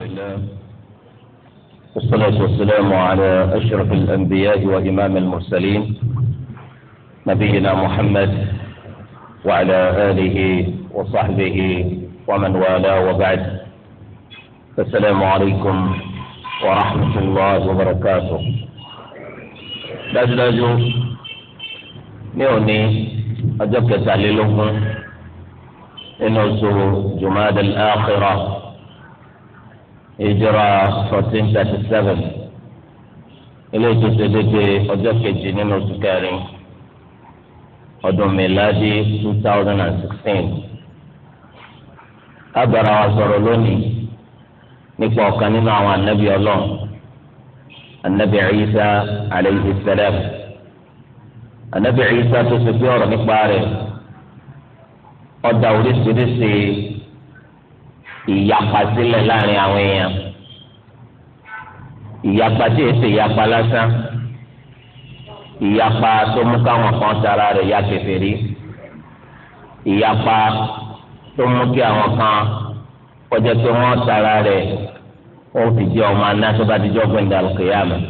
الله والصلاة والسلام على أشرف الأنبياء وإمام المرسلين نبينا محمد وعلى آله وصحبه ومن والاه وبعد السلام عليكم ورحمة الله وبركاته dájúdájú أجو òní ọjọ́ kẹtàlélógún nínú oṣù jùmọ́ àdàlẹ́ ìjọra fourteen thirty seven eléyìí tó ṣe déédéé ọjọ́ kejì nínú oṣù kẹrin ọdún mìládì two thousand and sixteen agbára wa sọ̀rọ̀ lónìí nípa ọ̀kan nínú àwọn anabi ọlọ́run anabi Isa alayhi salam anabi Isa tó ṣe pé ọ̀rọ̀ nípa rẹ̀ ọ̀dà oríṣiríṣi ìyapa sílẹ̀ láàrin àwọn èèyàn ìyapa tí èsì ìyapa lásán ìyapa tó mú káwọn kan tara rẹ̀ ya kèfèrí ìyapa tó mú kí àwọn kan kọjá pé wọ́n tara rẹ̀ ó fi jẹ́ ọmọ aná tó bá ti jọ́ gbẹ̀ndà al-qiyamah.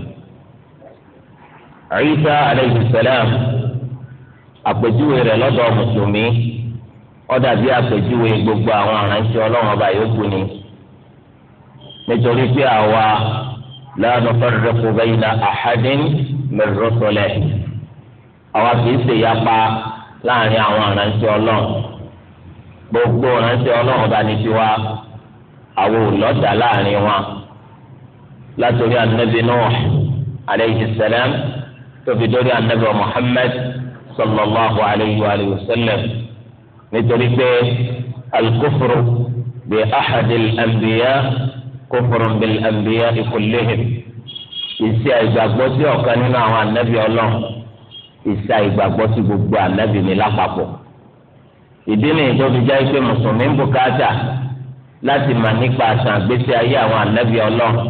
Isa alayhi salam àpèjúwe rẹ̀ lọ́dọ̀ mùsùlùmí ọdà bí àpèjúwe gbogbo àwọn aránṣẹ́ Ọlọ́run ọba yòókù ni nítorí pé àwa la nufarriqu bayna ahadin min rusulihi àwa kìí ṣe yapa láàrin àwọn aránṣẹ́ Ọlọ́run gbogbo aránṣẹ́ Ọlọ́run ọba ní tiwa àwọn olọdà láàrin wa látòrí anabi Nuh alayhi salam tóbi dórí anabi Muhammad sallallahu alayhi wa sallam nítorí pé alukófòrò bí axadìl àmbíyá kófòrò bìl àmbíyá ìkùlẹ̀hìn ìsì àìgbàgbọ́ sí ọ̀kan nínú àwọn ànábì ọlọ́run ìsì àìgbàgbọ́ sí gbogbo ànábì ní lápapọ̀ ìdí nìyí tó fi jẹ́ pé mùsùlùmí ń bùkátà láti mà nípa àṣà àgbésí ayé àwọn ànábì ọlọ́run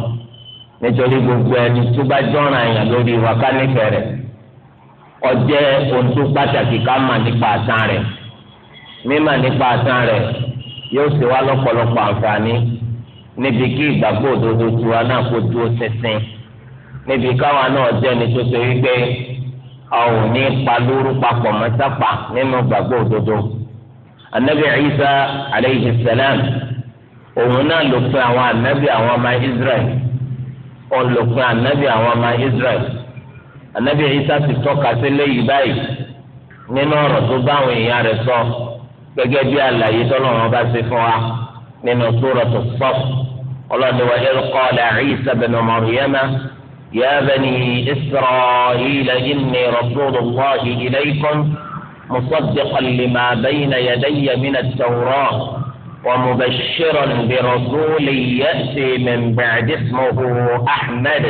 nítorí gbogbo ẹni tó bá jọ́ràn àyàn lórí wa ká rẹ̀ ọjẹ́ ohun tó pàtàkì ká mà nípa àṣà rẹ̀ mímà nípa àtàn rẹ̀ yóò ṣe wá lọ́pọ̀lọpọ̀ àǹfààní níbi kí ìgbàgbọ́ òdodo tiwa náà kó dúró ṣinṣin níbi káwa náà jẹ́ ẹni tó ṣe wípé a ò ní palúrú papọ̀ mọ́sápà nínú ìgbàgbọ́ òdodo. anabi isa aleyhi salam òun náà ló pe àwọn anabi àwọn ọmọ israel òun ló pe anabi àwọn ọmọ israel anabi isa ti tọ́ka sí léyìí báyìí nínú ọ̀rọ̀ tó bá àwọn èèyàn rẹ̀ sọ. So gẹ́gẹ́ bí àlàyé tọ́lọ́run bá ṣe fún wa nínú sóra sórọ̀tù sọ́f ọlọ́ni wa idh qala Isa ibn Maryama ya bani Isra'ila inni rasulullahi ilaykum musaddiqan lima bayna yadayya min at-tawrah wa mú mubashshiran bi rasulin ya'ti min ba'di ismuhu Ahmad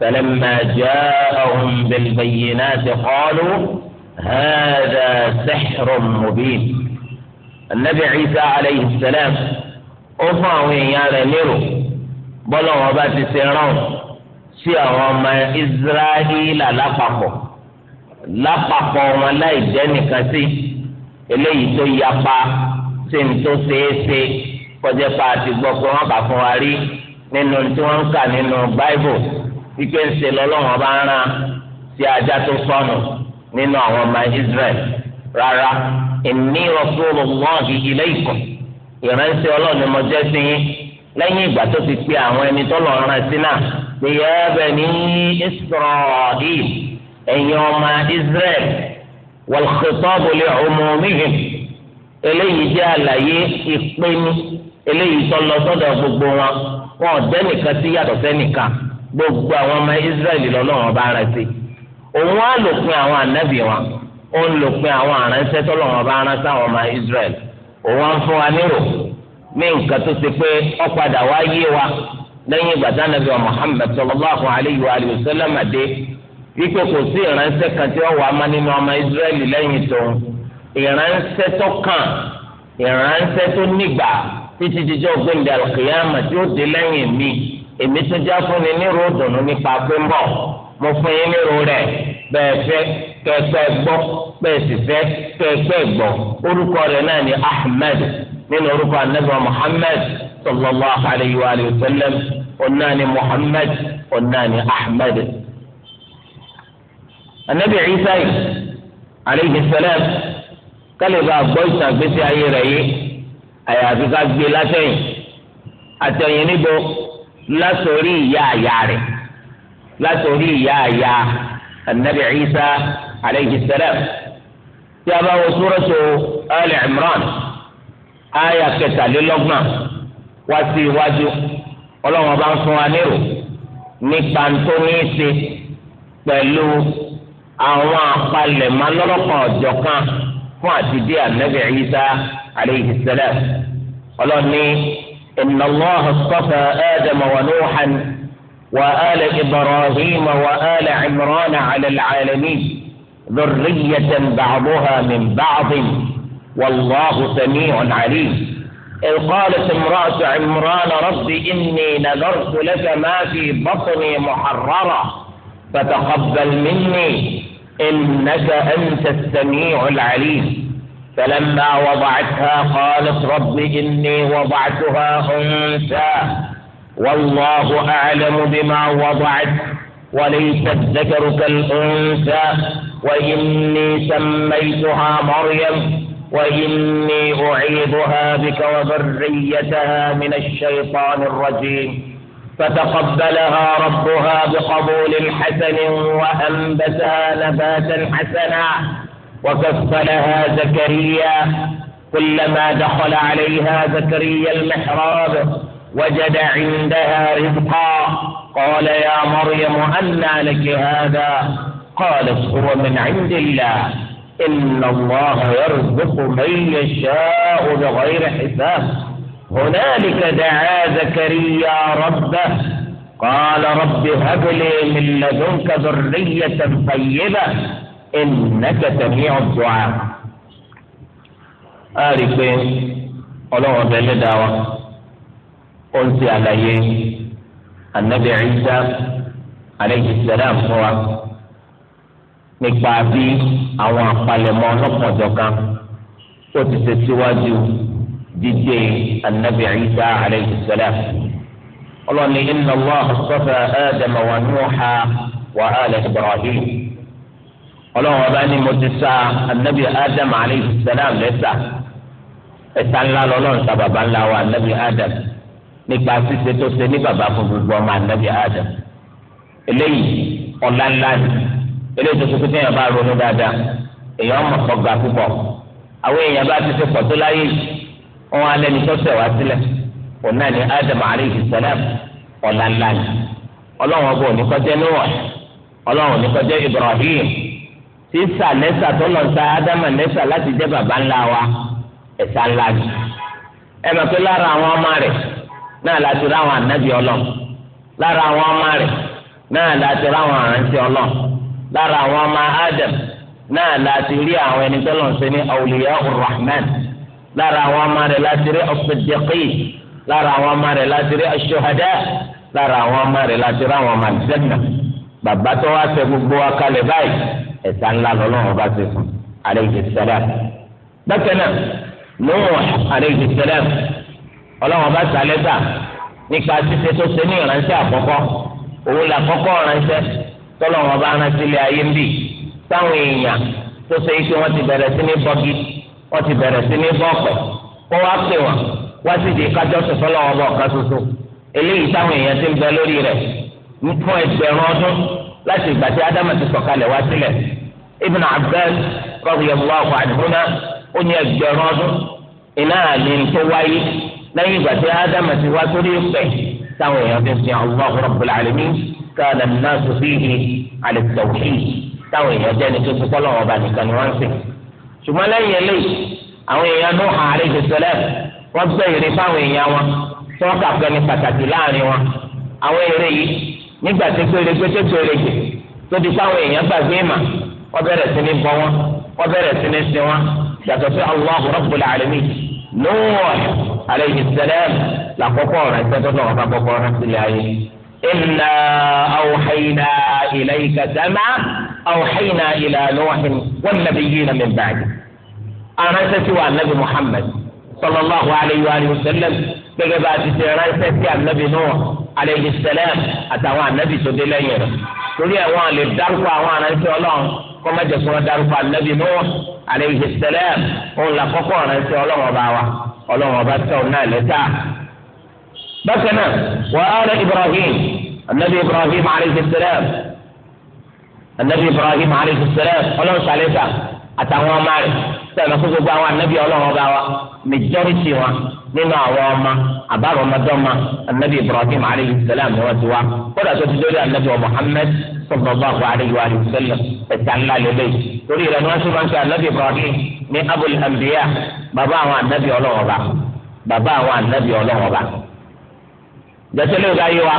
فلما جاءهم بالبينات قالوا هذا سحر مبين النبي عيسى عليه السلام ó fún àwọn èèyàn rẹ̀ nírò bọ́lá ما bá ti ṣe rán sí يجني ọmọ israẹla lápapọ̀ سنتو wọn láì jẹ́ nìkan sí eléyìí tó yapa sí ní tó ṣeé ṣe kọjá pa àti gbọ́ pé wọ́n fún wa rí nínú tí wọ́n ń kà nínú báíbù wípé ń ṣe lọ́lọ́wọ́n bá ń rán sí ajá tó sọnù nínú àwọn ọmọ israẹli rárá inni rasulullahi ilaykum ìránṣẹ́ Ọlọ́run ni mo jẹ́ sí yín lẹ́yìn ìgbà tó ti pe àwọn ẹni tó lọ́ọ́ rán sí náà pé ya bani Isra'il ẹ̀yin ọmọ Israel wal khitabu li umumihim eléyìí jẹ́ àlàyé ìpinnu eléyìí tó lọ sọ́dọ̀ gbogbo wọn wọn ò sí yàtọ̀ sẹ́nìkan gbogbo àwọn ọmọ Israel lọ́lọ́run ó ń lò pé àwọn aránṣẹ́ tọ́lọ́run bá rán sáwọn ọmọ Israel òun á ń fún wa nírò ní nǹkan tó ṣe pé ó padà wá yé wa lẹ́yìn ìgbà tá nàbí wa alayhi wa sallam dé wípé kò sí ìránṣẹ́ kan tí ó wà má nínú ọmọ lẹ́yìn tóun tó kàn tó nígbà títí jíjọ́ àlùkìyàmà tí ó dé lẹ́yìn mi èmi tó já fún ni nírò dùnú nípa kẹsọ gbọ́ bẹ́ẹ̀ sì fẹ́ kẹsọ gbọ́ orúkọ rẹ̀ náà ni ahmed nínú orúkọ anabiwa muhammed sallallahu alayhi wa sallam onaani muhammed onaani ahmed anabi ciisa yi alayhi salam kálíba gbọ́ ìtàgbésí ayé rẹ̀ yìí àyàfi ká gbé látẹ̀yìn àtẹ̀yìn níbo látòrí ìyá àyà rẹ̀ látòrí ìyá àyà anabi ciisa. عليه السلام. يا أبو سورة آل عمران آية imran aya kẹtàlélọ́gbọ̀n wá sí أبان ọlọ́run bá ń fún wa nírò nípa tó ní í ṣe pẹ̀lú àwọn àpalẹ̀mọ́ lọ́lọ́kan ọ̀jọ̀kan fún àtidé anabi isa alayhi salam ọlọ́ni inna allah astafa adama wa nuuxan wa ala ibrahima wa ذرية بعضها من بعض والله سميع عليم إذ قالت امرأة عمران رب إني نذرت لك ما في بطني محررا فتقبل مني إنك أنت السميع العليم فلما وضعتها قالت رب إني وضعتها أنثى والله أعلم بما وضعت وليس الذكر كالأنثى وإني سميتها مريم وإني أعيذها بك وذريتها من الشيطان الرجيم فتقبلها ربها بقبول حسن وأنبتها نباتا حسنا وكفلها زكريا كلما دخل عليها زكريا المحراب وجد عندها رزقا قال يا مريم أنى لك هذا قالت هو من عند الله إن الله يرزق من يشاء بغير حساب هنالك دعا زكريا ربه قال رب هب لي من لدنك ذرية طيبة إنك سميع الدعاء أعرف أولو بلدعوة قلت عليه anabi Isa alayhi salam fún wa nípa bí àwọn àpalẹ̀mọ́ ọlọ́pọ̀jọ̀kan ó ti ṣe síwájú dídé anabi Isa alayhi salam ọlọ́ni inna Allah istafa Adama wa Nuha wa ala Ibrahim ọlọ́run ọba ni mo ti sa anabi Adam alayhi salam lẹ́sà ẹ̀sà ńlá lọ́lọ́run sa baba ńlá wa anabi Adam nípa ṣíṣe tó ṣe ní bàbá fún gbogbo ọmọ ànábì Adam eléyìí ọ̀la ńlá ni eléyìí tó kúkú téèyàn bá ronú dáadáa èèyàn mọ̀ pọ̀ ga púpọ̀ àwọn èèyàn bá ti ṣe pọ̀ tó láyé yìí wọn alẹ́ ní tọ́sẹ̀ wá sílẹ̀ òun náà ní Adam aleyhi salam ọ̀la ńlá ni ọlọ́run ọba òní kọjá níwọ̀n ọlọ́run òní kọjá Ibrahim sísà lẹ́sà tó lọ sa Adam lẹ́sà láti jẹ́ bàbá ńlá wa ẹ̀sà ńlá ni ẹ̀ náà láti rí àwọn ànábì ọlọ́n lára àwọn ọmọ rẹ̀ náà láti rí àwọn àrántí ọlọ́n lára àwọn ọmọ Adam náà láti rí àwọn ẹni tọ́lọ̀ ń ṣe ní awùlíyá Rahman lára àwọn ọmọ rẹ̀ láti rí ọ̀sẹ̀dẹ̀kì lára àwọn ọmọ rẹ̀ láti rí aṣọ́hadá lára àwọn ọmọ rẹ̀ láti rí àwọn ọmọ bàbá tó wá ṣe gbogbo wa kalẹ̀ báyìí ẹ̀sà ńlá lọ́lọ́run bá ṣe fún alayhi salam bákan náà Nuh alayhi salam ọlọ́wọ́n bá sá lẹ́tà nípa ṣíṣe tó ṣe ní ìránṣẹ́ àkọ́kọ́ òun là kọ́kọ́ ránṣẹ́ tọ́lọ́wọ́n bá ránṣẹ́ ilé ayé ń bì táwọn èèyàn tó ṣe ike wọ́n ti bẹ̀rẹ̀ sí ní bọ́gí wọ́n ti bẹ̀rẹ̀ sí ní bọ́ọ̀pẹ̀ kó wá pè wọ́n wá sì di kájọ́ tó fọ́lọ́wọ́n bọ̀ ọ̀kan ṣoṣo eléyìí táwọn èèyàn ti ń bẹ lórí rẹ̀ fún ẹgbẹ̀rún ọdún láti ìgbà tí ádámà ti sọ̀kalẹ̀ wá sílẹ̀ Ibn Abbas radiyallahu anhuma ó ní ẹgbẹ̀rún ọdún ìnáàlì tó wáyé lẹ́yìn ìgbà tí ádámù ti wá sórí ìpẹ́ táwọn èèyàn fi ń sin Allahu Rabbul Alamin kana an-nasu fihi ala at-tawhid táwọn èèyàn jẹ́ ní tó ti kọ́ lọ́wọ́ ọba nìkan ni wọ́n ń sìn. ṣùgbọ́n lẹ́yìn eléyìí àwọn èèyàn Nuh alayhi salam wọ́n gbé ère fáwọn èèyàn wọn tí wọ́n kàpẹ́ ní pàtàkì láàrin wọn. àwọn ère yìí nígbà tí pérégbé tó pérégbé tó di fáwọn èèyàn gbàgbé mà wọ́n bẹ̀rẹ̀ sí ní bọ wọn wọ́n bẹ̀rẹ̀ sí ní sin wọn yàtọ̀ sí Allahu Rabbul Alamin Nuh alayhi salam làkọ́kọ́ ọ̀rọ̀ ìtẹ́tọ́ náà wọ́n bá kọ́kọ́ ọ̀rọ̀ sílẹ̀ ayé. inna awhayna ilayka kama awhayna ila Nuhin wan nabiyina min ba'di. aránṣẹ́ sí wa nabi Muhammad sallallahu alayhi wa sallam gẹ́gẹ́ bá a ti ṣe ránṣẹ́ sí anabi Nuh alayhi salam àtàwọn anabi tó dé lẹ́yìn rẹ̀ torí ẹ̀ wọ́n lè dárúkọ àwọn aránṣẹ́ Ọlọ́run kọ́má jẹ́ kí wọ́n dárúkọ anabi Nuh alayhi salam òun là kọ́kọ́ ránṣẹ́ ọlọ́run ọba wa ọlọ́run ọba tẹ̀ ọ́ náà lẹ́tà. bákan náà wa ala Ibrahim anabi Ibrahim alayhi salam anabi Ibrahim alayhi salam ọlọ́run sàlẹ́sà àtàwọn ọmọ rẹ̀ sẹ́yìn kó gbogbo àwọn anabi ọlọ́run ọba wa majority wọn nínú àwọn ọmọ àbárò ọmọdé ọmọ anabi Ibrahim alayhi salam ni wọ́n ti wá kódà tó ti dórí anabi wa Muhammad sallallahu alaihi wa sallam ẹ̀ta ńlá lélẹ̀ torí rẹ̀ ni wọ́n ṣe máa ń sọ ànábì Ibrahim ní abul anbiya bàbá àwọn ànábì ọlọ́wọ́n bá bàbá àwọn ànábì ọlọ́wọ́n bá. jẹ́sẹ̀lẹ̀ ìgbà yìí wa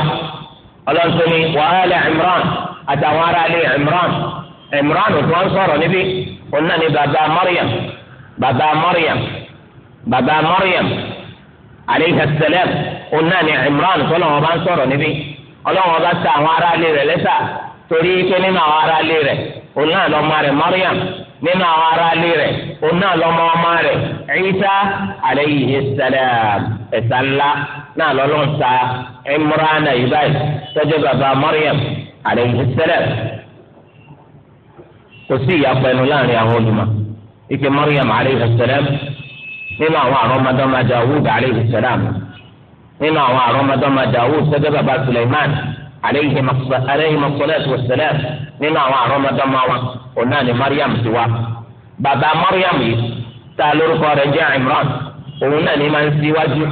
ọlọ́sọ̀ni wàhálà Imran àtàwọn ará ilé Imran Imran tó ń sọ̀rọ̀ níbí òun náà ni bàbá Maryam bàbá Maryam bàbá Maryam aleyhi salam òun ni Imran tó lọ́wọ́ bá ń sọ̀rọ̀ níbí ọlọ́wọ́n bá ta àwọn ará ilé rẹ̀ lẹ́sà torí pé nínú àwọn aráalé rẹ̀ òun náà lọ́mọ rẹ̀ Mariam nínú àwọn aráalé rẹ̀ òun náà lọ́mọ ọmọ rẹ̀ Isa alayhi salam ẹ̀sà ńlá náà lọ́lọ́n ta Imran ibai tọ́jú bàbá Mariam alayhi salam kò sí ìyapa ẹnu láàrin àwọn olùmọ̀ ike Mariam alayhi salam nínú àwọn àrọ́mọdọ́mọ Dawud alayhi salam nínú àwọn àrọ́mọdọ́mọ Dawud tọ́jú bàbá Suleiman aleyhima salatu wa salam nínú àwọn àrọ́mọdọ́mọ wa òun náà ni mariam ti wá bàbá mariam yìí tá a lórúkọ rẹ̀ jẹ́ imran òun náà ni máa ń síwájú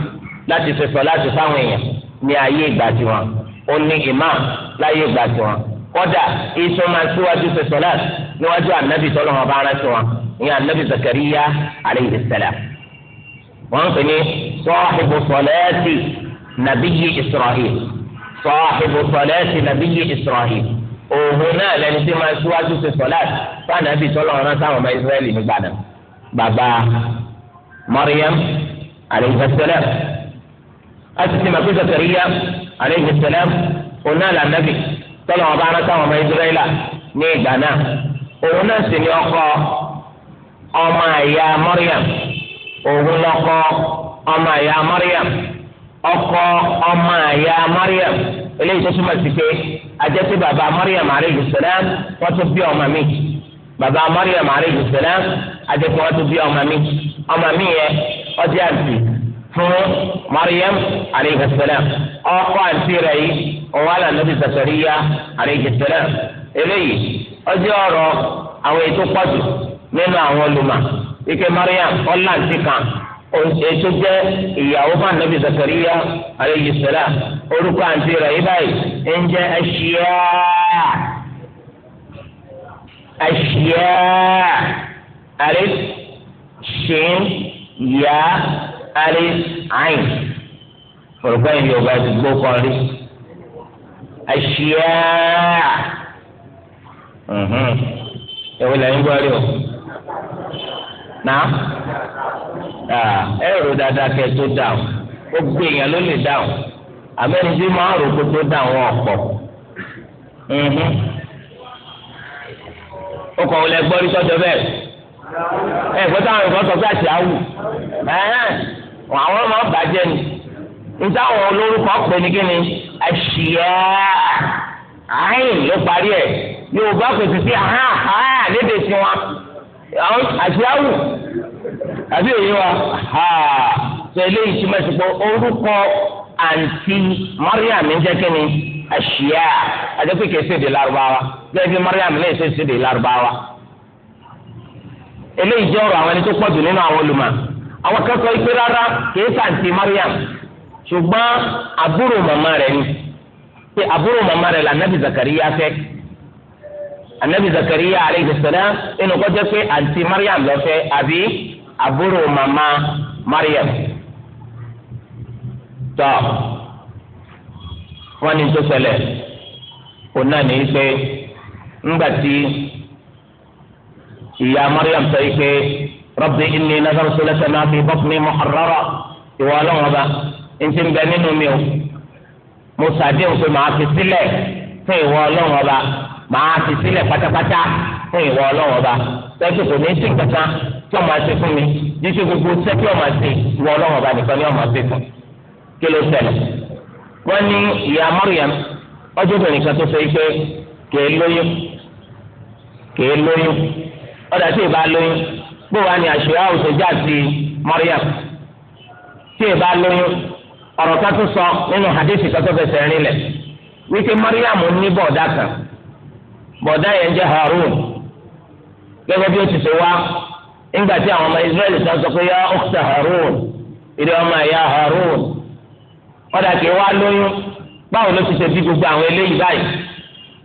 láti fẹsọ̀ láti fáwọn èèyàn ní ayé ìgbà tiwọn ó ní imam láyé ìgbà tiwọn kódà iṣu máa síwájú ṣe sọlát níwájú anabi tọ́lọ́ wọn bá rántí wọn ní anabi zakariya aleyhi salam. wọ́n ń pè ní sọ́ọ́hìbù sọlẹ́ẹ̀tì nàbíyí israel صاحب صلاة نبي إسرائيل وهنا لن يتم أسواج في صلاة فأنا أبي صلى الله عليه وسلم إسرائيل من بعد بابا مريم عليه السلام أسلم كل سرية عليه السلام قلنا للنبي صلى الله عليه وسلم إسرائيل نيجانا وهنا سنيوقع أما يا مريم وهنا أما يا مريم ọkọ ọmọ àyà mariam eléyìí tó túmọ̀ sí pé ajẹ́sí bàbá mariam aleyhi salam wọ́n tún bí ọmọ mi bàbá mariam aleyhi salam ajẹ́sí wọ́n tún bí ọmọ mi ọmọ mi yẹ ọjọ́ àti fún mariam aleyhi salam ọkọ àti rẹ̀ yìí òun wà sàkàríyà aleyhi salam eléyìí ọjọ́ ọ̀rọ̀ àwọn ètò pọ̀jù nínú àwọn olùmọ̀ ike mariam ọ̀làǹtì kan ètò jẹ́ ìyàwó fún anabi zakariya aleyhi salam orúkọ àǹtí rẹ̀ yìí báyìí ń jẹ́ aṣíá aṣíá alif shin ya alif ain orúkọ yìí yorùbá ti gbó kan rí aṣíá ẹ̀wọ̀n lẹ́yìn gbọ́ rí o náà ẹ̀rọ dáadáa kẹ́ tó dáhùn ó gbé èèyàn ló lè dáhùn àmẹ́rìndín máa rò kó tó dáhùn ọ̀pọ̀ ó mhm. kọ̀ wọlé gbọ́rí sọ́jọ́ bẹ́ẹ̀ ẹ̀ gbọ́dọ̀ àwọn ìbọn sọ pé àti àwù àwọn máa bàjẹ́ ni nítawọn olórúkọ pè ní kíni àṣìyá àyìn ló parí ẹ̀ yóò bá pèsè sí àhán àhán lédè tiwọn àṣìáwù àbí òye wa sọ eléyìí túmọ̀ sí pé orúkọ àǹtí Mariam ń jẹ́ kí ni àṣìá àjẹpẹ́ kìí ṣèdè lárúbáwá bẹ́ẹ̀ bí Mariam náà ṣe ṣèdè lárúbáwá. eléyìí jẹ́ ọ̀rọ̀ àwọn ẹni tó pọ̀jù nínú àwọn olùmọ̀ àwọn akẹ́kọ̀ọ́ ìpè rárá kìí ṣàǹtí Mariam ṣùgbọ́n àbúrò màmá rẹ̀ ni pé àbúrò màmá rẹ̀ là nàbì Zakariya fẹ́ anabi zakariya aleyhi salam inú kọjá pé àǹtí mariam lọfẹ àbí àbúrò màmá mariam tọ wọn ní tó ṣẹlẹ̀ òun náà ní pé ńgbà tí ìyá mariam sọ pé rabbi inni nazartu laka ma fi batni muharrara ìwọ ọlọ́wọ́n bá ntí ń bẹ mi o mo sàdéhùn pé màá fi sílẹ̀ fún ìwọ ọlọ́wọ́n máa fi sílẹ̀ pátápátá fún ìwọ ọlọ́wọ́ bá tẹ́sí kò ní í sí kankan tí wọ́n máa ṣe fún mi jíṣe gbogbo sẹ́kí ọ̀ma ṣe ìwọ ọlọ́wọ́ bá nìkan ni ọ̀ma ṣe fún kí ló ṣẹlẹ̀ wọ́n ní ìyá Mariam ọjọ́ obìnrin kan tó ṣe pé kèé lóyún kèé lóyún ọ̀dà tí ì bá lóyún gbówà ní àṣírí àwùjọ jáde Mariam tí ì lóyún ọ̀rọ̀ kan tó sọ nínú hadith kan tó fẹsẹ̀ rinlẹ̀ wípé Mariam ní bọ̀ọ̀dá kan bọ̀dá yẹn jẹ́ Harun gẹ́gẹ́ bí ó ti ṣe wá nígbà tí àwọn ọmọ Israẹli sọ sọ pé yá ọ̀kṣà Harun ìdí ọmọ ẹ̀yà Harun ọ̀dà kì í wá lóyún báwo ló ti ṣe bí gbogbo àwọn eléyìí báyìí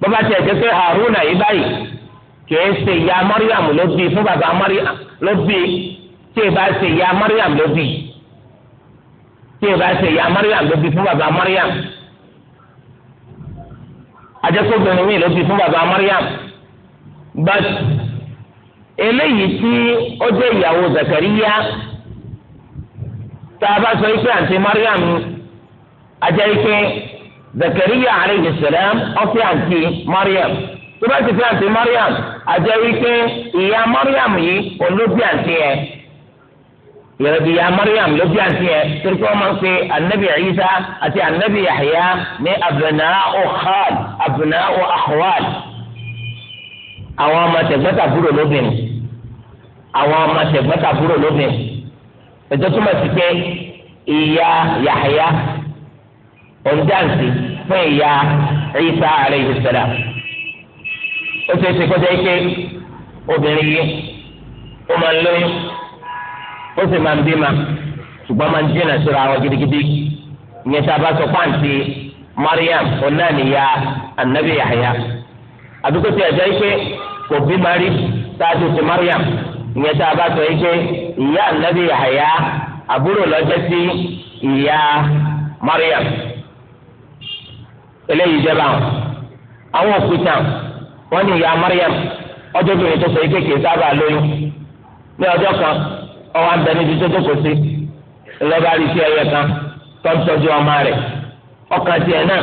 tiẹ̀ jẹ́ pé Harun báyìí kì í ṣe ìyá Mariam ló bí fún bàbá Mariam ló bí tí ì Mariam ló bí tí ì Mariam. ajẹ́sọ́bìnrin mi ló fi fún bàbá Mariam but eléyìí tí ó jẹ́ ìyàwó Zakariya tá a bá sọ pé àǹtí Mariam ajẹ́ pé Zakariya aleyhi salam ọ̀fẹ́ àǹtí Mariam tó bá ti fi àǹtí Mariam ajẹ́ pé ìyá Mariam yìí olóbi àǹtí yẹn ìrẹ̀bí ya mariam ló bí àti yẹn torí pé wọ́n máa ń pe anabi isa àti anabi yahya ní abna'u khal abna'u akhwal àwọn ọmọ tẹ̀gbọ́tàbúrò lóbìnrin àwọn ọmọ tẹ̀gbọ́tàbúrò lóbìnrin ètò túmọ̀ sí pé ìyá yahya òǹdàǹsì fún ìyá isa alayhi salam ó ṣeé ṣe kó jẹ́ pé obìnrin yìí ó máa ń lóyún. ó sì máa ń bí ma ṣùgbọ́n máa ń jìnnà síra wọn gidigidi ìyẹn a bá sọ pàǹtí Mariam onáníyà anabi Yahya àdúgbò tí a jẹ́ pé kò bí mari ti Mariam ìyẹn tá a bá sọ pé ìyá anabi Yahya àbúrò lọ́jọ́ Mariam eléyìí jẹ́ báwọn àwọn òkúta wọn ni ìyá Mariam ọjọ́ bìnrin tó sọ ọwọ́ abẹ níbi tó tó kò sí lọ́ba rí sí ẹyẹ kan tó ń tọ́jú ọmọ rẹ̀ ọkàn tiẹ̀ náà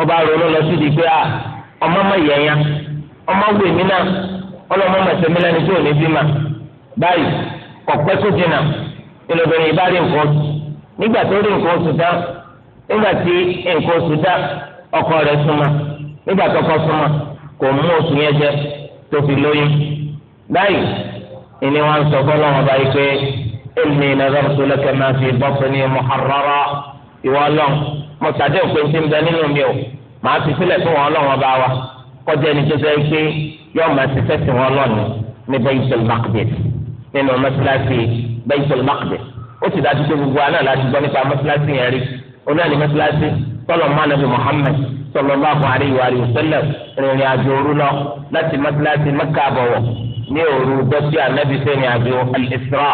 ọba ronú lọ sí di a ọmọ mọ yẹ̀yà ọmọ wù mí náà ọlọ́mọ mẹsẹ̀mí lẹ́ni tí ò ní bí mà báyìí kọ̀pẹ́ tó dènà ìlọ́bìnrin ìbá rí nǹkan oṣù nígbà tó rí nǹkan oṣù dá nígbà tí nǹkan oṣù dá ọkọ rẹ̀ súnmọ́ nígbà tó kọ́ súnmọ́ kò mú oṣù yẹn jẹ tó fi lóyún báyìí إني وأنسى فلما ضايق إني نذرت لك ما في بطني محررا يوالون متعدين كنت مدانين يوم màá fi sílẹ̀ fún wọn lọ́wọ́ bá wa kọjá ẹni tó sẹ́yìn pé yóò máa ti fẹ́ sìn wọn lọ́nu ní Baitul Maqdis nínú mọ́sálásí Baitul Maqdis ó sì dájú pé gbogbo aná láti gbọ́ nípa mọ́sálásí yẹn rí oná ní mọ́sálásí tọ́lọ̀ mọ́nàbí Muhammad sallallahu alaihi wa sallam ìrìnrìn àjò òru lọ láti mọ́sálásí Mẹ́kà bọ̀wọ̀ ní òru dọ́tí ànábi sẹ́ni àjò al-Isra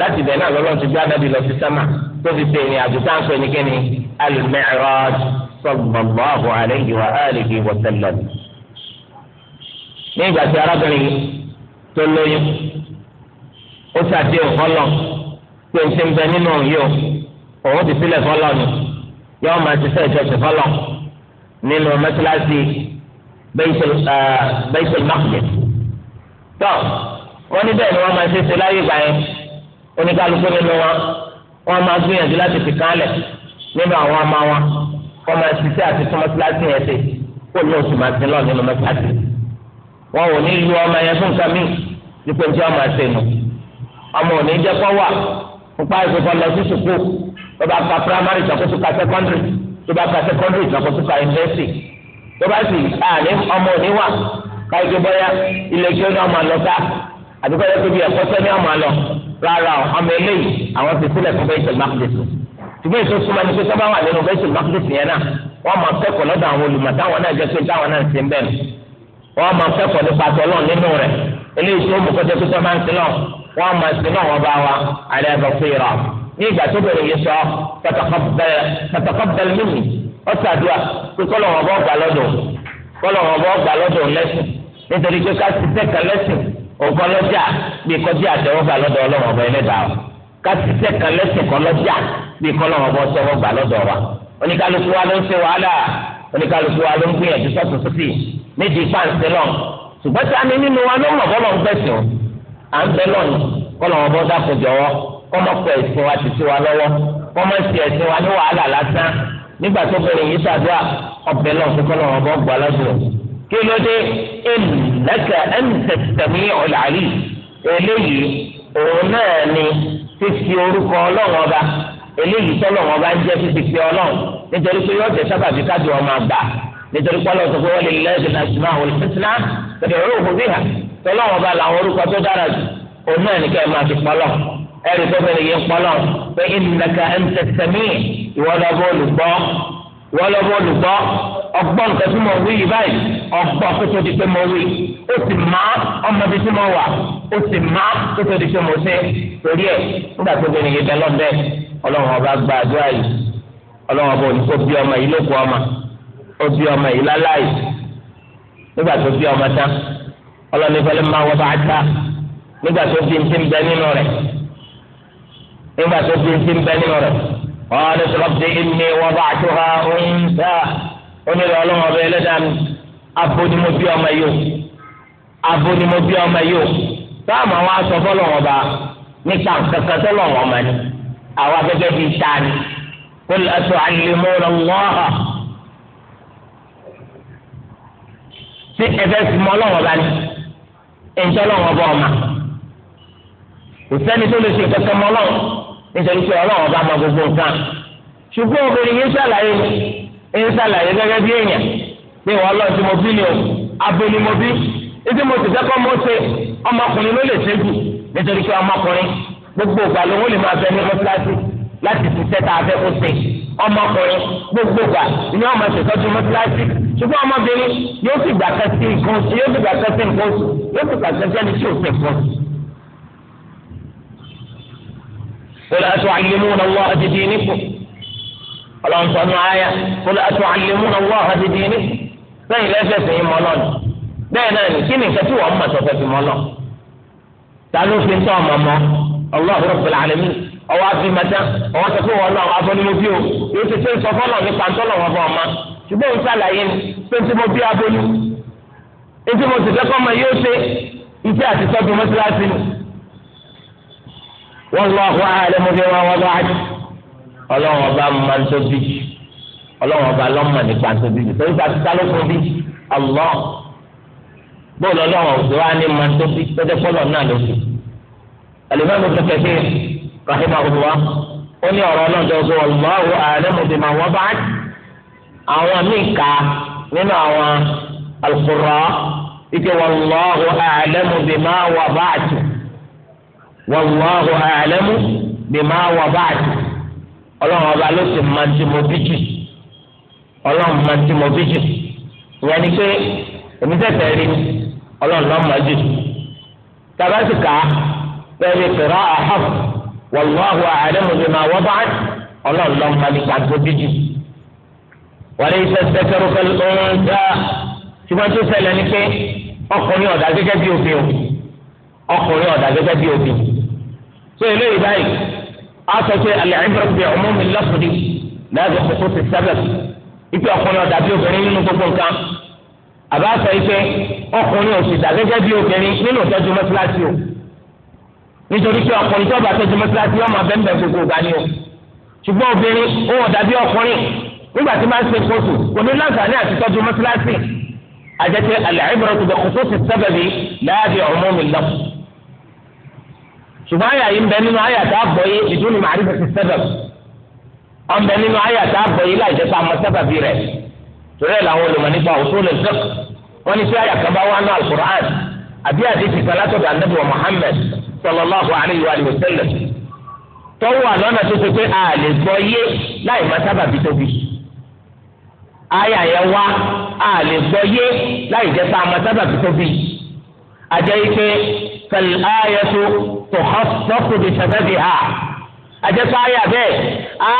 láti bẹ̀rẹ̀ náà lọ́lọ́ ti gbé ànábi lọ sí sámà tó fi sẹ́ni àjò táǹpẹ̀ ní kẹ́ni al-Mi'raj sallallahu alayhi wa alihi wa sallam. ní ìgbà tí arábìnrin tó lóyún ó ṣàfihàn fọlọ́ pé n ṣe ń bẹ nínú òun yìí òun ti sílẹ̀ fọlọ́ ni yọ́ọ́ máa ti sẹ́ ìjọsìn fọlọ́ nínú mẹ́tíláṣí eh, Baytul Maqdis tọ́ wọ́n ní bẹ́ẹ̀ ni wọ́n máa ṣe ṣe láyé ìgbà yẹn oníkálukú nínú wọn wọ́n máa gbìyànjú láti fi kálẹ̀ nínú àwọn ọmọ wọn wọ́n máa ṣiṣẹ́ àti fún mọ́tíláṣí yẹn ṣe kó ní oṣù máa ṣe lọ nínú mọ́tíláṣí wọn ò ní lu ọmọ yẹn fún nǹkan míì dípò tí wọ́n máa ṣe nù ọmọ ò ní jẹ́ kó wà nípa ìṣòkan lọ sí sùkúù tó bá ka primary ìṣàkóso ka secondary tó bá ka secondary ìṣàkóso ka university tó bá sì àní ọmọ ò wà báyìí tó bọ́yá ilé iṣẹ́ ní ọmọ àlọ́ sá àdúgbò yẹn tó bí ẹ̀kọ́ sẹ́ni ọmọ àlọ́ rárá o ọmọ eléyìí àwọn ti sílẹ̀ fún bẹ́ẹ̀ tẹ̀lé ṣùgbọ́n èso súnmọ́ ni pé sábà wà nínú bẹ́ẹ̀ tẹ̀lé mákìtì yẹn náà wọ́n máa kẹ́kọ̀ọ́ lọ́dọ̀ àwọn olùmọ̀ táwọn náà jẹ́ pé táwọn náà ń sin bẹ́ẹ̀ wọ́n máa kẹ́kọ̀ọ́ nípa tọ́lọ́ nínú rẹ̀ eléyìí tó mú kọ́tẹ́ pé sọ́mà ń sin náà wọ́n máa nítorí pé ká ṣiṣẹ́ kan lẹ́sìn ògbọ́n lọ́jà bí kọjá àtẹwọ́gbà lọ́dọ̀ ọlọ́run ọba ẹlẹ́dàá o ká ṣiṣẹ́ kan lẹ́sìn kan lọ́jà bí kọ́lọ́run ọba ọtẹwọ́gbà lọ́dọ̀ wa oníkálukú wa ló ń ṣe wàhálà oníkálukú wa ló ń gbìyànjú sọ́tún sósì nídìí pàǹsẹ̀ lọ ṣùgbọ́n tí a ní nínú wa ló ń rọ̀bọ́ lọ́n gbẹ̀sìn à ń bẹ lọ́nù kọ́lọ́run ọba dákun jọ̀wọ́ kọ́mọ́pọ̀ ẹ̀sìn wa ti sí wa lọ́wọ́ kọ́mọ́ sí ẹ̀sìn wa lọ́n fún kí ló dé innaka anta as-sami'ul 'alim eléyìí òun náà ni fífi orúkọ ọlọ́run ọba eléyìí tọ́lọ́run ọba ń jẹ́ fífi fi ọlọ́run nítorí pé yóò jẹ́ sábàbí kájọ ọmọ àgbà nítorí pọ́lọ́ tó fọwọ́ lè lẹ́sìn al-asma'ul husna fad'uhu biha tọ́lọ́run ọba làwọn orúkọ tó dára jù òun náà ni kẹ́ ẹ máa fi pọ́lọ́ ẹ̀rí tó fẹ́ẹ́ yẹ pọ́lọ́ pé innaka anta as-sami' ìwọ́dọ̀ bọ́ọ̀lù gbọ́ wọ́n lọ bọ́ olùkọ́ ọgbọ́n nǹkan tí mo wí yìí báyìí ọgbọ́n kótó di pé mo wí ó sì má ọmọdé tí mo wà ó sì má kótó di pé mo ṣe torí ẹ̀ nígbà tó gbẹ̀yìn yìí dẹ́lọ́ bẹ́ẹ̀ ọlọ́run ọba gba àdúrà yìí ọlọ́run ọba olùkọ́ bí ọmọ yìí lóko ọmọ ó bí ọmọ yìí láláì nígbà tó bí ọmọ tán ọlọ́run ìfẹ́lẹ́ máa wọ bá dá nígbà tó bí ntí ń bẹ nínú rẹ̀ nígbà tó bí ntí ń bẹ nínú rẹ̀ قالت رب إني وضعتها أنثى أني العلوم بلدا أبوني مبيا ميو أبوني مبيا ميو فما واسف لهم با نكام كسكت لهم من أوافق في شان قل أتعلمون الله في ẹfẹ sùnmọ lọwọ bá ní ẹnjọ lọwọ bọ ọma kò sẹ́ni tó lè nítorí pé ọlọ́run ọba mọ gbogbo nǹkan ṣùgbọ́n obìnrin yìí ṣàlàyé yìí ṣàlàyé gẹ́gẹ́ bí èèyàn pé wọ́n lọ sí mo bí ni o abo ni mo bí ibi mo ti dẹ́kọ́ mo ṣe ọmọkùnrin ló lè ṣe jù nítorí pé ọmọkùnrin gbogbo ìgbà ló ń lè máa bẹ ní mọ́tíláṣí láti ṣiṣẹ́ tá a fẹ́ kó ṣe ọmọkùnrin gbogbo ìgbà ni wọ́n máa ṣètọ́jú mọ́tíláṣí ṣùgbọ́n ọmọbìnrin yóò sì gbà kẹ́sí nǹkan oṣù yóò sì gbà kẹ́sí nǹkan oṣù yóò sì gbà kẹ́sí ẹni tí ò wala tu'allimuna Allaha bi dinikum ọlọ́run sọ ní àyà wala tu'allimuna Allaha bi dinikum lẹ́yìn lẹ́sẹ̀ sí yín mọ́lọ́ ni bẹ́ẹ̀ náà ni kí ni nǹkan tí wọ́n mọ̀ sọ́fẹ́ fi mọ́lọ́ ta ló fi ń tọ́ ọmọ mọ́ Allahu Rabbil Alamin ọwọ́ àfi mẹ́ta ọwọ́ sọ pé wọ́n lọ abọ́nimọ́bí o yóò ti ṣe ń sọ fọ́lọ̀ nípa ń tọ́lọ̀ wọn bọ́ ọmọ ṣùgbọ́n ń sàlàyé ni pé tí mo bí abọ́nú ètí mo sì fẹ́ kọ́ ọmọ yóò ṣe iṣẹ́ àtijọ́ bí mọ́ṣáláṣí ni wallahu a'lamu bima wada'at ọlọ́run ọba máa ń tó bí ọlọ́run ọba lọ́mọ nípa tó bí torí pàṣẹ sálọ́ fún bí ọlọ́ bóòlù ọlọ́run ọ̀sẹ̀ wa ní máa ń tó bí tọ́jú pọ́lọ̀ náà ló fi alimami tó kẹfẹ́ rahimahullah ó ní ọ̀rọ̀ náà tó sọ wallahu a'lamu bima wada'at àwọn míì ká nínú àwọn alukóra ike wallahu a'lamu bima wada'at wallahu a'lamu bima wada'tu ọlọ́run ọba ló sì máa ti mo bí jù ọlọ́run máa ti mo bí jù ìyẹn ni pé èmi tẹ̀tẹ̀ rí ọlọ́run náà máa jù tabasika pẹ̀lú ìfẹ̀rọ àhàf wallahu a'lamu bima wada'tu ọlọ́run náà máa nípa tó bí wàlẹ́ iṣẹ́ sẹ́kẹ̀rù pẹ̀lú ọ̀hún dá ṣùgbọ́n tó ṣẹlẹ̀ ni pé ọkùnrin ọ̀dà gẹ́gẹ́ bí obìnrin ọkùnrin ọ̀dà gẹ́gẹ́ bí obìnrin pé eléyìí báyìí a sọ pé al-ibra bi umumi al-lafzi la bi khususi as-sabab ọkùnrin ọ̀dà bí obìnrin nínú gbogbo nǹkan àbá sọ ipe ọkùnrin òṣìṣà gẹ́gẹ́ bí obìnrin nínú ìtọ́jú mọ́sálásí o nítorí pé ọkùnrin tó bá tọ́jú mọ́sálásí ọmọ abẹ́ńbẹ́ gbogbo ìgbà ni o ṣùgbọ́n obìnrin ó wọ̀ dàbí ọkùnrin nígbà tí máa ń ṣe kóso kò ní láǹfààní àti tọ́jú mọ́sálásí ṣùgbọ́n àyà yìí ń bẹ nínú àyà tá a gbọ́ yé ìdúnni màrí fẹsẹ̀ sẹ́bẹ̀bù ọ̀n bẹ nínú àyà tá a gbọ́ yé láì jẹ́ pa àmọ́ sẹ́bẹ̀bì rẹ̀ torí ẹ̀ làwọn olùmọ̀ nípa usul al-fiqh wọ́n ní sí àyà kan bá wà ní al àbí àdìsí sàlátọ̀dọ̀ ànábì wa Muhammad sallallahu alayhi wa sallam tọ́wọ́ àlọ́nà tó pé a lè gbọ́ yé láì má sábàbí tóbi àyà yẹn wá a lè gbọ́ yé láì jẹ́ pa àmọ́ sábàbí tóbi àjẹ́ ike فالآية تخصص بسببها àjẹsọ ayé abẹ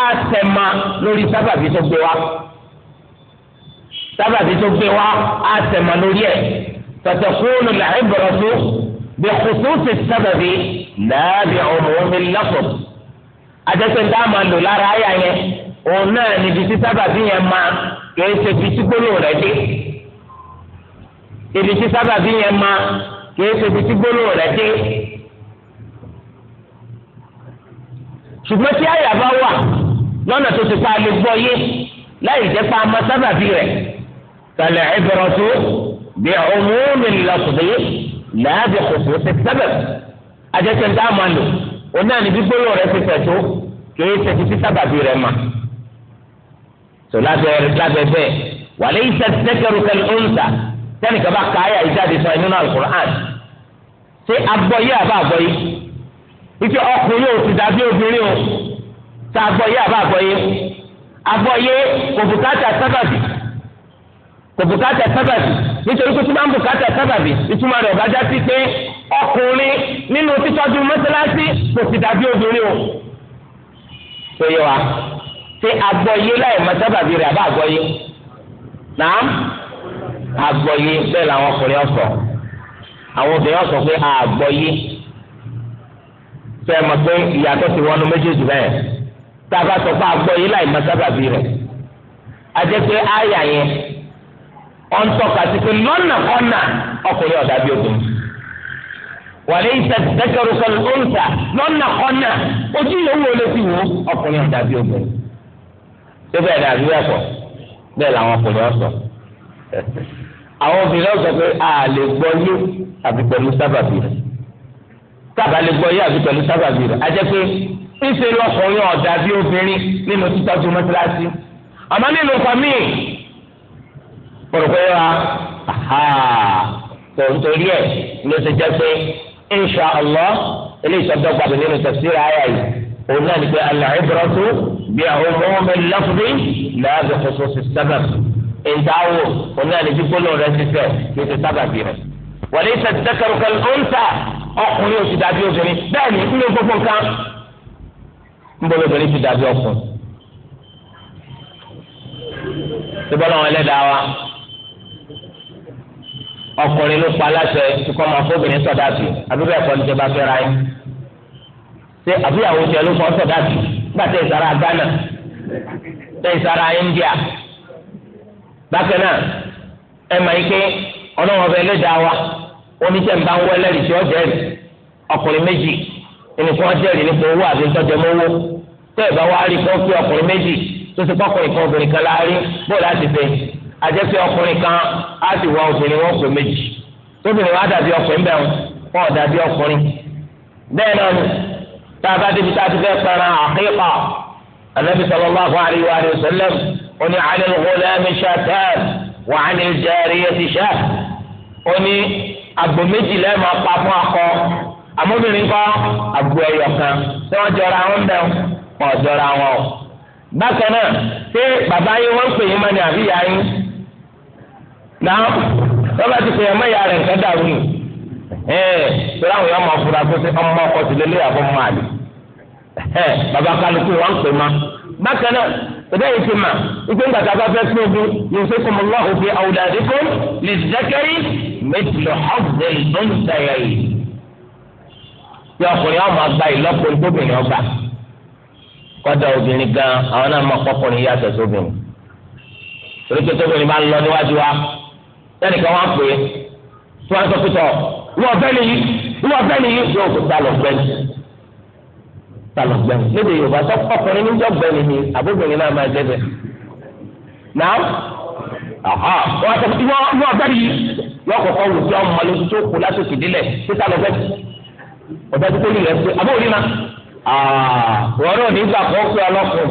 àtẹmà lórí sábàbí tó gbé wa sábàbí tó gbé wa àtẹmà lórí ẹ tọtẹkùnù làìbọrọtù bí kùtùsì sábàbí làbí ọmọọmọ lọkọ àjẹsọ ń dáhùn máa lò lára ayé yẹn òun náà níbi tí sábàbí yẹn máa kìí ṣe fi túgbóló rẹ dé ibi tí sábàbí yẹn máa kìí ṣe ti gbólóhùn rẹ dé ṣùgbọ́n tí àyà bá wà lọ́nà tó ti pa lè gbọ́ yé láì jẹ́ pa ama sábàbí rẹ̀ kàlẹ́ ìbẹ̀rọ̀ tó bí ọmọọmọ ìlọsọdẹ làábẹ kòtò ti sábẹ̀ àjẹsẹ̀ ń dá àmà lò òun náà ní bí rẹ ti fẹ̀ tó kìí ṣe ti sábàbí rẹ̀ mà tó lábẹ́ bẹ́ẹ̀ wàlẹ́ ìṣẹ́ tẹ́kẹ̀rù kẹlẹ́ ó tẹ́nìkan bá ka ayé àìjáde sọ nínú alukur'an ṣé agbọ́yé àbá agbọ́yé ife ọkùnrin ò sì dàbí obìnrin o ṣe agbọ́yé àbá agbọ́yé agbọ́yé kò bùkátà sábàbí kò bùkátà sábàbí nítorí pé tí máa ń bùkátà sábàbí ìtumọ̀ rẹ̀ ọ̀gájá sí pé ọkùnrin nínú títọ́jú mọ́sálásí kò sì dàbí obìnrin o ṣe yẹ wa ṣé agbọ́yé láì mọ sábàbí rẹ̀ àbá agbọ́yé nàá agbọ̀yé bẹ́ẹ̀ làwọn ọkùnrin ọ̀sọ̀ àwọn obìnrin ọ̀sọ̀ pé àgbọ̀yé fẹ́ mọ̀ pé ìyàtọ̀ ti wọnú méjèèjì bẹ́ẹ̀ tá a bá sọ pé agbọ̀yé láì mọ sábàbí rẹ̀ ajẹ́ pé àyà yẹn ọ̀n tọ́ka sí pé lọ́nà kọ́nà ọkùnrin ọ̀dà bí obìnrin wàlẹ́ ìsẹ̀dẹ́kẹ̀rù sọ̀rọ̀ ọ̀nsà lọ́nà kọ́nà ojú ìyẹ̀wò lè fi wò ọkùnrin ọ̀dà bí obìnrin tó bẹ́ẹ̀ dàbí ẹ̀kọ́ bẹ́ẹ̀ làwọn ọkùnrin ọ̀sọ̀ àwọn obìnrin náà sọ pé a lè gbọ́ yé àbí pẹ̀lú sábàbí rẹ̀ tábà lè gbọ́ yé àbí pẹ̀lú sábàbí rẹ̀ ajẹ́ pé ńṣe lọ́kùnrin ọ̀dà bí obìnrin nínú títọ́jú mọ́tíláṣí àmọ́ nínú famíì pọ̀rọ̀pẹ́ wa tó nítorí ẹ̀ ló ṣe jẹ́ pé insha allah eléyìí sọ́dọ̀ gbàdúrà nínú tafsir àyà yìí òun náà ní pé al-ibratu bi umumil lafzi la bi khususis sabab ìdáwó onáàlì tí gbólóhùn rẹ ti fẹ yóò ti sábàbí rẹ wọlé ìtẹ̀síkẹ́rù kan ó ń ta ọkùnrin oṣù dàbí obìnrin bẹ́ẹ̀ ni nínú gbogbo nǹkan ń bọ́ lóbìnrin ti dàbí ọkùnrin. síbọ̀lọ́ wọn ẹlẹ́dàá wa ọkùnrin ló pa aláṣẹ kíkọ́ máa fóbìnrin sọ̀dáàbì àbíbẹ̀ ẹ̀kọ́ ní ìjọba fẹ́ra yín ṣé àbíyàwó tiẹ̀ ló fọ́ sọ̀dáàbì gbàtẹ́ ìsara Ghana tẹ́ ìsara India bákan náà ẹ mọ̀ ike ọlọ́wọ́n ọbẹ̀ ẹlẹ́dàá wa oníṣẹ́ ń bá ń wọ ẹlẹ́rìí tí ó jẹ́rìí ọkùnrin méjì ẹni fún ọjẹ́rìí nípa owó àti ìtọ́jẹmọ́wó tẹ́ ẹ̀ bá wá rí kó pé ọkùnrin méjì tó ti pọ́kùnrin kan obìnrin kan láàárín bóòlù àti bẹ́ẹ̀ àjẹ́ pé ọkùnrin kan á sì wá obìnrin wọn pè méjì tóbìnrin wa dàbí ọkùnrin bẹ́ẹ̀ wọn dàbí ọkùnrin bẹ́ẹ̀ náà ni tá a bá débi tá a ti fẹ́ pẹ́ran àkíkà ànábì sallallahu sallam O alẹ́ lọ́lẹ́mí ṣàtàn wà á ní jẹ́rìí ẹtì ṣá oní àgbò méjì ma pa fún akọ àmóbìnrin kọ́ àgbò kan tí wọ́n jọra wọn bẹ́ẹ̀ wọn ò jọra wọn o. bákan náà ṣé bàbá yín wọ́n pè yín ni àbí ìyá yín náà wọ́n bá ti pè yín ìyá nǹkan dàrú máa fura ọmọ bàbá kálukú wọn tẹ̀lé yìí ti mà ìgbé ńgbà tá a bá fẹ́ fún ogun yóò fi kọ́mọ lọ́wọ́ òfin awladikum lizzakari mithlu hazzil unsayayn. bí ọkùnrin ọmọ àgbà ìlọ́pọ̀ ìgbóbìnrin ọgbà kọ́dà obìnrin gan àwọn náà máa kọ́kùnrin yàtọ̀ sóbìnrin. torí pé tóbìnrin máa ń lọ níwájú wa tẹ́nìkan wá pè é tí wọ́n sọ pé tọ̀ wọ́n fẹ́ nìyí wọ́n fẹ́ nìyí yóò kó sálọ fẹ́ǹsì talọ gbẹmí lédè yorùbá sọ ọkùnrin níjọ gbẹmí ni àbóbìnrin náà máa jẹ bẹ náà ọhọ wọn àti ìwọ ọmọ ọgbẹrì yìí yọ kọkọ wù sí ọmọ lójú tó kù lásòkè délẹ títà lọ gbẹmí ọbẹ tó tóbi rẹ pé àbó òní náà wọn náà nígbà kọ pé ọlọkùn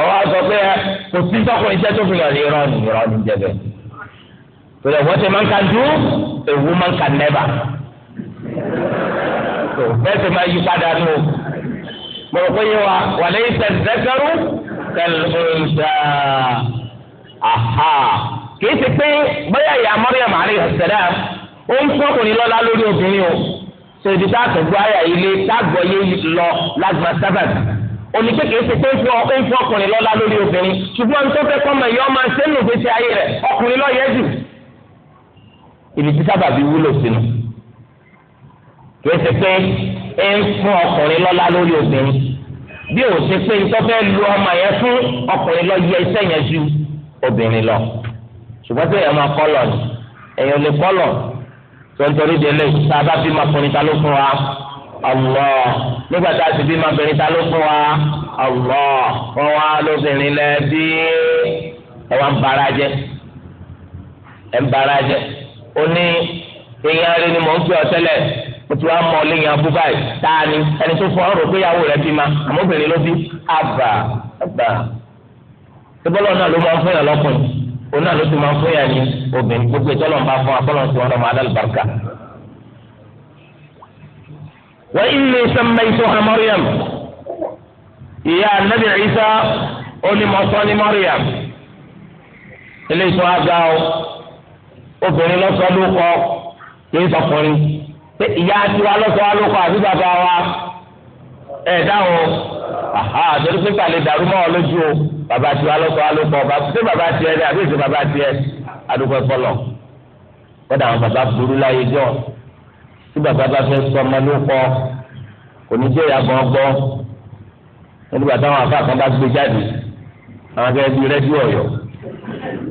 ọwọ àgbọ pé kò sí tọkùnrin jẹ tó fi hàn ní irọ́ ní irọ́ ní wọn ti máa ń kan dún ewu máa ń kan nẹba tó bẹ́ẹ̀ ti máa yí padà nù mọ̀lọ́pọ̀ yẹ wa wàlẹ́ yìí sẹ́dẹ́kẹ́rú kẹlẹ́fọ́nsá aha kìí ṣe pé bóyá ìyá Maryam alayhi salam ó ń fún ọkùnrin lọ́la lórí obìnrin o ṣe ibi tá a tẹ̀gbọ́ àyà ilé tágbọ́ yé lọ lágbà sábàbí oníke kìí ṣe pé ń fún ọkùnrin lọ́la lórí obìnrin ṣùgbọ́n tó fẹ́ kọ́ mọ̀ ẹ̀yọ́ máa ṣe ń lò fèsì ayé rẹ̀ ọkùnrin ló yẹ jù ibi tí sábàbí wúlò sínú kìí ṣe pé ẹ ń fún ọkùnrin lọ́lá lórí obìnrin bí ò ṣe pé nítorí fẹ́ lu ọmọ yẹn fún ọkùnrin lọ yẹ iṣẹ́ yẹn ju obìnrin lọ ṣùgbọ́n tí èèyàn máa kọ́lọ̀ ni èèyàn lè kọ́lọ̀ tó ń torí délé tá bá bí ma kùnrin ta ló fún wa Allah nígbà tá a ti bí ma bìnrin ta ló fún wa Allah wọn wá lóbìnrin lẹ bí ẹ wá ń bara jẹ ẹ ń bara jẹ ó ní ìyá rẹ ni mò ń pè ọ tẹ́lẹ̀ o ti wá mọ ọlẹ́yìn abú báyìí dání ẹni tó fọ ọrọ̀ péyàwó rẹ bí ma àmọ́ obìnrin ló bí àbà àbà ìbọ́lọ́ náà ló máa ń fún yàn lọ́kùnrin òun náà ló ti máa ń fún yàn ní obìnrin gbogbo ìtọ́lọ̀ ń bá fún akọ́lọ́ sí ọ̀nà máa dálù bàrúkà. wọ́n ilé sẹ́mbà iṣẹ́ ọ̀hán Maryam ìyá anabi Isa onímọ̀sán ní Maryam ilé iṣẹ́ àga obìnrin lọ́sọ̀ọ́ pé ìyá tiwa lọ́sọ̀ wa ló kọ́ àbí bàbá wa ẹ̀ dáhùn aha àtẹ̀lé pípa lè dàrú mọ́ ọ lójú o bàbá tiwa lọ́sọ̀ wa ló kọ́ ṣé bàbá tiẹ̀ ni àbí èsì bàbá tiẹ̀ adúgbò ẹ̀fọ́lọ̀ kọ́dà àwọn bàbá burú láyé jọ tí bàbá bá fẹ́ sọ ọmọ ló kọ́ kò ní jẹ́ ìyàgbọ́ ọgbọ́ nígbà táwọn afá kan bá gbé jáde àwọn akẹ́kẹ́ bíi rẹ́díò ọ̀yọ́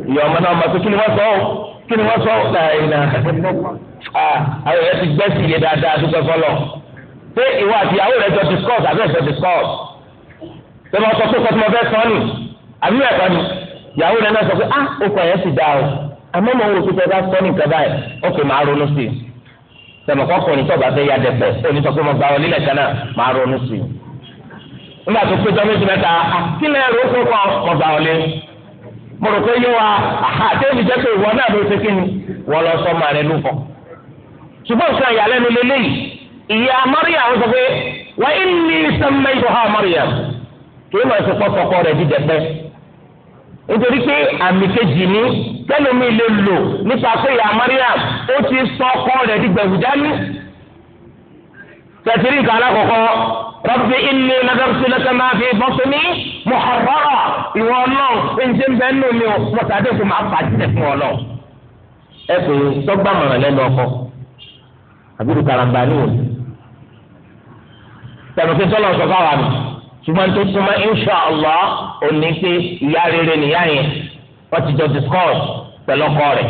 ìyá ọmọ náà mọ̀ pé kí ni wọ́n sọ ọ́ kí ni wọ́n sọ ọ́ Ah, àwọn èèyàn ti gbẹ́sì yé dáadáa dúpẹ́ fọlọ́ pé ìwọ àti ìyàwó rẹ jọ discuss àbẹ́ jọ discuss pé wọ́n sọ pé kọ́tùmọ̀ fẹ́ sọ ni àbí ẹ̀kọ́ ni ìyàwó rẹ náà sọ pé ah okùn ẹ̀yẹ ti dá o àmọ́ mo rò pé tẹ́ bá sọ ní nǹkan báyìí ọkùnrin máa ronú sí i tẹ̀mọ̀ kọ́kùnrin tó bá fẹ́ ya dẹ̀pẹ̀ òní sọ pé mo gba ọ nílẹ̀ kan náà máa ronú sí i nígbà tó péjọ méjì mẹ́ta àkílẹ̀ ah, rò kó kọ́ mo gba ọ lé mo rò pé yíwa àhà tẹ́lifíṣẹ́ pé ìwọ náà ló ṣe kí ni wọ́n lọ sọ rẹ lúfọ̀ọ́ ṣùgbọ́n sọ ìyàlẹ́nu lélẹ́yìí ìyá Maryam àwọn sọ pé wà á ní sẹ́mi ìdọ̀há Maryam kí ló ń sọ pọ́sọ̀kọ rẹ̀ dídẹ pẹ́ nítorí pé àmì kejì ní tẹ́lẹ̀mí lè lò nípa pé ìyá Maryam ó ti sọ ọkọ rẹ̀ dígbẹ̀rù dání tẹ̀sírí nǹkan alákọ̀ọ́kọ́ rọ́bì ilé lọ́dọ́sí lọ́sẹ̀má fi bọ́sùn ní mọ̀hárọ́rọ́ ìwọ náà ẹ̀ǹjẹ̀ ń bẹ nù mí o mọ̀tàdé kò máa fàájì lẹ̀ fún ọ lọ. ẹ pè sọgbà mọ̀ràn lẹ́nu ọkọ àbúrò karamba ní òní tẹnukí sọlọ sọ fáwọn àmì ṣùgbọ́n tó súnmọ́ insha allah òní pé ìyá rere nìyá yẹn wọ́n ti jọ discourse pẹ̀lú ọkọ rẹ̀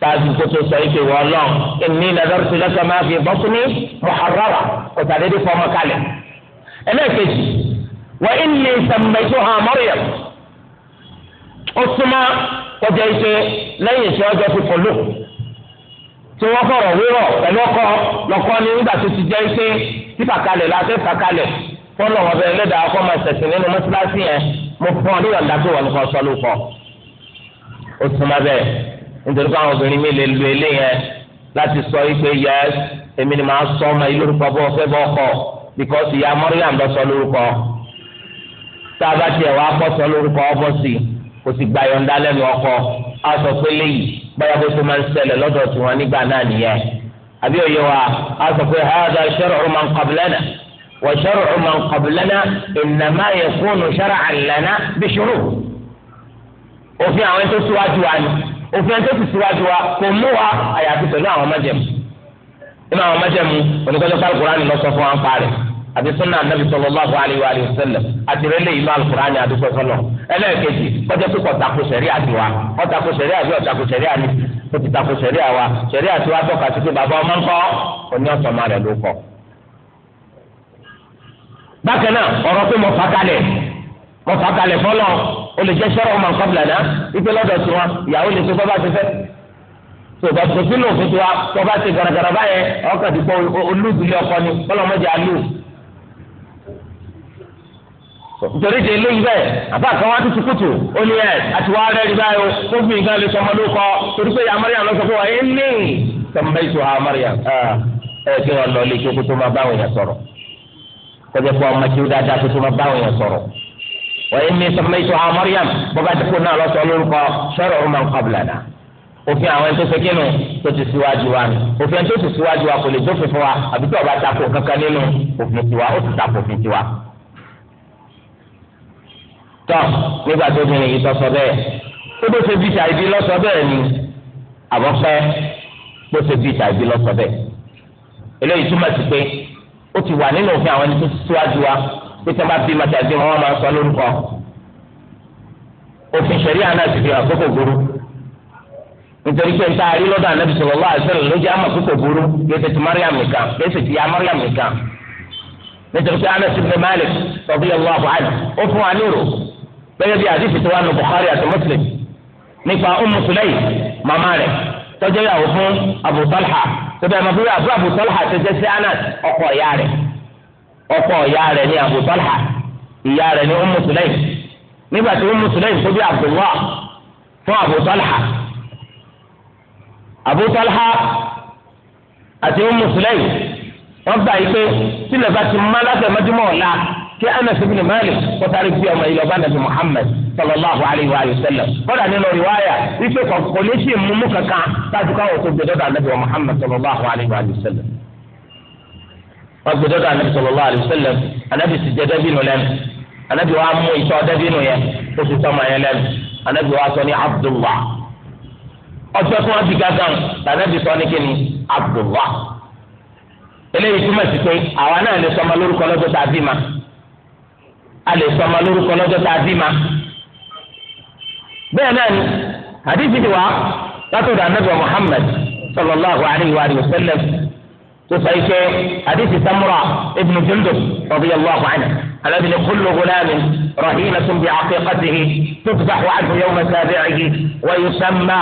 sáájú kó tó sọ ike wọ́n lọ èmi nàdọ́rọ̀ tó lọ́sọ̀ máa fi bọ́ fún mi muharrara kò tàdé dé fọmọ kalẹ̀ ẹlẹ́ẹ̀kejì wọ́n ń lè sàmbẹ́tò hàn Maryam ó súnmọ́ kọjá ike lẹ́yìn ìṣọ́jọ́ ti tí wọ́n fọ̀rọ̀ wérọ̀ pẹ̀lú ọkọ lọ́kọ́ ni nígbà tó ti jẹ́ pé títàkalẹ̀ la fẹ́ fàkalẹ̀ fọlọ wọn bẹ̀rẹ̀ lẹdàá kọ máa ṣẹ̀sìn nínú mọ́ṣáláṣí yẹn mo fún ọ ní ìyọ̀ǹda tó wọn kọ sọlù kọ ó tún máa bẹ nítorí káwọn obìnrin mi lè lu ilé yẹn láti sọ wípé yẹs èmi ni màá sọ ọmọ yìí lórúkọ bó fẹ́ bọ́ kọ bíkọ́sì ya mọ́ríyàm lọ sọ lórúkọ tá a bá tiẹ̀ wá kọ́ sọ lórúkọ ọ bọ́ sí i kò sì gba yọ̀ǹda lẹ́nu ọkọ a sọ pé léyìí báyà bó ṣe máa ń ṣẹlẹ̀ lọ́dọ̀ tí wọ́n nígbà náà nìyẹn àbí òye wa a sọ pé hadha shar'u man qablana wa shar'u man qablana innama yakunu shar'an lana bi shurut òfin àwọn tó síwájú wa ni òfin tó sì síwájú wa kò mú wa àyàfi pẹ̀lú àwọn májẹ̀mú àti sunna anabi sallallahu alayhi wa sallam àti rẹlẹ ìlú alukurani àdúgbò fọlọ ẹlẹ́ẹ̀kejì kọjá tó kọ tako sẹríà tiwa kọ tako sẹríà bí ọtako sẹríà ni ó ti tako sẹríà wa sẹríà tiwa tọ́ka sí pé bàbá ọmọ ńkọ́ oní ọsọmọ rẹ ló kọ. bákan náà ọ̀rọ̀ pé mo fà kalẹ̀ mo fà kalẹ̀ fọlọ o lè jẹ sọ̀rọ̀ ọmọ nǹkan bìlà ipe lọ́dọ̀ sí wọn ìyàwó lè tó bábà ti fẹ́ tòbá tó sínú òfin tiwa ti garagara báyẹn ọkàn ti gbọ́ olúdulẹ ọkọ ni kọlọmọdé alú nítorí ṣe eléyìí bẹ́ẹ̀ àbá kan wá tutù kutù ó ní ẹ̀ àti wàá rẹ́ẹ̀rí báyìí o tó fi nǹkan lè sọmọ ló kọ torí pé amariam lọ sọ fún wa ẹ ní tẹ̀mbẹ́ ìṣó amariam ah. ẹ kí wọn lọ lè kí kótó máa báwọn yẹn sọ̀rọ̀ kọjá pé ọmọ tí ó dáadáa kótó máa báwọn yẹn sọ̀rọ̀ wọ́n yẹn ní tẹ̀mbẹ́ ìṣó amariam bọ́bá tí kò náà lọ sọ lórúkọ sọ̀rọ̀ ọ̀rùn máa ń kọ́bìlà náà òfin àwọn ẹni tó ṣe tó ti síwájú wa ni òfin tó ti síwájú wa kò lè dófin fún wa àbí tó o bá takò kankan nínú òfin tiwa ó ti takò òfin tiwa tọ́ nígbà tó bìnrin yìí sọ bẹ́ẹ̀ ó bó ṣe bíi ṣàìdí lọ́sọ bẹ́ẹ̀ ni àbọ̀fẹ́ bó ṣe bíi ṣàìdí lọ́sọ bẹ́ẹ̀ eléyìí túmọ̀ sí pé ó ti wà nínú òfin àwọn ẹni tó síwájú wa pé tí wọ́n bá bí màtàdé wọn máa sọ lórúkọ òfin ṣẹ̀rí àná ti fi àkókò gbòòrò nítorí pé nta àrí lọ́dọ̀ ànábì sọ̀rọ̀ wá àṣẹlẹ̀ ló jẹ́ àmọ̀ àkókò gbòòrò kí ẹsẹ̀ ti mariam nìkan kí ẹsẹ̀ ti ya mariam nìkan nítorí pé Anas ibn Malik radiyallahu anhu ó fún wa nírò gẹ́gẹ́ bí àdìsí tó wà ní Bukhari àti Muslim nípa Ummu Sulaym màmá rẹ̀ tọ́jú ìyàwó fún Abu Talha tóbi àmọ́ bí àbúrò Abu Talha ti jẹ́ sí Anas ọkọ ìyá rẹ̀ ọkọ ìyá rẹ̀ ní Abu Talha ìyá rẹ̀ ní Ummu Sulaym nígbà tí Ummu Sulaym tó bí Abdullah fún Abu Talha Abu Talha àti Ummu Sulaym wọ́n gbà yí pé sílẹ̀ bá ti mọ́ lásẹ̀ mọ́júmọ́ ọ̀la kí Anas ibn Malik kó sáré fi ọmọ ilẹ̀ ọba nàbì Muhammad sallallahu alayhi wa sallam kódà nínú riwaya ife kò ní sí mímú kankan láti káwọn tó gbé dọ́dọ̀ nàbì Muhammad sallallahu alayhi wa sallam wọ́n gbé dọ́dọ̀ nàbì sallallahu alayhi wa sallam anabi sì jẹ́ dẹ́bìnú lẹ́nu anabi wa mú ìtọ́ dẹ́bìnú yẹn ó sì tọ́ ma yẹn lẹ́nu anabi wa sọ ní Abdullah ọjọ́ tí wọ́n ti gàgàn lànàbì sọ ní kíni Abdullah eléyìí túmọ̀ sí pé àwa náà lè sọ ọmọ lórúkọ lọ́jọ́ tá a bí ma. a lè sọ ọmọ lórúkọ lọ́jọ́ tá a bí ma bẹ́ẹ̀ náà ni àdìsí ti wá látò látọ̀dọ̀ anábìyà Muhammad sallallahu alayhi wa sallam tó sọ ike àdìsí Samura ibn Jundub radiyallahu anhu ni kullu ghulamin rahinatun bi aqiqatihi tutfahu anhu yawma sabi'ihi wa yusamma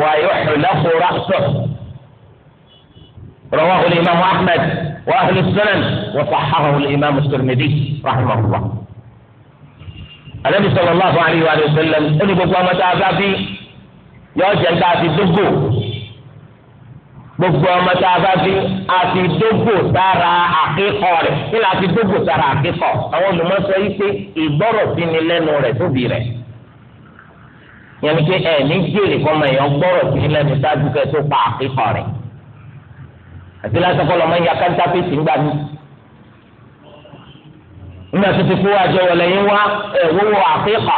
wa yuhlaqu ra'suhu rawahu al-imam wa وأهل السنن وصححه الإمام الترمذي رحمه الله anabi sallallahu alayhi wa sallam ó ní gbogbo ọmọ tá a bá bí yọọ jẹ tá a fi dógò gbogbo ọmọ tá a bá bí a fi dógò sára àkíkọ rẹ̀ kí la fi dógò sára àkíkọ àwọn olùmọ̀ sọ yìí pé ìgbọ́rọ̀ sí ni lẹ́nu rẹ̀ tóbi rẹ̀ yẹn ni ní jèrè kọ́mọ èèyàn gbọ́rọ̀ sí ni lẹ́nu ṣáájú kẹ́ tó pa àkíkọ rẹ̀ àti lásán kọ́ lọ́mọ yẹn akáńtà pèsè ńgbà mi nígbà tó ti kó àjọ wọlé yín wá ẹ wọ́wọ́ àkíkà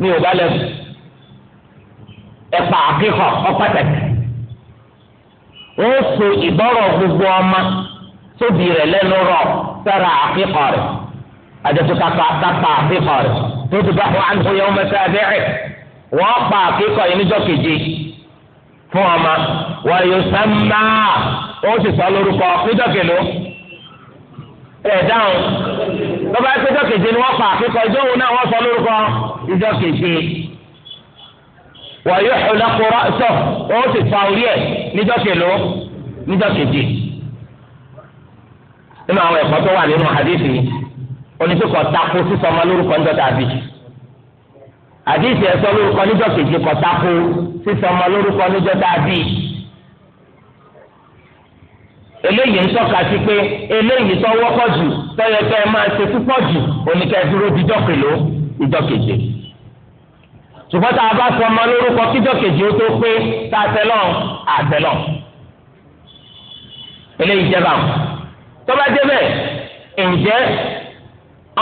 ní yorùbá lẹ́fù ẹ̀pà àkíkà ọ̀pàtàkì wọ́n so ìbọ̀rọ̀ gbogbo ọma tóbi rẹ̀ lẹ́nu rọ̀ sára àkíkà rẹ̀ àdètò kápá kápá àkíkà rẹ̀ tó ti bá wọn àdúgbò yẹn wọ́n mẹ́ta wọ́n pa àkíkà yẹn níjọ́ keje fún ọma wọ́n yóò sẹ́mbà ó sì sọ lórúkọ níjọ́ kelo ẹ̀ dáhùn lọ́ba ẹgbẹ́jọ́ keje ni wọ́n pa àkókò ìjọ òun náà wọ́n sọ lórúkọ ìjọ keje. wàyó ọ̀làkùrọ̀ sọ ó sì fa orí ẹ̀ níjọ́ kèló níjọ́ keje. nínú àwọn ẹ̀kọ́ tó wà nínú hadithi oníṣòkò tako sísọmọ lórúkọ níjọ́ tàbí. hadithi ẹ̀ lórúkọ níjọ́ keje kọ̀ tako sísọmọ lórúkọ níjọ́ tàbí eléyìí ń tọ́ka sí pé eléyìí tó wọ́pọ̀ jù tọ́yẹ kẹ́ ẹ máa ṣe púpọ̀ jù oníkẹ́ dúró di jọ́kìló ìjọ keje. ṣùgbọ́n tá a bá sọ ọmọ lórúkọ kíjọ keje ó tó pé tá a tẹ́lọ̀ àtẹ́lọ̀. eléyìí jẹ́ báwọn. tọ́ba débẹ̀ ǹjẹ́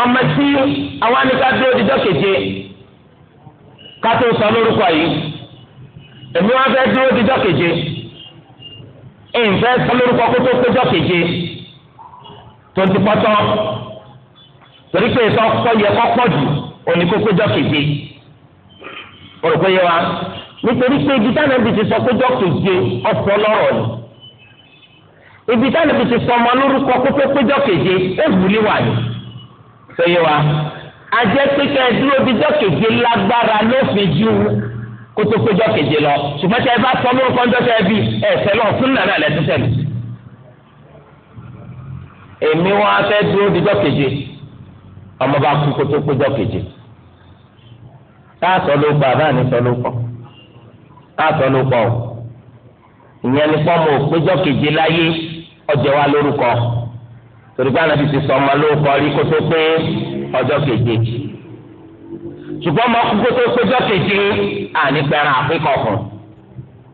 ọmọ tí àwọn anìkan dúró di jọ́ ká tó sọ lórúkọ yìí èmi wọn fẹ́ dúró di jọ́ ìfẹ́ sọlórúkọ kó tó péjọ keje tó ti pọ́tọ́ torí pé ìtọ́ kọ́ yẹ kọ́ pọ̀ jù òní kó péjọ keje mo rò pé yẹ wa nítorí pé ibi táwọn ibi ti sọ péjọ keje ọ̀pọ̀ lọ́rọ̀ ni ibi táwọn ibi ti sọ ọmọ lórúkọ kó tó péjọ keje ó wùlé wà ní sọ yẹ wa ajẹ́ pé kẹ́ ẹ dúró bíjọ́ keje lágbára lófin ju kó tó péjọ keje lọ ṣùgbọ́n tí ẹ bá sọ lórúkọ ń dọ́tẹ́ bí ẹ sẹ́lọ̀ fún nàrà rẹ̀ tó tẹ̀lé. èmi wọn á fẹ́ dúró díjọ́ keje ọmọ bá kú kó tó péjọ tá a sọ ló kọ àbá ní sọ ló kọ tá a sọ ló kọ o ìyẹn ni pọ́nmọ́ péjọ keje láyé ọjọ́ wa lórúkọ torí báyìí ti sọ ọmọ lórúkọ rí kó tó pé ọjọ́ keje. ṣùgbọ́n ọmọ kókó tó péjọ kékeré àní pẹ̀rẹ̀ àfikọ̀ fún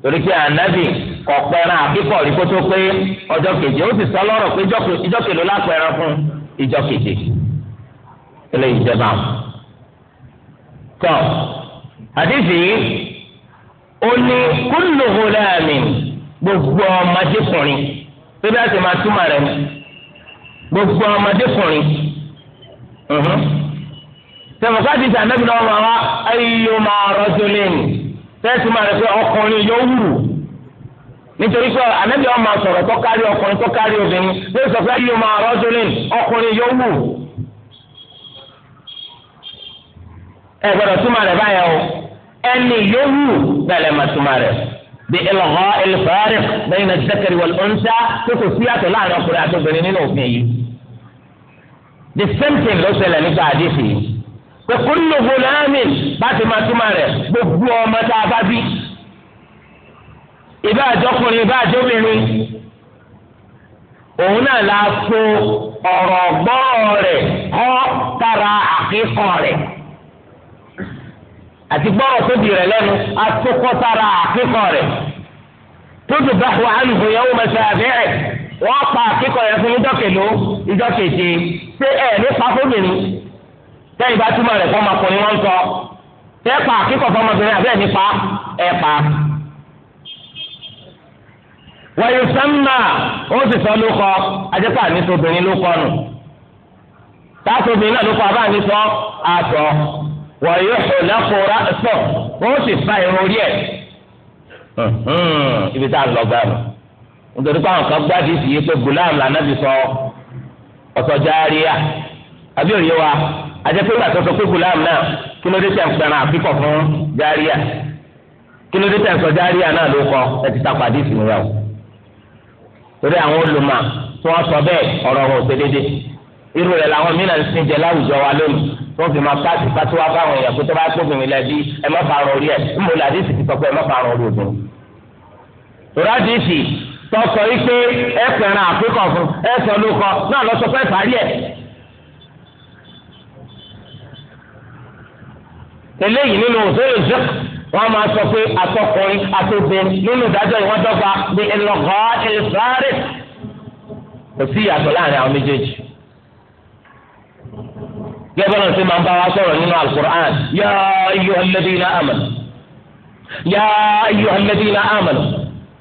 torí pé ànábì kọ̀ pẹ̀rẹ̀ àfikọ̀ rí pé ọjọ́ ó sì sọ lọ́rọ̀ pé ìjọ kèló lápẹ̀rẹ̀ fún ìjọ keje ilé ìjọba tọ́ àdìsí ó ní kúlù gbogbo ọmọdékùnrin rẹ̀ gbogbo ọmọdékùnrin. Mhm, tẹmọsáàtì tí anabi náà máa wá ayé máa rọjòlín tẹsí máa rẹ pé ọkùnrin yóò wù nítorí pé anabi ọmọ sọ̀rọ̀ tó kárí ọkùnrin tó kárí obìnrin yóò sọ pé ayé máa rọjòlín ọkùnrin yóò wù. ẹ gbọ́dọ̀ túmọ̀ rẹ báyẹn o ẹni yóò wù bẹ́ẹ̀ lẹ máa túmọ̀ rẹ bí ìlọgọ ìlfàárẹ bẹ́ẹ̀ ní dẹkẹrì wọlé ọńsá tó kò síyàtọ̀ láàrin ọkùnrin àti obìnrin nínú òfin yìí the same thing ló ṣẹlẹ̀ nípa àdéhùn yìí kòkòrò fúlàní láti máa túmọ̀ rẹ̀ gbogbo ọmọ tá a bá bí ìbá àjọkùnrin ìbá àjọbìnrin òun náà la so ọ̀rọ̀ gbọ́rọ̀ rẹ̀ kọ́ tara àkíkọ́ rẹ̀ àti gbọ́rọ̀ tóbi rẹ̀ lẹ́nu asokọ́ tara àkíkọ́ rẹ̀ tóbi bá wà lùfò yẹn wọ́n mẹsẹ̀ àbẹ́rẹ́ wọ́n pa àkíkọ́ yẹn fún ìjọ́kèló ìjọ́kèje ṣé ẹ̀ nípa fóbìnrin sẹ́yìn bá túmọ̀ rẹ̀ fọmọkùnrin wọn sọ tẹ́ pa kíkọ̀ fọmọbìnrin àbẹ́ẹ̀ nípa ẹ̀ pa. wọ́n yóò sẹ́ńmà ó sì sọ ló kọ ajẹ́pà ní sobìnrin ló kọ nù tásobìnrin náà ló kọ abáà ní sọ àtọ̀ wọ́n yóò sọ lẹ́kọ̀ọ́ra sọ ó sì fa irun orí ẹ̀ ibi tá a lọ gbàgbọ́ nítorí pé àwọn kan gbádìí sí i pé gùlám lànà ti sọ ọ̀sọ̀ járíà àbí òye wa àjẹpẹ́ ìgbà tó sọ pé gulam náà kí ló dé tẹ̀ ń pẹ̀ràn àfikọ̀ fún járíà kí ló dé tẹ̀ ń sọ járíà náà ló kọ ẹ ti takò àdìsí mi rẹ o torí àwọn olùmọ̀ tí wọ́n sọ bẹ́ẹ̀ ọ̀rọ̀ wọn ò ṣe déédéé irú rẹ̀ làwọn mìíràn ń sin jẹ láwùjọ wa lónìí tó fi máa pàṣẹ pàṣẹwá fáwọn èèyàn pé tó bá tó bìnrin lẹbi ẹ má fa àrùn orí ẹ ń bò ládìsí ti sọ ẹ má fa àrùn orí obìnrin. tòrádìsì tọkọ yìí ẹ pẹ̀ràn àfikọ̀ fún ẹ sọ lóko náà lọ sọ pé ẹ parí ẹ eléyìí nínú òṣèlú zek wọn máa sọ pé atọkùnrin atọkùnrin nínú ìdájọ́ ìwọ́n dọ́gba bí ẹlọ́gọ́ ẹlẹ́sàárẹ̀ kò sí ìyàtọ̀ láàrin àwọn méjèèjì. gẹ́gẹ́ bọ́lá ṣe máa ń bá wa sọ̀rọ̀ nínú alukur'an yá ayọ̀ alladhina amanu yá ayọ̀ alladhina amanu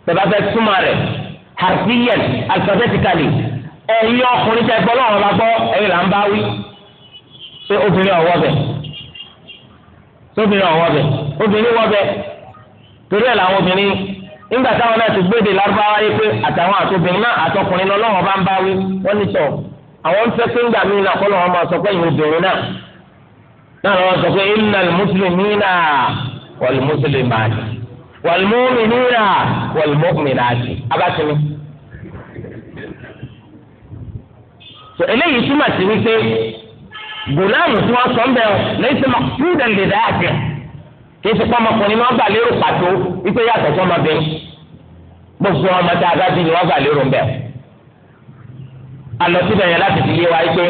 bàbá fẹ́ túmọ̀ rẹ̀ harfiyan alphabetically ẹ̀yin ọkùnrin tẹ́ gbọ́ lọ́wọ́ bá gbọ́ ẹ̀yin là ń bá wí pé obìnrin ọ̀wọ́ bẹ̀ sóbìnrin ọ̀wọ́ bẹ̀ obìnrin wọ́ bẹ̀ torí ẹ̀ làwọn obìnrin nígbà táwọn náà ti gbéde lárúbáwá yìí pé àtàwọn àtòbìnrin náà àtọkùnrin náà lọ́wọ́ bá ń bá wí wọ́n ní tọ̀ àwọn ń fẹ́ pé ńgbà míì náà kọ́lọ́ wọn máa sọ pé ìwé obìnrin náà náà lọ́wọ́ sọ pé ìnà mùsùlùmí náà wọ̀lì mùsùlùmí àti wọ̀lì mùmìnì náà wọ̀lì mùmìnì àti abátìmí. eléyìí túmọ̀ sí wípé gùlámù tí wọ́n sọ ń bẹ̀ lẹ́yìn tí wọ́n kú dẹ̀lẹ̀ dá àjẹ́ kí n ti pọ́ ọmọkùnrin ni wọ́n gbà lérò pàtó wípé yàtọ̀ sọ́mọ bẹ́ẹ̀ gbogbo ọmọ tá a bá bí ni wọ́n gbà lérò ń bẹ̀ alọ síbẹ̀ yẹn láti fi yé wa pé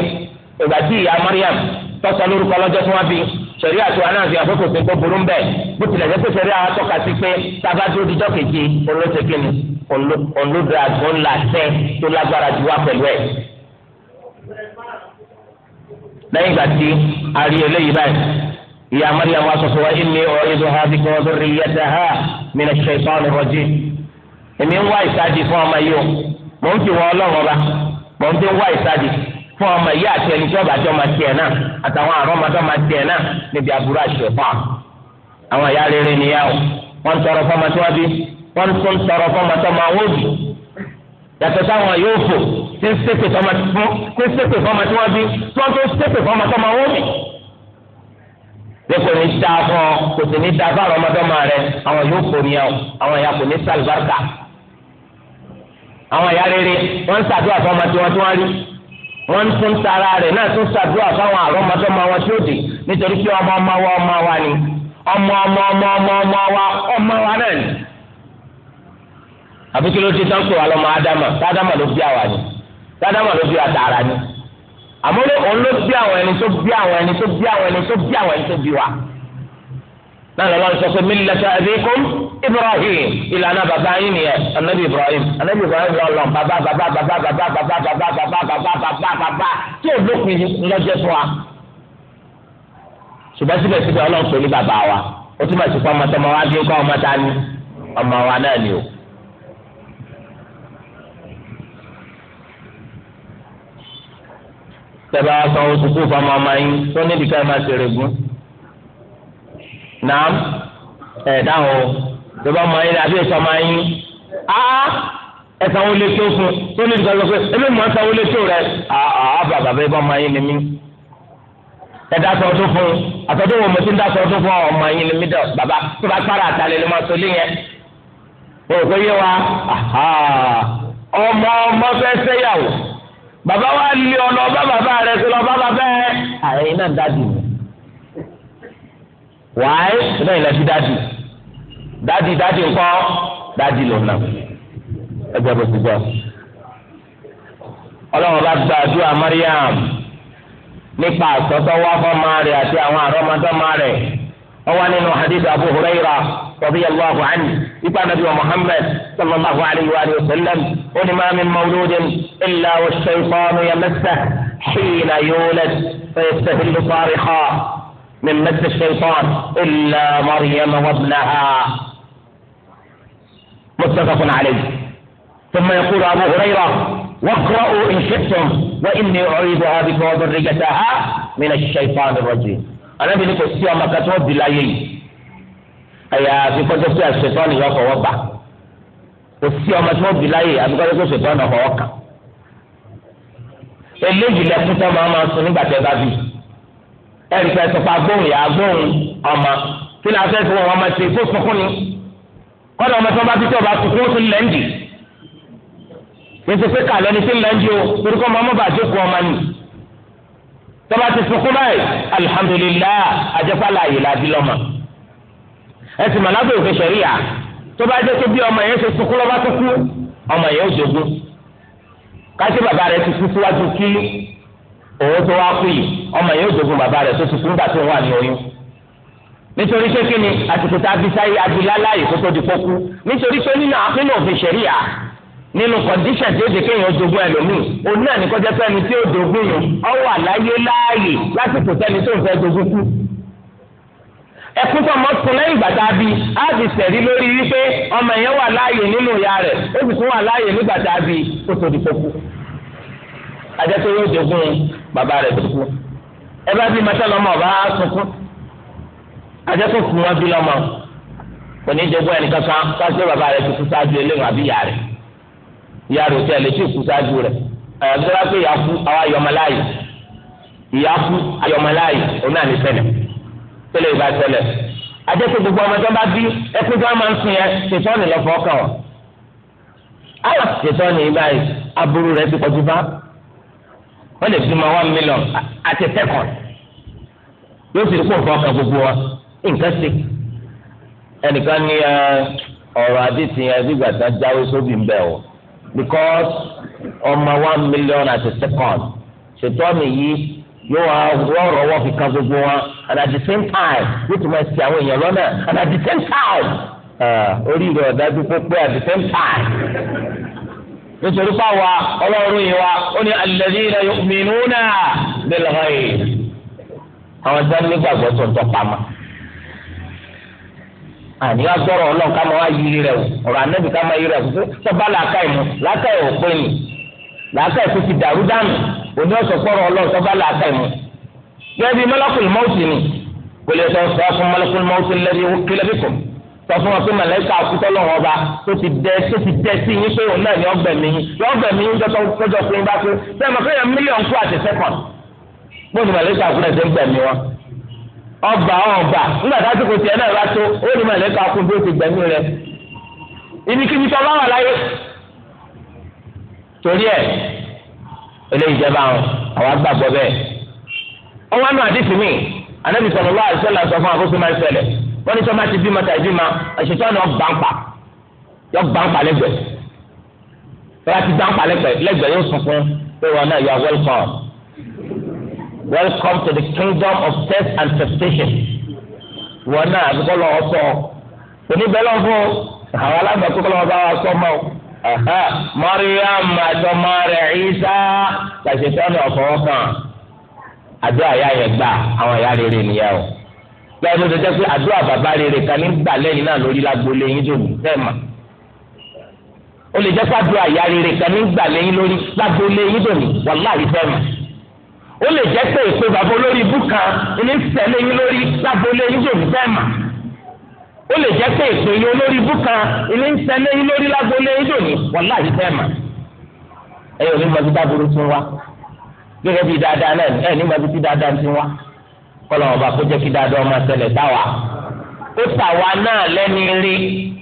ìgbà tí ìyá Mariam tọ́sọ lórúkọ lọ́jọ́ tí wọ́n bí sẹ̀rí àtiwá náà fi àkókò sí tó burú mbẹ́ bó tilẹ̀ jẹ́ pé sẹ̀rí àwọn tọ́ka sí pé tába tó dijọ́ kejì olóṣèkínni olódàgbọ́n làṣẹ tó lágbára jù wá pẹ̀lú ẹ̀. lẹ́yìn ìgbà tí a rí eléyìí báyìí ìyá mariam wa sọ fún wa inni u'iduha bika wa ha minash shaytanir rajim èmi ń wá ìsáàjì fún ọmọ yìí o mò ń fi wọ ọlọ́run ọba mò ń fi wá ìsáàjì fún ọmọ yìí àti ẹni tí ọba tí ọmọ tiẹ̀ náà àtàwọn àrọ́mọdé ọmọ tiẹ̀ náà níbi àbúrò àṣepọ̀ àwọn ìyá rere o wọ́n ń tọrọ yàtọ̀ sáwọn yóò fò tí ń sépè fọmọ tí fún tí ń sépè fọmọ tí wọ́n bí tí wọ́n tó sépè fọmọ tọmọ wọn mi. lẹ́kọ̀ọ́ ní dáa fún ọ kò sì ní dáa fún àwọn ọmọdọ́mọ rẹ àwọn yóò fò ní ọ àwọn ìyá kò ní sàlùbáríkà. àwọn ìyá rere wọ́n ń ṣàdúrà fọmọ tí wọ́n tí wọ́n rí wọ́n tún tara rẹ̀ náà tún ṣàdúrà fáwọn àrọ́mọdọ́mọ wọn tí ó dì nítorí pé ọmọ ọmọ wa ọmọ wa ni ọmọ ọmọ ọmọ ọmọ ọmọ wa ọmọ wa náà ni àbí kí ló dé tán pé wà lọ́mọ ádámà tádámà ló bí àwa ni tádámà ló bí àtàrà ni àmọ́ òun ló bí àwọn ẹni tó bí àwọn ẹni tó bí àwọn ẹni tó bí àwọn ẹni tó bí wa náà lọ́wọ́ sọ pé millata abikum ibrahim ìlànà bàbá yín nìyẹn anabi ibrahim anabi ibrahim lọ lọ bàbá bàbá bàbá bàbá bàbá bàbá bàbá bàbá bàbá bàbá tí o lópin lọ́jọ́ fún wa. ṣùgbọ́n síbẹ̀síbẹ̀ ọlọ́run tẹ̀lé aṣọ oṣù kú fọmọ ọmọ yín tó níbi ká ẹ máa ṣe rẹ̀gùn. nàá ẹ̀ dáhùn o tẹ̀lé ọmọ yín àbí ẹ̀sọ́ ọmọ yín á ẹ̀sán wọlé tó fún tó níbi ká lọ pé ẹbí mọ̀ ẹ̀sán wọlé tó rẹ̀ àbá bàbá ẹ̀bá ọmọ yín ni mí. ẹ dáṣọ ọdún fún àtọ́jú wo mo ti ń dáṣọ ọdún fún ọmọ yín ni mí dọ̀ bàbá tó bá kára àtàlẹ́ ló máa o ọmọ ọmọ fẹ́ sẹ́yàwó bàbá wa lé ọ lọ bá bàbá rẹ sí lọ bá bàbá ẹ ààrẹ yìí náà dádì mi wàáyé náà ilẹ̀ fi dádì dádì dádì ńkọ́ dádì lò náà ẹgbẹ́ bó ti gbọ́ ọlọ́run bá gbàdúrà Mariam nípa àsọtọ́ wá fọ́ máa rẹ̀ àti àwọn àrọ́mọdọ́mọ rẹ̀. أوانين حديث أبو هريرة رضي الله عنه إبان نبي محمد صلى الله عليه وآله وسلم قل ما من مولود إلا والشيطان يمسه حين يولد فيستهل صارخا من مس الشيطان إلا مريم وابنها متفق عليه ثم يقول أبو هريرة واقرأوا إن شئتم وإني أعيدها بكم وذريتها من الشيطان الرجيم alábi ni kò sí ọmọ kan tí wọ́n bí láyé yìí ẹ̀yà àfikọ́jọ́ pé àṣetọ́ ni yọkọ̀ wọ́n gbà kò sí ọmọ tí wọ́n bí láyé àfikọ́jọ́ pé àṣetọ́ ni ọkọ̀ wọ́n kà eléyìí lẹ́kún tó máa máa sun nígbà tẹ́ bá bí ẹ̀rí pẹ́ sọpá gbóhùn yà gbóhùn kí ni afẹ́ fún ọmọ ṣe kó sunkún ni kọ́dọ̀ ọmọ tó bá bí tó bá sunkún tún lẹ́ńdì kí n ti pé kàlẹ́ ni tí ń o torí kọ́ ọmọ ọmọ bàjẹ́ kú ọmọ nìyí tọ́ba ti sunkún báyìí alihamudulilayi ajẹ́pàlà yìí la di lọ́mọ. ẹ sì màá lábẹ́ òfin ṣẹ̀ríyà tọ́ba jẹ́ pé bí ọmọ yẹn ṣe sunkún lọ́ba tó kú ọmọ yẹn ó jogún. káṣí bàbá rẹ̀ ti kú síwájú kí owó tó wá kú yìí ọmọ yẹn ó jogún bàbá rẹ̀ tó ti nígbà tó wà ní oyún. nítorí pé kí ni àsìkò tá a fi di kó kú nítorí pé nínú àfínà nínú kọ̀díṣàn tí ó di kéèyàn jogún ẹlòmíì òun náà ní kọjá sẹ́ni tí ó jogún yìí ọ wà láyé láàyè lásìkò sẹ́ni tó ń fẹ́ jogún kú. ẹkún tó mọ́ tún lẹ́yìn ìgbà tá a bí a ti sẹ̀rí lórí wípé ọmọ yẹn wà láàyè nínú ìyá rẹ̀ ó sì tún wà láàyè nígbà tá a bí kó tó di kókó. ajá tó yóò jogún bàbá rẹ̀ tó kú. ẹ bá bí mọ́tẹ́ lọ́mọ ọba sunkún ajá tó fún wọn bí lọ́mọ ìyá rẹ̀ tẹ ẹlẹtí kú sáájú rẹ̀ ẹgbẹ́ra pé ìyá kú àwọn ayọ̀mọláyì ìyá kú ayọ̀mọláyì òun náà ní ṣẹlẹ̀ tẹ́lẹ̀ ìbá ṣẹlẹ̀ adẹ́kọ̀ gbogbo ọmọ tó bá bí ẹkú tó máa ń sùn yẹn ṣètọ́ ni lọ́fọ́ kàn wọ́n àwọn ṣètọ́ ni ibà yìí aburú rẹ̀ ti pọ̀jù bá wọ́n lè fi máa one million àti second yóò sì kó nǹkan kan gbogbo wa nǹkan sí ẹnìkan ní ọ̀rọ̀ àdìsí yẹn bí gbàtà jáwé sóbì ń bẹ̀ wọ̀ because ọmọ one million at a second ṣètò àmì yìí yóò wá wọ́ọ̀rọ̀ wọ́ọ̀ fi kan gbogbo wọn and at the same time yóò tún máa ṣe àwọn èèyàn lọ́nà and at the same time orí rẹ̀ ọ̀dájú pópó at the same time nítorí pàwọ́ ọlọ́run yìí wa ó ní alladhina yu'minuna bil ghaib àwọn sáré nígbàgbọ́ tó ń tọ́ pamọ́ àní wá gbọ́rọ̀ ọlọ́run ká máa wá yiri rẹ̀ o ọ̀rọ̀ anábì ká máa yiri rẹ̀ o sọ́ba làákà ìmú làákà ẹ̀ ò pé nì làákà ẹ̀ tó ti dàrú dànù òní ọ̀sọ̀ gbọ́rọ̀ ọlọ́run sọ́ba làákà ìmú. bẹ́ẹ̀ bí malakul mọ́ọ̀tì ni kò lè sọ fún malakul mọ́ọ̀tì lẹ́bi kílẹ̀ bí kò sọ fún wọn pé màlẹ́kà akutọ́lọ́wọ́ ọba tó ti dẹ tó ti dẹ sí yín pé òun náà ni ọgbẹ̀mí yín jọ́tọ́ yín ọba ọba nígbà tá a ti kò tiẹ̀ náà bá tó ó ní màlẹ́kà kún bí ó ti gbẹ̀mí rẹ̀ ibikíbi tó bá wà láyé torí ẹ̀ eléyìí jẹ́ báwọn àwọn agbàgbọ́ bẹ́ẹ̀ ọwọ́ àná àdìsí mi anabi sọ̀rọ̀ lọ́wọ́ àdìsẹ́lẹ̀ sọ fún àkóso máa ń ṣẹlẹ̀ wọ́n ní sọ́mà ti bímọ tàbí bímọ àṣetọ́ ni ọgbà ń pa yọgbà ń pa lẹ́gbẹ̀ẹ́ tọ́lá ti gbà ń pa lẹ́gbẹ̀ẹ́ yóò sunkún pé wọn náà yọ welcome welcome to the kingdom of test and temptation wọn náà àbíkọ́ lọ́wọ́ sọ oníbẹ̀lọ́ fún àwọn alágbàtọ́ kọ́ lọ́wọ́ bá wa sọ mọ́ Mariam àtọmọ rẹ̀ Isa làṣetọ́nù ọ̀fọwọ́ kan àdó àyà yẹn gbà àwọn àyà rere nìyẹn o bẹ́ẹ̀ ló ti jẹ́ pé àdó àbàbà rere kan ní gbà lẹ́yìn náà lórí lágbolé yín tó wù bẹ́ẹ̀ mà ó lè jẹ́ pé àdó àyà rere kan ní gbà lẹ́yìn lórí lágbolé yín tó wù wàláhì bẹ́ẹ̀ mà ó lè jẹ́ pé ìpè bàbá olórí ibú kan ní ṣẹlẹ̀ yín lórí lábọlé yín yóò fi bẹ́ẹ̀ mà ó lè jẹ́ pé ìpè yín olórí ibú kan ní ṣẹlẹ̀ yín lórí lábọlé yín yóò ní wàhálà yìí bẹ́ẹ̀ mà ẹ yóò ní mọbi dábúrú tún wá gẹ́gẹ́ bí dáadáa náà ẹ ní mọbi tí dáadáa tún wá kọlọ ọba kó jẹ́ kí dáadáa ọmọ ṣẹlẹ̀ táwa ó tàwa náà lẹ́ni rí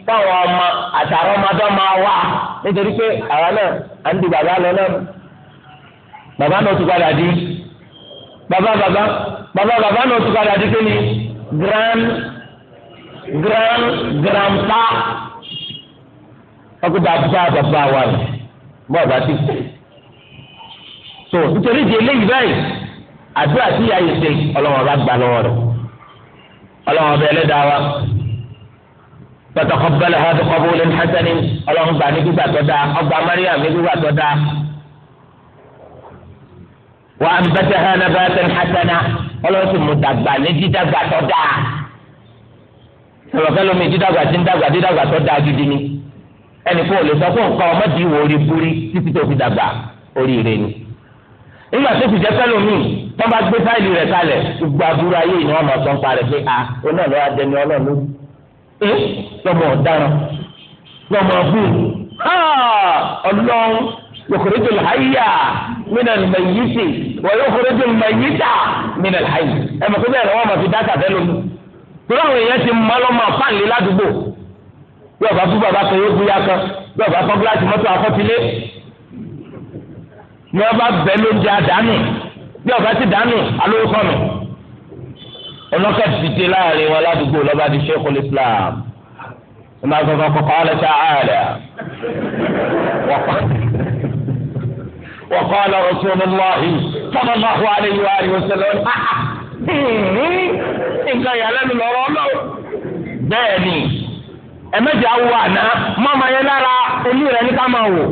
táwọn ọmọ àtàwọn ọmọdé máa wá nítorí pé àwa náà à ń di bàbá lọ náà bàbá náà tún padà dín bàbá bàbá bàbá bàbá náà tún padà dídé ní grand grand grandpa ọkọ bàbá bàbá wa rẹ bọ́ọ̀ bá ti kú so nítorí di eléyìí báyìí àdúrà tí ìyá yìí ṣe ọlọ́wọ́n bá gbà lọ́wọ́ rẹ̀ ọlọ́wọ́n bẹ ẹlẹ́dàá wa pẹ̀tọ́kọ́ bẹ́lẹ̀ hàn tó kọ́ bó lẹ́nu hẹ́sẹ́ni ọlọ́wọ́n gbà ní tó dáa ọgbà Mariam ní tó dáa wa anbataha nabatan hasana ọlọ́run sì mú dàgbà ní dídàgbà tó dáa sọlọ́kẹ́ lómi dídàgbà tí ń dàgbà dídàgbà tó dáa gidi ni ẹnì kó o lè sọ fún nǹkan ọmọdé ìwò orí búrí títí tó fi dàgbà oríire ni nígbà tó fi jẹ́ sẹ́lómi tó bá gbé fáìlì rẹ̀ kalẹ̀ gbogbo aburú ayé ni wọ́n máa sọ ń parẹ́ pé a oná lọ́wọ́ adẹni ọlọ́run lórí ẹ lọ́mọ ọ̀daràn lọ́mọ ọ̀gbìn ọlọ́run yòkòrèjò làyà mínà lùmẹ̀yìísì wọ́n yòkòrèjò lùmẹ̀yìísà mínà làyà ẹ̀ mọ̀ pé bẹ́ẹ̀ ni wọ́n máa fi dáta bẹ́ẹ̀ lómi. torí àwọn èèyàn ti mọ lọ́mọ fáàlì ládùúgbò bí ọba fún bàbá kan yóò gbúyà kan bí ọba fún gíláàsì mọ́tò afọ́tilé ni ọba bẹ́ẹ̀ ló ń jẹ àdánù bí ọba ti dánù alówó sọnù ọlọ́kà dìde láàrin wọn ládùúgbò lọ́ba di Sheikhul Islam ẹ̀ máa sọ fún ọkọ̀ kọ́ وقال رسول الله صلى الله عليه وآله وسلم hmm. nǹkan ìyàlẹ́nu lọ́rọ́ ọlọ́run. bẹ́ẹ̀ ni ẹ̀mẹ́jì awo àná mọ́mọ́ yẹn lára omi rẹ̀ ní ká máa wò.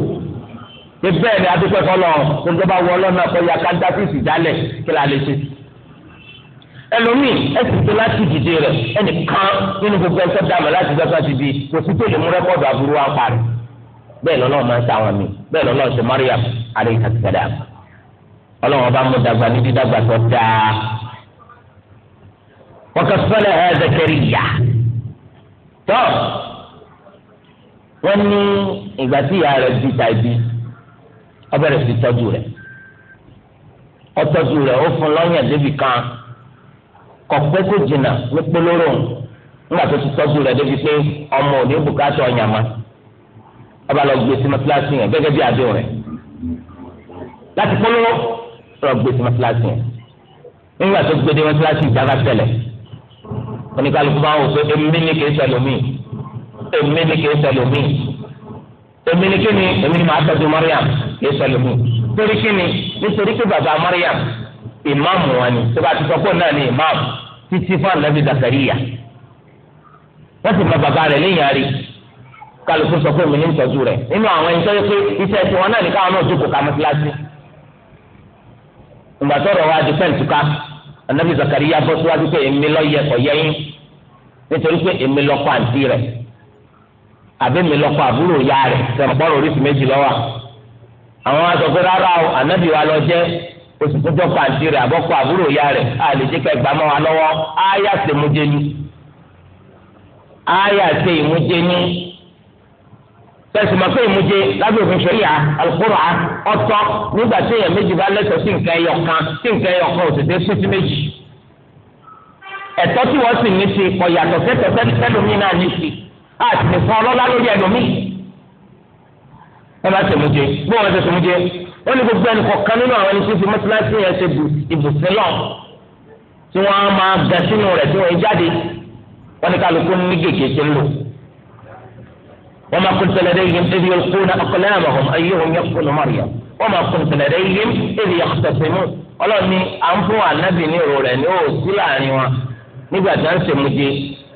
pé bẹ́ẹ̀ ni adúpẹ́ kọ́lọ́ gbogbo bá wọ ọlọ́run náà kọ́ ya ká dá fífi jálẹ̀ kí la lè ṣe. ẹlòmíì ẹsìn tó láti dìde rẹ̀ ẹnì kan nínú gbogbo ẹsẹ̀ dàmẹ́ láti dọ́kítà ti di kò sí tó lè mú rẹ́kọ̀dù àbúrò wa bẹ́ẹ̀ lọ́lọ́ máa ń sa àwọn mi bẹ́ẹ̀ lọ́lọ́ ṣe Mariam alayhi salam ọlọ́run ọba mú dàgbà ní dídàgbà tó dáa wa kaffalaha Zakariya tó wọ́n ní ìgbà tí ìyá rẹ̀ bí tàbí ọbẹ̀rẹ̀ sí tọ́jú rẹ̀ ọtọ́jú rẹ̀ ó fún kan kọ̀pẹ́ kò jìnnà ní polóró nígbà tó ti tọ́jú rẹ̀ débi pé ọmọ òní bùkátà ọba lọ gbé sí mọ́tíláṣí yẹn gẹ́gẹ́ bí àdéhùn rẹ̀ láti polówó lọ gbé sí mọ́tíláṣí yẹn nígbà tó gbé dé mọ́tíláṣí ìjábá tẹ̀lẹ̀ oníkálukú bá ń wò pé èmi ni kìí sẹlómi èmi ni kìí sẹlómi èmi ni kíni èmi ni màá tọ́jú Mariam kìí sẹlómi torí kíni nítorí pé bàbá Mariam ìmáàmù wọn ni tó bá ti sọ pé náà ni ìmáàmù títí fún àlọ́bí Zakariya wọ́n sì mọ bàbá rẹ̀ léyìn àárín kálukú sọ pé mi ní ìtọ́jú rẹ̀ nínú àwọn ẹni tó yẹ pé iṣẹ́ tiwọn náà ní káwọn náà jókòó ká mọ́síláṣí. ìgbà tọrọ wa di fẹ́ǹtì ká anabi Zakariya bọ́ síwájú pé èmi lọ yẹ kọ̀ yẹyìn nítorí pé èmi lọ́kọ àǹtí rẹ̀ àbí èmi lọ́kọ àbúrò ya rẹ̀ tẹ̀mọ́bọ́rọ̀ oríṣi méjì lọ́wọ́ àwọn wa sọ pé rárá o anabi wa lọ jẹ́ oṣù tó jọ́kọ̀ tẹsán máa pé ìmúje lábẹ́ òfin ṣẹ̀ríà alukóra ọ̀tọ̀ nígbà tí èèyàn méjì bá lẹ́tọ̀ọ́ sí nǹkan ẹyọ kan sí nǹkan ẹyọ kan òtètè sún sí méjì ẹ̀tọ́ tí wọ́n sì ní ṣe kọ̀ yàtọ̀ sẹ́tọ̀ sẹ́lómi náà ní ṣe àti nìkan ọlọ́lá lórí ẹlòmí ẹ bá ṣèmúje bí wọ́n ṣe ṣèmúje wọ́n ní gbogbo ẹnì kọ̀ọ̀kan nínú àwọn ẹni tó fi mọ́tíláṣí yẹn ṣe ibùsùn lọ tí wọ́n máa gẹ̀ sínú rẹ̀ tí wọ́n jáde wọ́n ní kálukú ní gègé ṣe ń lò وما كنت لديهم إذ يلقون أقلامهم أيهم يقتل مريم وما كنت لديهم إذ يختصمون Ọlọ́run ní à ń fún ànábì ní ìrò rẹ̀ ní òsí láàrin wọn nígbà tí wọ́n ń ṣèmùjẹ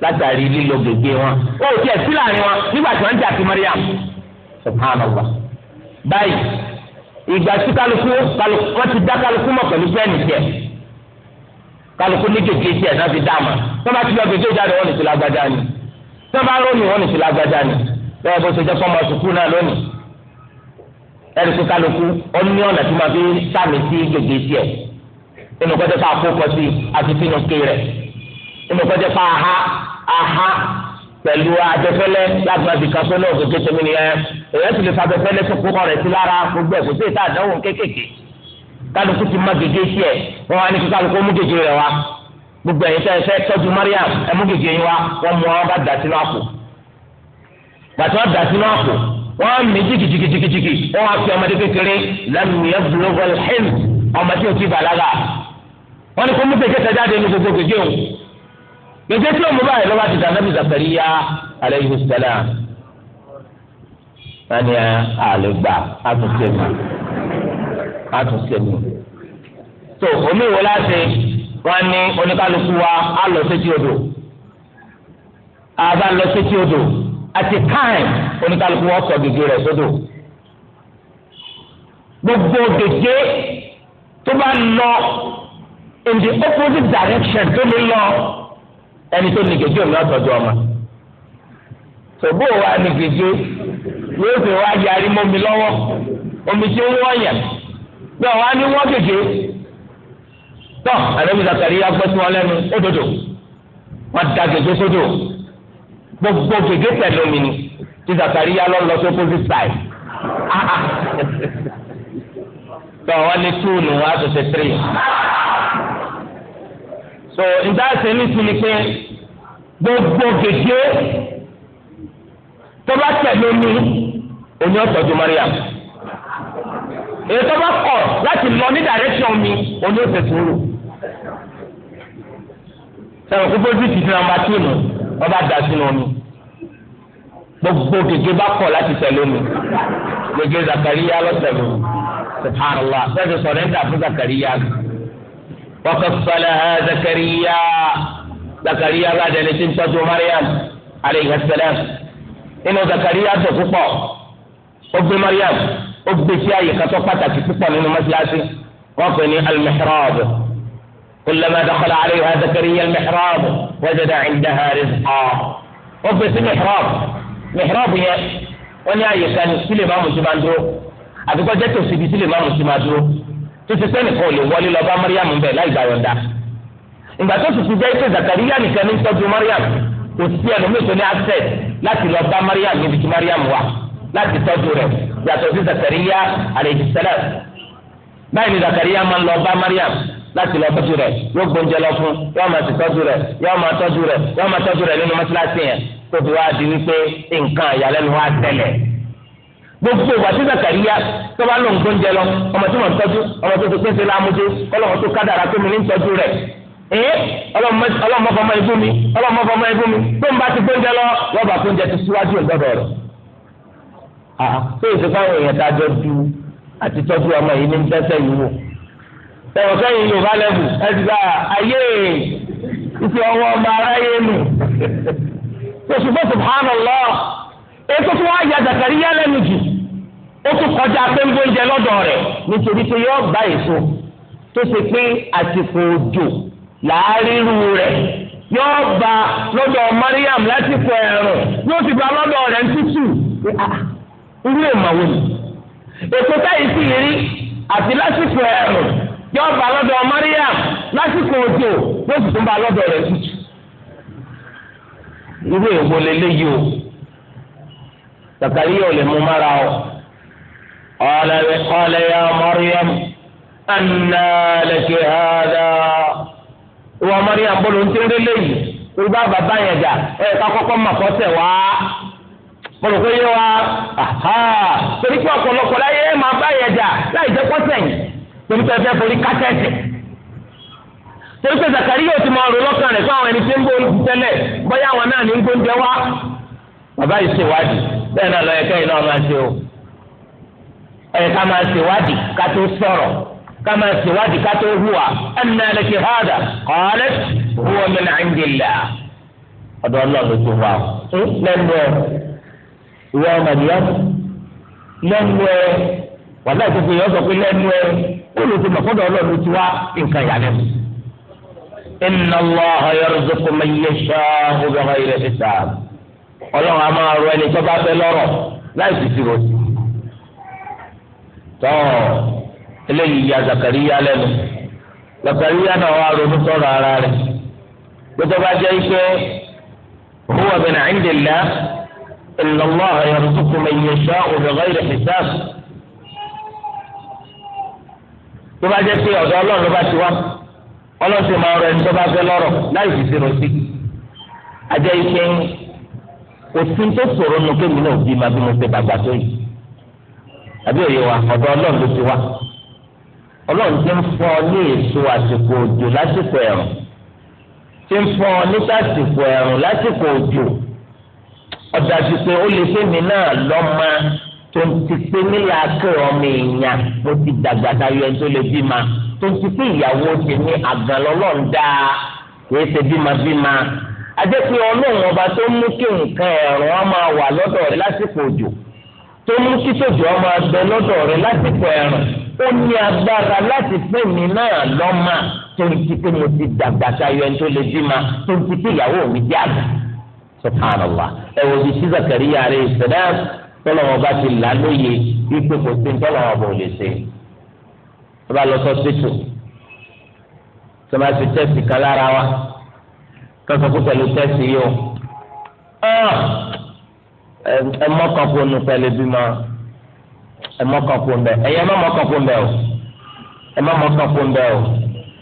látàrí lílo gègé wọn ó ti ẹ̀ sí láàrin wọn nígbà tí wọ́n ń jà sí Mariam subhanallah báyìí ìgbà tí kálukú kálukú wọ́n ti dá kálukú mọ̀ pẹ̀lú bẹ́ẹ̀nì tiẹ̀ kálukú ní gègé tiẹ̀ náà fi dá àmà tí wọ́n bá ti lọ gègé jáde wọ́n ní ti lágbájá ni tí wọ́n bá rónì wọ́n ní ti lágbájá ni bẹ́ẹ̀ bó ṣe jẹ́ fọ́ọ̀mù àtúkù náà lónìí ẹni tó kálukú ó ní ọ̀nà tí ma fi sàmì sí gègé tiẹ̀ inú kọjá fún akókò sí àti sínú ké rẹ̀ inú kọjá fún aha aha pẹ̀lú abẹ́fẹ́lẹ́ lágbàdì kakó náà gègé tómi ni ẹ èyàn sì lè fa abẹ́fẹ́lẹ́ tó kókò rẹ̀ sí lára gbogbo ẹ̀ kò sí ìta àdánwò kéékèèké kálukú ti ma gègé tiẹ̀ wọn wá ní kí kálukú mú gègé rẹ̀ wá gbogbo ẹ̀yin tẹ́ pàtó ọ̀dà sínú àpò wọ́n mí jìkìjìkìjìkì wọ́n wá fi ọmọdé kékeré lẹ́nu yẹn bulogbo hẹ́m ọmọdé ò ti bàlágà wọ́n ní kó mú gègé sẹ́jáde ní gbogbo gègé o gègé tí ó mú báyìí lọ́wọ́ ti dànù bí Zakariya alayhi salam wani àlùgbà àtúnṣemù àtúnṣemù tó omi wo láti wọn ní oníkálukú wa á lọ sétí odò àbá lọ sétí odò àti time oníkálukú wọn sọ gègé rẹ̀ sódò gbogbo gègé tó bá lọ in the opposite direction tó lè lọ ẹni tó ní gègé òní ọtọjú ọmọ tòbó wa ní gègé yóò fi wá yarí mọ́mi lọ́wọ́ omi tí ń wọ̀nyàn bẹ́ẹ̀ wá ní wọ́n gègé tọ́ àlẹ́ mi Zakariya gbẹ́sí wọn lẹ́nu ó dòdò wọ́n da gègé sódò. So gbogbo gègé pẹ̀lú mi ni tí zakari yá lọ́lọ́ tó kó sí sáì tọ́ wọ́n ní tú nù wọ́n á tó ṣe tírì. so nígbà tí èmi ti ni pé gbogbo gègé tó bá tẹ̀lé mi òní ọ̀tọ̀jú mariam èyí tó bá kọ̀ láti lọ ní direction mi òní ọ̀tẹ̀ sùúrù sọ̀rọ̀ kó bójú ti di nàmbà tí nù wọ́n bá da sínú omi gbogbo gègé bá kọ̀ láti tẹ̀lé omi gègé Zakariya lọ́sẹ̀lẹ̀ subhanallah sẹ́ẹ̀dì sọ̀rẹ́ńdà fún Zakariya wọ́n kọ́ sọ́lẹ̀ ẹ́ Zakariya Zakariya bá dẹni tí ń tọ́jú Mariam aleyhi salam nínú Zakariya tó púpọ̀ ó gbé Mariam ó gbé sí àyè kan pàtàkì púpọ̀ nínú mọ́síláṣí wọ́n pè ní al كلما دخل عليها زكريا المحراب وجد عندها رزقا وفي محراب محراب يا وني أي كان سلي ما مسلم دو أبي قد جت سبي سلي ما مسلم دو تسيسني قولي ولي لبا مريم بي لا يدعو دا إن بس تسيجي زكريا نكان يسجد مريم وسيا نمسو نعكسه láti lọ bá mariam níbi tí mariam wà láti tọ́jú rẹ̀ yàtọ̀ sí zakariya aleyhisselam báyìí ni zakariya máa ń lọ bá mariam láti lọ tọ́jú rẹ̀ yóò gbóúnjẹ lọ fún yóò máa ti tọ́jú rẹ̀ yóò máa tọ́jú rẹ̀ yóò máa tọ́jú rẹ̀ nínú mọ́tíláṣí yẹn tó fi wá di wípé nǹkan ìyàlẹ́nu wá tẹ̀lẹ̀. gbogbo ìwà tí Zakariya tó bá lóun gbóúnjẹ lọ ọmọ tí wọ́n tọ́jú ọmọ tó ti pín sí lámúdé ọlọ́wọ́n tó kádàrá pé mi ní tọ́jú rẹ̀ ee ọlọ́mọfọmọ ibú mi ọlọ́mọfọmọ ibú mi tó ń bá ti gbóúnjẹ lọ lọ́ba gbóúnjẹ ti síwájú ìgbọ́dọ̀ rẹ̀ ẹ̀rọ sẹ́yìn yorùbá lẹ́bù ẹ ti gba ayé ìfi ọwọ́ ọba aráyé nù. Òṣùpá subhanallah ètò tí wọ́n á ya Zakariya lẹ́nu jù ó tún kọjá péńgbó oúnjẹ lọ́dọ̀ rẹ̀ nítorí pé yóò gba èso tó ṣe pé àsìkò òjò làárírù rẹ̀ yóò bá lọ́dọ̀ Mariam lásìkò ẹ̀rùn yóò sì bá lọ́dọ̀ rẹ̀ ń tútù ah, irú èèmọ̀ wò ni. Ètò táyì sì rí àti lásìkò ẹ̀rùn. yọ ọba lọ́dọ̀ Mariam lásìkò òjò yóò sì tún bá lọ́dọ̀ rẹ̀ tutù irú èwo lélẹyìí o Zakariya lè mú o ọlẹ ọlẹ ya Mariam anna hada Mariam bọlọ ń tẹrẹ lẹ́yìn orí bá bàbá yẹn dà ẹ ká wá yẹ wá torí pé láyé ẹ torí pé ẹfẹ forí kásẹ̀tì torí pé zakari yóò ti máa rò lọ́kàn rẹ̀ fún àwọn ẹni tí ń bó ń tẹ́lẹ̀ bóyá àwọn náà ní ń gbóúnjẹ wá bàbá yìí ṣèwádìí bẹ́ẹ̀ náà lọ ẹ̀ka yìí náà máa ṣe o ẹ̀ka máa ṣèwádìí ká tó sọ̀rọ̀ ká máa ṣèwádìí ká tó hùwà ẹ̀nà lẹ́kẹ̀ hàdà kọ́lẹ́ hùwà min indillah ọ̀dọ̀ ọlọ́run tó wà wàlá ìkókò yẹn sọ pé lẹ́nu ẹ kóòlù tó mọ̀kọ́dọ̀ ọlọ́run ti wá nǹkan ìyàlẹ́nu. inna Allaha yarzuqu man yasha'u bighayri hisab ọlọ́run a máa rọ ẹni tó bá fẹ́ lọ́rọ̀ láì sì ti rọ̀sí. tọ́ eléyìí ya Zakariya lẹ́nu Zakariya náà wà ronú sọ̀rọ̀ ara rẹ̀ gbogbo bá jẹ́ ike huwa min indillah inna Allaha yarzuqu man yasha'u bighayri hisab. tó bá jẹ́ pé ọ̀dọ̀ ọlọ́run ló bá ti wá ọlọ́run sì máa rọ ẹni tó bá fẹ́ lọ́rọ̀ láì fi ṣèrò sí i ajẹ́ ike òsín tó sọ̀rọ̀ nù kémi náà bí ma bí mo ṣe bàgbà tó yìí àbí òye wa ọ̀dọ̀ ọlọ́run ló ti wá ọlọ́run ti ń fọ́ ní èso àsìkò òjò lásìkò ẹ̀rùn ti ń fọ́ nípa àsìkò ẹ̀rùn lásìkò òjò ọ̀dà àsìkò ó lè fẹ́mi náà lọ́ọ́ máa tó ń ti pé nílẹ̀ akẹ́ ọmọ èèyàn mo ti dàgbàdà yọ ẹni tó lè bímọ tó ń ti pé ìyàwó ti ní àgànlọ́lọ́ ń dá kìí ṣe bímọbímọ adékun ọlọ́run ọba tó mú kí nǹkan ẹ̀rùn ọmọ wà lọ́dọ̀ rẹ lásìkò òjò tó mú kí tòjò ọmọ abẹ lọ́dọ̀ rẹ lásìkò ẹ̀rùn ó ní agbára láti fún náà lọ́mà tó ń mo ti dàgbàdà yọ tó lè bímọ tó ń ti ìyàwó mi jẹ́ àgbà subhanallah ẹ wo bí sí Zakariya alayhi salam tọ́lọ́wọ́ bá ti là lóye wípé kò sí tọ́lọ́wọ́ bò lè ṣe tó bá lọ sọ sípò tó bá ti tẹ́sì kan lára wa kọ́sọ́ kó pẹ̀lú tẹ́sì yìí o ah! ẹ mọ́kàn kó nu pẹ̀lú bímọ ẹ mọ́kàn kó nbẹ ẹ̀yẹ má mọ́kàn kó nbẹ o ẹ má mọ́kàn kó nbẹ o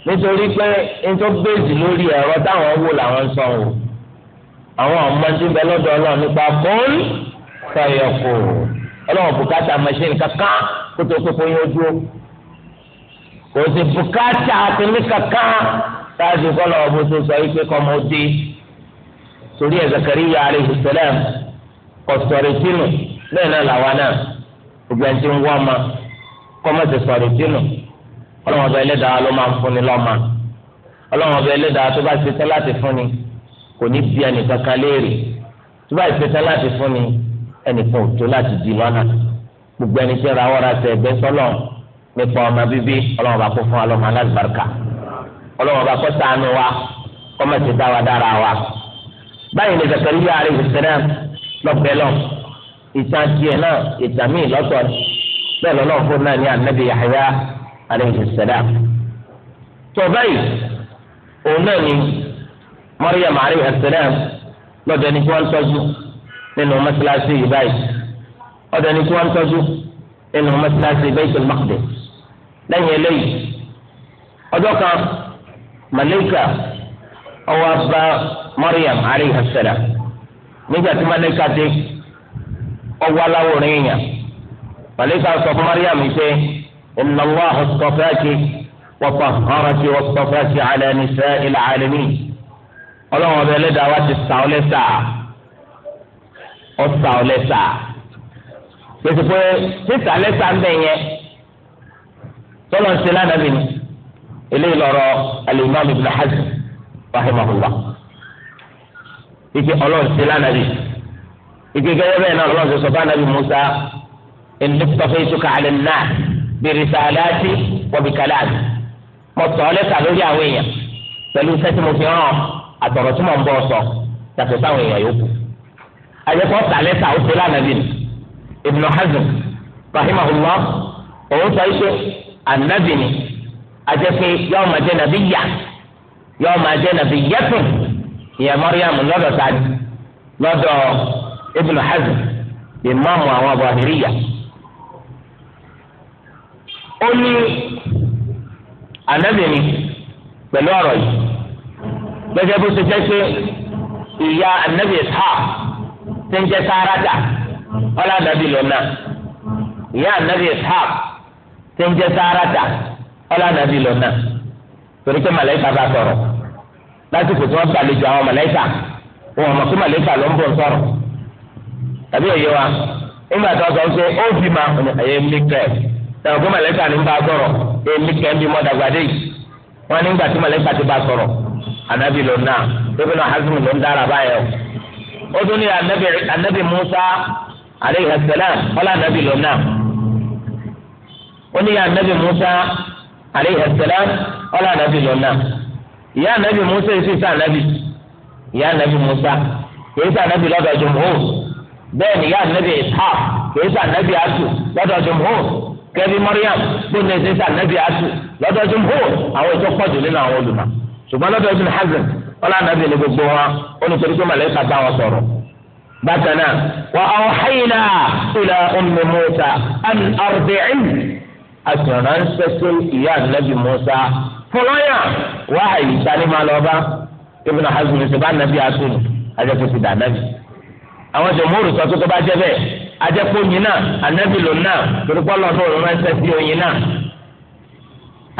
nítorí pé nítorí bẹ́ẹ̀sì lórí ẹ̀rọ táwọn wò làwọn sọ o àwọn ọmọdé bẹ lọ́dọ̀ ọlọ́run nípa fóònù fẹyọkọ ọlọ́run bukata machine kankan kótó kókó yẹn ojú kò sí bùkátà àtẹmí kankan táàbí kọlọ ọbọ tó sọ yìí pé kọmọ dé torí ẹ Zakariya alayhi salam kọsọrìtìnù bẹ́ẹ̀ náà làwa náà gbogbo ẹni tí ń wọ ọma kọmọsì sọrìtìnù ọlọ́run ọba ẹlẹ́dàá ló máa ń fúnni lọ́mọ ọlọ́run ọba ẹlẹ́dàá tó bá ṣe tán láti fúnni kò ní bí ẹnì kankan léèrè tó bá ṣe tán láti fúnni ẹnìkan ò tó láti di lọ́nà gbogbo ẹni tí ń ra wọ́ra sẹ ẹgbẹ́ sọ́lọ̀ nípa ọmọ bíbí ọlọ́wọ́n bá kó fún wa lọ́mọ alágbàrúkà ọlọ́wọ́n bá kó ṣàánú wa kó má ti dá wa dára wa. báyìí ni Zakariya alayhi salam lọ́bẹ̀ lọ ìtàn tiẹ̀ náà ìtàn míì lọ́tọ̀ bẹ́ẹ̀ lọ́lọ́wọ́ fún náà ní anabi Yahya alayhi salam. tó báyìí òun náà ni Maryam alayhi salam lọ́dọ̀ nínú mọ́sálásí yìí báyìí ọ̀dọ̀ ni kí wọ́n tọ́jú nínú mọ́sálásí Baitul Maqdis lẹ́yìn eléyìí ọjọ́ kan màlẹ́kà ọwọ́ abá Maryam aleyhi salam nígbà tí màlẹ́kà dé ọwọ́ aláwòrán èèyàn màlẹ́kà sọ fún Maryam yìí pé inna Allah istafaki wa tahharaki wa istafaki ala nisa'il alamin ọlọ́wọ́n ọbẹ̀ ẹlẹ́dàá wa ti sàọ́lẹ́sàá ọ̀sà ọ̀lẹ́sà pèsè pé sísà lẹ́sà ń bẹ̀ yẹn tọ́lọ̀ ń ṣe lánàbì ni eléyìí lọ́rọ̀ alimami ibn Hazm rahimahullah ike ọlọ́run ṣe lánàbì ike gẹ́gẹ́ bẹ́ẹ̀ náà ọlọ́run ṣe sọ fún anabi Musa inni istafaituka ala nnas bi risalati wa bi kalami mo lórí àwọn èèyàn pẹ̀lú sẹ́tìmọ̀fì hàn àtọ̀rọ̀ tí mo ń bọ̀ sọ yàtọ̀ sáwọn èèyàn yòókù àyẹ̀kọ́ sàlẹ́sà ó ṣe lánàbí Ibn Hazm rahimahullah òun sọ iṣẹ́ ànábì ni àjẹpé yọọ máa jẹ nàbí yà yọọ máa jẹ nàbí yẹtùn ìyá Maryam lọ́dọ̀ sáájú lọ́dọ̀ Ibn Hazm ìmáàmù àwọn Zahiriyya ó ní ànábì ni pẹ̀lú ọ̀rọ̀ yìí gbẹgbẹ bó ṣe jẹ́ pé ìyá ànábì Ishaq. tí ń jẹ́ sáárátà ọlá nàbí lọ́nà ìyá ànábì ishaq tí ń jẹ́ sáárátà ọlá nàbí lọ́nà torí pé màlẹ́kà bá sọ̀rọ̀ lásìkò tí wọ́n gbàlejò àwọn màlẹ́kà wọn mọ̀ pé màlẹ́kà ló ń tàbí ma ẹ̀yẹ mikẹ́ tàbí pé màlẹ́kà ló ń bá sọ̀rọ̀ ẹ̀yẹ mikẹ́ ń bí nígbà tí ti bá ànábì ló ń dára ó tún ní anabi musa aleyhi salam ọlá anabi lọ́nà ó ní anabi musa aleyhi salam ọlá anabi lọ́nà ìyá anabi musa yìí sì sá anabi ìyá anabi musa kìí sá anabi lọ́dọ̀ jùmọ̀ bẹ́ẹ̀ ni ìyá anabi ishaq kìí sá anabi asu lọ́dọ̀ jùmọ̀ kẹ́bí mariam tó ní ẹ̀sìn sá anabi asu lọ́dọ̀ jùmọ̀ àwọn ìjọ pọ̀jù nínú àwọn olùmọ̀ ṣùgbọ́n lọ́dọ̀ ibn Hazm wọn lànà bí ní gbogbo wọn ó ní torí pé màlẹ́kà bá wọn sọ̀rọ̀ bákan náà wà á ọ̀hìnà ila ummi Musa an ardi'in àtúnrà ń sẹ́sẹ́ ìyá ànábì Musa fúnlọ́yà wà á yìí sani máa lọ bá ibn Hazm ní sèbá ànábì àtúnù àjẹkù ti dà ànábì àwọn jọmọ́rù sọ pé bá jẹ́ bẹ́ẹ̀ àjẹkù yìí náà ànábì lòun náà torí pọ́lọ́ náà ló máa ń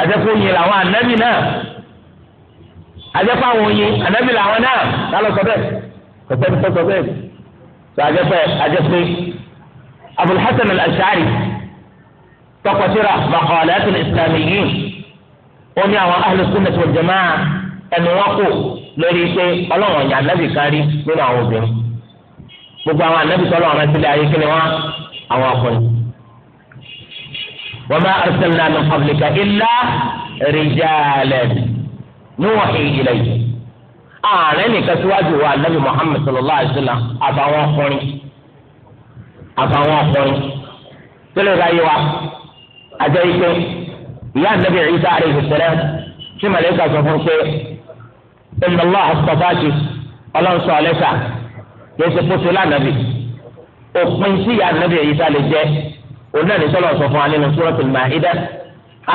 sẹ́sẹ́ àjẹpọ àwọn yin ànábì làwọn náà lálọ sọ bẹ́ẹ̀ kọsẹ ní sọ bẹ́ẹ̀ sọ àjẹpọ àjẹpọ Abul Hasan al-Ash'ari tọkọtira maqalat al gbogbo àwọn ànábì sọlọ ó ní àwọn ahlu sunnah wal jamaa'ah ẹnu wọn ku lórí pé Ọlọ́run ọ̀yàn ànábì kari nínú àwọn obìnrin gbogbo àwọn ànábì sọlọ́run ọ̀rẹ́ sílẹ̀ ayé kí ni wọ́n àwọn ọkùnrin. wa ma arsalna min qablika illa rijalan. nuwahi ilayhi ààrẹ nìkan síwájú wa anabi muhammed sallallahu alayhi wa sallam àfàwọn ọkùnrin àfàwọn ọkùnrin tẹ́lẹ̀ ráyé wa àjẹ́ ike ìyá anabi isa alayhi salam tí màlẹ́kà sọ fún pé inna allah astafaaki ọlọ́nsọ ọlẹ́sà yóò ṣe kóso lánàbì òpin sí ìyá anabi isa lè jẹ́ òun náà ní sọ́lọ́ sọ fún wa nínú suratul ma'idah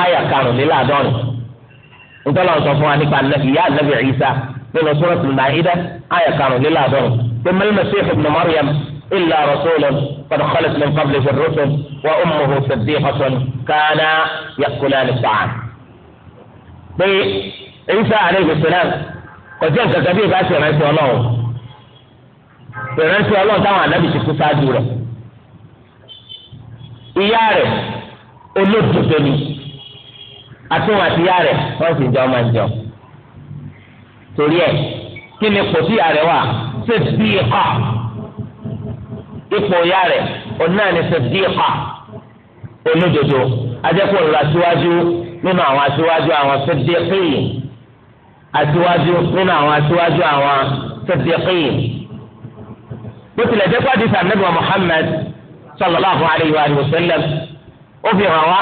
àyà karùnléláàdọ́rin. ntọ́lọ̀ sọ fún wa nípa ìyá anabi Isa nínú suratul Maida ayé karùnléláàdọ́rùn pé mal-Masih ibn Maryam illa rasulun qad khalat min qablihi ar-rusul wa ummuhu siddiqatun kana ya'kulani at-ta'am. pé Isa alayhi salam kò kaka nǹkan kan bí ìbá ṣe ránṣẹ́ ọlọ́run ìránṣẹ́ ọlọ́run táwọn ànábì ti kú sáájú rẹ̀ ìyá rẹ̀ olódodo àtúnwò àti ìyá rẹ̀ wọ́n sì ń jọ ọmọ ń jọ. torí ẹ̀ kí ni kò sí ìyá rẹ̀ wà sèdíìkà ipò ìyá rẹ̀ òun náà ni sèdíìkà olódodo ajẹ́kọ̀ọ́ ńlá síwájú nínú àwọn aṣíwájú àwọn sèdíìkì aṣíwájú nínú àwọn aṣíwájú àwọn sèdíìkì. bó tilẹ̀ jẹ́ pàdé sàmẹ́gbọ̀n Muhammad sallallahu alayhi wa sallam ó fi hàn wá.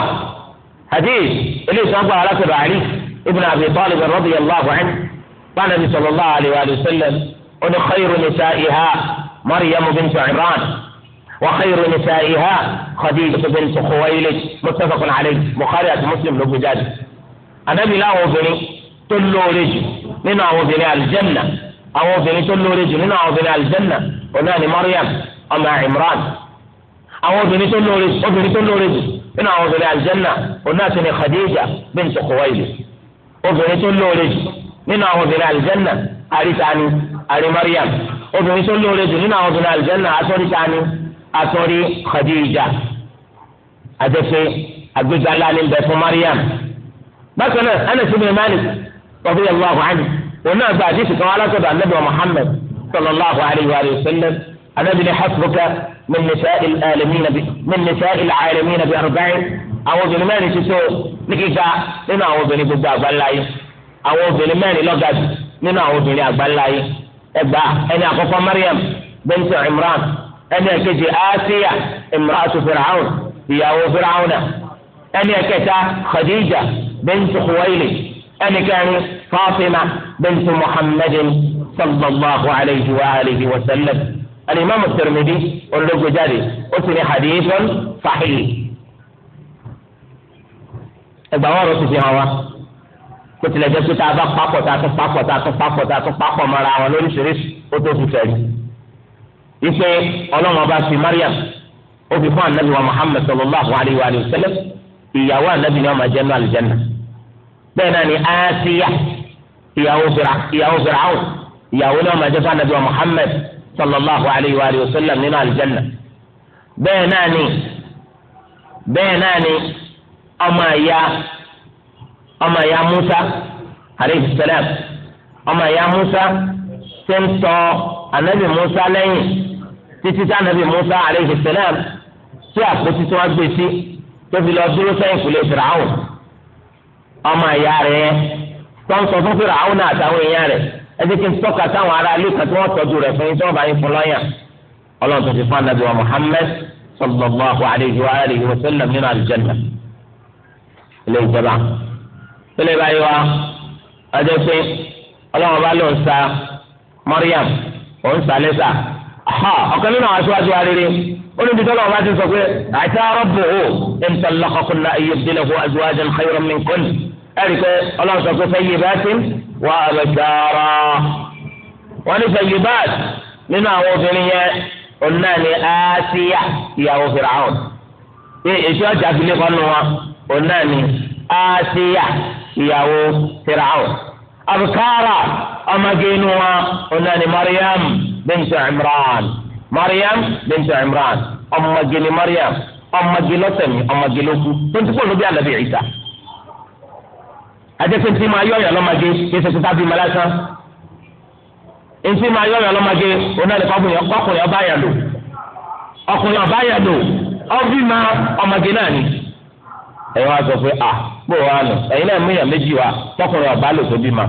hadith eléyìí sọ gbọ́ ابن ابي طالب رضي الله عنه قال النبي صلى الله عليه واله وسلم ان خير نسائها مريم بنت عمران وخير نسائها خديجة بنت خويلد متفق عليه بخاري مسلم لو بجد النبي لا وزني تلو رجل من وزني الجنة أو تلو رجل من وزني الجنة وناني مريم أما عمران أو تلو رجل وزني تلو رجل nínú àwọn obìnrin aljanna onáṣẹ ni khadija bint khuwaylid obìnrin tó lóore jù nínú àwọn obìnrin aljanna aritani ari mariam obìnrin tó lóore jù nínú àwọn obìnrin aljanna asọritani asọri khadija àdẹfẹ àgbéga lánì bẹ fún mariam bákan náà anas ibn malik radiyallahu anhu onáà gba àdìsí kan alásọdọ anabi wa muhammad sallallahu alayhi wa sallam anabi ni hasbuka. من نساء العالمين ب... من نساء العالمين بأربع أو بالمال تسوس نكيكا لنا أو بني بدا بلاي أو بالمال لغز لنا أو بني أبلاي إبا أنا أخوك مريم بنت عمران أنا كجي آسيا امرأة فرعون هي وفرعون فرعون أنا كتا خديجة بنت خويلد أنا كان فاطمة بنت محمد صلى الله عليه وآله وسلم alimami Tirmidhi ológo jáde ó sì ní hadithun sahih ẹgbà wọn rò sì fi hàn wá kó tilẹ̀ jẹ́ pé tá a bá papọ̀ tá a tún papọ̀ tá a tún papọ̀ tá a tún papọ̀ mọ́ra wọn lóríṣiríṣi ó tó fi fẹ̀rí ife ọlọ́run ọba fi Maryam ó fi fún anabi wa Muhammad sallallahu alayhi wa sallam ìyàwó anabi ni wọn máa jẹ́ nínú alìjẹ́nà bẹ́ẹ̀ náà ni Asiya ìyàwó Fir'aun ìyàwó Fir'aun ìyàwó ni wọn máa jẹ́ fún anabi wa Muhammad sallallahu alayhi wa alihi wa sallam nínú àlùjánnà bẹ́ẹ̀ náà ni bẹ́ẹ̀ náà ni ọmọ ìyá ọmọ ìyá Musa alayhi salam ọmọ ìyá Musa ṣe ń tọ anabi Musa lẹ́yìn títí tí anabi Musa alayhi salam tí àpótí tí wọ́n gbé sí tó fi lọ dúró sẹ́yìn kùlé Fìràwùn ọmọ ìyá rẹ̀ tó ń sọ fún Fìràwùn náà àtàwọn èèyàn rẹ̀ ẹdí kí n tọ́ka táwọn ará ilé kan tí wọ́n tọ́jú rẹ̀ fún yín tí wọ́n bá yín fún lọ́yà ọlọ́run tó ti fún anabi wa muhammed sallallahu alayhi wa alihi wa sallam nínú aljanna ilé ìjọba ilé ìbáyé wa ọjọ́ pé ọlọ́run bá lóun sa mariam òun sa lẹ́sà ọ̀kan nínú àwọn aṣáájú wa rere olùdí tọ́lọ̀ bá ti sọ pé àti arọ́bù o ẹ̀m tọ́lọ́kọ̀kùnrin ayé wà á lọ gbàrà wọn ní fẹyìbáàd nínú àwọn obìnrin yẹn òun náà ní Asiya ìyàwó Firaun ní èsì ọjà fìlẹ kan nù wọn òun náà ní Asiya ìyàwó Firaun abukara ọmọge inú wọn òun náà ní Mariam bintu Imran Mariam bintu Imran ọmọge ní Mariam ọmọge lọsẹmi ọmọge lọkù tó ń tukọ̀ lóbi àlàbí ìta àjẹsẹ tí máa yọ ọyàn lọmọdé kéṣe tó tábí ma lásán èsì máa yọ ọyàn lọmọdé onáàlùkọ ọkùnrin ọba yà lò ọkùnrin ọba yà lò ọbí ma ọmọdé náà ni ẹ̀yin wá sọ pé à kpọ̀ wá nù ẹ̀yin náà mẹ́yàn méjì wá tọkùnrin ọba lò tó bí ma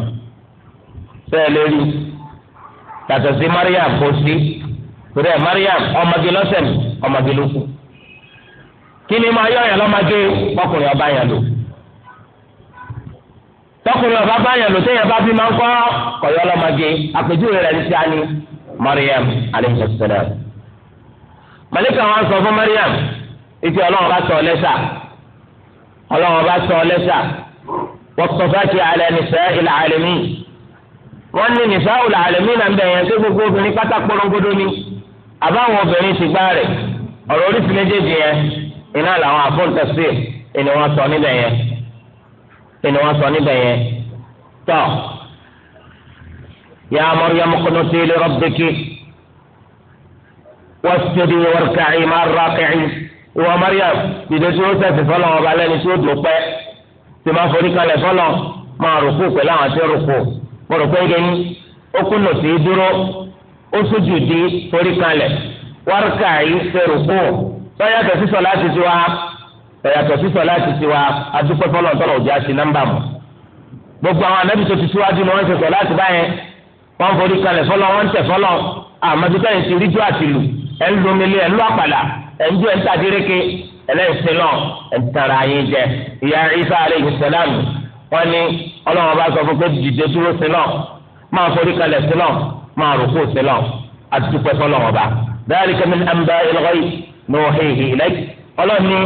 sẹ́yìn lórí tàtọ̀ sí Mariam kò sí torí ẹ̀ Mariam ọmọdé lọ́sẹ̀ mi ọmọdé ló kù kí ni máa yọ ọyàn lọmọdé ọkùnrin ọba yà lò tọkùnrin ọba báyọ̀ lọ sẹ́yìn bá fi máa ń kọ́ kọ̀yọ́ ọlọ́mọge àpèjúwe rẹ̀ níta ni mariam aleyhisselam malika wọn sọ fún mariam ìfi ọlọ́run bá sọ lẹ́sà ọlọ́run bá sọ lẹ́sà wasafaki ala nisa'il alamin wọ́n ní nisa'il alamin náà ń bẹ̀yẹn sí gbogbo obìnrin pátá kpọ́nrọ́gbọ́dọ́ ni àbáwọn obìnrin ti gbá rẹ̀ ọ̀rọ̀ oríṣi méjèèjì yẹn iná làwọn àfọ̀ǹtẹ̀sí ni wọ́n sọ níbẹ̀ yẹn ni wọ́n sọ níbẹ̀ yẹn tọ́ ya Maryam qunuti li rabbiki wasjudi warka'i ma'ar raki'in ìwọ Maryam dìde tí ó sẹ̀sì fọlọ́ ọba lẹ́ni tí ó dùn pẹ́ tí máa forí kalẹ̀ fọlọ́ máa rùkú pẹ̀lú àwọn tí ó rùkú mo rò pé yẹn ó kùnà sí í dúró ó sójú di forí kalẹ̀ warka'i ṣe rùkú sọ́yà tẹ̀sí sọ láti tiwa ẹ̀yàtọ̀ sísọ láti tiwa adúpẹ́ fọlọ́ tọ́lọ̀ òjò àti nọ́mbà mọ̀ gbogbo àwọn anábì tó ti síwájú ni wọ́n ti sọ láti báyẹn wọ́n forí kalẹ̀ fọlọ́ wọ́n tẹ̀ fọlọ́ àmọ́tútà yẹn ti ríjú àti lù ẹ̀ ń lomilé ẹ̀ ń lọ àpàlà ẹ̀ ń jó ẹ̀ ń tàdíréke ẹlẹ́sìn náà ẹ̀ ń tara yín jẹ ìyá Isa aleyhi salam wọ́n ní ọlọ́run bá sọ ọlọ́ni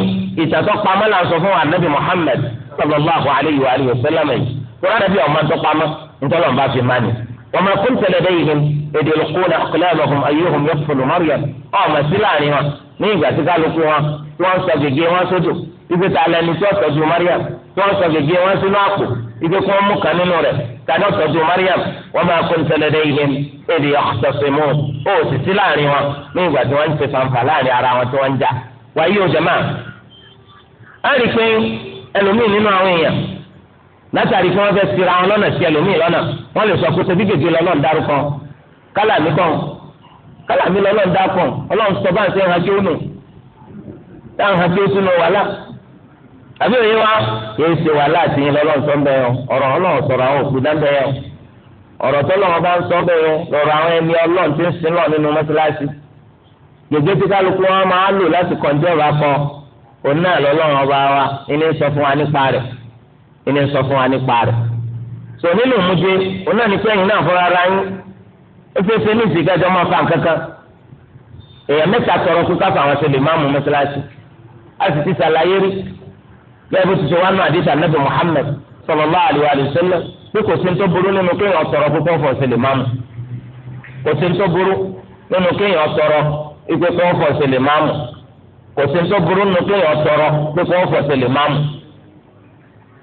ìtàtọ́pamọ́ là ń sọ fún anabi muhammed sallallahu alayhi wa alihi wa sallam yìí wọn anabi ọmọ tọpamọ́ ntọ́lọ́n bá fi máa ní. wọn máa kún tẹlẹdẹ yìí hìm èdè olùkóni akọlẹ́lọ́hùn ayéhùn yóò fọlù mariam ọmọ sí láàrin wọn ní ìgbà tí kálukú wọn tí wọn sọ gègé wọn sódò ibi tá a lẹni tí wọn tọ́jú mariam tí wọn sọ gègé wọn sínú àpò ibi kí mú kan nínú rẹ tani ó tọ́jú mariam wọn máa kún tẹlẹdẹ yìí hìm èdè ọ̀sọ̀sẹ̀mú ó sì sí láàrin wọn ní ìgbà tí wọn ń ṣe fanfa láàrin ara wọn tí wọn ń jà wáyé òjàmá a rí i pé ẹlòmíì nínú àwọn èèyàn látàrí pé wọ́n fẹ́ẹ́ sira àwọn lọ́nà sí ẹlòmíì lọ́nà wọ́n lè sọ pé ṣebí gègé lọ́lọ́run dárúkọ kálà mi kàn kálà mi lọ́lọ́run dákọ Ọlọ́run sọ bá ń sẹ ẹran tí ó nù táwọn hàn tí ó sínú wàhálà àbí òye wa yóò ṣe wàhálà àti yín lọ́lọ́run sọ bẹ́ẹ̀ ọ̀rọ̀ Ọlọ́run àwọn òkú bá ń sọ àwọn ẹni ti ń sin lọ gègé tí kálukú wọn máa lò láti kọjọ ọba kọ òun náà lọ́lọ́run ọba wa ìní sọ fún wa nípa rẹ̀ ìní sọ fún wa nípa rẹ̀ sọ nínú ìmúdé òun náà ní pẹ́yìn náà fúnra ara yín ó fẹ́ fẹ́ ní ìsìnkájọ máa fa nǹkankan èèyàn mẹ́ta tọrọ kú káfà àwọn ṣẹlẹ̀ máàmù mọ́ṣáláṣí a ti ṣàlàyé rí bẹ́ẹ̀ bó ti ṣe wá àdìsá nàbì Muhammad sallallahu alaihi wa sallam pé kò sí ní tó burú nínú kéèyàn tọrọ kú káfà ṣẹlẹ̀ máàmù kò sí ní tó burú nínú kéèyàn tọrọ ìpè kó fọ̀sẹ̀ lè máa mú kò sí tó burú nù pé yọ tọrọ pé kó fọ̀sẹ̀ lè máa mú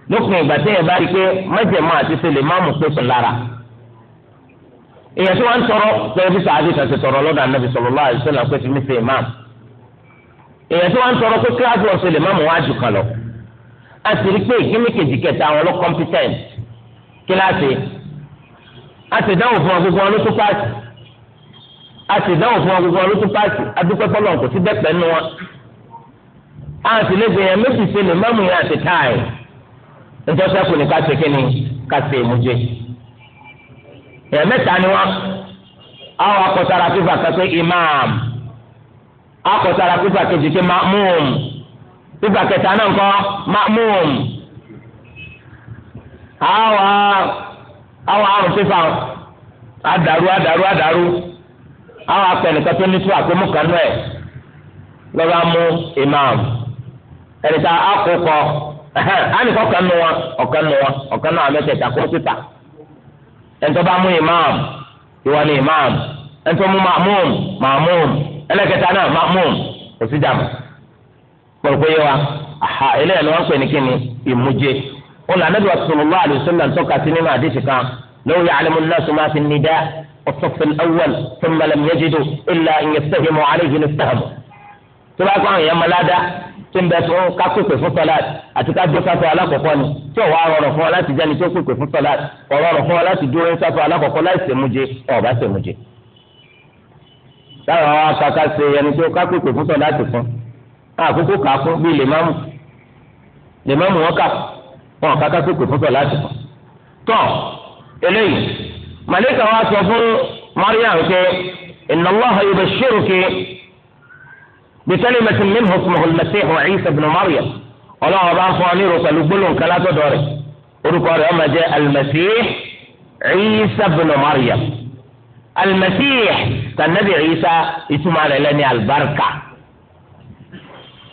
lópin ìgbà tí yẹn bá rí i pé mẹ́jẹ̀mọ́ àti ṣe lè máa mú pé sùn lára èèyàn tí wọ́n ń tọrọ pé bí sàádé kàṣẹ tọrọ lọ́dọ̀ anábì sallallahu alaihi wasallam pé fi mí ṣe ìmáàmù èèyàn tí wọ́n ń tọrọ pé kíláàsì ọ̀sẹ̀ lè máàmù wájú kan lọ a sì rí i pé ìkíní kejì kẹta àwọn ló competent kíláàsì a sì dáhùn fún ọ gbogbo wọn ló a sì dáhùn fún wọn gbogbo wọn ló tún páàkì adúpẹ́ fọlọ́ kò sí dẹ́pẹ́ nu wọn. a sì lè gbìyànjú méjì sí ni mọ́mú yẹn àti táì nítorí sẹ́kù ní ká ṣe kí ni ká ṣe èmúje. èèyàn ni wọ́n àwọn akọ̀sára fífa kan imam akọ̀sára fífa kejì pé ma'mum fífa kẹta náà kọ́ ma'mum àwọn àwọn àrùn fífa àdàrú àdàrú àdàrú. àwọn apẹnìkan tó ní sùúrù àpémú kan náà lọ́ba mu imam ẹni tá a kó kọ ánìkọ́ kan nù wọn ọ̀kan nù wọn kó imam ìwọ imam ẹni mu ma'mum ma'mum ẹlẹ́kẹta náà ma'mum kò wa aha eléyà ni lànà bí ma الصف الأول ثم لم يجدوا إلا أن يستهموا عليه نستهموا تبقى كون يا ملادا tẹ́ńbẹ́ tó ká pèpè fún sọ́láàtì àti ká dúró sáfẹ́ alákọ̀ọ́kọ́ ni tí ò wá rọrùn fún ọ láti jẹ́ni tó pèpè fún sọ́láàtì ò rọrùn fún ọ láti dúró sáfẹ́ alákọ̀ọ́kọ́ láì sèmuje ọ̀ bá sèmuje. táwọn àwọn akaka ṣe ẹni tó ká pèpè fún sọ́láàtì fún àkókò kà á fún bíi lèmọ́mù lèmọ́mù wọn kà wọn kà ká pèpè fún sọ́láàtì fún. tọ́ eléyìí ملك واسف مريم إن الله يبشرك بكلمة منه اسمه المسيح وعيسى بن مريم الله أبا أخواني روك لبلون كلا تدوري روك أريما جاء المسيح عيسى بن مريم المسيح كان نبي عيسى اسمه على لني البركة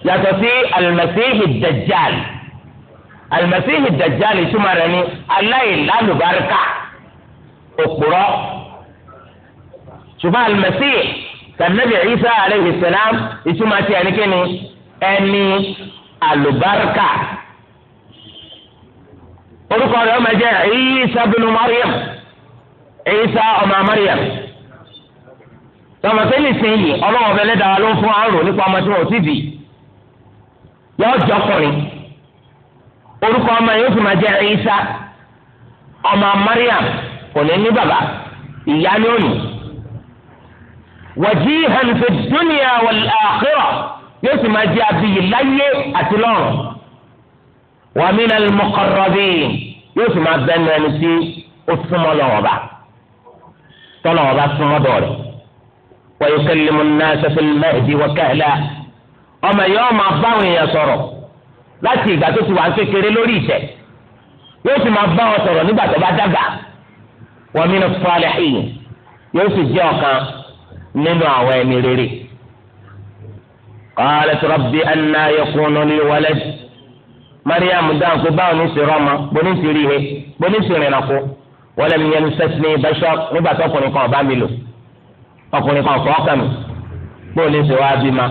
يتسي المسيح الدجال المسيح الدجال اسمه على لني الليل لا òpùrọ́ ṣùgbọ́n alimẹ́sì sànẹ́bì Isa aleyhi salam ìtumọ̀ àti ẹnikẹ́ni ẹni alùbáríkà orúkọ rẹ̀ ọmọ jẹ́ Isa bínú Mariam Isa ọmọ Mariam tọmọ sẹ́yìn sẹ́yìn ọlọ́wọ́ bẹ́lẹ́ dára ló ń fún àrùn nípa ọmọ tí wọ́n ti bì yọ jọkùnrin orúkọ ọmọ yóò fi máa jẹ́ kò ní ní bàbá ìyá ni ó nì wajihan fi dunya wal akhirah yóò sì máa jẹ́ abiyì láyé àti lọ́run wa minal muqarrabin yóò sì máa bẹ́ẹ̀ nínú ẹni tí ó súnmọ́ lọ́wọ́ bá tọ́lọ́wọ́ bá súnmọ́ dọ̀rẹ́ wa yukallimu an-nasa fil ọmọ yìí ọmọ abáwọn èèyàn sọ̀rọ̀ láti ìgbà tó ti wà ń kékeré lórí ìtẹ́ yóò sì máa bá wọn sọ̀rọ̀ nígbà tó bá dàgbà wa min as-salihin yóò sì jẹ́ ọ̀kan nínú àwọn ẹni rere. qalat rabbi anna yakunu li walad mariam dáhùn pé báwo ní sèrè ọmọ bóní sèrè ihe bóní sèrè nàkó walam yamsasni bashar nígbà tó ọkùnrin kan ọba mi lò ọkùnrin kan fọ́ọ̀kà mi bó sèrè wá bí ma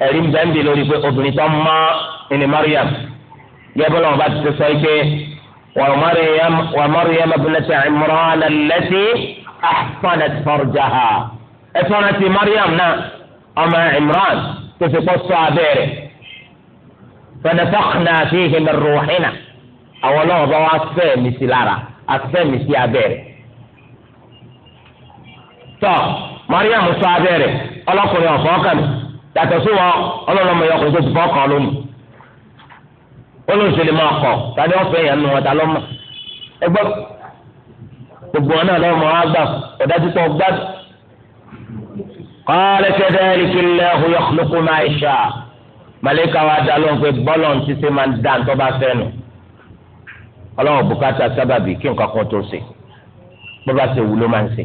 ẹ̀rí bẹ́ẹ̀ ń bi lórí pé obìnrin tó mọ́ ẹni mariam yẹ bá ti sọ ike. ومريم ومريم ابنة عمران التي أحصنت فرجها أحصنت مريم نا أما عمران تفقص عبيره فنفخنا فيه من روحنا أو لا أكفي مسلارا أكفي مسي عبيره tọ mariam sọ abẹ́rẹ́ ọlọ́kùnrin ọ̀fọ́ kan yàtọ̀ sí wọn ọlọ́lọ́mọ yọkùnrin olóòṣè lè máa kọ tani wọn fẹ́ yàn nù wọn ta lọ mọ ẹgbọ gbogbo wọn náà lọmọ wọn gbà ọdájú tó gbádùn. kọ́lẹ́ kẹ́dẹ́ ẹ̀ríkìlẹ̀ ọ̀húyọ̀ lókun máa ń ṣá màlẹ́kà wa dá lóhùn pé bọ́lọ̀ ń títí máa ń dá ń tọ́ba fẹ́nu ọlọ́wọ́ bùkátà sábàbí kí nǹkan kan tó ṣe bọ́ba ṣe wúlò máa ń ṣe.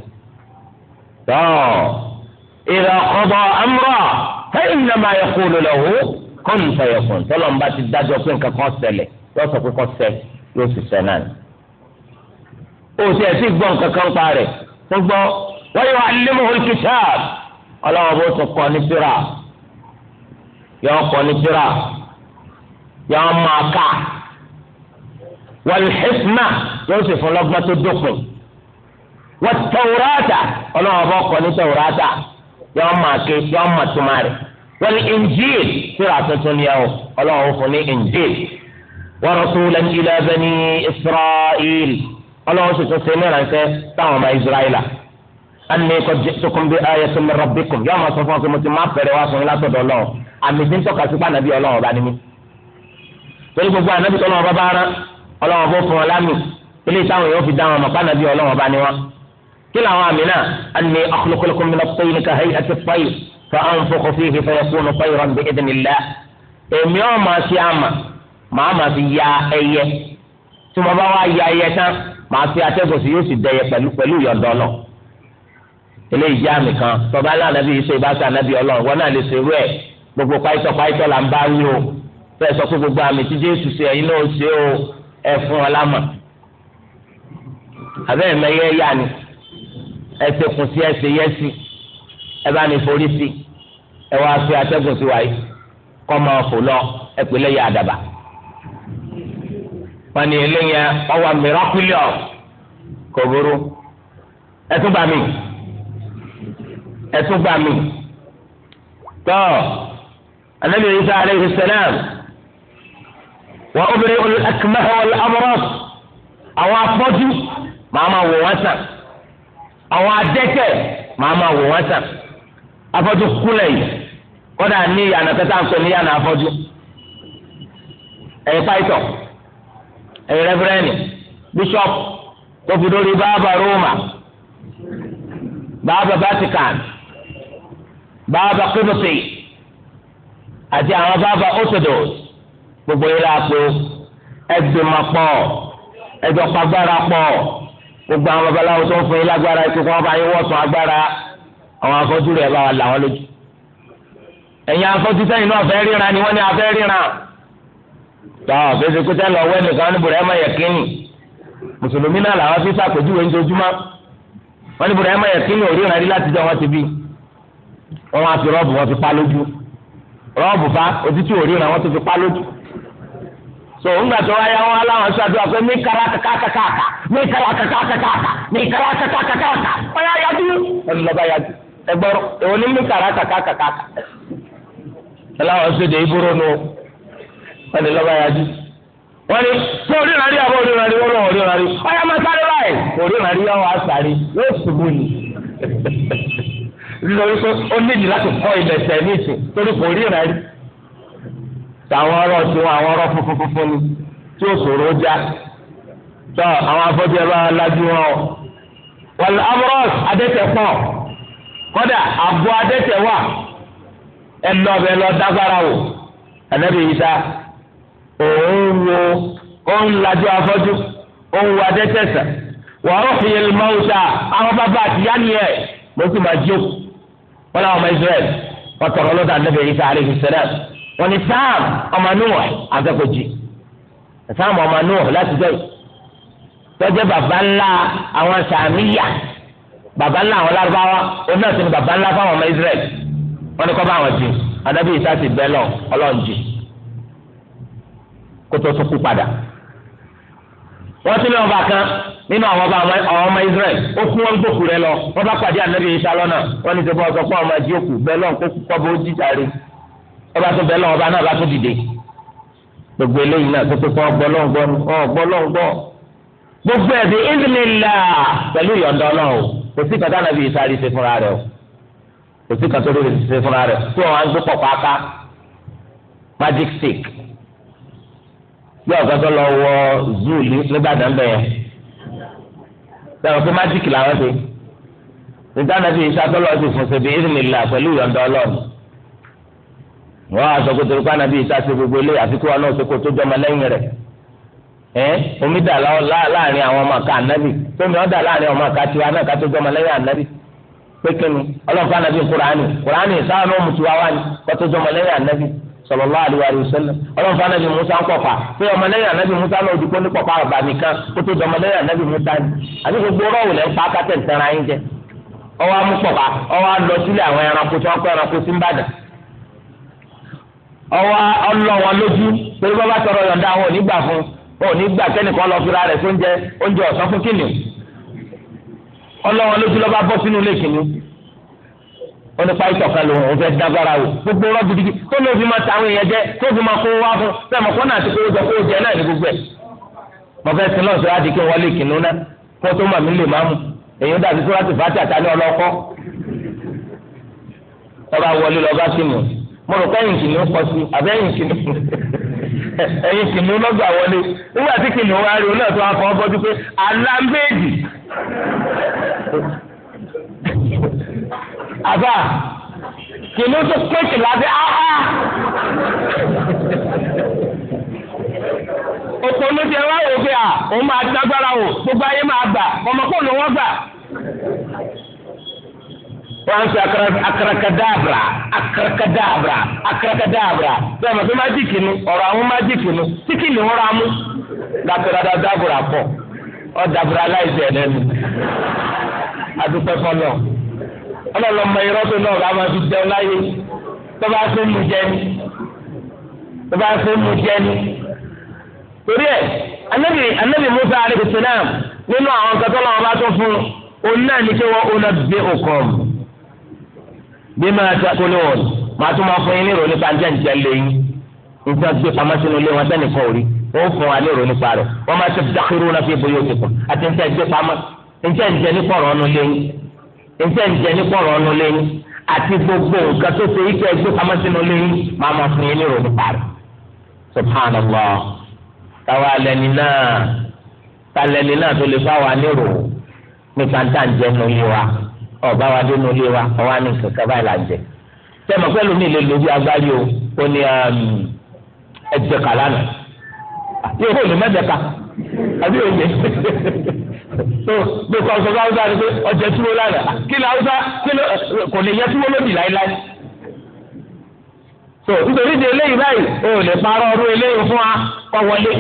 tọ́ ìrọ̀kọ́bọ̀ amúrọ̀ fẹ́ ìnàmáyà kúlò lọ́wọ́. kọ́ọ̀lù fẹ̀yọ̀kùn tọ́lọ́mùbá ti dájọ́ pé nǹkan kan ṣẹlẹ̀ yóò sọ pé kọ́ sẹ yóò sì sẹ náà. o ẹ̀sìn gbọ́ nǹkan kan pa rẹ̀ tó gbọ́ wọ́n yóò alẹ́mọ̀hún kitab ọlọ́wọ́ bó kọ́ ní kọ́ wal hikma yóò sì fún lọ́gbọ́n tó dópin wat tawrata ọlọ́wọ́ bó kọ́ ní tawrata wal injil síra tuntun ni ọ ọlọ́run fún ní injil wa rasulan ila bani israel ọlọ́run sì tún ṣe ní ìrànṣẹ́ táwọn ọmọ israẹla ẹni kò jẹ tukun bí ayé tó mi rọbí kùn yọọ ma sọ fún ọ pé mo ti má fẹrẹ wá fún yín látọ̀dọ̀ ọlọ́run àmì tí ń tọ́ka sí pàdánù ọlọ́run ọba ni mí torí gbogbo ànábì tó lọ́wọ́ bá bá rán ọlọ́run bó fún ọ lámì ilé táwọn yóò fi dá wọn mọ̀ pàdánù ọlọ́run ọba ni wọn. kí làwọn àmì náà ẹni ọkùnrin mi lọ pé yín ká hẹ́yì àti fáyì فأنفخ فيه فيكون طيرا بإذن الله èmi ọ̀ máa ṣe àmà màá máa fi ya ẹyẹ tí mo bá wá ya ẹyẹ tán màá fi atẹ́gùn sí yóò sì dẹyẹ pẹ̀lú pẹ̀lú ìyọ̀dọ̀ náà eléyìí jẹ́ àmì kan tọ́ba aláàbí yìí ṣe ìbáṣà anábì ọlọ́run wọn náà lè ṣe irú ẹ̀ gbogbo pàìtọ́ pàìtọ́ là ń bá wí o fẹ́ sọ pé gbogbo àmì tí Jésù ṣe ẹ̀yin náà ṣe o ẹ̀ fún ọ lámà àbẹ́ẹ̀mẹ́yẹ yá ni ẹ̀ ṣe kùn sí ẹ̀ ṣe yẹ́ sí i ẹ bá ní forí sí ẹ wá fi atẹ́gùn sí wáyé kọ́ máa fò lọ ẹ pè lẹ́yìn àdàbà wọn ni eléyà ọwọ́ mìíràkúlọ̀ kò burú ẹ tún gbà mí ẹ tún gbà mí tọ́ anabi isa aleyhi salam wa obìnrin olùkàmẹ́hà wọlé amúrọ́s àwọn afọ́jú màá wò wọ́n sàn àwọn adẹ́tẹ̀ màá wò wọ́n sàn. afọ́jú kúlẹ̀ ọ na ní na kẹta ń ya na ìyànà afọ́jú ẹ̀yin pàìtọ̀ ẹ̀yin Bishop bíṣọ́pù tó fi Roma, báàbà vatican baaba kíbùsì àti àwọn baaba orthodox gbogbo yìí gbogbo àwọn babaláwo tó ń fún yín lágbára ikú bá àwọn afọ́jú rẹ̀ bá wa là wọ́n lójú ẹ̀yin afọ́jú sẹ́yìn náà fẹ́ ríran ni wọ́n ní afẹ́ ríran tọ́ fèsì pété lọ wẹ́ nìkan ní bùrẹ́ mọ̀ yẹ̀kínì mùsùlùmí náà làwọn fi sàpèjúwe ńjojúmọ́ wọ́n ní bùrẹ́ mọ̀ yẹ̀kínì òríran rí láti jẹ́ wọn ti bí wọn á fi rọ́ọ̀bù wọn fi pa lójú rọ́ọ̀bù fa òtítù ti fi pa kara mí mí ọ̀yà ẹgbọrọ èwo ni míkàrà kàkàkàkà ẹláwọ ṣẹdẹ ìbúrò nù wọn ni lọba yájú wọn ni sọ oríran rí àbọ oríran rí wọn lọ ọyọ máa sáré báyìí yóò ṣubú ni lórí ó láti kọ ilẹ̀ torí kò tàwọn tí wọn ni tí ó tọ àwọn afọ́jú ẹ bá lajú wọn adẹ́tẹ̀ kọ́dà àbọ̀ adẹ́tẹ̀ wà ẹ lọ bẹ lọ dágbára wò ànábì Ìsá òun wo òun lajú afọ́jú òun wo adẹ́tẹ̀ sàn wà á fi yẹn mọ́ òòṣà àwọn bàbá àtìyá ni ẹ̀ mo sì máa jó wọn làwọn ọmọ Israẹl wọn tọrọ lọ́dọ̀ ànábì Ìsá alayhi salam wọn ni Sam ọmọ Nuhu àtẹkọjì Sam ọmọ Nuhu láti dẹ́yì tọ́jú bàbá ńlá àwọn sàmíyà baba ńlá àwọn lárúbáwá òun náà sì ni baba ńlá fáwọn ọmọ Israel wọn ni kọ́ bá wọn jìn adábí ìta sì bẹ́ lọ ọlọ́run jìn kó tó tún kú padà wọ́n ti ní ọba kan nínú àwọn ọba àwọn ọmọ Israel ó fún wọn gbòkú rẹ lọ wọ́n bá pàdé ànábì ìta lọ́nà wọ́n ní sọ fún ọsọ fún ọmọ ẹjí òkú bẹ́ẹ̀ lọ́n kó kọ́ bó jíjà rí ọba tó bẹ́ẹ̀ lọ́n ọba náà bá tó dìde gbogbo eléyìí náà tó pé kọ́ gbọ́lọ́ngbọ́n gbọ́lọ́ngbọ́n gbogbo ẹ̀ bí ìdílé la pẹ̀lú ìyọ̀ǹda ọlọ́run kò sí kàtà nàbí ìsáré ṣe fúnra rẹ̀ o kò sí kàtà nàbí ìsáré ṣe fúnra rẹ̀ tí wọn á gbé pọ̀ pàápàá magic stick bí ọ̀gá tó lọ wọ zoo nígbàdàn bẹ̀ yẹn sọ̀rọ̀ pé magic làwọn ṣe nígbà nàbí ìsáré tó lọ sí fún ṣe bí ìrìnlélà pẹ̀lú ìyọ̀ǹda ọlọ́run wọ́n á sọ pé torí pé ànàbí ìsáré ṣe gbogbo ilé àfikún ọlọ́run ṣe kó tó jọmọ lẹ́yìn rẹ̀ ee omi dà la'arin àwọn ọmọ ká ànábì tómi ọ̀dà láàrin ọmọ ká tiwa náà ká tó jọmọ lẹ́yìn ànábì pékinu ọlọ́pàá ànábì kúránì kúránì sáwọn ọmọ tiwa wá ní ká tó jọmọ sallallahu alaihi wa sallam musa ń kọ̀fà pé ọmọ lẹ́yìn ànábì musa náà dùkọ́ ní kọ̀fà àgbà nìkan kó tó jọmọ lẹ́yìn ànábì musa ni àti gbogbo yín jẹ àwọn ò gbà kẹ́nìkan lọ fira rẹ̀ fóúnjẹ oúnjẹ ọ̀sán fún kìnìún ọlọ́wọ́n lójú lọ́ba bọ́ sínú ilé kìnìún wọ́n ní pàìtọ́ kan lòun òun fẹ́ dágbára o gbogbo ọ̀rọ̀ gidigidi tó ló fi máa ta àwọn èèyàn jẹ tó fi máa kó wá fún fẹ́ẹ̀ mọ̀ kó náà ti kó jẹ kó jẹ náà ní gbogbo ẹ̀ mo fẹ́ sin lọ́sọ̀ láti kí wọ́n lè kìnnú náà kó tó mà mí lè má mu èyí dàbí tó láti fàtí àtàní ọlọ́kọ́ ọba wọlé lọ́ba sí mu mo rò pé ẹ̀yìn kìnnú sí abẹ́yìn kìnnú ẹ̀yin kìnìún lọ́gbà wọlé nígbà tí kìnìún wá rí olóòtú afọ ọgbọ́dún pé alámbéèdì àbá kìnìún tó péjì lábẹ́ áhá òpó ló ti ẹ wá wò pé à òun máa dágbára wò gbogbo ayé máa gbà ọmọkùnrin wọn gbà. wọ́n fi akarakadabra akarakadabra akarakadabra bẹ́ẹ̀ mọ̀ pé májíìkì nu ọ̀rọ̀ àwọn májíìkì nu tí kì í lè ń ra mú dàtúrà dàbúrà pọ̀ ọ dàbúrà láìsí ẹ̀ lẹ́nu adúpẹ́ fọlọ́ ọlọ́lọ́ mọ irọ́ tó náà bá fi jẹun láyé tó bá fẹ́ mu jẹ ni tó bá mu jẹ torí ẹ̀ anabi anabi musa alayhi salam nínú àwọn kẹtọ́ lọ́wọ́ bá tó fún un náà ní kí wọ́n ọ̀nà bí òkọ̀ mu. bí máa tẹ́kọ̀ ní wọn màá tún máa fún yín ní ìròyìn nípa njẹ́ njẹ́ lẹ́yìn nígbà tí pamọ́ sínú ilé wọn sẹ́ni kan ò rí wọ́n fún wa ní ìròyìn nípa rẹ̀ wọ́n máa tẹ́kọ̀ dákúrú náà fi bóyá òsì kan àti njẹ́ njẹ́ pamọ́ njẹ́ njẹ́ ní kọ̀rọ̀ ọ̀nù lẹ́yìn njẹ́ njẹ́ ní kọ̀rọ̀ ọ̀nù lẹ́yìn àti gbogbo nǹkan tó ṣe ike ẹgbẹ́ pamọ́ sínú lẹ́yìn máa máa ọba wa dénú ilé wa ọwa ní kankan báyìí là ń jẹ tẹmọ pẹ̀lú mi lè lo bí agbárí o ó ní um, ẹjẹ kà lánàá yóò kó lè mẹjẹ àbí òye so bí kò sọ fún haúsá ni pé ọjẹ túwó lánàá kí ni haúsá kò lè yẹ túwó lódì láéláé so nítorí di eléyìí báyìí o ò lè parọ́ ọdún eléyìí fún wa kọ́ wọlé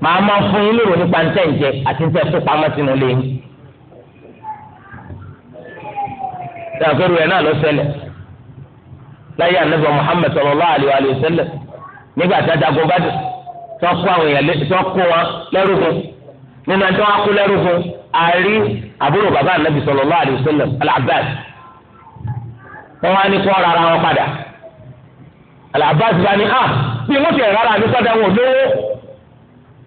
màá máa fún yín lérò nípa ntẹ̀ǹjẹ àti ntẹ̀ tó pamọ́ sínú lẹ́yìn. dàgbẹ́rù ẹ̀ náà ló ṣẹlẹ̀ láyé ànábì Muhammad sallallahu alaihi wa sallam nígbà tí ajagun bá dùn tó kó àwọn èèyàn tó kó wọn lẹ́rù fún nínú ẹni tó wá kó lẹ́rù fún àárí àbúrò bàbá ànábì sallallahu alaihi wa sallam al wọn wá ní kó rárá wọn padà al bá ní à ah, bí wọn ti rárá àbí padà wọn lówó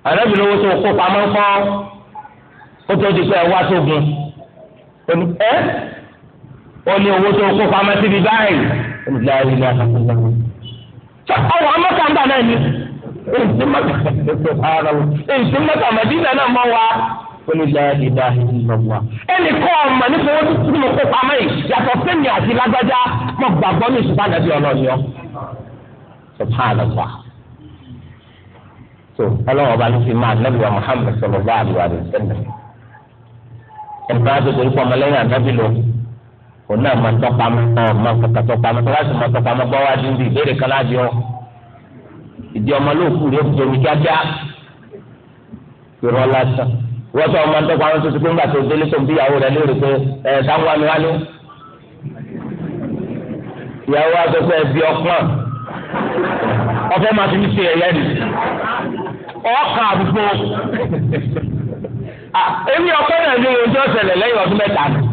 ànábì lówó tó kó pamọ́ kọ́ ó tó di pé ẹ wá sógun ẹ ó ní owó tó kó pamọ́ síbi báyìí láàrin ní àkàtúntà mi. ọwọ́ amọ́kàndà náà ni èsì mẹ́ta mẹ́dínà náà mọ́ wa ó ní láàrin ní àkàtúntà wa. ẹnì kan ọmọ nípa owó tó mọ̀ kó pamọ́ yìí yàtọ̀ sẹ́mi àti lágbájá mọ̀ gbàgbọ́ ní ìṣùpá nàbí ọlọ́ọ̀yọ́. subhanallah so ọlọ́wọ́ bá ló fi máa nàbí wa Muhammad sallallahu alaihi wa sallam ẹnì kan á tó torí pọ̀ ọmọlẹ́yìn ànábì lòun òun náà máa tọpamọ náà máa kàkà tọpamọ tó láti máa tọpamọ gbọ́ wá dídì ìbéèrè kan láti ọ ìdí ọmọ lóòkù rẹ kò tóbi kíákíá ìrọ̀ lásán wọ́n sọ ọmọ tọpamọ tó ti pé ńgbà tó délé tó ń bí ìyàwó rẹ lórí pé ẹ sáwọn wani wani ìyàwó wa sọ pé ẹ bí ọpọ́n ọfẹ máa fi mí ṣe ẹyẹ ni ọkà àdúgbò èmi ọpẹ náà ní ojú ọ̀sẹ̀ lẹ́yìn ọdún mẹ́ta ni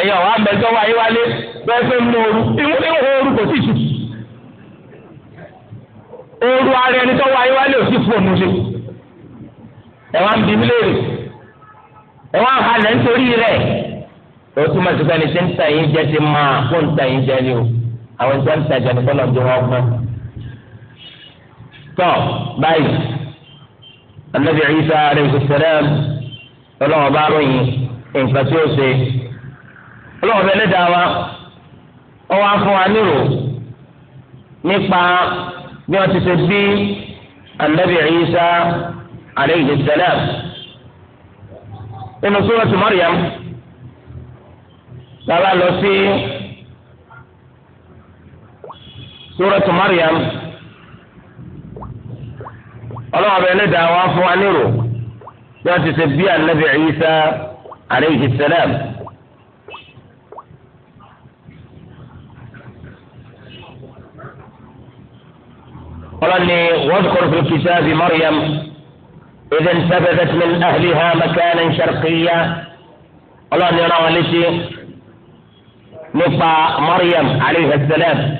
ẹ̀yin ọ̀wá mẹ́jọ wáyé wálé bẹ́ẹ̀ fẹ́ mú ooru ìwọ ní ooru kò sí ìtutù ooru ara ẹni tó wáyé wálé ò sí fóònù lé ẹ̀wá ń bí mi léèrè ẹ̀wá ń halẹ̀ nítorí rẹ̀ o túmọ̀ sí pẹ́ni tí ń ta yín ti máa kó ń ta yín jẹ́ ni o àwọn tí wọ́n ń ta jẹ́ ni kọ́ lọ́ọ́ di wọn gbọ́n. tọ́ báyìí anabi Isa alayhi salam ọlọ́wọ́ bá ròyìn nǹkan tí ó ṣe ọlọ́wọ́ bẹ́ẹ̀ lẹ́dàá wa ọwọ́ afọ wa nírò nípa bí wọ́n ti ṣe bí anabi Isa aleyhi salam nínú sọ́wọ́sì Maryam bàbá lọ sí. سورة مريم الله بين دعوة فوانيرو لا تسبيع النبي عيسى عليه السلام قالني واذكر في كتاب مريم إذا انتبذت من أهلها مكانا شرقيا قالني أنا والدي نفى مريم عليه السلام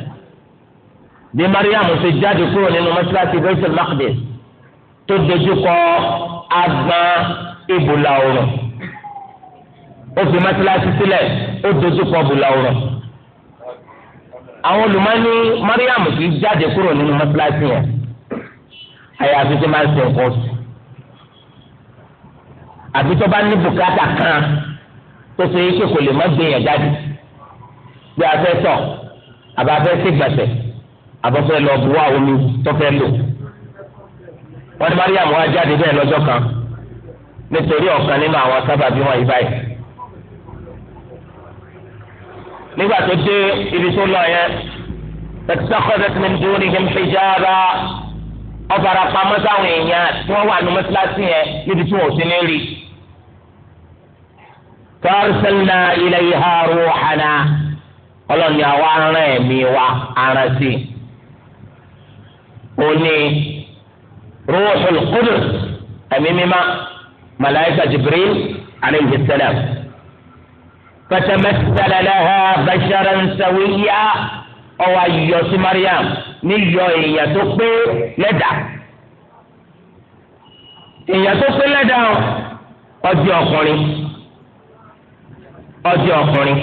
بمريم سجاد يقول إنه مسلا في بيت المقدس تدجق أبا إبو لاورو وفي مسلا في سلاس تدجق أبو لاورو àwọn olùmọ́ni Mariam ti jáde kúrò nínú mọ́tíláṣí yẹn àyàfi tó máa ń ṣe nǹkan oṣù àfi tó bá ní bùkátà kan tó ṣe é ṣe kò lè má gbìyànjú jáde bí a fẹ́ tọ̀ àbá fẹ́ ṣègbàsẹ̀ àbọ̀fẹ́ lọ buwá omi tó fẹ́ lò wọ́n ní Mariam wá jáde bẹ́ẹ̀ lọ́jọ́ kan nítorí ọ̀kan nínú àwọn sábàbí wọn yìí báyìí. nígbà tó dé ibi tó lọ yẹn tẹ̀síọ́kọ́sẹ̀ ti ní dúró ní hijaba ọ̀bàrà pamọ́ sáwọn èèyàn tí wọ́n wà ní mọ́sálásí yẹn níbi tí wọ́n ò sí ní rí. tọ́sílẹ̀ ilẹ̀ ìhà rúhànà ọlọ́ni àwa aràn ẹ̀mí wa aràn sí i. ó ní rúhùl ẹ̀mí mímá màláíkà jibril aleyhi sẹ́lẹ̀m. فتمثل لها بشرا سويا ọwọ ayọ sí mariam níyọ èèyàn tó pé lẹ́dà èèyàn tó pé lẹ́dà ọjọ́ ọkùnrin ọjọ́ ọkùnrin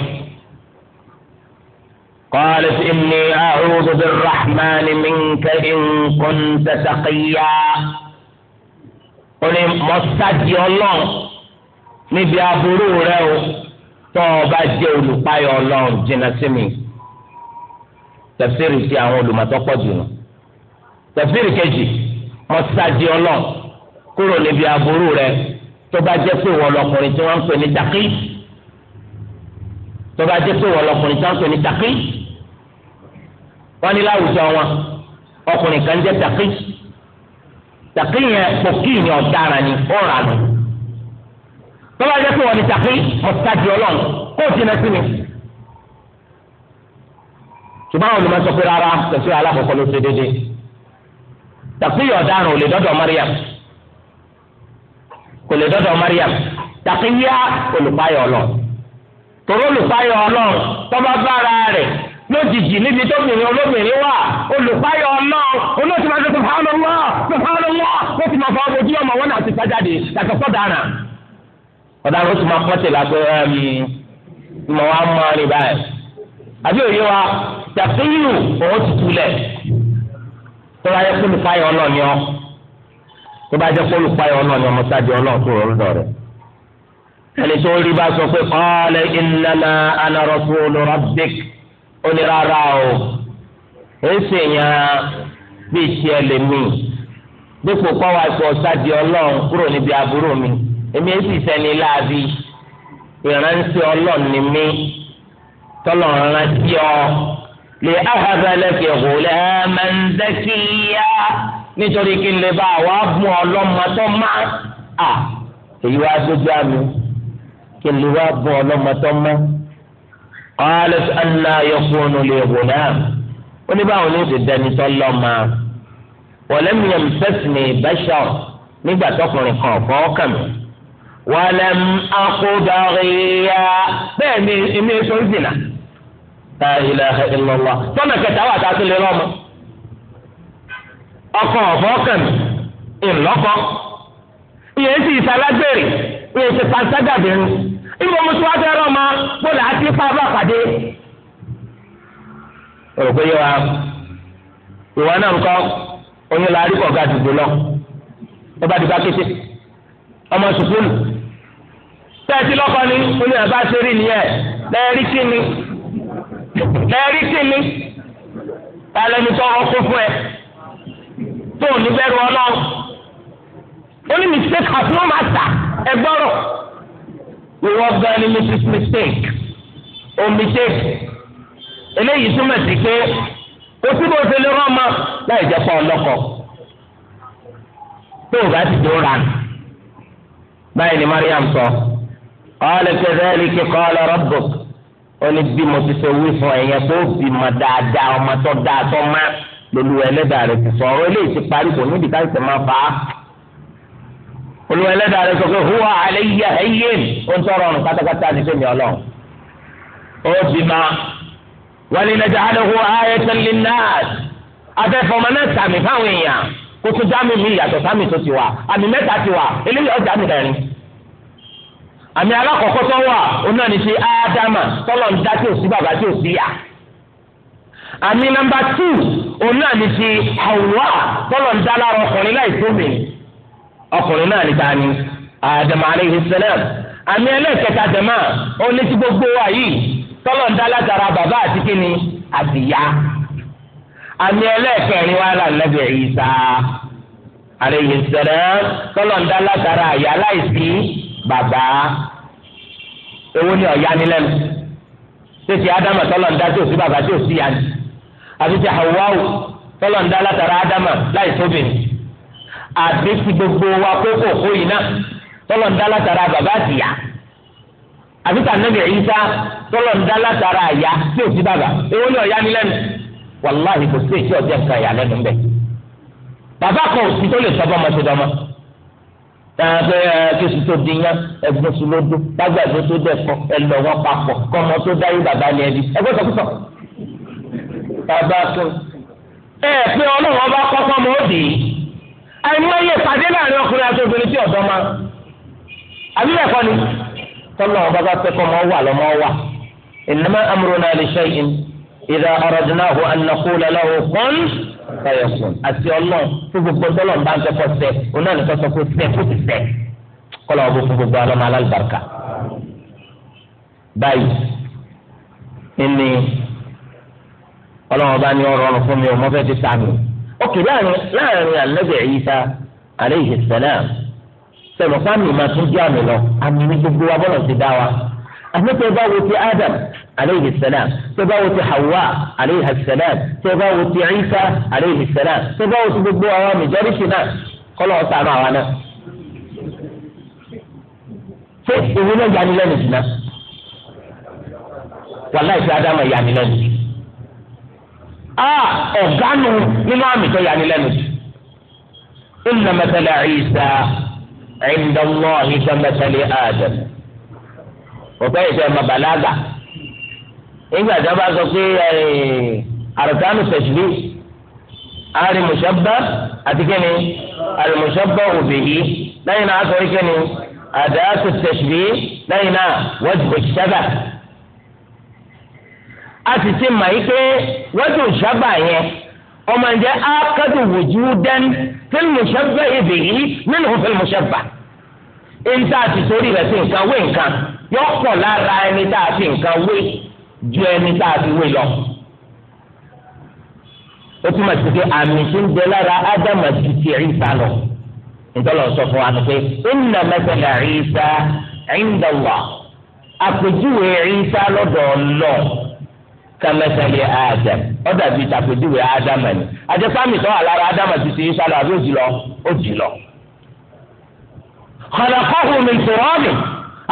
قالت إني أعوذ بالرحمن منك إن كنت تقيا ó ní mọ́sáàdì ọlọ́run níbi aburú rẹ o tọ́ ọ bá jẹ́ olùpáyọ̀ ọlọ́run jìnnà sí mi tẹ̀síìrì sí àwọn olùmọ̀tọ́pọ̀ jùlọ tẹ̀síìrì kejì mo sáàdì ọlọ́run kúrò níbi aburú rẹ tó bá jẹ́ pé ìwọ lọkùnrin tí wọ́n ń pè ní dàkí tó bá jẹ́ pé ìwọ lọkùnrin tí wọ́n ń pè ní dàkí wọ́n ní láwùjọ wọn ọkùnrin kan jẹ́ dàkí dàkí yẹn pòkì ni ọ̀daràn ni ọ̀ràn ni tọ́lá jẹ́ pé wọ́n ní tàkí mọ̀tàdì ọlọ́run kó o jìnà sí mi. ṣùgbọ́n àwọn olùmọ̀ sọ pé rárá tẹ̀sí alákọ̀ọ́kọ́ ló ṣe déédéé. tàkí ọ̀daràn ò lè dọ́dọ̀ Mariam kò lè dọ́dọ̀ Mariam tàkí yá olùpáyọ̀ ọlọ́run. tòró olùpáyọ̀ ọlọ́run tọ́ba bára rẹ̀ lójijì níbi tóbìnrin olóbìnrin wà olùpáyọ̀ ọlọ́run olóòtú máa ń sọ ọ̀daràn ó sì máa pọ́tẹ̀ lágbẹ́ ìmọ̀ wa mọ́ um, ni báyìí àbí òye wa tàfíìlù òun ti túlẹ̀ tó bá yẹ kó olùpáyọ̀ ọlọ́ọ̀ ni ọ́ tó bá jẹ́ kó olùpáyọ̀ ọlọ́ọ̀ ni ọmọ sáàdì ọlọ́ọ̀ tó rọ̀ lọ́dọ̀ rẹ̀ ẹni tó rí bá sọ pé qala innama ana rasulu rabbik o èyí sì yàn bíi tiẹ̀ dípò kọ́ sọ sáàdì ọlọ́ọ̀ kúrò níbi àbúrò mi èmi ẹ sì sẹni láabi ìránṣẹ́ Ọlọ́run ni mí tọlọ ránṣẹ́ ọ lè ahàbẹ lẹkẹ hù lẹẹmẹndẹkìyà nítorí kí n lè bá àwọn abùn ọlọmọ tó má èyí wá dójú àmì kí n lè wá bùn ọlọmọ tó má ọlọsọ yọkùnrin lè hù náà ó ní báwọn ní dẹni tó máa wọlé mi bẹ́sọ̀ nígbà tọkùnrin kan kọ́ kàn wàlẹ́m akóbáríyá bẹ́ẹ̀ ni èmi èso ń zìnà la ilaha illallah tọ́nà kẹta wà tá a tún lè lọ́mọ ọkọ ọ̀fọ́kàn ìlọ́kọ ìyẹn sì ìsalágbèrè ìyẹn sì pàṣẹgàbẹ̀rù ìwọ mùsùlùmí ọmọ gbọdọ àti fáwọn àpàdé. òròpé yẹ wa ìwọ náà kọ́ oyún la rí kọ̀ọ̀gá lọ ọba àdúgbò akété ọmọ sùkúlù tẹ́tí lọ́kọ ni olú ẹ̀ bá ṣe rí nìyẹn lẹ́ẹ̀rí kí ni lẹ́ẹ̀rí kí ni alẹ́ni tọrọ kó fún ẹ tó ní bẹ́rù ọlọ́run ó ní mistake àti no matter. tà ẹ gbọ́rọ̀ ìwọ gan ni mistake o mistake eléyìí túmọ̀ sí pé o tí mo fi lè rán ọmọ láì jẹ́ pọ̀ ọlọ́kọ̀ tó o bá ti dúró rà báyìí ni Mariam sọ. So. قال كذلك قال ربك wọ́n bí mo ti ṣe wí fún ẹ̀yẹ kó bí mo dáadáa ọmọ tó dáa tó má lólu ẹlẹ́dàá rẹ̀ ti sọ ọ̀rọ̀ eléyìí ti parí kò níbi ká ìtẹ̀ máa fà á. olú ẹlẹ́dàá rẹ̀ sọ pé huwa alayya hayyin ó ń tọrọ ọ̀run pátápátá ní fẹ́mi ọlọ́run. ó bí ma wọ́n lè lẹ́jà àdéhùn ayatan linnas afẹ́fọ́mọ náà sàmì fáwọn èèyàn kó tún dámì mi yàtọ̀ sámì tó ti wà àmì mẹ́ta ti wà eléyìí ọjà mi rẹ̀ ni àmì alákọ̀ọ́kọ́ tó wà òun náà ní ṣe ádámà tọ́lọ̀ ń dá tí ò sí bàbá tí ò sí yà àmì nàmbà tù òun ní ṣe Hawa tọ́lọ̀ ń dá lára ọkùnrin láì tóbi ọkùnrin náà ní dání ádámà alayhi salam àmì ẹlẹ́ẹ̀kẹta jẹ̀mọ́ ó ní tí gbogbo wa yìí tọ́lọ̀ ń dá látara bàbá àti kíni àbíyá àmì ẹlẹ́ẹ̀kẹrin wa là Nabi Isa alayhi salam tọ́lọ̀ ń bàbá èwo ni ọ̀yá ni lẹ́nu tètè ádámà tọ́lọ̀ǹda tí ò sí bàbá tí ò sí yanni àti ti Hawwau tọ́lọ̀ǹda látara ádámà láì sóbìn àti ti gbogbo wa kókò kó yìí náà tọ́lọ̀ǹda látara bàbá àtìyá àti ti Ànábì Ìsá tọ́lọ̀ǹda látara àyà tí ò sí bàbá èwo ni ọ̀yá ni lẹ́nu wàláhì kò sí èsì ọ̀jẹ̀ nǹkan ìyàlẹ́nu bẹ́ẹ̀ bàbá kan ò sí tó lè sọ bọ́mọ tàbẹ kẹsù tó di yán ẹgbẹ sùn ló dún lágbàdo tó dẹkọ ẹlọ wọn papọ̀ kọmọ tó dáyé bàbá ni ẹbí ẹgbẹ sọkúsọ bàbá tó. ẹ pé ọlọ́run ọba kọ́kọ́ mọ́ òdì yìí àìmọye pàdé láàrin ọkùnrin àti obìnrin tí ọ̀dọ́ máa àbí ni tọ́lọ́ ọba bá fẹ́ mọ́ wà lọ́mọ́ wà innama amruna li shay'in idha aradnahu an naqula lahu kun fayọsùn àti ọlọ́run fún gbogbo tọ́lọ̀ ń bá ń tẹ́kọ̀ sẹ́ òun náà nìkan sọ pé sẹ́ kó ti sẹ́ kọ́ lọ́wọ́ bó fún gbogbo ọlọ́mọ alálùbáríkà. báyìí ni ọlọ́run bá ní ọ̀rọ̀ ọ̀run fún mi ò mọ́ fẹ́ ti sàmì. ókè láàrin láàrin àlẹ́bẹ̀ yìí sá alayhi salam sẹ̀mọ̀pá mi máa tún jẹ́ àmì lọ àmì ní gbogbo wa ti dá wa أهنا تباوتي آدم عليه السلام تباوتي حواء عليها السلام تباوتي عيسى عليه السلام تباوتي ببو أوامي جارش ناس قل الله تعالى وانا فيه إذن يعني لنجنا والله في آدم يعني لنجنا آه أغانو لنعمي كي يعني لنج إن مثل عيسى عند الله كمثل آدم ọ̀pẹ́ ìṣe ọmọ bàlágà nígbà tí wọ́n bá sọ pé àrùkánù tẹ̀síbí àrìmùsọ́bà àti kíni àrìmùsọ́bà òbí yìí lẹ́yìn náà sọ kíni àdáàtò tẹ̀síbí lẹ́yìn náà wọ́jùbọ̀ ṣábà. a sì ti mọ̀ yí pé wọ́jù ṣábà yẹn ọmọ ǹjẹ́ ákàdù wujudan fílmùsọ́bà ìbí yìí nínú fílmùsọ́bà. ń àti torí rẹ̀ sí nǹkan wé nǹkan. yọ pọ̀ lára ẹni tá a fi nǹkan wé ju ẹni tá a fi wé lọ. ó túmọ̀ sí pé àmì tó ń bẹ lára ádámà ti ti Ìsá lọ. ìtọ́lọ̀ sọ fún wa ni pé inna mathala Ìsá inda Allah àpèjúwe Ìsá lọ́dọ̀ lọ ni. àjẹsámi tó wà lára ádámà ti ti Ìsá àbí òjì lọ òjì lọ.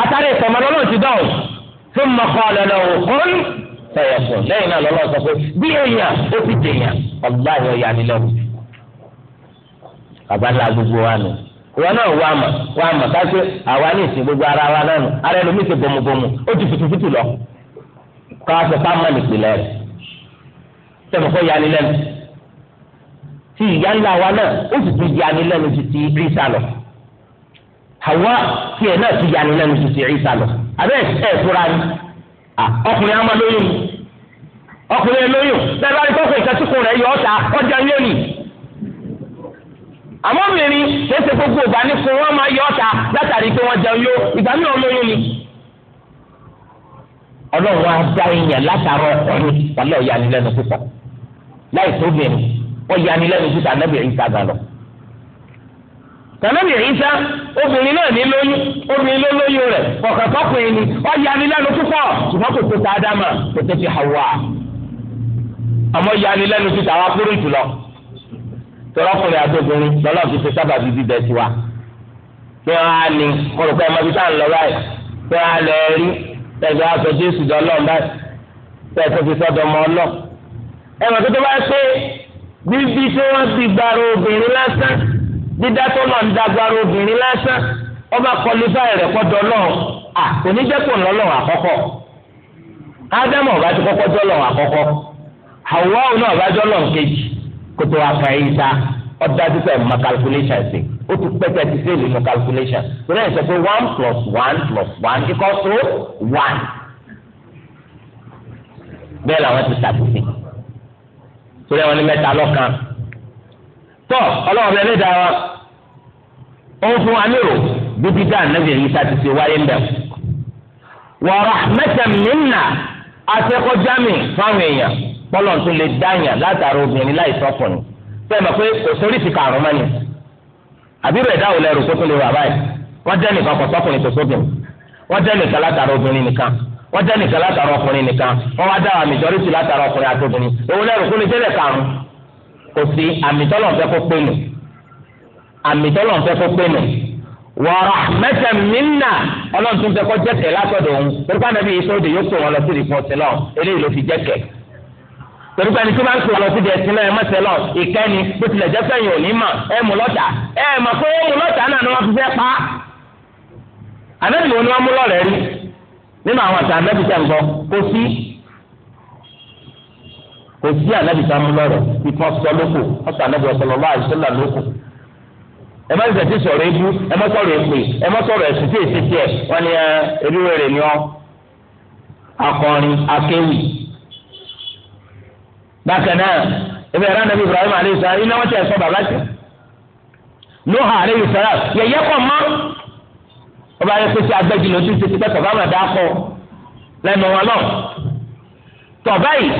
atari ìsọmọ lọ́lọ́run ti dáhùn fún mọ́kànlá lọ́wọ́ kún fẹ̀yẹ̀kùn lẹ́yìn náà lọ́lọ́run sọ pé bí èèyàn ó ti dèèyàn ọ̀gbáyé ọ̀yà nílẹ̀kù. bàbá ńlá gbogbo wa nù wọn náà wà mà wà mà káṣí àwa ní ìsìn gbogbo ara wa náà nù ara ẹlòmíì ti bọ̀mùbọ̀mù ó ti fìtìfìtì lọ káṣí ká má nìpìlẹ̀ rẹ̀ tẹ̀mọ̀ fọ́ ya nílẹ̀nu tí ìyá ńlá wa náà ó sì tún ya nílẹ̀nu ti ti gírísà lọ. Hawa tiẹ̀ náà ti yanu lẹ́nu títí Ìsá lọ abẹ́ ẹ̀ fúra ni ọkùnrin ama lóyún ọkùnrin lóyún bẹ́ẹ̀ bá rí kókò ìtẹ́síkò rẹ̀ yọ ọ́ta ọjà yóò nì àmọ́ obìnrin kése gbogbo ìgbà ní fún wọn máa yọ ọ́ta látàrí pé wọ́n jẹun yó ìgbà mi lóyún ni. ọlọ́run á dá ìyàn látara ọkùnrin wàlẹ́ ọ̀yanilẹ́nu púpọ̀ láì tóbi ni wọ́n yanilẹ́nu títà ìta gan lọ tẹlẹmi ìṣá obìnrin náà ní lóyún obìnrin ló lóyún rẹ̀ kọkàn tọkùnrin ni ó yani lẹ́nu púpọ̀ ṣùgbọ́n kò tó ta ádámà kò tó ti Hawa àmọ́ yani lẹ́nu ti tàwa kúrú jùlọ tọrọkùnrin àtọkùnrin lọlọ fi ṣe sábà bíbí bẹ́ẹ̀ tiwa pé wọn á ní olùkọ́ ẹmọ bíi sáà ń lọ báyìí pé wọn á lọ rí ẹgbẹ́ aṣọ Jésù jọ lọ báyìí pé ẹsẹ fi sọdọ ọmọ ọlọ ẹmọ tó tó bá ṣe bíbí tí wọn ti gbàrọ obìnrin lásán dídá tó lọ ń dagbara obìnrin lásán ọba kọlifáì rẹ̀ kọ́dọ̀ lọ à kò ní jẹ́ kó lọ́lọ́ àkọ́kọ́ ádámù ọba ti kọ́kọ́ jọ́lọ̀ àkọ́kọ́ náà ọba jọ́lọ̀ kejì kó tó wá ta ọ̀dà ti sẹ̀ ma calculation ṣe ó ti pẹ́tẹ́ ti fẹ́ẹ̀lì ní calculation tó náà sọ pé one plus one plus one equals to one bẹ́ẹ̀ làwọn ti ṣàkóso torí àwọn ní mẹ́ta lọ́kàn tọ́ ọlọ́run ẹlẹ́dàá wa ó fún wa lérò bíbí tá ànábì Ìsá ti ṣe wáyé ń bẹ̀. wa rahmatan minna akẹ́kọ̀ọ́jámì fáwọn èèyàn pọ́lọ̀ tún lè dáyàn látara obìnrin láì sọ́kùnrin sẹ́yìn mọ̀ pé kò sórí ti kàrún mọ́ ni àbí rẹ̀ dáwọ̀ lẹ́rù kó tún lè wà báyìí wọ́n jẹ́ nìkan kò sọ́kùnrin kò sóbìnrin wọ́n jẹ́ nìkan látara obìnrin nìkan wọ́n jẹ́ nìkan látara ọkùnrin nìkan wọ́n wá dáwọ̀ àmìjọ́rìsì látara ọkùnrin àtòbìnrin òun lẹ́rù kó lè jẹ́ lẹ̀ kàrún kò sí àmìtọ́lọ̀ fẹ́ kó pé nù àmì tọ́lọ̀ ń fẹ́ kó pé nù wa rahmatan minna ọlọ́run tún fẹ́ kó jẹ́kẹ̀ látọ̀dọ̀ òun torípa nàbí ìṣòdì yóò pè wọn lọ sí eléyìí ló fi jẹ́kẹ̀ torípa ní tí wọ́n pè lọ sí ìdí ẹ̀sìn náà ẹ̀ mọ̀ ìkẹ́ni bó tilẹ̀ jẹ́ sẹ́yìn òní mà ẹ̀ mú lọ́tà ẹ̀ mú lọ́tà náà ni wọ́n pa ni wọ́n mú lọ́rẹ̀ rí nínú àwọn àti ànábì ẹ má ṣe ti sọ̀rọ̀ ebú ẹ má sọ̀rọ̀ èpè ẹ má sọ̀rọ̀ ẹ̀sùn tí èsì tiẹ̀ wọ́n ní ẹ ewúrẹ́ ni ọ́ akọrin akéwì. bákan náà ebi ẹ̀rọ anabi Ibrahim aleyhi sara iná wọn ti ẹ̀sọ́ bàbá jẹ Nuha aleyhi sara yẹyẹ kọ mọ ọba yẹ pèsè agbẹjì lójú ti ti pẹ́ tọ́ba àmàdá kọ lẹ́nu wọn lọ tọ́ba yìí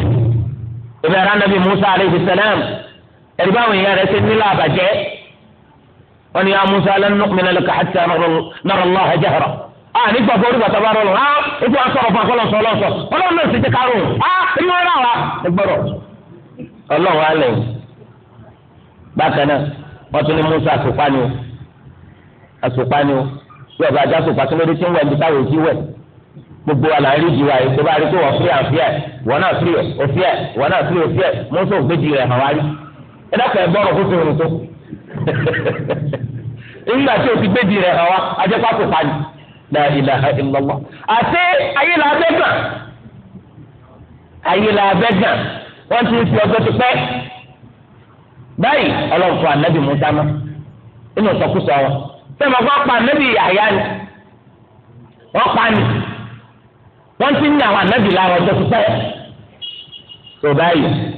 ebi ẹ̀rọ anabi Musa aleyhi sara ẹ̀rí báwọn èèyàn rẹ̀ ṣe nílò àbàjẹ́ wọ́n ní ya musa lan nu'mina laka hatta nara allaha jahra a nígbà ah, fún orúkọ sábà rọrùn a ètò asọ̀rọ̀ fún akọlọsọ ọlọsọ ọlọ́run náà sì ti karùn a ah, inú ẹ̀rọ wa ẹ gbọ́dọ̀ ọlọ́run alẹ́ bákan náà wọ́n tún ní musa àsùpá ni o àsùpá ajá sùpá tí lóde tí ń wẹ̀ níbi táwọn èjì wẹ̀ gbogbo àlàyé ìjìwà yìí tó bá rí pé wọ́n fi àfíà wọ́n náà fi òfíà wọ́n náà fi òfíà musa ògbéjì rẹ̀ hàn wá rí ẹ dákẹ́ gbọ́rọ̀ kó tó tó nígbà tí o ti gbé di rẹ̀ hàn wá ajẹ́pá kò pa ni la ilaha illallah àti ayé la bẹ́ gàn ayé la bẹ́ gàn wọ́n ti fi ọjọ́ ti pẹ́ báyìí ọlọ́run fún anabi musa mọ́ inú sọkúsọ wọn sẹ́mi ọgbọ́n pa anabi àyà ni wọ́n pa ni wọ́n ti ń ní àwọn anabi lára ọjọ́ ti pẹ́ tó báyìí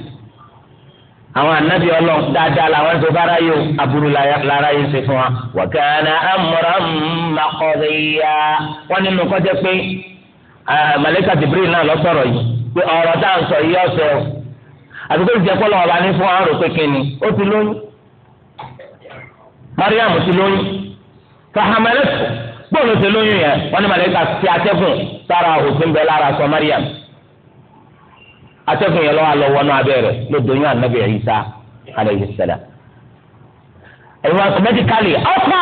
àwọn anabi Ọlọ́run dáadáa làwọn ṣe bára yóò aburú lára yóò ṣe fún wa. wàkàna amúra mmakọ̀déyà wọn nínú kọjá pé malika jibril náà lọ sọ̀rọ̀ yìí pé ọ̀rọ̀ tá à ń sọ yìí ọ̀sẹ̀ o àbíkó ìjẹ́pọ̀ lọ́wọ́ bá ní fún àrò pé kínní ó ti lóyún mariam ti lóyún fahamalẹ́sì bóòlù ti lóyún yẹn wọn ní malika ti atẹ́gùn sára òsínbẹ́ lára sọ mariam atẹ́kùn yẹn lọ́wọ́ alọ́ wọnú abẹ́rẹ́ ló doyún anabi Isa alayhi salam ẹ̀rọ àti mẹ́díkàlì ọ̀pọ̀n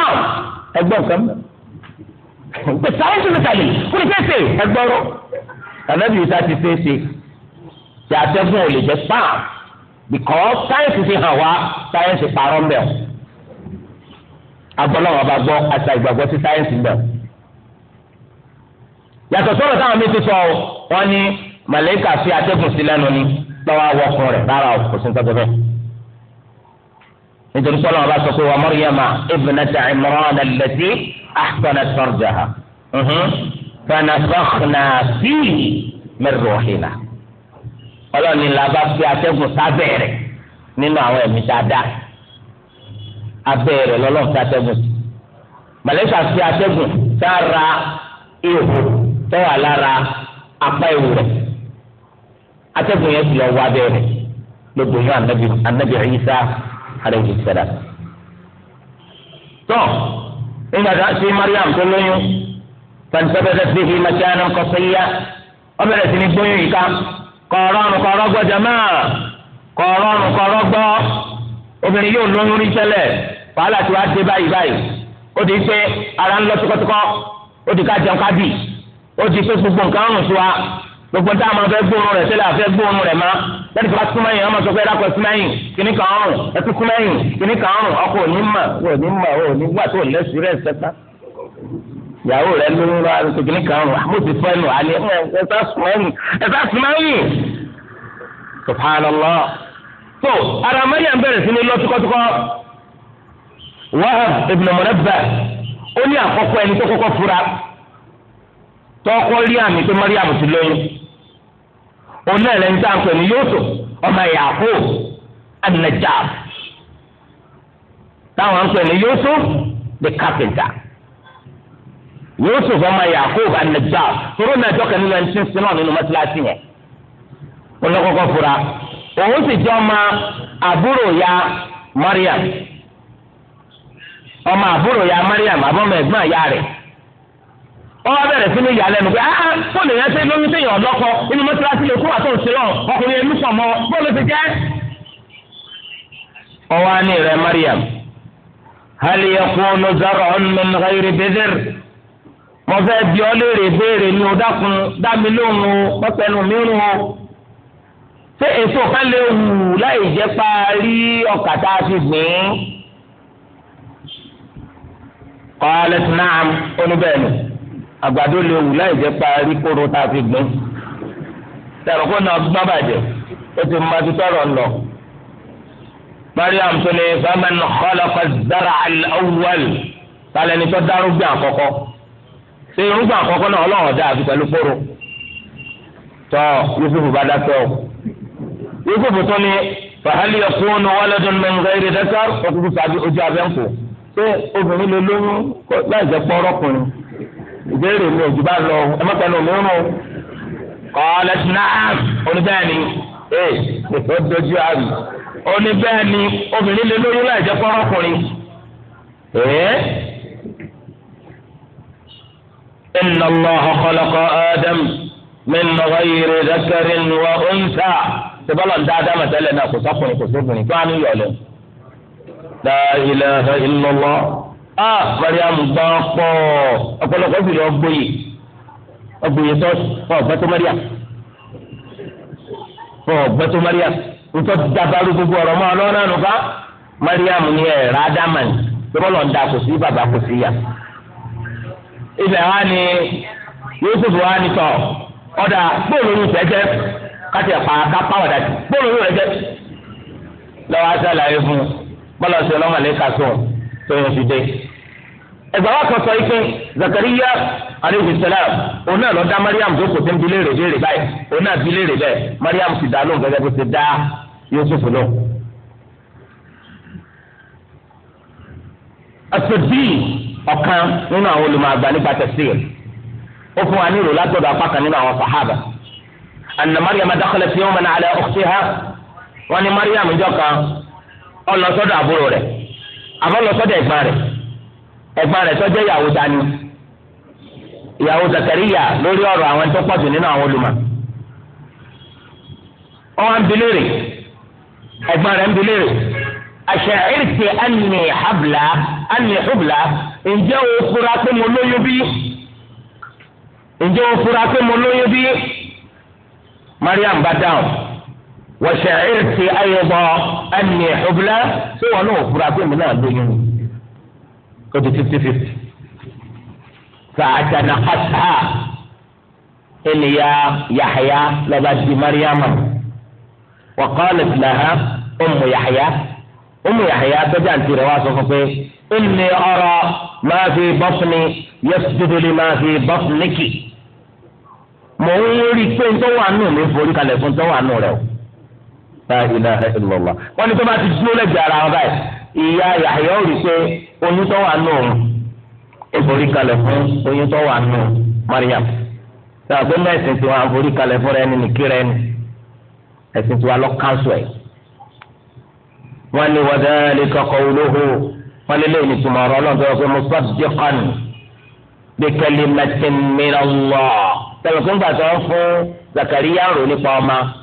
ẹgbọ́n nǹkan mọ́ pé sáyẹ́nsì mẹ́tàlì kò ní fẹ́ẹ́ ṣe ẹgbọ́rọ́ anabi Isa ti fẹ́ẹ́ ṣe tí atẹ́kùn ò lè jẹ́ pàm because sáyẹ́nsì ti hàn wá sáyẹ́nsì parọ́ ń bẹ̀ ọ́ agbọ́lọ́wọ́ bá gbọ́ àti àgbàgbọ́ sí sáyẹ́nsì ń bẹ̀ yàtọ̀ sọ́rọ̀ màlẹ́kà fi atẹ́kùn sí lẹ́nu ni lọ́wọ́ awọ́kùn rẹ̀ rárá o kò sí ní tọ́jú bẹ́ẹ̀. nítorí sọ́nà ọba sọ pé wa Maryama ibnata Imran allati ahsanat farjaha fanafakhna fihi min ruhina. ọlọ́ni la bá fi atẹ́kùn sábẹ́ nínú àwọn ẹ̀mí tá a dá fi atẹ́kùn sí. màlẹ́kà fi atẹ́kùn sára ihò tọ́wà lára apá ihò atẹ́gùn yẹn ti lọ wá bẹ́ẹ̀rẹ̀ gbogbo yẹn anabi anabi Isa alayhi salam. tọ́ nígbà tá a ṣe Mariam tó lóyún fantabẹ́sẹ̀ fi fi makanan qasiyya ó bẹ̀rẹ̀ sí ní gbóyún yìí ká kọ̀ọ̀rọ̀nù kọ̀ọ̀rọ̀ gbọ́ jama kọ̀ọ̀rọ̀nù obìnrin yóò lóyún rí tẹ́lẹ̀ wàhálà tí wàá dé báyìí báyìí ó di pé ara ń lọ tíkọ́tíkọ́ ó di ká jẹun ká ó di pé gbogbo nǹkan ń sí wa gbogbo tá a máa fẹ́ gbóòórùn rẹ̀ tẹ́lẹ̀ àfẹ́ gbóòórùn rẹ̀ má lẹ́yìn tó bá súnmọ́ yìí wọ́n máa sọ pé ẹ̀dá kan súnmọ́ yìí kìíní kan ọ̀rùn ẹtú súnmọ́ yìí kìíní kan ọ̀rùn ọkọ òní mà òní mà òní wà tó lẹ́sùn rẹ̀ sẹ́ta ìyàwó rẹ̀ lóyún lọ́wọ́ àti kìíní kan ọ̀rùn àmọ́ ti fọ́ ẹnu àlẹ́ ẹ̀ta súnmọ́ yìí subhanallah so ara mariam bẹ̀rẹ̀ sí ní lọ tukọ́tukọ́ wahab ibn mọ̀nẹ́bẹ̀ ó ní àkọ́kọ́ ẹni tó kọ́kọ́ fura tọ́kọ́ rí àmì pé mariam ti lóyún. òun náà lẹ́yìn tá à ń pè ní Yusuf ọmọ Yaqub an-Najjar táwọn ń pè ní the carpenter Yusuf ọmọ Yaqub an-Najjar náà jọ́kẹ́ nínú ẹni tí ń sinú nínú mọ́tíláṣí yẹn olókòkò fura òun sì jọ ọmọ àbúrò ya Mariam ọmọ àbúrò ya Mariam àbọ̀mọ̀ ẹ̀gbọ́n ya rẹ̀. wọ́n wá bẹ̀rẹ̀ sí ní ìyàlẹ́nu pé ah, ah fóònù yẹn ṣe lóyún sí èèyàn lọ́kọ inú mọ́tíláṣí lè kó wà tó ń ṣerọ̀ ọkùnrin ẹ̀mí pọ̀ mọ́ bóòlù ti jẹ́. ọwọ́ á ní rẹ̀ Mariam hal yakunu zar'un min ghayri bidhr mo fẹ́ bí ọ léèrè béèrè ní o dákun dá lóhùn o pẹ́pẹ́nu mi rùn o. ṣé èso kan lè wù láì jẹ́ parí ọkà fi gbìn ín? qalat na'am àgbàdo lè wù láì jẹ́ pa rí kóró tá a fi gbìn tẹ̀rọ kó náà gbọ́n bàjẹ́ ó ti máa ti tọrọ lọ. mariam tó ní faman khalaqa az-zar'a al-awwal tálẹ̀ ní tó dárúgbìn àkọ́kọ́ ṣé irúgbìn àkọ́kọ́ náà ọlọ́run dá àfi pẹ̀lú kóró tọ́ yusuf bá dákẹ́ o yusuf tó ní fahal yakunu waladun min ghayri dhakar ó kúkú sábẹ́ ojú abẹ́ǹkù ṣé obìnrin lè lóyún láì jẹ́ pọ́ọ́rọ́kùnrin ìbéèrè mi ò jù bá lọ ẹ má pẹ̀lú mi rún kọ́lẹ̀ náà oníbẹ̀ẹ́ni ee ó dojú àrì oníbẹ̀ẹ́ni obìnrin lè lóyún láì jẹ́ pọ́nrọ́kùnrin ee. إن الله خلق آدم من غير ذكر وأنثى تبلا دادا مثلا ناقص أخوني كسبني كانوا يعلم لا إله إلا الله a ah, mariam gbọ́ pọ̀ ọ̀pọ̀lọpọ̀ sì lọ gbóyè ọgbóyè sọ́ọ̀sì fún ọ̀gbẹ́ tó mariam fún ọ̀gbẹ́ tó mariam nítorí ti dabaru gbogbo ọ̀rọ̀ mọ́ ọlọ́run náà nùkọ́ mariam ni ẹ̀ rádámàn tí wọ́n lọ ń da kò sí bàbá kò sí yá ibẹ̀ wá ni yusuf wá ni tọ̀ ọ̀dà bóòlù ní ìtẹ́jẹ́ káti ẹ̀pà kápá ọ̀dà bóòlù ní ìtẹ́jẹ́ lọ́wọ́ á sàlàyé fún bọ́lá ọ̀sẹ̀ ọlọ́mọlẹ́ka tó yẹn fi dé. ẹgbẹ́ wa kan sọ ike Zakariya aleyhi salam òun náà lọ dá Mariam tó kò tẹ́ ń bilé rè béèrè báyìí òun náà bilé rè bẹ́ẹ̀ Mariam sì dá lóhùn gẹ́gẹ́ bó ti dá Yusuf lóhùn. asèdíì ọ̀kan nínú àwọn olùmọ̀àgbà nípa tẹ̀síìl ó fún wa ní ìrò látọ̀dọ̀ apá kan nínú àwọn sàhábà anna mariam adakọlẹ fi wọn mọ náà alẹ ọkùnrin ha wọn ni mariam jọ kan ó sọ́dọ̀ àbúrò rẹ̀ àbọ̀ lọ da ẹ̀gbọ́n rẹ̀ ẹ̀gbọ́n rẹ̀ sọ́jọ́ ìyàwó dání ìyàwó Zakariya lórí ọ̀rọ̀ àwọn tó pọ̀jù nínú àwọn olùmọ̀ ọ̀hún abilérè ẹ̀gbọ́n rẹ̀ ń àṣà ìrìtì ànì habla ànì hubla ǹjẹ́ o fura pé mo lóyún bí ǹjẹ́ o fura pé mo lóyún bí Mariam bá wọ̀ṣẹ̀ẹ́rìsì ayọ̀bọ ẹnì ọ̀bùlá tí wọn náà fura pé mi náà lóyún o di fifty fifty. fàájànà kàtà ènìyà yàhàyà lọ́ba di mariama wàkọ́lẹ̀ fìlàhà ọmọ yàhàyà ọmọ yàhàyà tọ́jú àǹtí rẹ̀ wá sọ fún pé ẹnì ọ̀rọ̀ máa fi bọ́fúnni i la ilaha illallah wọn ni tó bá ti dúró lẹ́gbẹ̀ẹ́ ara wọn báyìí ìyá yàyà ó rí i pé oyún tó wà nù ó forí kalẹ̀ fún oyún tó wà nù mariam ṣe àgbẹ̀ tí wọn forí kalẹ̀ fún ẹni nìkírẹ́ ẹni ẹ̀sìn tí wọn lọ káńsù ẹ̀ wọn ni wọ́n dáná lè kọ́kọ́ olóhó wọn lé lẹ́yìn ìtumọ̀ ọ̀rọ̀ ọlọ́dọ̀ pé musaddiqan bi kalimatin min Allah tẹ̀wọ̀n fún gbàtọ́ fún zakariya rò nípa ọma.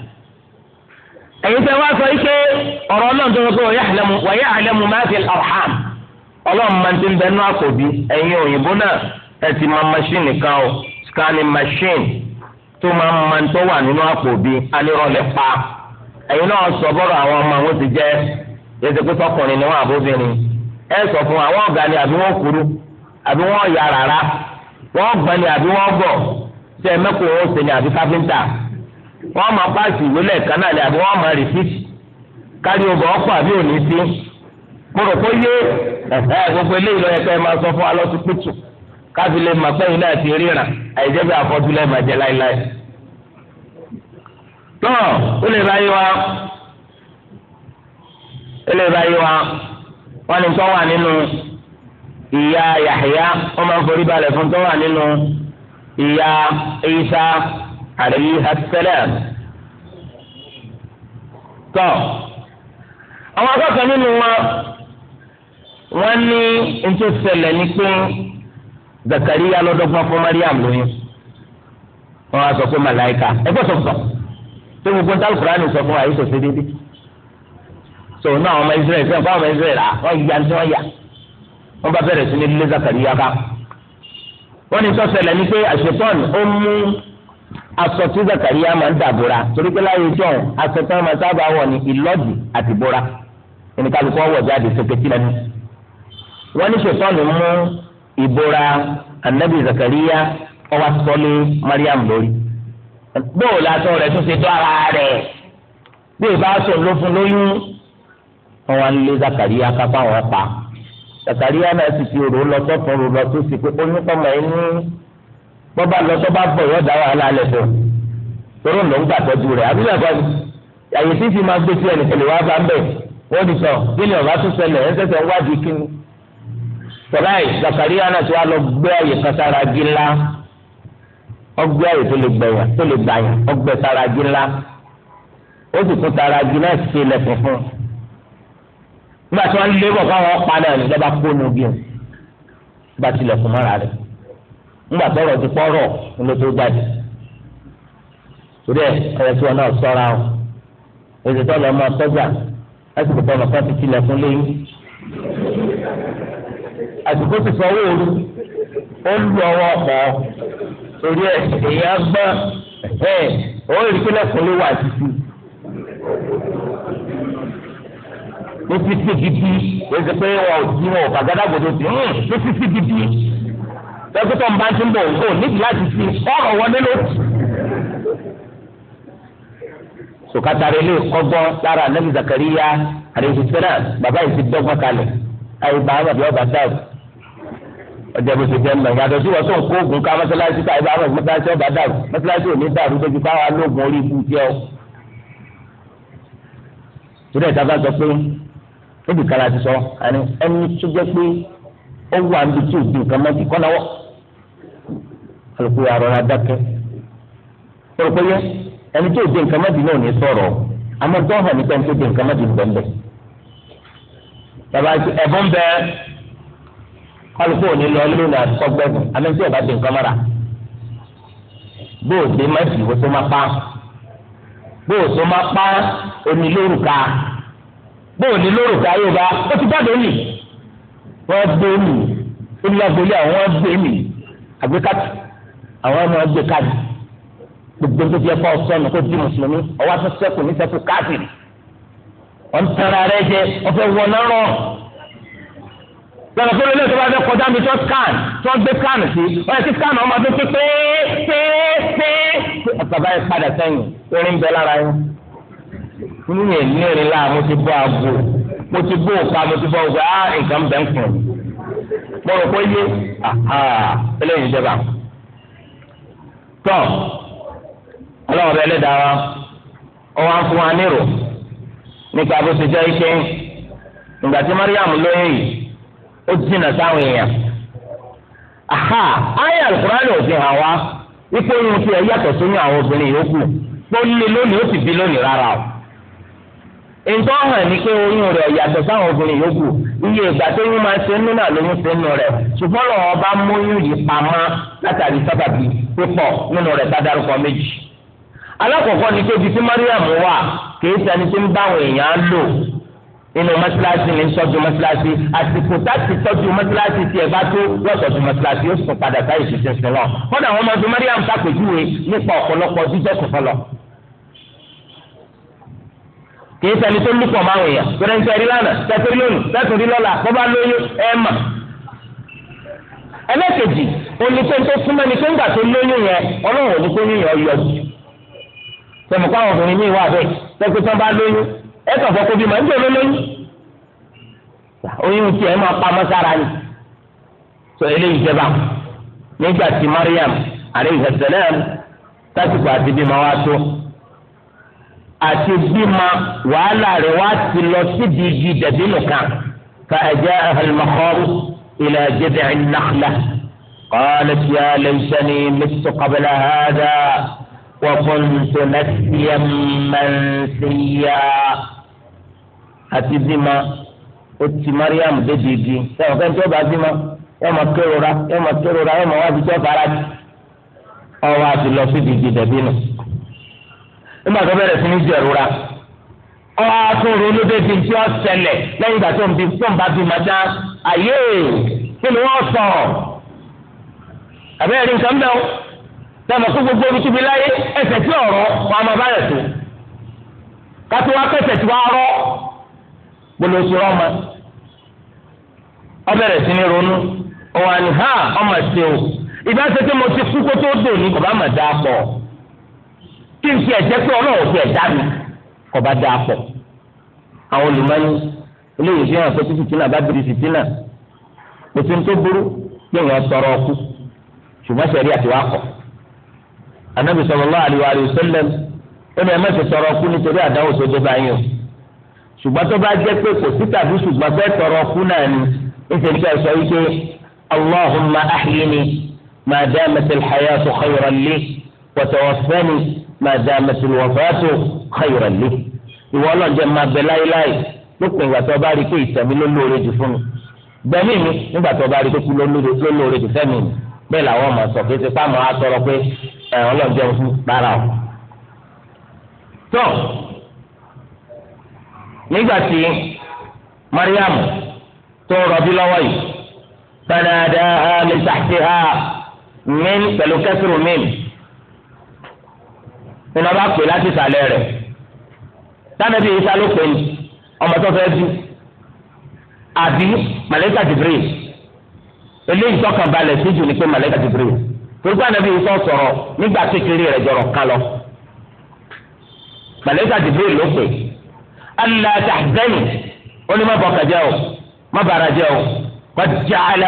ẹ̀yin fẹ́ wá sọ ike ọrụ ọlọ́run tó sọ pé wa ya'lamu ma fil arham ọlọ́run máa ti ń bẹ nú àkòbí ẹ̀yin òyìnbó náà ẹ̀ ti máa machine kan o scanning machine tó máa ma ń tọ́ wà nínú àkòbí alérọ̀lẹ̀ pa ẹ̀yin náà sọ bọ́rọ̀ àwọn ọmọ àwọn ti ni wọn àbóbìnrin ẹ sọ fún wa wọn ni àbí wọn kúrú àbí wọn wọn àbí wọn àbí wọ́n máa páàsì ìwé lẹ́ẹ̀kan náà ni àbí wọ́n máa rìsíìtì kárí ọgbà ọ̀pọ̀ àbí òní sí mo rò yé ẹ̀fẹ́ gbogbo eléyìí lọ́yẹ pé sọ fún wa lọ́sibítù káfí lè máa pẹ́yìn náà ti ríran àìjẹ́ bí afọ́jú lẹ́ẹ̀ máa jẹ láéláé. ó lè wa ó lè wa tó wà nínú ìyá máa ń forí balẹ̀ fún tó wà nínú ìyá alayha salam tọ أما akẹ́kọ̀ọ́ nínú wọn wọ́n ní ntòsẹ̀lẹ̀ ní pé دقوا lọ́dọ́gbọ́n fún Mariam lóyún wọ́n á sọ pé màláìka ẹgbẹ́ sọ̀tọ̀ tó gbogbo ntàlù kúránì sọ fún wa yìí sọ sí dédé so náà ọmọ Israẹli fẹ́ fún ọmọ Israẹli à wọ́n yà ní wọ́n yà wọ́n bá bẹ̀rẹ̀ sí ní lé Zakariya ká wọ́n ní ntòsẹ̀lẹ̀ ní pé àṣetọ́ni ó mú aṣọ tí Zakariya máa ń dàbòra torí pé láyé jọ̀ọ́ aṣọ tí wọ́n máa sábà wọ̀ ní ìlọ́dì àti bóra ẹni kálukú ọwọ́ jáde sókètì lẹ́nu. wọ́n ní ṣètọ́nù mú ìbora anabi Zakariya ọwọ́ sọ́lé Mariam lórí. bóò lásán rẹ̀ tún ṣe tó ara rẹ̀ bí ìbá sọ ló fún lóyún wọn wá lé Zakariya kápá wọn pa Zakariya náà sì fi òrò lọ sọ́tún òrò lọ tó sì oyún kọ́mọ ẹ̀ ní bọ́ba lọ sọ́ba bọ̀ yọ da wàhálà alẹ́ fún un tóró ló ń gbà tọ́jú rẹ̀ àbílẹ̀ kọ́ ni àyè tí fi máa gbé sí ẹnìkẹ̀lẹ̀ wá bá ń bẹ̀ wọ́n ti sọ kí ni ọ̀gá tún ṣẹlẹ̀ ẹ̀ ń sẹ̀sẹ̀ ń wádìí kí ni. sọláì Zakariya náà ti wá lọ gbé àyè kan sára gí ńlá ọgbẹ́ àyè tó lè gbẹ̀yà tó lè gbàyà ọgbẹ́ sára gí ńlá ó sì kún sára gí náà sí ilẹ̀ funfun. nígbà tí wọ́n lé bọ̀ fáwọn ọ̀pá náà níjọba bá tilẹ̀kùn mọ́ra ńgbà tọrọ ti pọrọ ló tó jáde torí ẹ ọyọ tí wọn náà ṣọ́ra o èsì tó lọ ọmọ sọjà lásìkò tó ọmọ kan ti tilẹ̀ fún léyìn àsìkò ti sọ owó ooru ó ń lu ọwọ́ ọkọ torí ẹ èyí á gbọ́ ẹ ó rí kí lẹ́kùn ló títí ó ti gidi ó pé wọn ò dín wọn ò bàgádàgbòdo sí ó hmm, ti gidi dókítà ń bá ti ń bọ̀ ògbó níbi láti fi ọ̀rọ̀ wọlé ló. sòkàtàrí ilé kọ́gbọ́n lára anabi zakariya àdéhùn sẹ́nà bàbá yìí ti dọ́gbọ́n kalẹ̀ ayé bá bàbá ọba dáàbò ọjà bó ti jẹ mọ ìyàtọ̀ sí wọ́n tó ń kó oògùn ká mọ́sálásí ká ibà mọ́sálásí ọba dàrú mọ́sálásí ò ní dàrú débi káwa lóògùn orí ikú jẹ́ ọ. torí ẹ̀ta bá sọ pé níbi kan láti sọ ẹni tó jẹ́ pé ó wà níbi tí òbí nǹkan mọ́tì kọ́ náwó olùkọ́ yà rọra dákẹ́ olùkọ́ yẹ ẹni tó dé nǹkan mẹ́tì náà ò ní sọ̀rọ̀ àmọ́ dọ́hàn nípa ẹni tó dé nǹkan mẹ́tì bẹ́ẹ̀ bàbá ẹ̀bùn bẹ kálukú ò ní lọ lónìí àtúkọ́ gbẹ́gùn àmọ́ tí ẹ̀ bá dé nǹkan mọ́ra bóò dé mẹ́tì wọ́n tó má pa bóò tó máa pa onílórúkà bóò nílórúkà yóò bá ó ti jáde nì wọ́n gbé mi ó ní agbolé àwọn gbé mi àgbékàtì àwọn ọmọ ẹgbẹ́ káàdì gbogbo tó fi ẹkọ sọnù kó di mùsùlùmí ọwọ́ tó ṣẹ́kù ní ṣẹ́kù káàkiri wọn tẹnra rẹ jẹ ọfẹ wọn náà rọ lọ́nà fúnra lẹ́sọ̀ bá fẹ́ tó scan tó gbé scan sí wọ́n yẹ kí scan ọmọ tó tó pé pé pé bàbá yẹn padà sẹ́yìn orin bẹ lára yẹn nínú yẹn ní èrè mo ti bọ́ àgbo mo ti bọ́ òkà mo ti bọ́ òkà á nǹkan bẹ́ẹ̀ kùn mo rò pé yé eléyìí jẹba. tọ́ ala ọrụ lẹ́dàá wa ó wá ń fún wa nírò nípa bó ike ngaji tí Mariam lóyún yìí ó jìnnà sáwọn èèyàn aha ayé alukura ló fi hàn wá wípé ohun tí ẹ yàtọ̀ sóyún àwọn obìnrin yòókù tó lé lónìí ó sì bí lónìí rárá nǹkan hàn ní pé oyún rẹ̀ yàtọ̀ sáwọn obìnrin yòókù iye ìgbà tó yún máa ṣe nínú àlóyún ṣe nínú rẹ̀ ṣùgbọ́n lọ́wọ́ bá móyún yìí pamọ́ látàrí sábàbí pípọ̀ nínú rẹ̀ sádárúkọ méjì. alákọ̀ọ́kọ́ ni pé ibi tí Mariam wà kìí ṣẹni tí ń bá àwọn èèyàn lò nínú mọ́sálásí ní sọ́jú mọ́sálásí àsìkò táti tọ́jú mọ́sálásí tiẹ̀ bá tó lọ́sọ̀tù mọ́sálásí ó sùn padà sáyé ṣiṣẹ́ sílọ̀ kọ́dà àwọn ọmọdé Mariam sàpèjúwe nípa ọ̀pọ̀lọpọ̀ jíjẹ́ kọ̀ọ̀kan lọ kìí sẹni tó lùpọ̀ máa wọ̀nyà pẹ̀lú ẹni tẹ̀rí lánàá tẹ̀tẹ̀rí lónìí tẹ̀tẹ̀rí lọ́la bọ́bá lóyún ẹ̀ mà. ẹlẹ́kẹ̀jì olùkọ́ tó súnmọ́ ni kéńgà tó lóyún yẹn ọlọ́run òní kó yíyan yọ jù. sọ̀mù kó àwọn obìnrin ní ìwà bẹ́ẹ̀ tẹ́kọ̀ tán bá lóyún ẹ̀ kàn fọ́ kó bí màá ń jẹ́ lóyún. oyún tiẹ̀ máa pamọ́ sára ni. sọ eléyìí jẹba nígbà tí Mariam àrẹ ìhẹsẹ̀ náà tásìkò àti bímọ wàhálà rẹ̀ wá ti lọ síbi igi dàbínù kan ka ẹ̀jẹ̀ ẹ̀hẹ̀lmọ́kọ́rù ilẹ̀ ẹ̀jẹ̀dẹ̀ ẹ̀nàkìlá قالت يا ليتني مت قبل هذا وكنت نسيا منسيا àti bímọ ó ti mariam débi igi sẹ́wọ̀n kẹ́ni tó bá bímọ yóò máa kérora yóò máa kérora yóò máa wá ibi tó bára ọwọ́ àti lọ síbi igi dàbínù nígbà tó bẹ̀rẹ̀ sí ní jẹ̀rora ọ̀rọ̀ àtúnrò olódébí tí ó ṣẹlẹ̀ lẹ́yìn ìgbà tó ń bí tó ń bá bí màdá ayé kí ni wọ́n sọ àbẹ́rẹ́ rí nǹkan bẹ́ẹ̀ o tẹ̀mọ̀ kó gbogbo omi tóbi láyé ẹsẹ̀ tí ọ̀rọ̀ wọn a máa bá rẹ̀ tó kátó wá pẹ̀sẹ̀ tí wàá rọ́ gbólóṣù ọmọ ọbẹ̀rẹ̀ sí ní ronú ọ̀wọ̀ àníhà ọmọ ẹ̀sẹ̀ o ìbáṣe tí mo ti kú kó tó dè ní kò bá mà pọ̀ kí n fi ẹ̀jẹ̀ pé ọlọ́run fi ẹ̀dá mi kọ́ bá dáa pọ̀ àwọn olùmọ̀ọ́ni olóyè fi hàn pé títí tí náà bá bìrì sí tí náà kò sí ní tó burú yẹ̀yàn sọ̀rọ̀ ọkú ṣùgbọ́n sẹ̀rí àti wàá kọ̀ anabi sallallahu alaihi wa sallam ó ní ẹ má ṣe ọkú nítorí àdáwò tó bá yín ṣùgbọ́n tó bá jẹ́ pé kò sí tàbí ṣùgbọ́n fẹ́ tọrọ ọkú náà máa dá mẹsìlú wọ̀fẹ́tò káyọ̀rọ̀ lé ìwọ ọlọ́jẹ́ máa bẹ láéláé lópin ìgbà tó bá rí pé ìtẹ̀mí ló lóore jù fún mi gbẹ̀mí mi nígbà tó bá rí pé kú ló lóore jù fẹ́mi mi bẹ́ẹ̀ làwọn máa sọ pé sípà máa tọrọ pé ẹ̀ ọlọ́jẹ́ fún rárá o. tó nígbà tí Mariam tó rọbí lọ́wọ́ yìí tẹ̀lé àdá sàkíhá mi pẹ̀lú kẹ́sìrò mi nínú ọba pè láti ìsàlẹ̀ rẹ̀ sanabi isa ló pè ní ọmọ tó fẹ́ bí àbí malayika jibril eléyìí tọkàn balẹ̀ sí jù ní pé malayika jibril gbogbo anabi isa sọ̀rọ̀ nígbà kékeré rẹ̀ jọrọ̀ kálọ̀ malayika jibril ló pè allah tahzani ó o má jẹ́ o qad ja'ala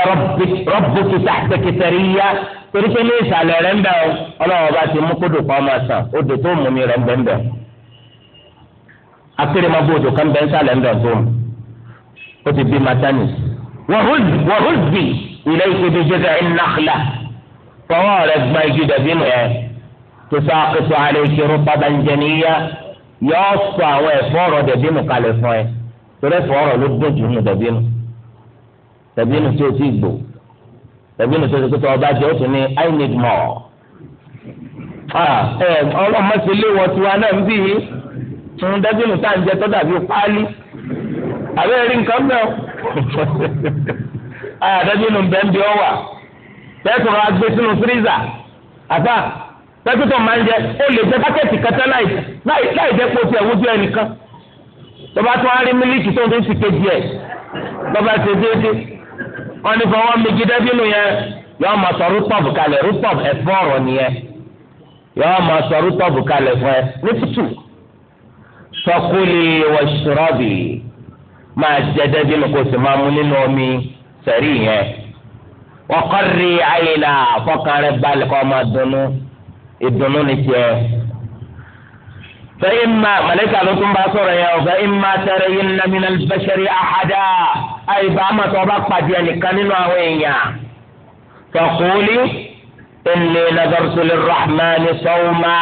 rabbuki tahtaki sariyya torí pé ní ìsàlẹ̀ rẹ̀ ń bẹ̀ ọ́ ọlọ́run ọba ti mú kódò kan máa sàn odò tó mú mi rẹ̀ ń bẹ̀ ń bẹ̀ akérèmọ́bù odò kan bẹ̀ ń sàlẹ̀ ń bẹ̀ tó mu ó ti bí matani wàhùzì ilé ìkéde jẹ́gà ìnáxlá fọwọ́ rẹ̀ gbọ́n igi dàbí nù ẹ̀ tó sọ akéso alẹ́ ìṣòro pàbànjẹ́ níyà yọ sọ àwọn ẹ̀fọ́ ọ̀rọ̀ dàbí nù kalẹ̀ fún ẹ torí ẹ̀fọ́ ọ̀rọ̀ ló tàbí ní sọ́sọ́ pé ọba jẹ́ ó tún ní i need more. ọlọ́mọ ti lé wọ tiwa náà ń bí yìí tún dájú nù tá à ń jẹ tó dàbí páálí àbẹ́ rí nǹkan mẹ́ o. àdájú nù bẹ́ẹ̀ ń bí ọ wà tẹ́tù rà gbé sínú fírízà àbá tẹ́tù tó máa ń jẹ ó lè jẹ bákẹ́tì kẹta láì jẹ́ pé o ti ẹ̀wọ́jú ẹnìkan tọ́ba tó wá rí mílíkì tó ń fi ti kejì ẹ̀ tọ́ba ti déédéé wọ́n ní fọwọ́ méjì dẹ́bínú yẹn yọ́ọ́ máa sọ rúpọ̀bù kalẹ̀ rúpọ̀bù ẹ̀fọ́ ọ̀rọ̀ nìyẹn yọ́ọ́ máa sọ rúpọ̀bù kalẹ̀ fún ẹ ní tútù sọkúlì wọ̀ṣọ́rọ́bì máa jẹ dẹ́bínú kó sì máa mú nínú omi sẹ̀rí yẹn wọ́kọ́rì àyìnlá fọkànrẹ́ balẹ̀ kọ́ máa dunnú ìdùnnú ni tiẹ̀ fẹ́ ìmà màlẹ́kà ló tún bá sọ̀rọ̀ yẹn fẹ́ ìmà tẹ̀rẹ̀ yìí nàmínà bẹ́sẹ̀rì àhàdà àyíbá àmọ́ tó o bá pàdé ẹnìkan nínú àwọn èèyàn tọkùnlé ẹnlẹ nàdọrọsọlẹ rahman sọwọmà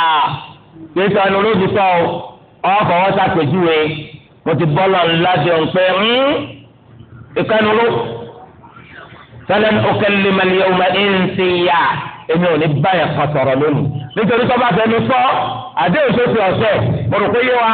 yìí sọ ẹnu ló ti sọ ọ fọwọ́ sàpèjúwe mo ti bọ́ lọ ńlájọ pé hmm, ìkànnì ló sọlẹ́ni ọ̀kẹ́lẹ́ mẹ́lẹ́yẹ ọmọ ẹ̀ ń yá èmi ò ní báyà kan lónìí nítorí tó bá fẹ́ mi àdéhùn tó ti ọ̀sẹ̀ mo rò pé yé wa.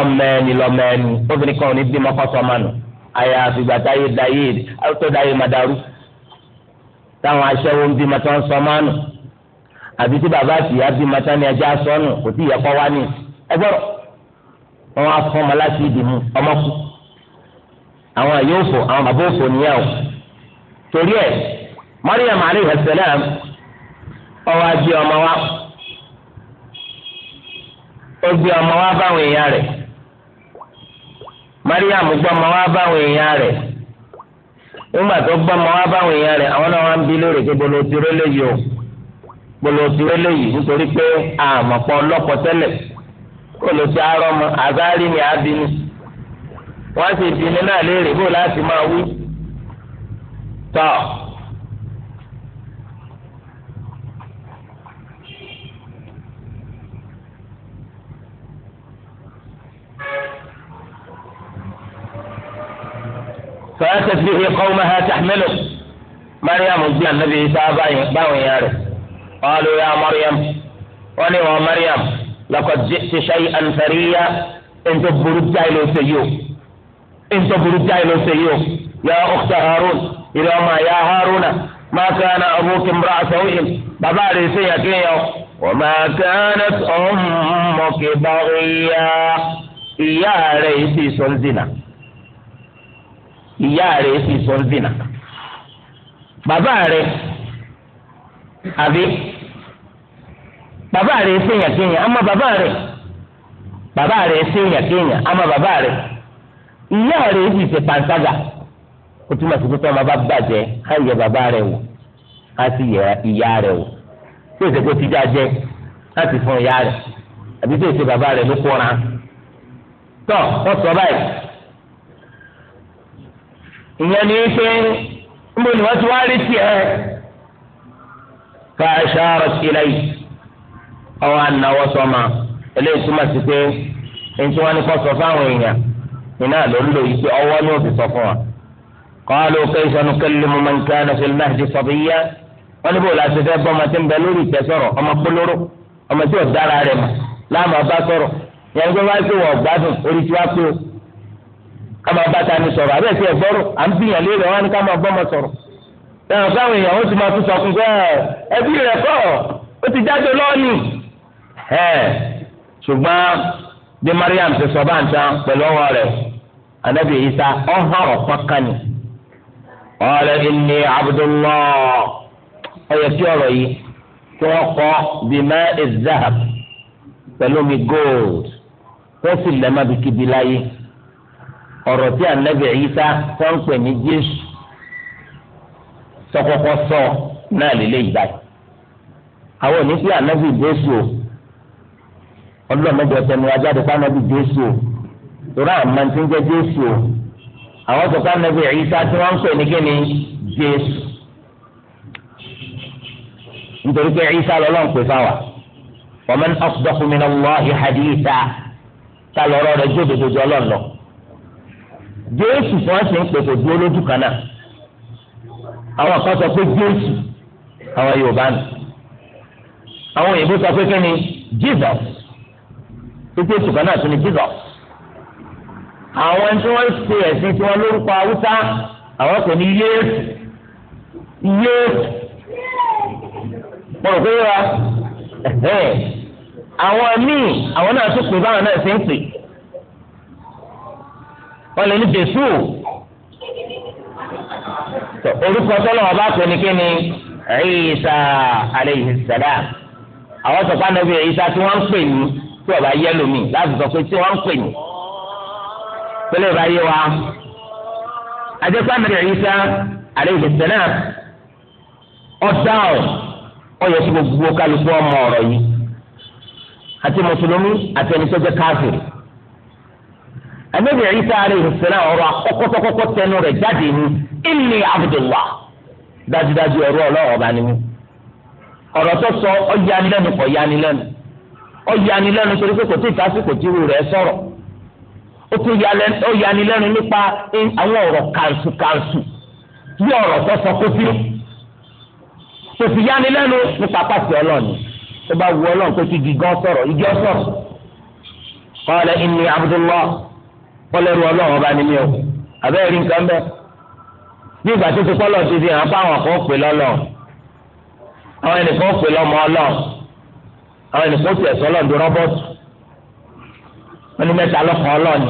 ọmọ ẹni lọmọ ẹni obìnrin kan ò ní bímọ kọsọ ọmọ nù àyà àfìgbà táyé dayé tó dayé madaru táwọn aṣẹ́wó ń bímọ tó ń sọ ọmọ nù àbí tí bàbá àtìyá bímọ tó ní ẹjẹ aṣọ nù kò tí ì yẹ kọ́ wá ní ẹgbọ́rọ̀ wọn á fún ọmọ láti ìdìmú ọmọ kú àwọn yóò fò àwọn bàbá òfò nìyẹn o torí ẹ Maryam alayhi salam ọwọ́ ajé ọmọ wa ó gbé ọmọ wa báwọn èèyàn rẹ̀ mariam gbọmọ wa báwọn èèyàn rẹ̀ nígbà tó gbọmọ wa báwọn èèyàn rẹ̀ àwọn náà wá ń bi lórí pé bolo tiré léyìí o bolo tiré léyìí nítorí pé àmọ̀pọ̀ ọlọ́pọ̀ tẹ́lẹ̀ bolo ti arọ́ mọ àzárí ni àbínú wọ́n sì bínú náà léèrè bó láti máa wí tọ́. أتت به قومها تحمله مريم جاء النبي عيسى باوي ياري قالوا يا مريم وني مريم لقد جئت شيئا فريا انت برد جايلو سيو انت برد جايلو سيو يا أخت هارون إلى ما يا هارون ما كان أبوك امرأ سوء بابا ريسي كيو وما كانت أمك بغيا يا ريسي سلزنا ìyá rẹ̀ sì sọ zina bàbá rẹ̀ àbí bàbá rẹ̀ sèyàn kéèyàn àmọ́ bàbá rẹ̀ bàbá rẹ̀ sèyàn kéèyàn àmọ́ bàbá rẹ̀ ìyá rẹ̀ sì ṣe pàǹtàgà ó túmọ̀ sí pípẹ́ bàbá bàjẹ́ á yẹ bàbá rẹ̀ wò á sì yẹ ìyá rẹ̀ wò tí èsè ti dá jẹ́ láti fún ìyá rẹ̀ àbí tí èsè bàbá rẹ̀ ló kóra tọ́ wọ́n sọ báyìí. ìyẹn ní í pé níbo ni wọ́n ti wá rí tiẹ̀ ká aṣáára sílẹ̀ yìí ọwọ́ anáwọ́ sọ́mà eléyìí túmọ̀ sí pé ẹni tí wọ́n ní kọ́ sọ fáwọn èèyàn iná ló ń lò yìí pé ọwọ́ ni ó fi sọ fún wa. قالوا كيف نكلم من كان في المهد صبيا wọ́n ní bóòlù àtẹ̀fẹ́ bọ́ ọmọ tí ń bẹ lórí ìtẹ́ sọ̀rọ̀ ọmọ polóró ọmọ tí ò dára rẹ̀ mọ̀ láàmú ọba sọ̀rọ̀ yẹn tó bá ti wọ̀ gbádùn ká máa bá ta ni sọ̀rọ̀ àbẹ̀ tí ẹ gbọ́rọ̀ à ń bìyàn léèrè wọn ni ká máa gbọ́mọ sọ̀rọ̀ ẹ̀rọ fáwọn èèyàn ó ti máa tún sọ fún pé ẹbí rẹ̀ kọ́ ó ti jáde lọ́ọ̀nì ṣùgbọ́n bí Mariam ti sọ bá ń tan pẹ̀lú ọwọ́ rẹ̀ anabi isa ọ̀hán ọ̀pọ̀ kan ni ọ̀rẹ́ inni abdullah ọ̀yẹ̀ sí ọ̀rọ̀ yìí tí wọ́n kọ́ bímẹ́ ìzáhàb pẹ̀lú mi gold wọ́n sì lẹ́ẹ̀mọ́ bíkíbi ọ̀rọ̀ tí ànábì Ìsá tó ń pè ní Jésù sọkọkọ sọ náà lélẹ̀ ìgbà yìí àwọn òní pé ànábì Jésù o ọlọ́mọdé ọ̀tẹ̀nu ajáde pé ànábì Jésù o torí àwọn máa ti ń jẹ́ Jésù o àwọn sọ pé ànábì Ìsá tí wọ́n ń pè ní kíni Jésù nítorí pé Ìsá lọ́lọ́run pè fáwa wa man asdaqu min Allahi haditha tá lọ́rọ́ rẹ̀ jódodo jọ lọ́nà jésù tí wọ́n ṣe ń pèsè dúró lójú kan náà àwọn kan sọ pé jésù àwọn yorùbá nù àwọn òyìnbó sọ pé kí jesus títí ètò kan náà tún ni jesus àwọn tí wọ́n ṣe ẹ̀sìn tí wọ́n lórúkọ haúsá àwọn kò ní yéésù yéésù mo rò pé yóò wá àwọn míì àwọn náà tún pè báwọn náà ṣe ń pè wọ́n lè ní jésù orúkọ tó lọ́wọ́ bá pè ní kíni Isa aleyhi salam àwọn sọ̀kọ́ anabi Isa tí wọ́n ń pè ní tí ọba yẹ́lò mi láti sọ pé tí wọ́n ń pè ní pẹ̀lú ìbá yé wa àjẹpá anabi Isa aleyhi ọ̀dà ọ̀ ọ̀yẹ́ tí gbogbo kálukú ọmọ ọ̀rọ̀ yìí àti mùsùlùmí àti ẹni tó jẹ́ káfíìrì anabi isa alayhi salam ọ̀rọ̀ akọkọtọkọkọ tẹnu rẹ̀ jáde ní inni abdullah dájúdájú ọ̀rọ̀ Ọlọ́run ọba ni mí ọ̀rọ̀ tó sọ ọyanilẹ́nu kọ yanilẹ́nu ọyanilẹ́nu torí pé kò tí ì tásìkò tí irú rẹ̀ sọ̀rọ̀ ó tún ọyanilẹ́nu nípa àwọn ọ̀rọ̀ kàǹsùkàǹsù bí ọ̀rọ̀ tó sọ kó fi kò sì yanilẹ́nu nípa pàṣẹ Ọlọ́run tó bá wu kọ́lẹ́rù ọlọ́run ọba ni mí o àbẹ́rẹ́ rí nǹkan bẹ́ẹ̀ bí ìgbà tó ti kọ́lọ̀ ti di àwọn fáwọn kan pè lọ́lọ́ àwọn ẹnìkan pè lọ́mọ ọlọ́run àwọn ẹnìkan pè ẹ̀sọ́ ọlọ́run di rọ́bọ́tù wọn ni mẹ́ta lọ́kàn ọlọ́run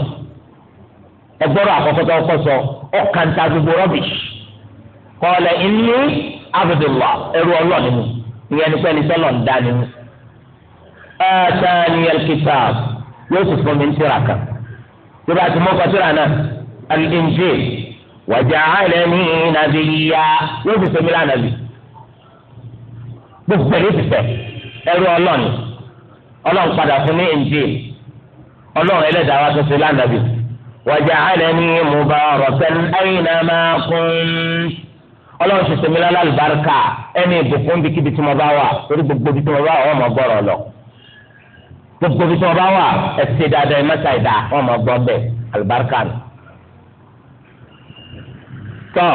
ẹgbọ́rọ̀ àkọ́kọ́ tó kọ́ sọ ọ̀kàǹtà gbogbo rọ́bìṣì kọ́lẹ̀ ìní abdullah ẹrú ọlọ́ọ̀ni mu ìyẹn ní pẹ́ẹ́ni sọ́lọ̀ ń dání mu ẹ̀ẹ́dá ẹ̀kíta yóò sì fún mi ń tẹ̀ra kan tó bá ti mú kọtíra náà al-Injil waja'alani nabiyya yóò fi sẹ́mi lánàbí gbogbo ẹ̀rí fífẹ́ ẹrú ọlọ́ọ̀ni ọlọ́ọ̀n padà fún ní Injil ọlọ́ọ̀n ẹlẹ́dàá wa tó fi lánàbí waja'alani mubarakan aynama kuntu ọlọ́ọ̀n sẹ́mi lánàbí barika ẹni ìbùkún bíkíbi tí mo bá wà torí gbogbo bí tí mo bá wà wọ́n mọ̀ gbọ́rọ̀ lọ gbogbo bí sọba wà ẹsẹ dáadáa ẹ mẹta ìdá wọn máa gbọ́ bẹ alibarika ni. tọ́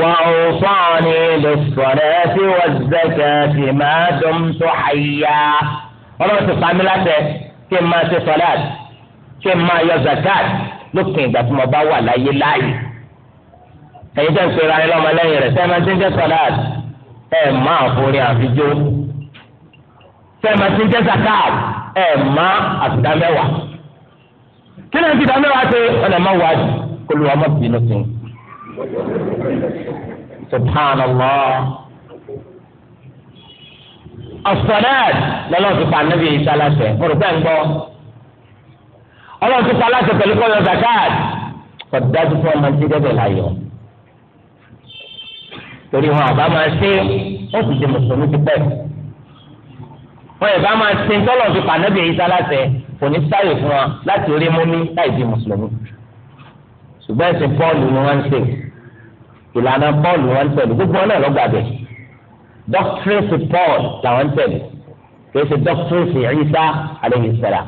wà ó sọ̀rọ̀ ní lọ́sọ̀rọ̀ ẹ ti wà zẹ́kẹ̀ tì máa dùn tó àyà. ọlọ́run ti pa mí kí n máa ṣe sọ́láàt kí n máa yọ zakat lókè ìgbà tí mo bá wà láyé láàyè. ẹ̀yin jẹ́ ìpèrè ayé lọ́mọ lẹ́yìn rẹ̀ sẹ́yìn máa ti ń jẹ́ sọ́láàt ẹ̀ máa forí àfijó sẹ́yìn máa ti ń jẹ́ zakat ẹ̀ má àtìdá mẹ́wàá kí ni àtìdá mẹ́wàá ṣe ọ̀nà má wá jù kó ló wà má bínú sí i subhanallah asọdẹẹd lọlọrun ti pa anabi isa láṣẹ mo ń gbọ́ Ọlọ́run pa láṣẹ pẹ̀lú kọyọ zakat kọdájú fún ọmọ tí gẹgẹ láyọ̀ torí wọn àbá máa ṣe ó sì di mùsùlùmí ti pẹ́ wọn yẹ bá máa ṣe ń tọ́lọ̀ fi pànẹ́bì yìí sálásẹ̀ kò ní sáyè fún wa láti rí mọ́mí láì di mùsùlùmí ṣùgbọ́n ẹ̀sìn pọ́ọ̀lù ni wọ́n ń ṣe ìlànà pọ́ọ̀lù wọn ń tẹ̀lé gbogbo wọn náà lọ́gbà bẹ̀ dọ́kítírẹ́sì paul làwọn ń tẹ̀lé kì í ṣe dọ́kítírẹ́sì Ìsá alayhi salam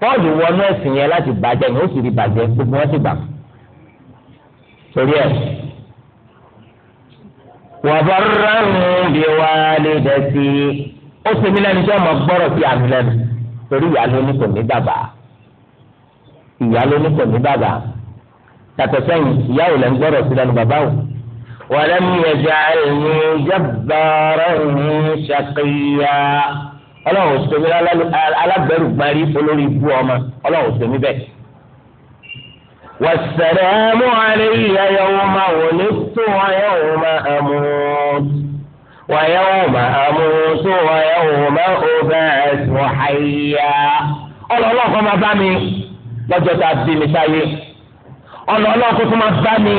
pọ́ọ̀lù wọnú ẹ̀sìn yẹn láti bàjẹ́ ni ó sì rí bàjẹ́ gbogbo wọn sì gbà torí ẹ̀ wàbọ̀rọ̀ ń bí wàá lè dẹ́ ó ṣe mí lẹ́nu tí ọmọ gbọ́rọ̀ sí àmì lẹ́nu torí ìyá ló ní kò ní bàbá ìyá ló ní kò ní bàbá yàtọ̀ sẹ́yìn ìyá ò lẹ́ ń gbọ́rọ̀ sí lẹ́nu bàbá o. wàlẹ́ mi yẹ jẹ́ ẹ̀mí jẹ́bàárọ̀ mi ṣàkíyà ọlọ́run ò alábẹ́rù gbarí olórí ibú ọmọ ọlọ́run ò sèmi bẹ́ẹ̀. wàsàlámù alayya yawma wòlé tó wáyà yawma amut. ويوم أموت ويوم أبعث حيا ọlọ́lọ́ kọ́ máa bá mi lọ́jọ́ tá a bí mi sáyé ọlọ́lọ́ kọ́ tún máa bá mi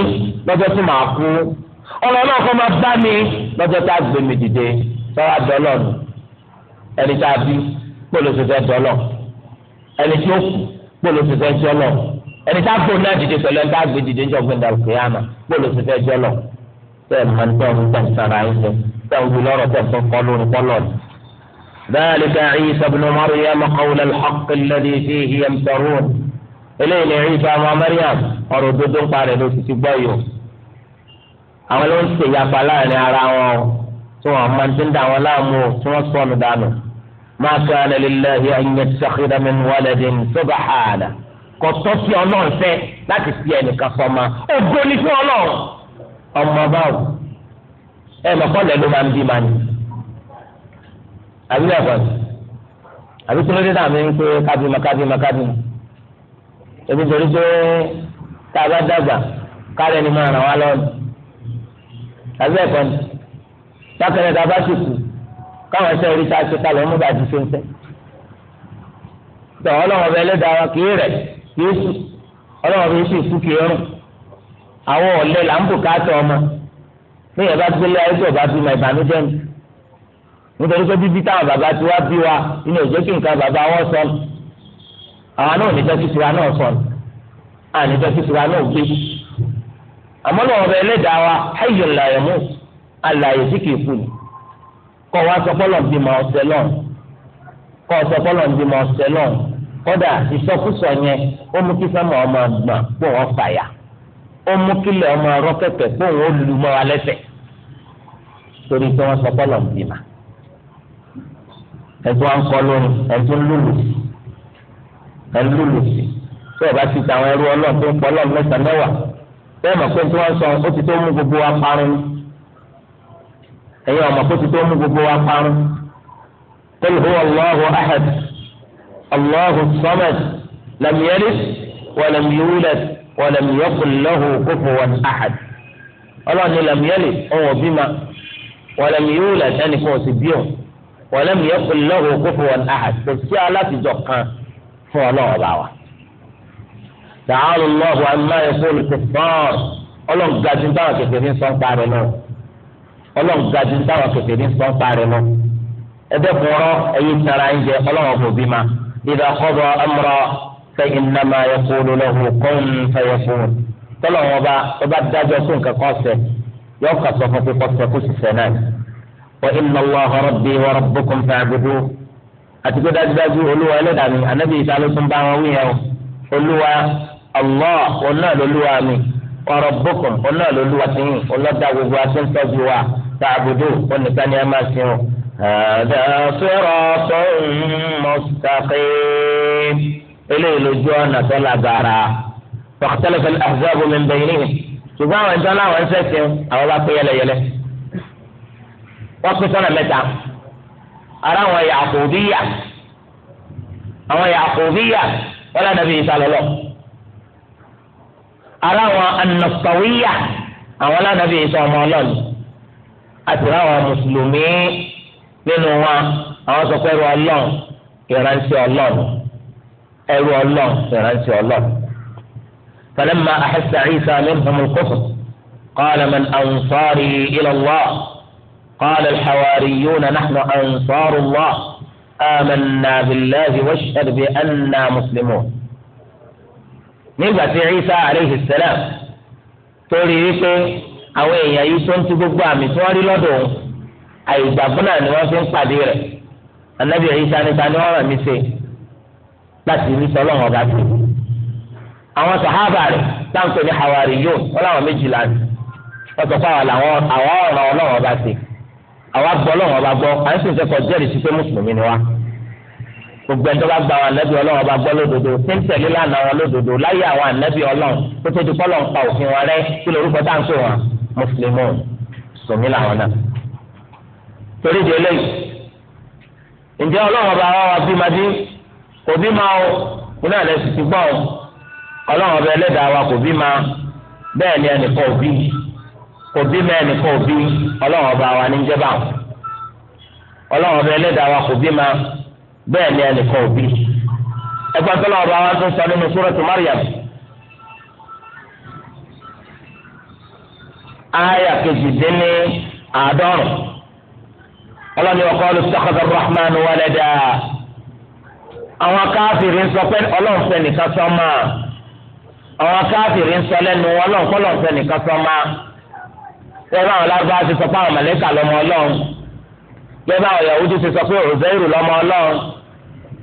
lọ́jọ́ tí màá kú ọlọ́lọ́ ẹni tá a bí kpọ́lọ́sọ fẹ́ dọ́lọ́ ẹni tí ó kú kpọ́lọ́sọ ẹni tá a gbó náà dìde pẹ̀lú ẹni tá a gbé dìde ń jọ gbẹ̀ndà òkè àmà kpọ́lọ́sọ fẹ́ dọ́lọ́ máa ń tọ́ ń tọ́ ń sára تأوي لورا تفصلون قلون ذلك عيسى بن مريم قول الحق الذي فيه يمترون إليه عيسى مع مريم أرددون قال له تتبايو àwọn ló ń ṣe ìyapa láàrin ara wọn o tí wọn máa ti ń da àwọn láàmú o tí wọn sọnù dànù. ma kana lillahi an yattakhidha min waladin subhana kò tọ́ sí ọlọ́run fẹ́ láti fi ẹnìkan sọ ma ó gbóni fún ọlọ́run ọmọ báwo ẹ mọ̀kànlẹ̀ ló máa ń bí máa ní. àbí ẹ̀kọ́ ni àbí tí lóde náà mi ń pé kábímọ kábímọ kábímọ. ebi torí pé tá a bá dàgbà kárẹ̀ ni máa ràn wá lọ́nà. àbí ẹ̀kọ́ ni bákẹ́rẹ́ tá a bá sì kú káwọn ẹsẹ̀ orí tá a ṣe kalẹ̀ ọmọ bàjẹ́ fẹ́ńfẹ́. tọ́ ọlọ́wọ́ bẹ́ẹ̀ lé dára kì í rẹ̀ kì í sùn ọlọ́wọ́ bẹ́ẹ̀ sì kú kì í rùn àwọn ọ̀lẹ́ là ń bùkátà ọmọ ní ìyẹn bá gbélé ayé tí ọba bí ma ìbànújẹ́ mi nítorí pé bíbí táwọn bàbá ti wá bí wa inú òjò kí nǹkan bàbá wọn sọ nù àwọn náà níjọ́ kí tiwa náà sọ nù àwọn níjọ́ kí tiwa náà gbé àmọ́ náà ọba ẹlẹ́dàá wa ayọ̀ làyẹ̀ mú alàyè tí kìí kú ni kọ́ wa sọ fọlọ́ bí ma ọ̀sẹ̀ náà kọ́ sọ fọlọ́ bí ma ọ̀sẹ̀ náà kódà ìsọkúsọ yẹn ó mú kí sọmọ ọmọ gbọ̀n pọ̀ wọn fàyà ó mú kílẹ̀ ọmọ rọ́kẹ̀kẹ̀ pọ̀ wọn ó mọ́ wa lẹ́sẹ̀ẹ́ torí pé wọ́n sọ bọ́ọ̀lù bímà ẹ̀tọ́ à ń kọ́ lórí ẹ̀tọ́ lùlù sí ẹ̀lùlù sí tí ọba ti ta àwọn ẹrú ọlọ́run tó ń pọ̀ ọlọ́run mẹ́ta mẹ́wàá bẹ́ẹ̀ mọ̀ pé tí wọ́n sọ ó ti tó mú gbogbo wa parun ẹ̀yin ọmọ kó ti tó mú gbogbo wa parun tẹ́lẹ̀ fún ahad Allahu samad lam yalid wa lam yulad ahad ọlọ́run ni lam yalid wọlẹmi yóò lẹ sẹni fún òsì bíọ wọlẹmi yẹ kó lọhùn kófò wọn àhà kò sí alátìjọ kan fún Ọlọ́run bá wa. sàárù lọ́hùn amáyé fún olùkọ́fọ́n ọlọ́run gajù táwọn kẹfẹ́ ní sọ́ńpa rẹ̀ náà ọlọ́run gajù táwọn kẹfẹ́ ní sọ́ńpa rẹ̀ náà ẹ̀dẹ́kùnrọ́ ẹ̀yí tara ń jẹ ọlọ́run ọ̀bùn bí ma ìdá kọ́bọ̀ amúrọ̀ fẹ́yìn nàmá yẹ kó lọ́hùn kọ́ńfẹ́yẹ fún tọ́lọ́run ọba ọba dájọ́ fún nǹkan kan sẹ́ẹ̀ yọ ọkà sọ fún pípọ́ sẹ kó sì sẹ náà wa inna Allaha rabbi wa rabbukum fa'buduhu àti pé dájúdájú olúwa ẹlẹ́dàá mi ànábì Ìsá ló tún bá wọn wí yẹn o olúwa Allah ọ̀nà lolúwa mi wa rabbukum ọ̀nà lolúwa ti yìn ọlọ́dà gbogbo àti ńtọ́jú wa fa'buduhu ọ̀nìkan ni ẹ máa sin o. hādhā ṣirāṭun mustaqīm eléyìí lójú ọ̀nà tó lágara. fakhtalafal ahzābu min baynihim ṣùgbọ́n àwọn ìtàn láwọn ń sẹ́sìn àwọn bá pé yẹlẹyẹlẹ wọ́n pín sọ́nà mẹ́ta ara àwọn Yàkùbíyà àwọn Yàkùbíyà wọ́n lànà bí ìsàlọ́lọ́ ara àwọn An-Nasawiya àwọn lànà bí ìsọmọ ọlọ́ọ̀ni àti àwọn mùsùlùmí nínú wọn àwọn sọ pé ẹrú ọlọ́ọ̀ ìrántí ọlọ́ọ̀ ẹrú ọlọ́ọ̀ ìrántí ọlọ́ọ̀. فلما أحس عيسى منهم الكفر قال من أنصاري إلى الله قال الحواريون نحن أنصار الله آمنا بالله واشهد بأننا مسلمون من في عيسى عليه السلام تولي ريكي أوي إيه يسون تبقى مصوري لدو أي دابنا نوافين قديرة النبي عيسى نتاني ورمي سي بس يسولون وقاتل àwọn sàhábà rẹ̀ táǹpẹ̀ ní hawari yóò wọ́n láwọn méjìlá ni wọ́n sọ pé àwọn ọ̀ràn ọlọ́run ọba ti àwa gbọ́ ọlọ́run ọba gbọ́ à ń sì ń sẹ́kọ̀ọ́ jẹ́rìí sí pé mùsùlùmí ni wá gbogbo ẹni tó bá gba àwọn ànábì ọlọ́run ọba gbọ́ lódodo tí ń tẹ̀lé lánàá wọn lódodo láyé àwọn ànábì ọlọ́run tó tó ti kọ́ lọ́n pa òfin wọn rẹ́ kí lórúkọ táǹpẹ̀ wọn mùsùlùmí sùnmí làwọn náà torí di eléyìí ǹjẹ́ ọlọ́run ọba wa wá bí kò bí máa o kò náà ti gbọ́ ọ ọlọ́run ọba ẹlẹ́dàá wa kò bí ma bẹ́ẹ̀ ni ẹnìkan ò bí kò bí ma ẹnìkan bí ọlọ́run ọba wa ní jẹ́bà ọlọ́run ẹlẹ́dàá wa kò bí ma bẹ́ẹ̀ ni ẹnìkan aya rahman àwọn káfíìrì ń sọ pé ọlọ́run fẹ́ nìkan àwọn káfíìrì ń sọ lẹ́nu ọlọ́run kọ́lọ̀ ń sẹ́ni kan sọ́mà lẹ́nu àwọn lágbára ti sọ pé àwọn mọ̀lẹ́kà lọ́mọ ọlọ́run lẹ́nu àwọn Yahudi ti sọ pé òzẹ́rù lọ́mọ ọlọ́run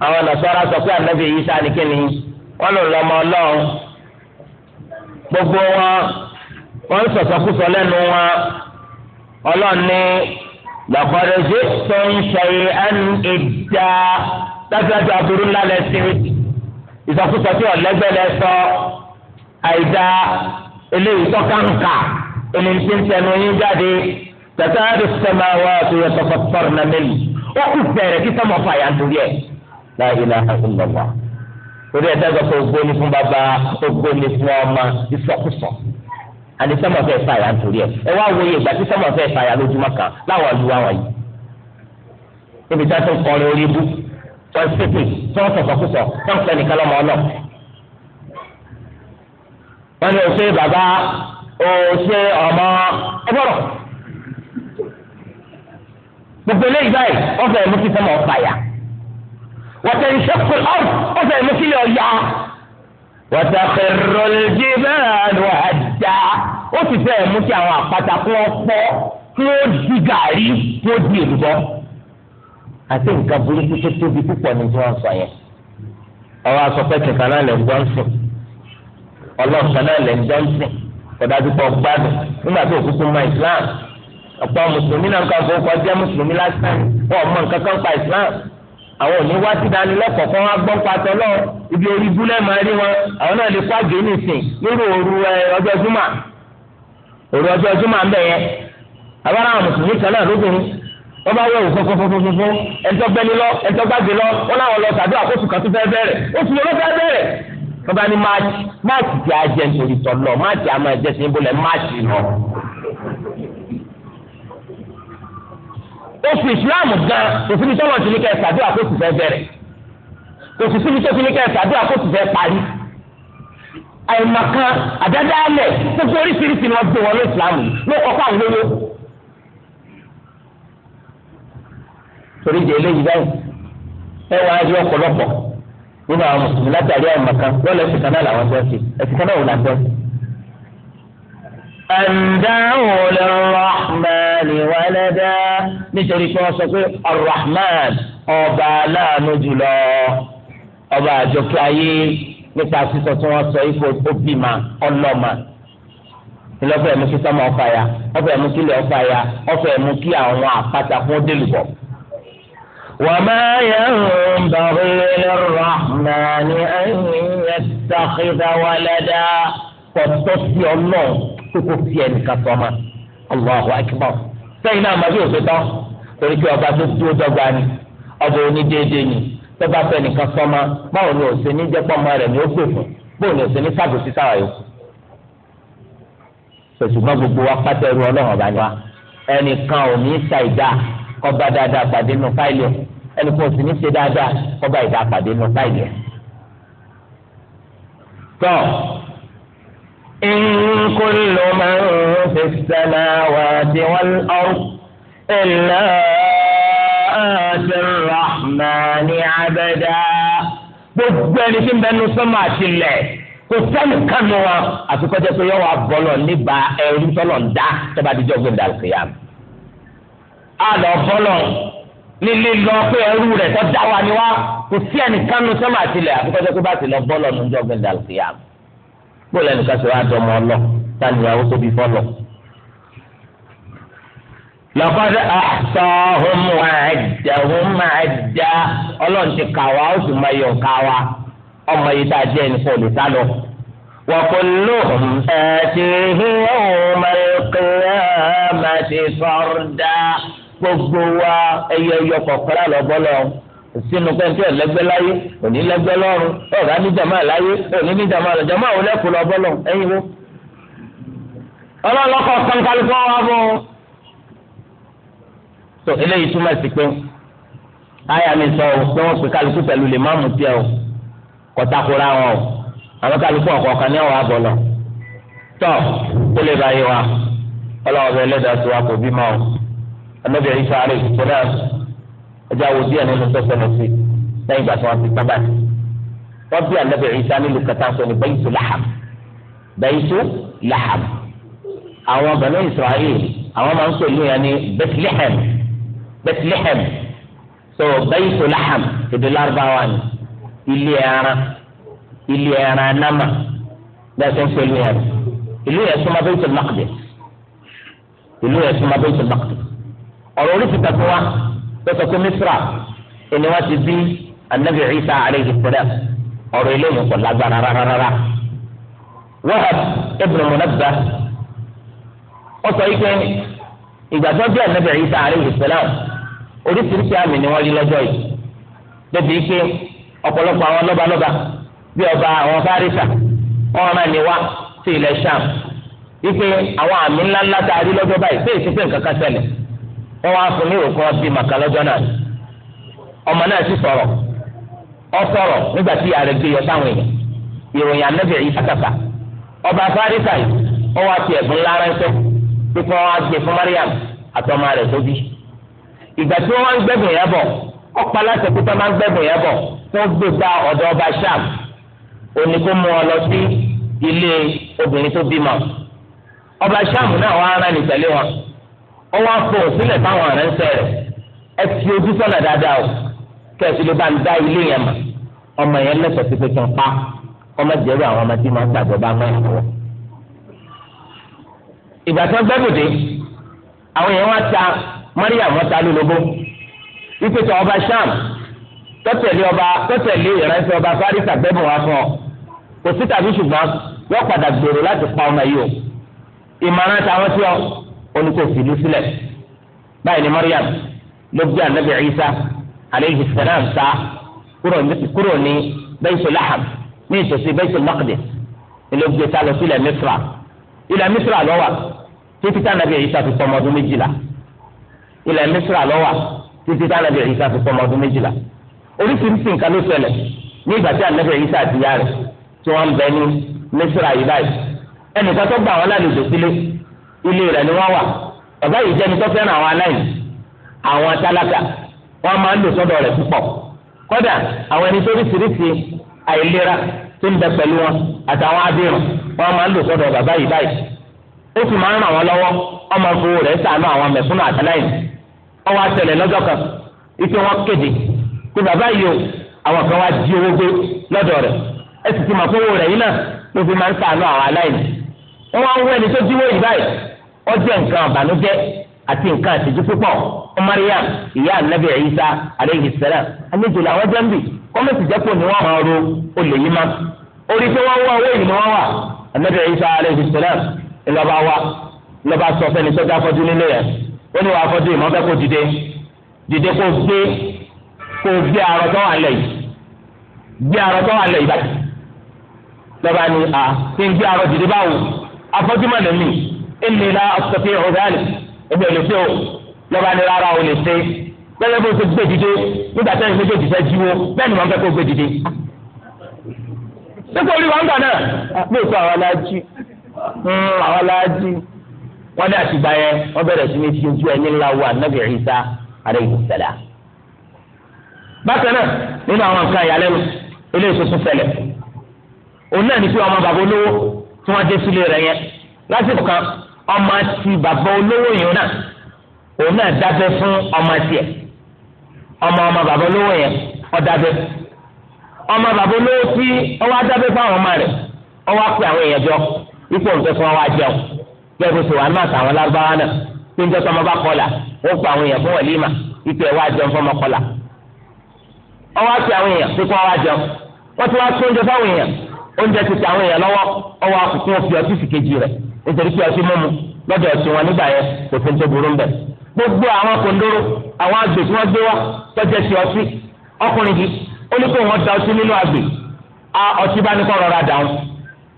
àwọn nàṣọ́ra sọ pé ànábì yìí sáà ní kíni wọ́n lò lọ́mọ ọlọ́run gbogbo wọn wọ́n ń sọ̀sọ́kùsọ lẹ́nu wọn ọlọ́run ní lọ́kọ̀ọ́dẹ́sí tó ń ṣe ẹnu ìdá dájúdájú aburú ńlá lẹ́sìn ìsọkùsọ tí ọ̀lẹ́gbẹ́ lẹ́sọ̀ọ́ àìdá eléyìí tọ́kànkà eléyìí tí ń tẹnu yín jáde tata ẹ̀rọ sẹ́mà wá tó yẹ tọkọ tọrọ náà mẹ́lì ó kù bẹ̀rẹ̀ kí sẹ́mà fà yà ń torí ẹ̀ la ilaha illallah torí ẹ̀ dẹ́gbẹ́ kó gbóni fún bàbá kó gbóni fún ọmọ ìsọkúsọ àti sẹ́mà fẹ́ fà yà ń torí ẹ̀ ẹ wá wòye ìgbà tí sẹ́mà fẹ́ fà yà lójúmọ́ kan láwọn àlù wa wọ̀nyí ibi tá a ti kọrin orí ibú tó ń sèpè tó ń sọ̀sọ̀kúsọ̀ tó ń wọ́n ní òṣè bàbá òṣè ọmọ ẹgbọ́rọ̀ gbogbo eléyìí báyìí wọ́n fẹ́ẹ́ mú kí sọ́mọ ọ̀fà yá wọ́n tẹ̀ ń ṣẹ́kù ọ̀rùn wọ́n fẹ́ẹ́ mú kí lè ọ̀yà wọ́n tẹ̀ fẹ́rọ̀ lè bẹ́ẹ̀ lọ àjà ó sì fẹ́ẹ́ mú kí àwọn àpáta kún ọ̀pọ̀ kí ó di gàrí kí ó di èlùbọ́ àti nǹkan burúkú tó tóbi púpọ̀ ní tí sọ yẹn àwọn asọ̀pẹ́ kẹ̀kẹ́ náà lè gbọ́n sùn ọlọ́ọ̀kan náà lẹ́ ń jọ́sìn kọ̀dá tó kọ́ gbádùn nígbà tó kúkú mọ islam ọ̀pọ̀ mùsùlùmí náà kàn fọwọ́ kọjá mùsùlùmí lásán wọn ò mọ nǹkan kan pa islam àwọn òní wá sí ìdánilẹ́kọ̀ọ́ kan wá gbọ́n patọ́ lọ ibi orí búlẹ̀ máa rí wọn àwọn náà lè kó àgé nìsín nírú òru ọjọ́ júmọ̀ òru ọjọ́ júmọ̀ ń bẹ̀ yẹn abára àwọn mùsùlùmí kan náà lóbìnrin wọ́n bá wẹ̀ wò fúnfúnfúnfún ẹ̀ńtọ́gbẹ́ni lọ ẹ̀ńtọ́gbàgbé lọ wọn náà lọ tàbí àkóso kan tó fẹ́ bẹ̀rẹ̀ oṣù ló fẹ́ bẹ̀rẹ̀ tọ́ba ní máàkì máàkì tí a jẹ nítorí tọ́lọ̀ máàkì a máa jẹ sí níbo lẹ̀ máàkì lọ. oṣù ìsìláàmù gan òfin tọ́lọ̀ ti ní kẹ́ ẹ̀ sàdúrà kó sì fẹ́ bẹ̀rẹ̀ òfin síbi tó ti ní kẹ́ ẹ̀ sàdúrà kó sì fẹ́ parí. àìmọ̀kan àdádálẹ̀ gbogbo oríṣiríṣi ni wọ́n gbé wọn ní ìsìláàmù ló kọ́kọ́ àwọn olówó. torí jẹ́ eléyìí báyìí ẹ wá rí ọ̀pọ̀lọpọ̀ nínú àwọn mùsùlùmí látàrí àwọn màkà lọ́lọ́ ẹ̀sìn kan náà làwọn jọ́sìn ẹ̀sìn kan náà wò lájọ́ sí. Àǹdáwò lè Rahmani walada nítorí pé wọ́n sọ pé Ar-Rahman ọba aláàánú jùlọ ọba àjọkẹ́ ayé nípa sísọ tí wọ́n sọ ipò òbímà ọlọ́mà ìlọ́fẹ̀ẹ́ kí sọ́mọ ọ̀fà ya ọ̀fẹ̀ẹ́ mú ọ̀fà ya ọ̀fẹ̀ẹ́ kí àwọn àpáta fún délùbọ̀. وما ينبغي للرحمن أن يتخذ ولدا فاستطيع الله تكفي كصمة الله أكبر سينا ما يوجد torí pé ọba tó dúró dọ́gba ni ọba onídéédé ni tó bá fẹ́ nìkan sọ́mọ báwo ni òsè ní jẹ́pọ̀ ọmọ rẹ̀ ni ó gbè fún báwo ni òsè ní sábòsí sára yòókù. ṣùgbọ́n gbogbo wa pátá ẹrú ọlọ́run ọba ni wa ẹnìkan ò ní í sa ìdá kọba dáadáa pàdé nù fáìlì ẹ ẹnì kan sì ní ṣe dáadáa kọba ìdá pàdé nù fáìlì ẹ. tọ́ in kullu man fi samawati wal ard illa àṣìr rahmani abada gbogbo ẹni tí ń bẹ nu sọ́mà àtìlẹ̀ kò sẹ́ni kánú wa àfikọ́jọ́ pé yọ wà bọ́lọ̀ níbà ẹrú tọ́lọ̀ ń dá tẹ́bàdíjọ́ gbẹ̀dàlùkìyàmù àlọ́ bọ́lọ̀ ní lílọ pé ẹrú rẹ̀ tó dá wa ni wá kò sí ẹnìkan nu sọ́mà tilẹ̀ àfikọ́jọ́ pé bá ti lọ bọ́lọ̀ nu jọ gbẹ̀dà òkèèyà gbọ́dọ̀ ẹnìkan sọ wáá dọmọ ọlọ tánìyàwó tó bí fọlọ̀. lọ́kọ́dé àṣọhùn àjẹhùn àjà ọlọ́run ti kà wá ó sì máa yọ̀ ká wa ọmọ yìí tá jẹ́ ẹnì fọ́ọ̀lù sálọ. وكلهم آتيه يوم القيامة فردا gbogbo wa ẹyẹ ọyọ kọ̀ọ̀kan lálọ́ bọ́lọ́ sínú pẹ́ntì ọ̀lẹ́gbẹ́ láyé òní lẹ́gbẹ́ lọ́rùn ọ̀gá ní jàmá láyé òní ní jàmá lọ jàmá òun lẹ́kùn lọ bọ́lọ̀ ẹ̀yin wo. ọlọ́lọ́kọ̀ kankalifọ́ wa bọ̀. tó eléyìí túmọ̀ sí pé àyà mi sọ o pé wọ́n pè kálukú pẹ̀lú lè máàmù tiẹ̀ o kọ́takura wọn o àwọn kálukú ọ̀kọ̀ọ̀kan ní ọ̀wá bọ̀lọ̀ tọ́ ó lè báyìí wa ọlọ́wọ́ bẹ ẹlẹ́dàá tó wa kò bí máa o. anabi isa alayhi salam ẹja wo díẹ̀ nínú sọsẹlẹ sí lẹ́yìn ìgbà tí wọn ti tán báyìí wọn bí anabi isa nílùú kẹta sọ ní bẹyìísù làhàm bẹyìísù làhàm àwọn bẹni israel àwọn máa ń sọ ìlú yẹn ní bethlehem bethlehem so bẹyìísù làhàm èdè lárúbáwá ni ilé ẹran ilé ẹran nama bẹ́ẹ̀ sọ ń pè ìlú yẹn ìlú yẹn súnmọ́ bẹyìísù làkàdé ìlú yẹn súnmọ́ bẹyìísù làkàdé. ọ̀rọ̀ oríṣi tàbí wa lọ́sọ̀ pé misra ẹni wá ti bí anabi isa aleyhi salam ọ̀rọ̀ eléyìí kò lágbára rárára. wahab ibn munabbah ó sọ yìí pé ìgbà tó bí anabi isa aleyhi salam oríṣiríṣi àmì ni wọ́n rí lọ́jọ́ yìí débi pé ọ̀pọ̀lọpọ̀ àwọn lọ́balọ́ba bí ọba àwọn fárísà wọn máa ní wá sí ilẹ̀ sham wípé àwọn àmì ńláńlá tá a rí lọ́jọ́ báyìí sí wọ́n wá fún ní òkú ọtí màkà lọ́jọ́ náà ọmọ náà sì sọ̀rọ̀ ọ sọ̀rọ̀ nígbà tí ìyá rẹ̀ gbé yọ sáwọn èèyàn ìròyìn anábìyà yìí sàkàkà ọba fárísà yìí ó wá fi ẹ̀bùn pípọ́n wá gbé fún Mariam àtọmọ rẹ̀ ìgbà tí wọ́n ń gbẹ́bùn yẹn bọ̀ ọ̀pá láti ó wá fọ òsílẹ̀ fáwọn àrẹ́sẹ̀ rẹ̀ ẹ fi ojú sọ̀nà dáadáa o kẹ́sì ló bá ń dá ilé yẹn mà ọmọ yẹn lẹ́sọ̀ sí pé kí n pa ọmọ jẹ́rú àwọn ọmọ tí máa ń gbàgbọ́ba máa ń wọ̀. ìgbà tí wọ́n gbẹ́bùdé àwọn èèyàn wá ta Mariam wọ́n ta lólobó wípé tí ọba Sham tọ́tẹ̀lé ọba tọ́tẹ̀lé ìrẹsẹ̀ ọba Farisa gbẹ́bùn wá fún ọ kò sí tàbí ṣùgbọ́n wọ́n padà gbèrò láti pa ọmọ yìí o ìmọ̀ràn táwọn tí ọ oníkòsí ìlú sílẹ̀ báyìí ni Maryam ló gbé anabi Isa aleyhi salam sá kúrò ní bẹ́ẹ̀sì lahab ní ìtòsí bẹ́ẹ̀sì maqdis ló gbé sá lọ sílẹ̀ misra ilẹ̀ misra lọ́wà títí tá anabi Isa fi pọ̀ ọmọdún méjìlá ilẹ̀ misra lọ́wà títí tá anabi Isa fi pọ̀ ọmọdún méjìlá oríṣiríṣi nǹkan ló ṣẹlẹ̀ ní ìgbà tí anabi Isa àti yára tí wọ́n ń bẹ ní misra yìí báyìí ẹnìkan tó gbà wọn lálejò sílé ilé rẹ̀ ni wọ́n wà bàbá yìí jẹ́ni tó fẹ́ràn àwọn aláìní àwọn tálákà wọ́n máa ń lò sọ́dọ̀ kódà àwọn ẹni tó ríṣiríṣi àìlera tó ń bẹ wọn àtàwọn abirùn wọ́n máa ń lò bàbá yìí báyìí ó sì máa ń ràn fowó àwọn mẹ̀kúnnù àtàláìní wá rẹ̀ àwọn aláìní wá ń tó ó jẹ́ nǹkan àbànújẹ́ àti nǹkan àtijọ́ púpọ̀ Mariam ìyá anabi Isa aleyhi salam àlejò làwọn jẹ́ ń bì kọ́mẹ́sì jẹ́pọ̀ ni wọ́n máa ro olè yìí má orí pé wọ́n wá owó ìnìmọ̀ wọn wà anabi Isa aleyhi salam ìlọba wa lọba sọ fẹ́ni sọ́jà afọ́jú nílé rẹ̀ ó ní wàá fọ́jú ìmọ̀ bẹ́ẹ̀ kó dìde dìde kó gbé kó gbé arọ tó wà lẹ̀ yìí gbé arọ tó wà lẹ̀ yìí báyìí lọba ni a, kí n gbé arọ dìde báwo afọ́jú mọ̀ inni la astati'u dhalik ẹgbẹ́ lè ṣe o lọ́ba ní rárá o lè ṣe bẹ́ẹ̀ bó ṣe gbé dìde nígbà tí wọ́n gbé dìde jíwó bẹ́ẹ̀ ni wọ́n fẹ́ kó gbé dìde. nítorí orí wa ń gbà náà pé èso àwọn aláàjì hmm, àwọn aláàjì wọ́n ní àtìgbà yẹn wọ́n bẹ̀rẹ̀ sí ní ti ojú ẹni ńlá wa nàbì Ìsá alayhi salam. bákan náà nínú àwọn nǹkan ìyàlẹ́nu eléyìí tuntun ṣẹlẹ̀ òun náà ní pé ọmọ bàbá olówó tí wọ́n dé sílé rẹ̀ yẹn lásìkò kan ọmọ àti bàbá olówó yìí náà òun náà dábẹ́ fún ọmọ a. ọmọ ọmọ bàbá olówó yẹn ó ọmọ bàbá olówó tí ọwọ́ adábẹ́ fún àwọn ọmọ ọ wá apẹ àwọn èèyàn jọ ipò nǹkan fún ajẹun bó ṣe wà náà náà pé sọmọ bá kọlà ó pa àwọn èèyàn fún ipò ajẹun fún ọmọ kọlà àwọn èèyàn ajẹun ti wá oúnjẹ ti ti àwọn èèyàn lọ́wọ́ ọwọ́ àkùkù òfin ọtí sì kejì rẹ̀ nítorí pé ọtí mímu lọ́dọ̀ ọtí wọn nígbà yẹn kò fi ń tó burú mbẹ̀. gbogbo àwọn kòndóró àwọn àgbè tí wọ́n gbé wá tọ́jú ti ọtí ọkùnrin yìí ó ní kó wọn da ọtí nínú àgbè ọtí bá ní kó rọra dàrún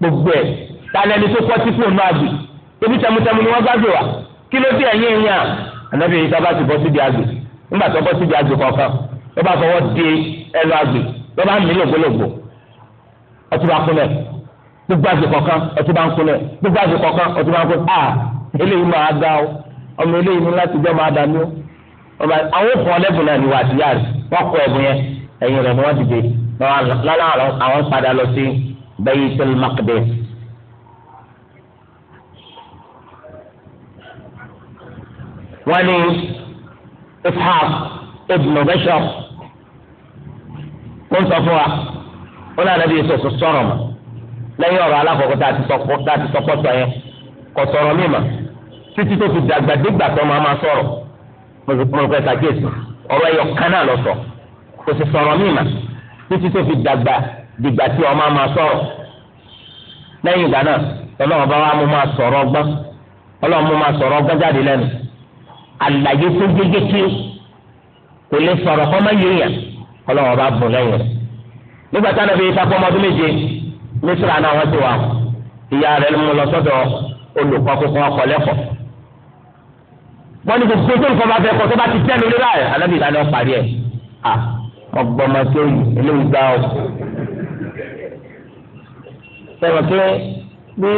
gbogbo ẹ̀ tàlẹ́ni tó kọ́ tí kò àgbè ebi tẹmutẹmu ni wọ́n gbàgbé wa kí ló dé ẹ̀yìn ẹ̀yìn à ànábì yìí sábà ti bọ́ síbi àgbè nígbà tó bọ́ síbi àgbè kọ̀ọ̀kan ló bá ọtí bá kúnlẹ̀ gbogbo àti kọ̀ọ̀kan ọtí bá ń kúnlẹ̀ gbogbo àti kọ̀ọ̀kan ọtí bá ń kúnlẹ̀ ah eléyìí máa ga o ọmọ eléyìí ní láti jọ́ máa dání o ọba àwọn òkun ọlẹ́bùn náà ni wà á ti yára wọ́n kọ ẹ̀bùn yẹn ẹ̀yìn rẹ̀ ni wọ́n dìde lọ́la àwọn padà lọ sí Baytul Maqdis. wọ́n ní Ishaq ibn Bashar wọ́n sọ fún wa ó lé ànábì yìí sọ̀sọ̀ sọ̀rọ̀ mọ́ lẹ́yìn ọ̀rọ̀ alákọ̀ọ́kọ́ tá a ti sọpọ̀ sọ yẹn kò sọ̀rọ̀ mí mà títí tó fi dàgbà dégbà tó máa máa sọ̀rọ̀ mọ̀lùkọ́ ẹ̀ka kéèsì ọ̀rọ̀ ẹ̀yọ kan náà lọ sọ kò sì sọ̀rọ̀ mí mà títí tó fi dàgbà dìgbà tí ọ máa máa sọ̀rọ̀ lẹ́yìn ìgbà náà ọlọ́run bá wa mú máa sọ̀rọ̀ ọgbọ́n ọlọ́run mú máa sọ̀rọ̀ ọgbọ́n jáde lẹ́nu àlàyé tó gégé kí kò lè sọ̀rọ̀ kọ́ máa yéèyàn ọlọ́run bá bùn lẹ́yìn rẹ̀ nígbà tí anabi isa pọ́ ọmọdún méje misra náà wọ́n ti wà ìyá rẹ̀ mú lọ sọ́dọ̀ olùkọ́ kókó ọkọ̀ lẹ́kọ̀ọ́ wọ́n ní gbogbo tó nǹkan bá fẹ́ kọ́ tó bá ti tẹ́nu lé báyìí anabi isa ni wọ́n parí ẹ̀ à ọgbọ́mọ tó yìí eléyìí gbá o sọ̀rọ̀ pé bí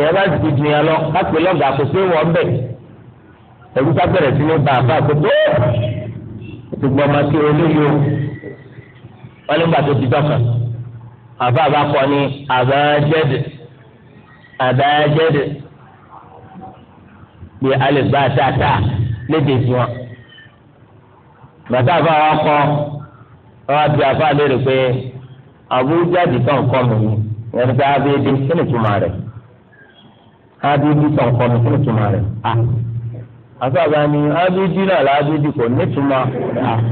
èèyàn bá ti dùn yàn lọ ká pè lọ́gàá kò sí wọ́n bẹ̀ ẹ̀rú ká bẹ̀rẹ̀ sí ní bàbá àkókò tó gbọ́mọ tó wọn nígbà tó di dọ́kan àbá àbá kọ ní àbájáde àbájáde bí alẹ́ bá dáadáa léde sí wọn bàtà àbá wa kọ wọn á bí àbá lérò pé àbújáde tó ń kọ́ mi ni ìyẹn nípa abéyédé kí ni túmọ̀ rẹ̀ abéyédé tó ń kọ́ mi kí ni túmọ̀ rẹ̀ ah. àbá àbá ni abéyédé náà làbéyédé kò ní túmọ̀ rẹ̀. Ah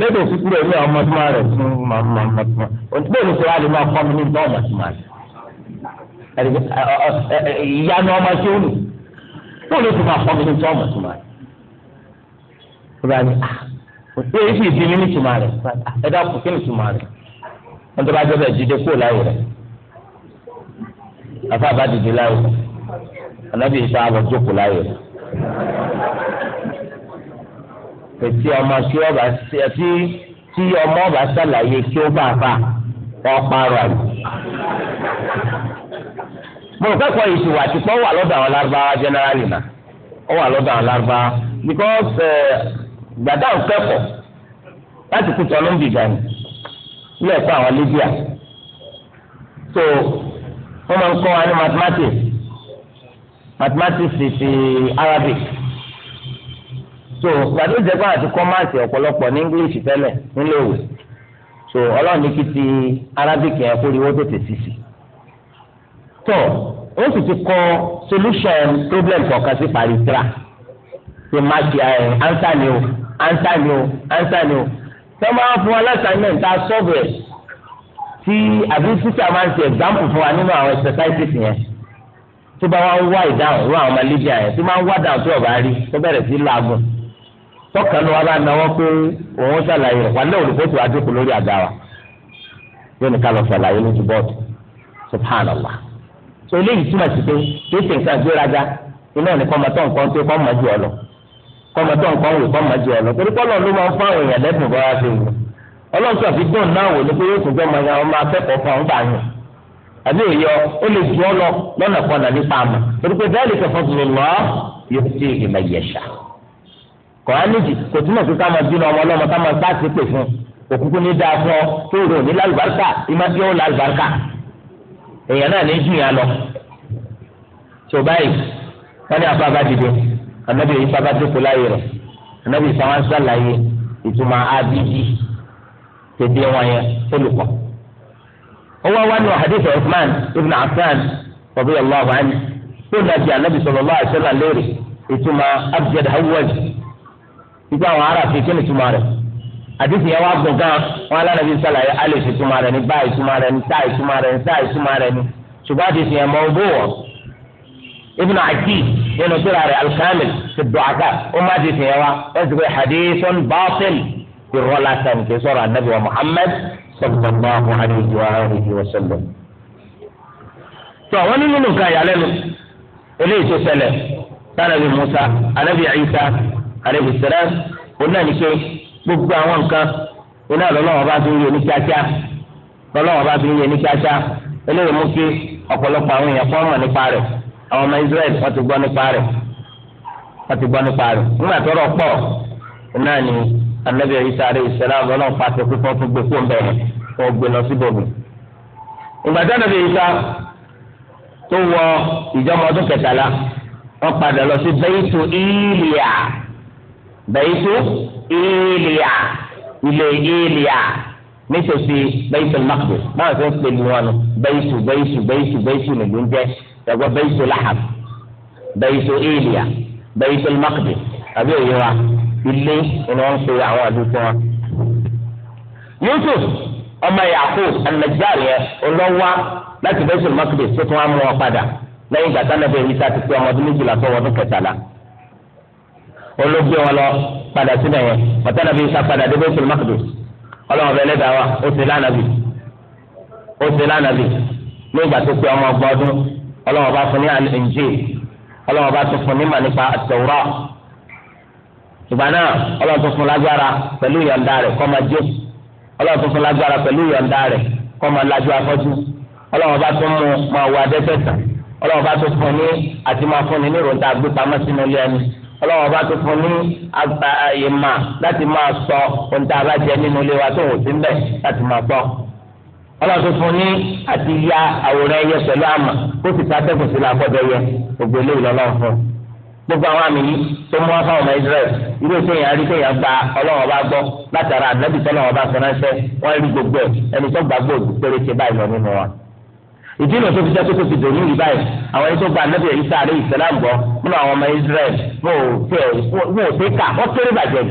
lẹ́dọ̀ kúkú rẹ̀ ní àwọn ọmọdé rẹ̀ fún màmúmàmúmá òtún bẹ́ẹ̀ ló sọ wáyé máa kọ́ mi ní ìtọ́ ọmọdé rẹ̀ ìyá ni ọmọ tí ó nù bẹ́ẹ̀ ló sọ máa kọ́ mi ní ìtọ́ ọmọdé rẹ̀ ìgbà ni òtún èyí sì di mí ní ah, ìtumá rẹ̀ ẹ dákun kí ni ìtumá rẹ̀ wọ́n tó bá jẹ́ bẹ́ẹ̀ jíde kúrò láyé rẹ̀ àfa àbá dìde láyé rẹ̀ ànábì ìṣá àlọ́ jókòó láyé rẹ̀ tẹ̀sí ọmọ tí ọba tí tí ọmọ ọba ṣàlàyé kí ó bá bá wọn parọ́ àyè. mo kẹ́kọ̀ọ́ ìṣòwò àtìpọ́ wà lọ́dọ̀ àwọn lárúbáwá jẹ́nẹ́rálì náà ó wà lọ́dọ̀ àwọn lárúbáwá because eh, gbàdá ò kẹ́kọ̀ọ́ láti kú tọ́lọ́ ń dìgbà ní ilé ẹ̀kọ́ àwọn Libya so wọ́n máa ń kọ́ wa ní mathematics mathematics ti Arabic so gbàdúrà ìjẹgbà àti kọ́máàsì ọ̀pọ̀lọpọ̀ ní english tẹ́lẹ̀ níléèwé so ọlọ́run ní kí ti arabic yẹn kó rí wọ́n tètè sísì tó ó sì ti kọ solution problem kọ̀ọ̀kan sí parí tra ṣe máa ṣe ẹ answer ni o answer ni o answer ni o tó máa fún aláṣàmì ta sọ́ọ̀bù ẹ̀ tí àbí sísè máa ń ṣe example fún wa nínú àwọn exercises yẹn tó bá wá ń wá ìdáhùn irú àwọn ọmọ libya yẹn tó máa ń wá dáhùn tó ọ̀bá rí tó bẹ̀rẹ̀ sí làágùn. tọkànnù wa bá náwó pé òun ṣàlàyé rẹ̀ wà náà olùkóso adúgbò lórí àga wa yóò ní ká lọ ṣàlàyé lójú bọ́ọ̀dù subhanallah so eléyìí túmọ̀ sí pé kéèké nǹkan gbéraga iná ní kọ́mọtọ́ nǹkan tó kọ́ mọ́ ju ọ lọ kọ́mọtọ́ nǹkan wò kọ́ mọ́ ju ọ lọ torí kọ́ lọ́ọ̀ ló máa ń àwọn èèyàn lẹ́bùn fi wù fi dùn náà wò ya ọmọ kọ́ á níjì kò túmọ̀ sí ká máa bínú ọmọ ọlọ́mọ ká máa sáà sí pè fún òkúkú ní dáa fún ọ tó rò ní lálùbáríkà ìmọ̀tí ó lálùbáríkà èèyàn náà ní jù yàn lọ. tó báyìí wọ́n ní afa bá dìde anabi yìí sábà dúpọ̀ láyé rẹ̀ sàlàyé ìtumọ̀ abidi wọn yẹn olùkọ́. ó wá wá nù ibn ìgbà wọn ará fi kí ni tuma rẹ̀ àdìsí yẹn wá gbọ gan wọn alánàbí sàlàyé alẹ́ fi tuma rẹ̀ ní báyì tuma rẹ̀ ní táyì tuma rẹ̀ ní táyì tuma rẹ̀ ní ṣùgbọ́n àdìsí yẹn mọ̀ ogún wọ̀ ibn àjì nínú sura rẹ̀ alkamil ti àgà ó má àdìsí yẹn wá ẹ̀ sì pé hadithun baatil irọ́ lásán kì í sọ̀rọ̀ anabi wa muhammad sallallahu alayhi wa alihi wa sallam. tó àwọn nínú nǹkan ìyàlẹ́nu eléyìí tó ṣẹlẹ̀ sanabi musa anabi isa àlejò sẹlẹ òun náà gbogbo àwọn nǹkan òun náà lọ́lọ́wọ́ bá fi ń yẹ ní kíákíá lọ́lọ́wọ́ bá fi ń yẹ kíákíá eléyìí mú kí àwọn èèyàn mọ̀ nípa àwọn ọmọ Israẹli ti gbọ́ nípa ti gbọ́ nípa nígbà tó pọ̀ ni anabi isa alayhi salam ọlọ́run pàṣẹ pé wọ́n tún gbé fún ọgbẹ́ lọ sí ìgbà tí anabi tó wọ ìjọba ọdún kẹtàlá padà lọ sí ìlíà bẹ́ẹ̀tù ìlìyà ilé ìlìyà nítòsí bẹ́ẹ̀tù nàkùn báwọn fẹ́ ń pè ní wọn bẹ́ẹ̀tù bẹ́ẹ̀tù bẹ́ẹ̀tù bẹ́ẹ̀tù nìlú ń jẹ́ ẹ̀gbọ́ bẹ́ẹ̀tù làhàm bẹ́ẹ̀tù ìlìyà bẹ́ẹ̀tù nàkùn àbí òye wa ilé ni wọ́n ń pè àwọn àdúgbò wọn. Yusuf ọmọ Yakub anajari yẹn olóògbé wọn lọ padà síbẹ̀ yẹn bàtà nàbí isa padà dé bẹ́ẹ̀ sọlọ́mọ́kìdù ọlọ́wọ́n fẹ́ lẹ́dàá wa ó ti lánàbì ó ti lánàbì ní ìgbà tó pé ọmọ ọgbọ́n ọdún ọlọ́wọ́n bá fún ní àlẹ́ǹjì ọlọ́wọ́n bá tún fún ní mànípa àtẹ̀wúrọ̀ ìgbà náà ọlọ́wọ́n tún fún lágbára pẹ̀lú ìyọ̀ǹda rẹ̀ kọ́ máa jó ọlọ́wọ́n tún fún lágbára pẹ̀lú ìyọ̀ǹda rẹ̀ kọ́ máa lajú afọ́jú ọlọ́wọ́n bá tún mú máa wọ adẹ́tẹ̀sán ọlọ́wọ́n bá tún fún ní àti máa fún ní ní ìròǹda gbé pamọ́ ilé ẹni ọlọ́wọ́n bá tó fún ní ìmà láti máa sọ ohun tá a bá jẹ nínú ilé wa tó wò sí mbẹ láti máa gbọ́ ọlọ́wọ́n tó fún ní àti ya àwòrán ẹyẹ pẹ̀lú àmà ó sì sátẹ́kùn sí làkọ́dọ̀ yẹ gbogbo eléyìí lọ́lọ́wọ́ fún gbogbo àwọn àmì yìí tó mú wá fáwọn ọmọ Israẹl irú ìṣẹyìn àríṣẹyìn gba ọlọ́wọ́n bá gbọ́ látara ànábì tọ́lọ́wọ́n bá sọ náà ṣẹ́ wọ́n rí gbogbo ìdí ìlú tó fi jẹ́ tó fi dòní yìí báyìí àwọn ẹni tó gba anabi isa àlẹ́ ìsàlám gbọ́ nínú àwọn ọmọ Israẹl wọn ò tẹ wọn ò tẹ ká wọ́n kéré bàjẹ́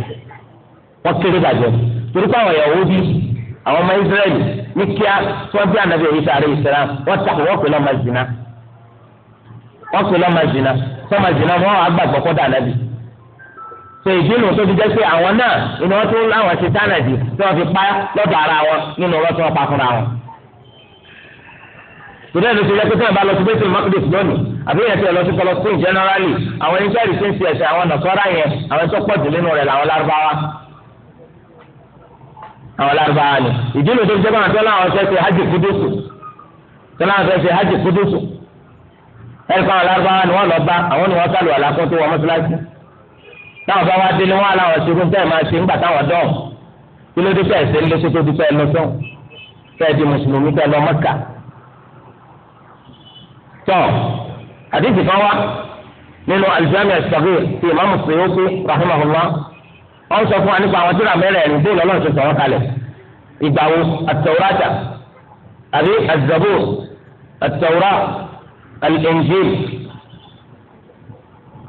wọ́n kéré bàjẹ́ torí pé àwọn Yahudi àwọn ọmọ Israẹl ní kíá tí wọ́n bí anabi isa àlẹ́ ìsàlám wọ́n ta wọ́n pè lọ́mọ zina wọ́n pè lọ́mọ zina sọ́mọ zina wọ́n á gbàgbọ́ kọ́ dà anabi so ìdí ìlú tó fi jẹ́ pé àwọn náà ìnáwó tó láwọn ṣe tánàdì tí wọ́n fi pa lọ́dọ̀ ara wọn nínú ọlọ́tún ọ̀pá fúnra wọn tòlẹ́ ló ti yẹ pé sẹ́yìn bá lọ sí bẹ́sẹ̀ mọ́kìdìs lónìí àbí yẹn ti lọ sí kọlọ́sìn generally àwọn israẹli ti ń fi ẹ̀sẹ̀ àwọn nàṣọ́ra yẹn àwọn tó pọ̀ jù nínú rẹ̀ làwọn lárúbáwá àwọn lárúbáwá ni ìdí ló tó ń jẹ́pọ̀ àti ọlọ́run ṣe ṣe hajj kudusu ọlọ́run ṣe ṣe hajj kudusu ẹ̀rí kan àwọn lárúbáwá ni wọ́n lọ bá àwọn ni wọ́n sálù àlàkùn tó wọ́n mọ́sálásí táwọn bá wá dé ni wọ́n aláwọ̀ ṣe fún tẹ́ẹ̀ máa ṣe ńgbà táwọn dán kí ló dé tẹ́ẹ̀ ṣe ń lé ṣe tó dúpẹ́ lọ́sọ̀ọ́ tẹ́ẹ̀ tọ́ àdìsí kan wá nínú alijami asagir ti imaamu Suyuti rahimahullah wọ́n sọ fún wa nípa àwọn tíra mẹ́rẹ̀ẹ̀rin bóòlù ọlọ́run ṣe sọ̀rọ̀ kalẹ̀ ìgbàwo àtẹwúrátà àbí azabur àtẹwúrá alìǹjìl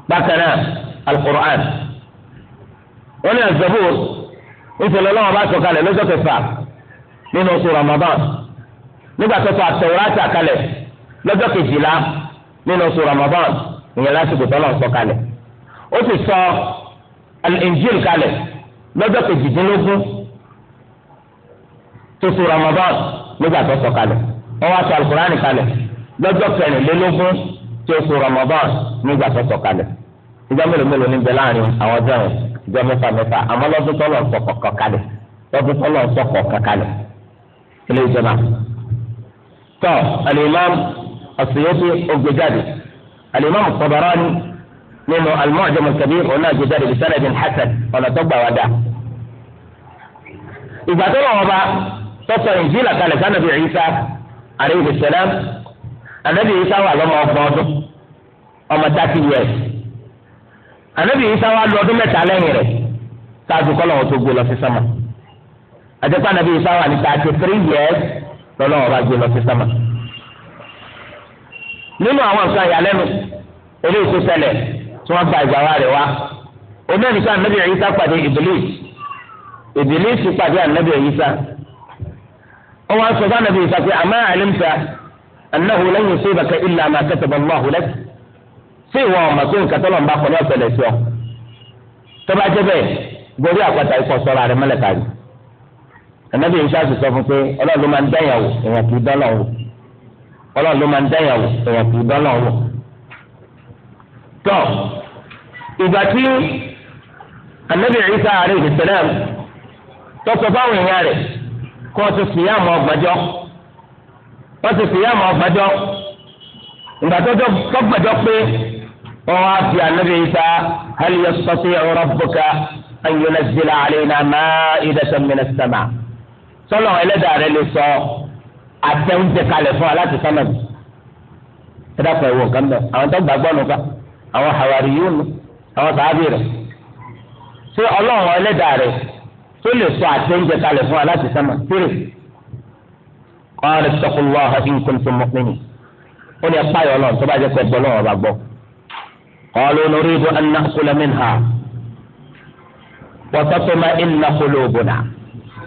bákan náà alukur'an wọ́n ní azabur ìṣẹ̀lẹ̀ ọlọ́run bá sọ kalẹ̀ lọ́jọ́ kẹfà nínú oṣù ramadan nígbà tó sọ àtẹwúrátà kalẹ̀ lọ́jọ́ kejìlá nínú oṣù Ramadan ìyẹn lásìkò tó lọ́n sọ kalẹ̀ ó sì sọ al-Injil kalẹ̀ lọ́jọ́ kejìdínlógún tó oṣù Ramadan nígbà tó sọ kalẹ̀ wọ́n wá sọ alukurani kalẹ̀ lọ́jọ́ kẹrìnlélógún tó oṣù Ramadan nígbà tó sọ kalẹ̀ ìjọ mélòó mélòó ní bẹ láàrin àwọn ọjọ́ yẹn ìjọ mẹ́fà mẹ́fà àmọ́ lọ́dún tó lọ́n sọ kọ̀ọ̀kan kalẹ̀ tó lọ́n sọ kọ̀ọ̀kan ilé ìjọba tó al As-Suyuti ọgbẹ́jáde Al-Imam Tabarani nínú Al-Mu'jam al-Kabir ọ̀nà àgbẹ̀jáde bi sanadin hasan ọ̀nà tó gbà wá dá. ìgbà tó lọ́wọ́ bá tọ́sọ̀ ìjìlá kalẹ̀ sanabi Isa alayhi salam anabi Isa wà lọ́mọ ọgbọ̀n ọdún ọmọ thirty years anabi Isa wà lọ ọdún mẹ́ta lẹ́yìn rẹ̀ káàdùn kọ́lọ́wọ́ tó gbé lọ sí sámà àti pé anabi Isa wà ní thirty three years lọ́lọ́wọ́ bá gbé lọ sí sámà nínú àwọn nǹkan ìyàlẹ́nu eléyìí tó ṣẹlẹ̀ tí wọ́n gba ìgbà wa rẹ̀ wá oní ẹnìkan anabi Isa pàdé Iblis Iblis pàdé anabi Isa ó wá sọ fún anabi Isa pé àmọ́ àlẹ́mùsà annahu lan yusibaka illa ma kataba Allahu lak sí ìwọ ọmọ tó nǹkan tọ́lọ̀ ń bá pọ̀lọ́ ọ̀sẹ̀ sí ọ tó bá jẹ́ bẹ́ẹ̀ gorí àpáta ikọ̀ sọ́ra rẹ̀ mẹ́lẹ̀ kárí anabi Isa sì sọ fún pé ọlọ́run ọlọ́run ló máa ń dáyàwó èèyàn kì í dọ́là wọ̀. tọ́ ìgbà tí anabi Isa alayhi salam tọ́sọ báwọn èèyàn rẹ̀ kọ́ ti fìyàmù ọgbàjọ́ wọ́n ti fìyàmù ọgbàjọ́ ìgbà tọ́gbàjọ́ pé wọ́n wá fi anabi Isa hal yastati'u rabbuka an yunazzila alayna ma'idatan minas sama' sọ́lọ́ ẹlẹ́dàá rẹ̀ lè sọ. So, àtẹ oúnjẹ kalẹ̀ fún wa láti sánà bí ẹ dàpọ̀ ẹ̀wọ̀n nǹkan bẹ́ẹ̀ àwọn tó gbàgbọ́ nù ká àwọn hàwárí yóò nù àwọn sàábì rẹ̀ ṣé ọlọ́run ẹlẹ́dàá rẹ̀ tó lè sọ àtẹ kalẹ̀ fún wa láti sánà tírì kọ́ọ̀rẹ́ sọkúlọ́ ọ̀hún kuntum mu'minin ó ní ẹ̀pá yọ̀ ọlọ́run tó bá jẹ́ pẹ́ gbọ́ lọ́wọ́ bá gbọ́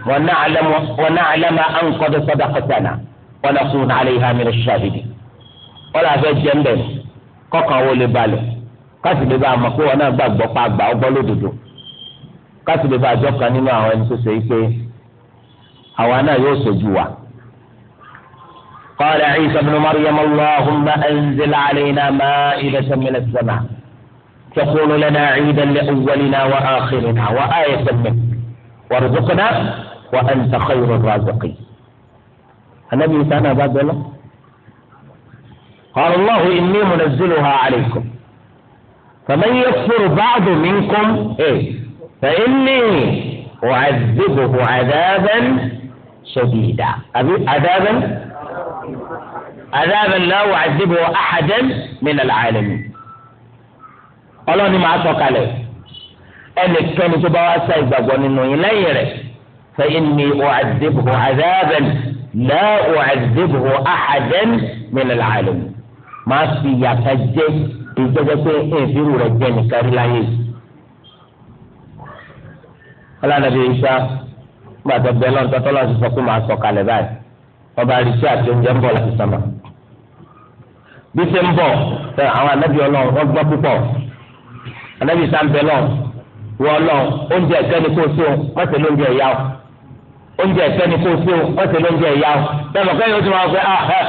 ونعلم ونعلم أن قد صدقتنا ونكون عليها من الشاهدين wọ́n làá fẹ́ jẹ́ ńbẹ̀ kọ́kàn wo lè balẹ̀ káàsì lè ba àmọ̀ pé wọn náà gbàgbọ́ pa àgbà ọgbọ́ lódodo káàsì lè ba àjọ kan nínú àwọn ẹni tó ṣe é pé àwa náà yóò ṣojú wa. قال عيسى ابن مريم اللهم أنزل علينا مائدة من السماء تكون لنا عيدا لأولنا وآخرنا وآية منك وارزقنا وأنت خير الرازقين النبي سأنا بعد الله قال الله إني منزلها عليكم فمن يكفر بعد منكم إيه فإني أعذبه عذابا شديدا عذابا عذابا لا أعذبه أحدا من العالمين ọlọ́ni máa ما أتوقع ẹnìkẹ́ni tó bá wá sá ìgbàgbọ́ nínú فإني أعذبه عذابا لا أعذبه أحدا من العالم ما في يفجع ìjọba pé èèfìrú rẹ jẹ nìkan rí láyé ọlànàbí isa gbàtọ bẹ́ẹ̀ lọńtọ tọlọ ti sọ pé màá sọ kalẹ̀ báyìí ọba àríṣẹ àti oúnjẹ ń bọ̀ láti sọmọ bí ṣe ń bọ̀ àwọn ànábì Ọlọ́run wọn gbọ́ púpọ̀ ànábì isa ń bẹ lọ wọ lọ oúnjẹ ìkẹni kó so mọtẹlẹ oúnjẹ ìyá o oúnjẹ ìsẹ́ni kò sí o wọ́n ti lóúnjẹ ìyá o bẹ́ẹ̀ mọ̀ kẹ́yìn ó ti máa fẹ́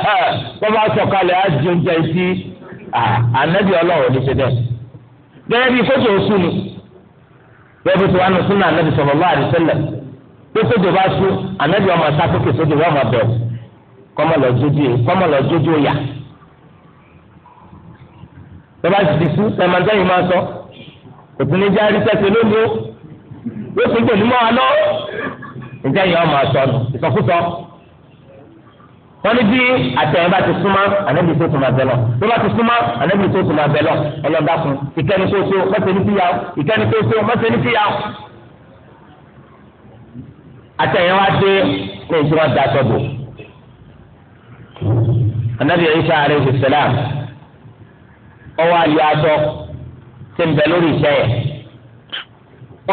bọ́ ah, bá sọ̀kalẹ̀ á di oúnjẹ sí ah, ànábì ọlọ́run ní ṣẹ́dẹ̀. gẹ́gẹ́ bí kótó oṣù ni bẹ́ẹ̀ bí tiwọn sún náà ànábì sallallahu alaihi wasallam pé kótó bá sún ànábì ọmọ sáfíkì sódò wọ́n máa bẹ̀rù kọ́mọlọ jójú ìyá. bẹ́ẹ̀ bá ti sún tẹ̀mọ̀tẹ́yìn máa sọ òtún ní járí tẹ̀sẹ̀ lóńdó yóò ǹjẹ́ yẹn ọmọ àtọ ìsọkúsọ wọ́n ní bí àtẹ̀yìn bá ti súnmọ́ ànábì tó tún máa bẹ̀ lọ tó bá ti súnmọ́ ànábì tó tún máa bẹ̀ lọ ọlọ́dà fún ìkẹ́ni tó so mọ́tẹ́ ní fìyà ìkẹ́ni tó so mọ́tẹ́ ní fìyà àtẹ̀yìn wá dé ní ìṣúná da sọ́dọ̀ ànábì Ìsá alayhi salam ọwọ́ àlè aṣọ tí ń bẹ lórí ìṣẹ́yẹ̀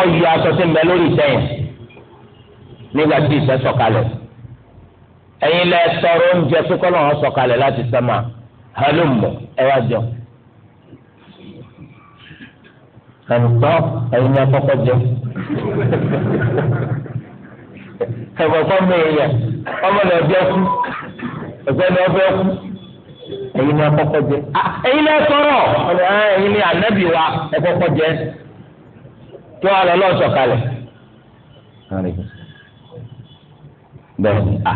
ọ̀yẹ̀ aṣọ tí ń bẹ lórí ìṣẹ́yẹ̀ nígbà tí ìfẹ́ sọ̀kalẹ̀ ẹ̀yin lẹ tọrọ oúnjẹ kíkọ́ náà wọ́n sọ̀kalẹ̀ láti sẹ́mà hálùmọ̀ ẹ wá jẹun ẹ̀ǹtọ́ ẹ̀yin lẹ kọ́kọ́ jẹun ẹ̀kọ́kọ́ mẹ́yẹ ọmọ lẹ bẹ́ẹ̀ kú ẹ̀kọ́ lẹ bẹ́ẹ̀ kú ẹ̀yin lẹ kọ́kọ́ jẹ ah, ẹ̀yin lẹ tọrọ ah, ẹ̀yin lẹ ànábì wa ẹ̀kọ́kọ́ jẹ kí wọ́n lọ lọ́ọ̀ sọ̀kalẹ̀ bẹ́ẹ̀ ni à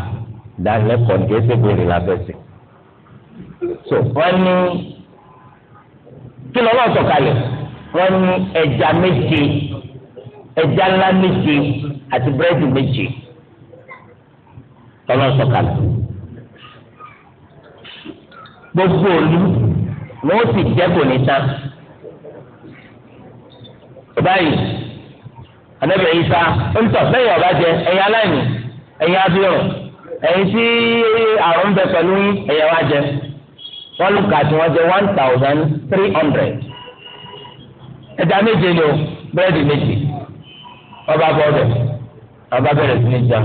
dánilẹ́kọ̀ọ́ ní kéésì ìbéèrè lábẹ́sì. so wọ́n ní kí lọ́wọ́ sọ̀kalẹ̀ wọ́n ní ẹja méje ẹja ńlá méje àti búrẹ́dì méje lọ́wọ́ sọ̀kalẹ̀. gbogbo òlu ni ó sì jẹ́ kò ní tán. báyìí anábìyẹ isa ń tọ̀ lẹ́yìn ọ̀bá ẹ̀yin aláìní ẹ̀yin abiyọ̀ ẹ̀yin tí àrùn bẹ pẹ̀lú ẹ̀yà wa jẹ wọ́n lù kà tí wọ́n jẹ one thousand three hundred ẹja méje ni o búrẹ́dì méje wọ́n bá bọ́ ọbẹ̀ wọ́n bá bẹ̀rẹ̀ sí ní jẹun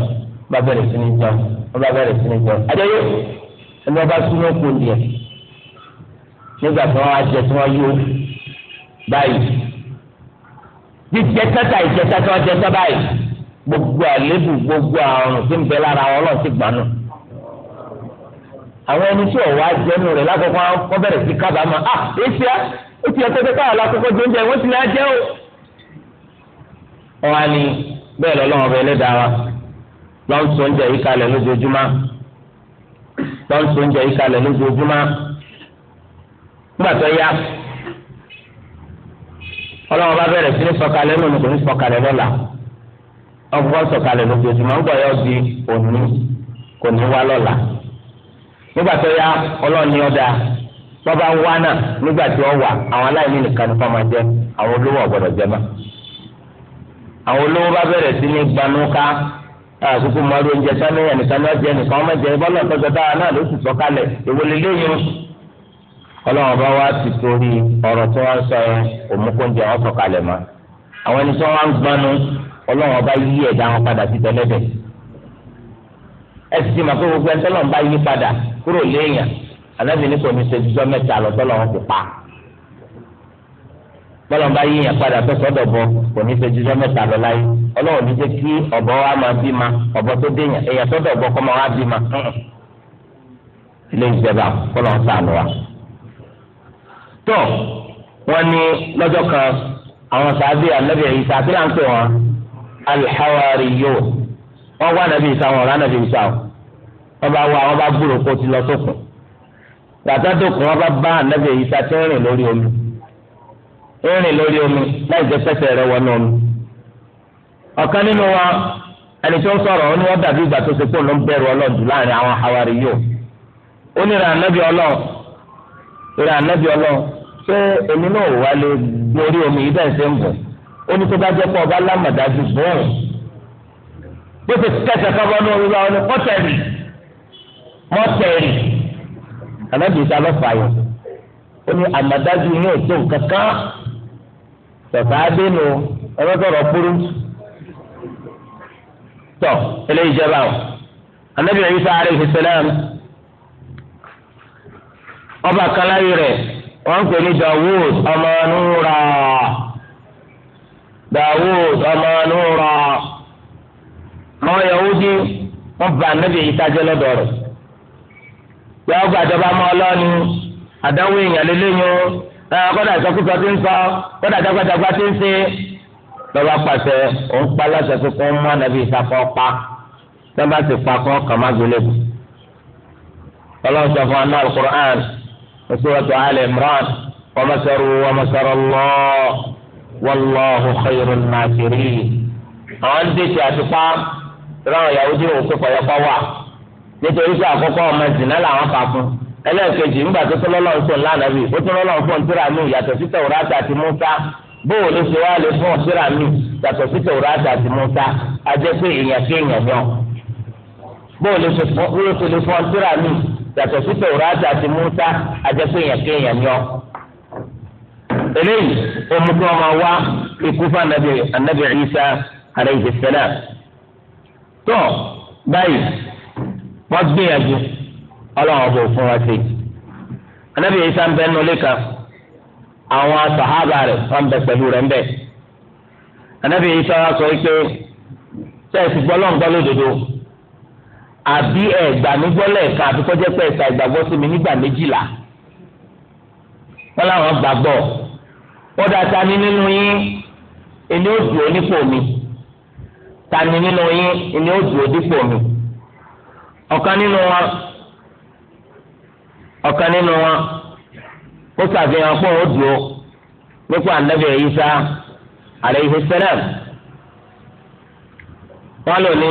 wọ́n bá bẹ̀rẹ̀ sí ní jẹun wọ́n bá bẹ̀rẹ̀ sí ní jẹun adéyé ẹni wọ́n bá súnmọ́ kó lìẹ̀ nígbà tí wọ́n á jẹ tí wọ́n yó báyìí jíjẹ tẹ́tà ìjẹta tí wọ́n jẹ báyìí. gbogbo àlébù gbogbo àrùn tí ń bẹ lára wọn lọ sí gbanú àwọn ẹni tí ọwọ ajẹnu rẹ lákòókò wọn bẹ̀rẹ̀ sí 'Ah! à èsì á ó ti káwọn lákòókò tó ajẹ o. wọn á ní wa lọ ń oúnjẹ yìí lọ ń oúnjẹ yìí nígbà tó yá ọkọ̀ sọ̀kalẹ̀ lójoojúmọ́ ń gbọ́ yọ di òní kò ní wá lọ́la nígbà tó yá ọlọ́ọ̀ni ọ̀dà bọ́ba wá náà nígbà tí wọ́n wà àwọn aláìní nìkan ni fọ́n máa jẹ àwọn olówó ọ̀gbọ́dọ̀ jẹ mọ́ àwọn olówó bá bẹ̀rẹ̀ sí ní gbanúká àkókò mọ́rú oúnjẹ sánú yẹn nìkan náà jẹ nìkan ọmọ jẹ bọ́lá tọ́jọ́ dára náà ló sì sọ̀kalẹ̀ ìwọlé lẹ́yìn ọlọ́wọ́n bá wá ti torí ọ̀rọ̀ tí wọ́n sọ yẹn òmùkóúnjẹ ọlọ́run ọba yí ẹ̀dá wọn padà sí tẹ́lẹ̀dẹ̀ ẹ sì ti mọ̀ pé gbogbo ẹni tọ́lọ́run bá yí padà kúrò léèyàn ànábì ní kò ní ṣe jíjọ́ mẹ́ta lọ tọ́lọ́run ti pa tọ́lọ́run bá yí yẹn padà tó sọ́dọ̀ bọ kò ní ṣe jíjọ́ mẹ́ta lọ láyé ọlọ́run ní jẹ́ kí ọ̀bọ wa máa bí ma ọ̀bọ tó déèyàn èèyàn sọ́dọ̀ bọ kọ́ máa wá bí ma ilé ìjẹba kọ́lọ́run alḥawariyun wọ́n wá nàbí ìsà wọn ọ̀rọ̀ nàbí ìsà wọn wọ́n bá wá wọ́n bá gbúrò kó ti lọ sókun gbàtà dòkun wọn bá bá nàbí ìsà tí ń rìn lórí omi ń rìn lórí omi láì jẹ́ pẹ́sẹ̀ rẹ̀ wọnú omi ọ̀kan nínú wa ẹni tó ń sọ̀rọ̀ ó ní wọ́n dàbí ìgbà tó ṣe pé òun bẹ̀rù ọlọ́ọ̀dù láàrin àwọn ó ní ọlọ́ọ̀ oní tó bá jẹ́ pé ọba lámàdájú bọ́ọ̀lù bó ti kẹsẹ̀ kábọ́ ní orí báwọn ní mọ́tẹ̀rì mọ́tẹ̀rì ànábì ta lọ́fà yọ ó ní àmàdájú yóò tó nǹkan kan tọ̀tà adéno ọlọ́sọ̀rọ̀ kúrú tọ̀ eléyìí jẹ́ báwọn ànábì Ìsá alayhi salam ọba kaláyé rẹ̀ wọ́n ń pè ní Dawud ọmọ nura. Dawud ọmọ Nura àwọn Yahudi wọ́n bá anabi yìí tájẹ́ lọ́dọ̀ rẹ̀ yàwó gbàjọba mọ́ ọlọ́ni àdánwò èèyàn lélẹ́yìn o kọ́dà ìsọkúsọ ti ń sọ kọ́dà ìdàgbàdàgbà ti ń ṣe lọ́ba pàṣẹ òun pa láṣẹ pé kó mú anabi yìí sáfọ́ pa sábà sì pa kọ́ kàn má gbélébù ọlọ́run sọ fún aná al-Qur'an oṣù wàtò Al Imran wa masaru wa masara Allah. wallahu khairul makirin àwọn dèjì àtúpá ráwọn Yahudi òun pé pọ̀yọpọ̀ wà nítorí pé àkọ́kọ́ ọmọ zìnnà làwọn kà fún ẹlẹ́ẹ̀kejì ńgbà tó tọ́lọ́lọ́ ji sọ ńlànà ó tọ́lọ́lọ́ ń ntúrà mi yàtọ̀ sí Tawrata àti Musa bóò ló ṣe wá lè fún ntúrà mi yàtọ̀ sí àti pé eléyìí ó mú kí wọn máa wá ikú fún anabi anabi Isa alayhi tó báyìí wọn gbìyànjú Ọlọ́run ọbọ fún wa sí anabi Isa ń bẹ nínú ilé kan àwọn sàhábà rẹ̀ wọn bẹ pẹ̀lú Isa wa sọ pé sẹẹsì gbọlọǹgbọ lódodo àbí ẹgbà nígbọ lẹ́ẹ̀kan àbí kọjá pé ẹsà ìgbàgbọ́ sí mi nígbà méjìlá wọn làwọn wọ́n dà tani nínú yín ẹni ó onípò mi tani nínú yín ẹni ó onípò mi ọ̀kan nínú wa ọ̀kan nínú wa ó ṣàfihàn pọ̀ ó dùn ó nípa ànábì Ìsá alayhi wọn lò ní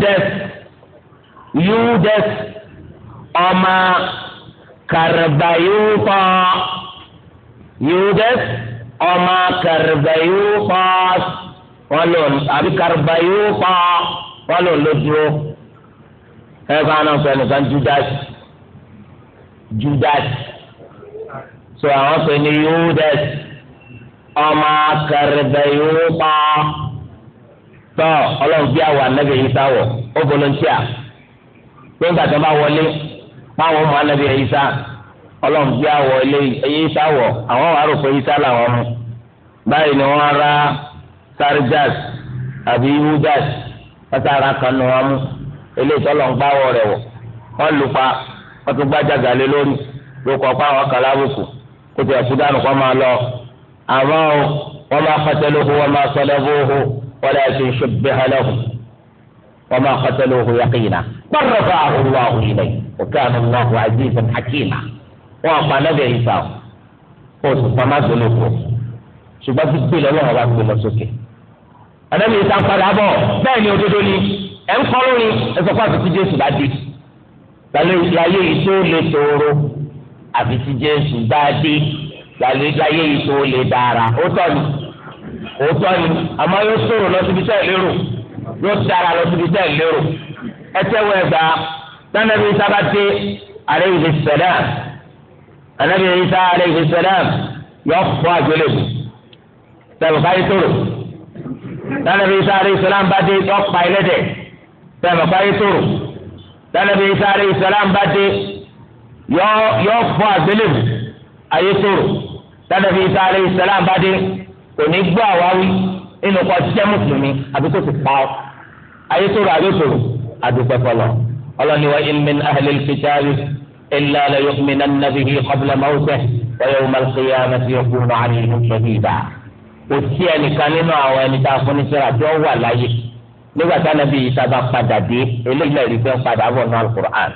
jẹ yudas ọmọ karbayuta yudas ọmọ karbayuta wọn lò àbí karbayuta wọn lò ló dúró ẹ kọ́ àná sọ nìkan judas judas so àwọn sọ ní yudas ọmọ karbayuta tọ́ ọlọ́run bí àwọn anábìyí sáwọ̀ ó volunteer pé nígbà tó bá wọlé báwọn mú anabi Ìsá ọlọ́run gbé àwọ̀ ilé Ìsá wọ̀ àwọn wàá rò pé Ìsá làwọn mú báyìí ni wọ́n ra sarjas àbí ihudas wọ́n sára kan nù wọn mú eléyìí tọ́lọ̀ ń gbáwọ̀ rẹ̀ wọ̀ wọ́n lù pa wọ́n tún gbájàgà lé lórí ló kọ́ àwọn kan kó tó ẹ̀sùn dànù kọ́ máa lọ àmọ́ wọ́n máa qataluhu wọ́n máa salabuhu walakin shubbiha wọ́n máa bárọ̀bà àhùwà òyìnbẹ̀ òkè ànàmọ́hù àdìsàn hakima wọn pa anábìyà ìfà o oṣù pamá gbẹlẹ kù ṣùgbọ́n tí gbẹlẹ ọlọ́run bá gbẹlẹ sókè anábìyà ìfà padà bọ̀ bẹ́ẹ̀ ni òdodo ni ẹ̀ ń kọ́ lórí ẹ̀sọ́ fún àtúntí jésù bá dé láyé yìí tó lè tòrò àfi tí jésù bá dé láyé yìí lè dára ó tọ́ ni ó tọ́ ni àmọ́ yóò sòrò lọ síbi tẹ́ lérò yóò dára lọ síbi tẹ́ lérò ẹtẹ́wọ́ ẹgbà nanabi isa bá dé aleyhi sẹlẹm anabi isa aleyhi sẹlẹm yọ fọ àgbélébù sẹlẹm káyé tóró nanabi isa aleyhi sẹlẹm bá dé yọ pa ẹlẹ́dẹ̀ sẹlẹm káyé tóró nanabi isa aleyhi sẹlẹm bá yọ yọ fọ àgbélébù ayé tóró nanabi isa aleyhi sẹlẹm bá dé kò ní gbọ́ àwáwí nínú kọ́ jẹ́ pa ọ́ ayé tóró ayé tóró adúpẹ́ fọlọ́ ọlọ́ni wa ilmin ahlil kitabi illa la yu'minanna bihi qabla mawtihi wa yawma al-qiyamati yakunu alayhim shahida kò sí ẹnìkan nínú àwọn ẹni tá a fún ní sẹ́ra tí wọ́n wà láyé nígbà tí anabi isa bá padà dé eléyìí náà fẹ́ padà bọ̀ nù alukur'an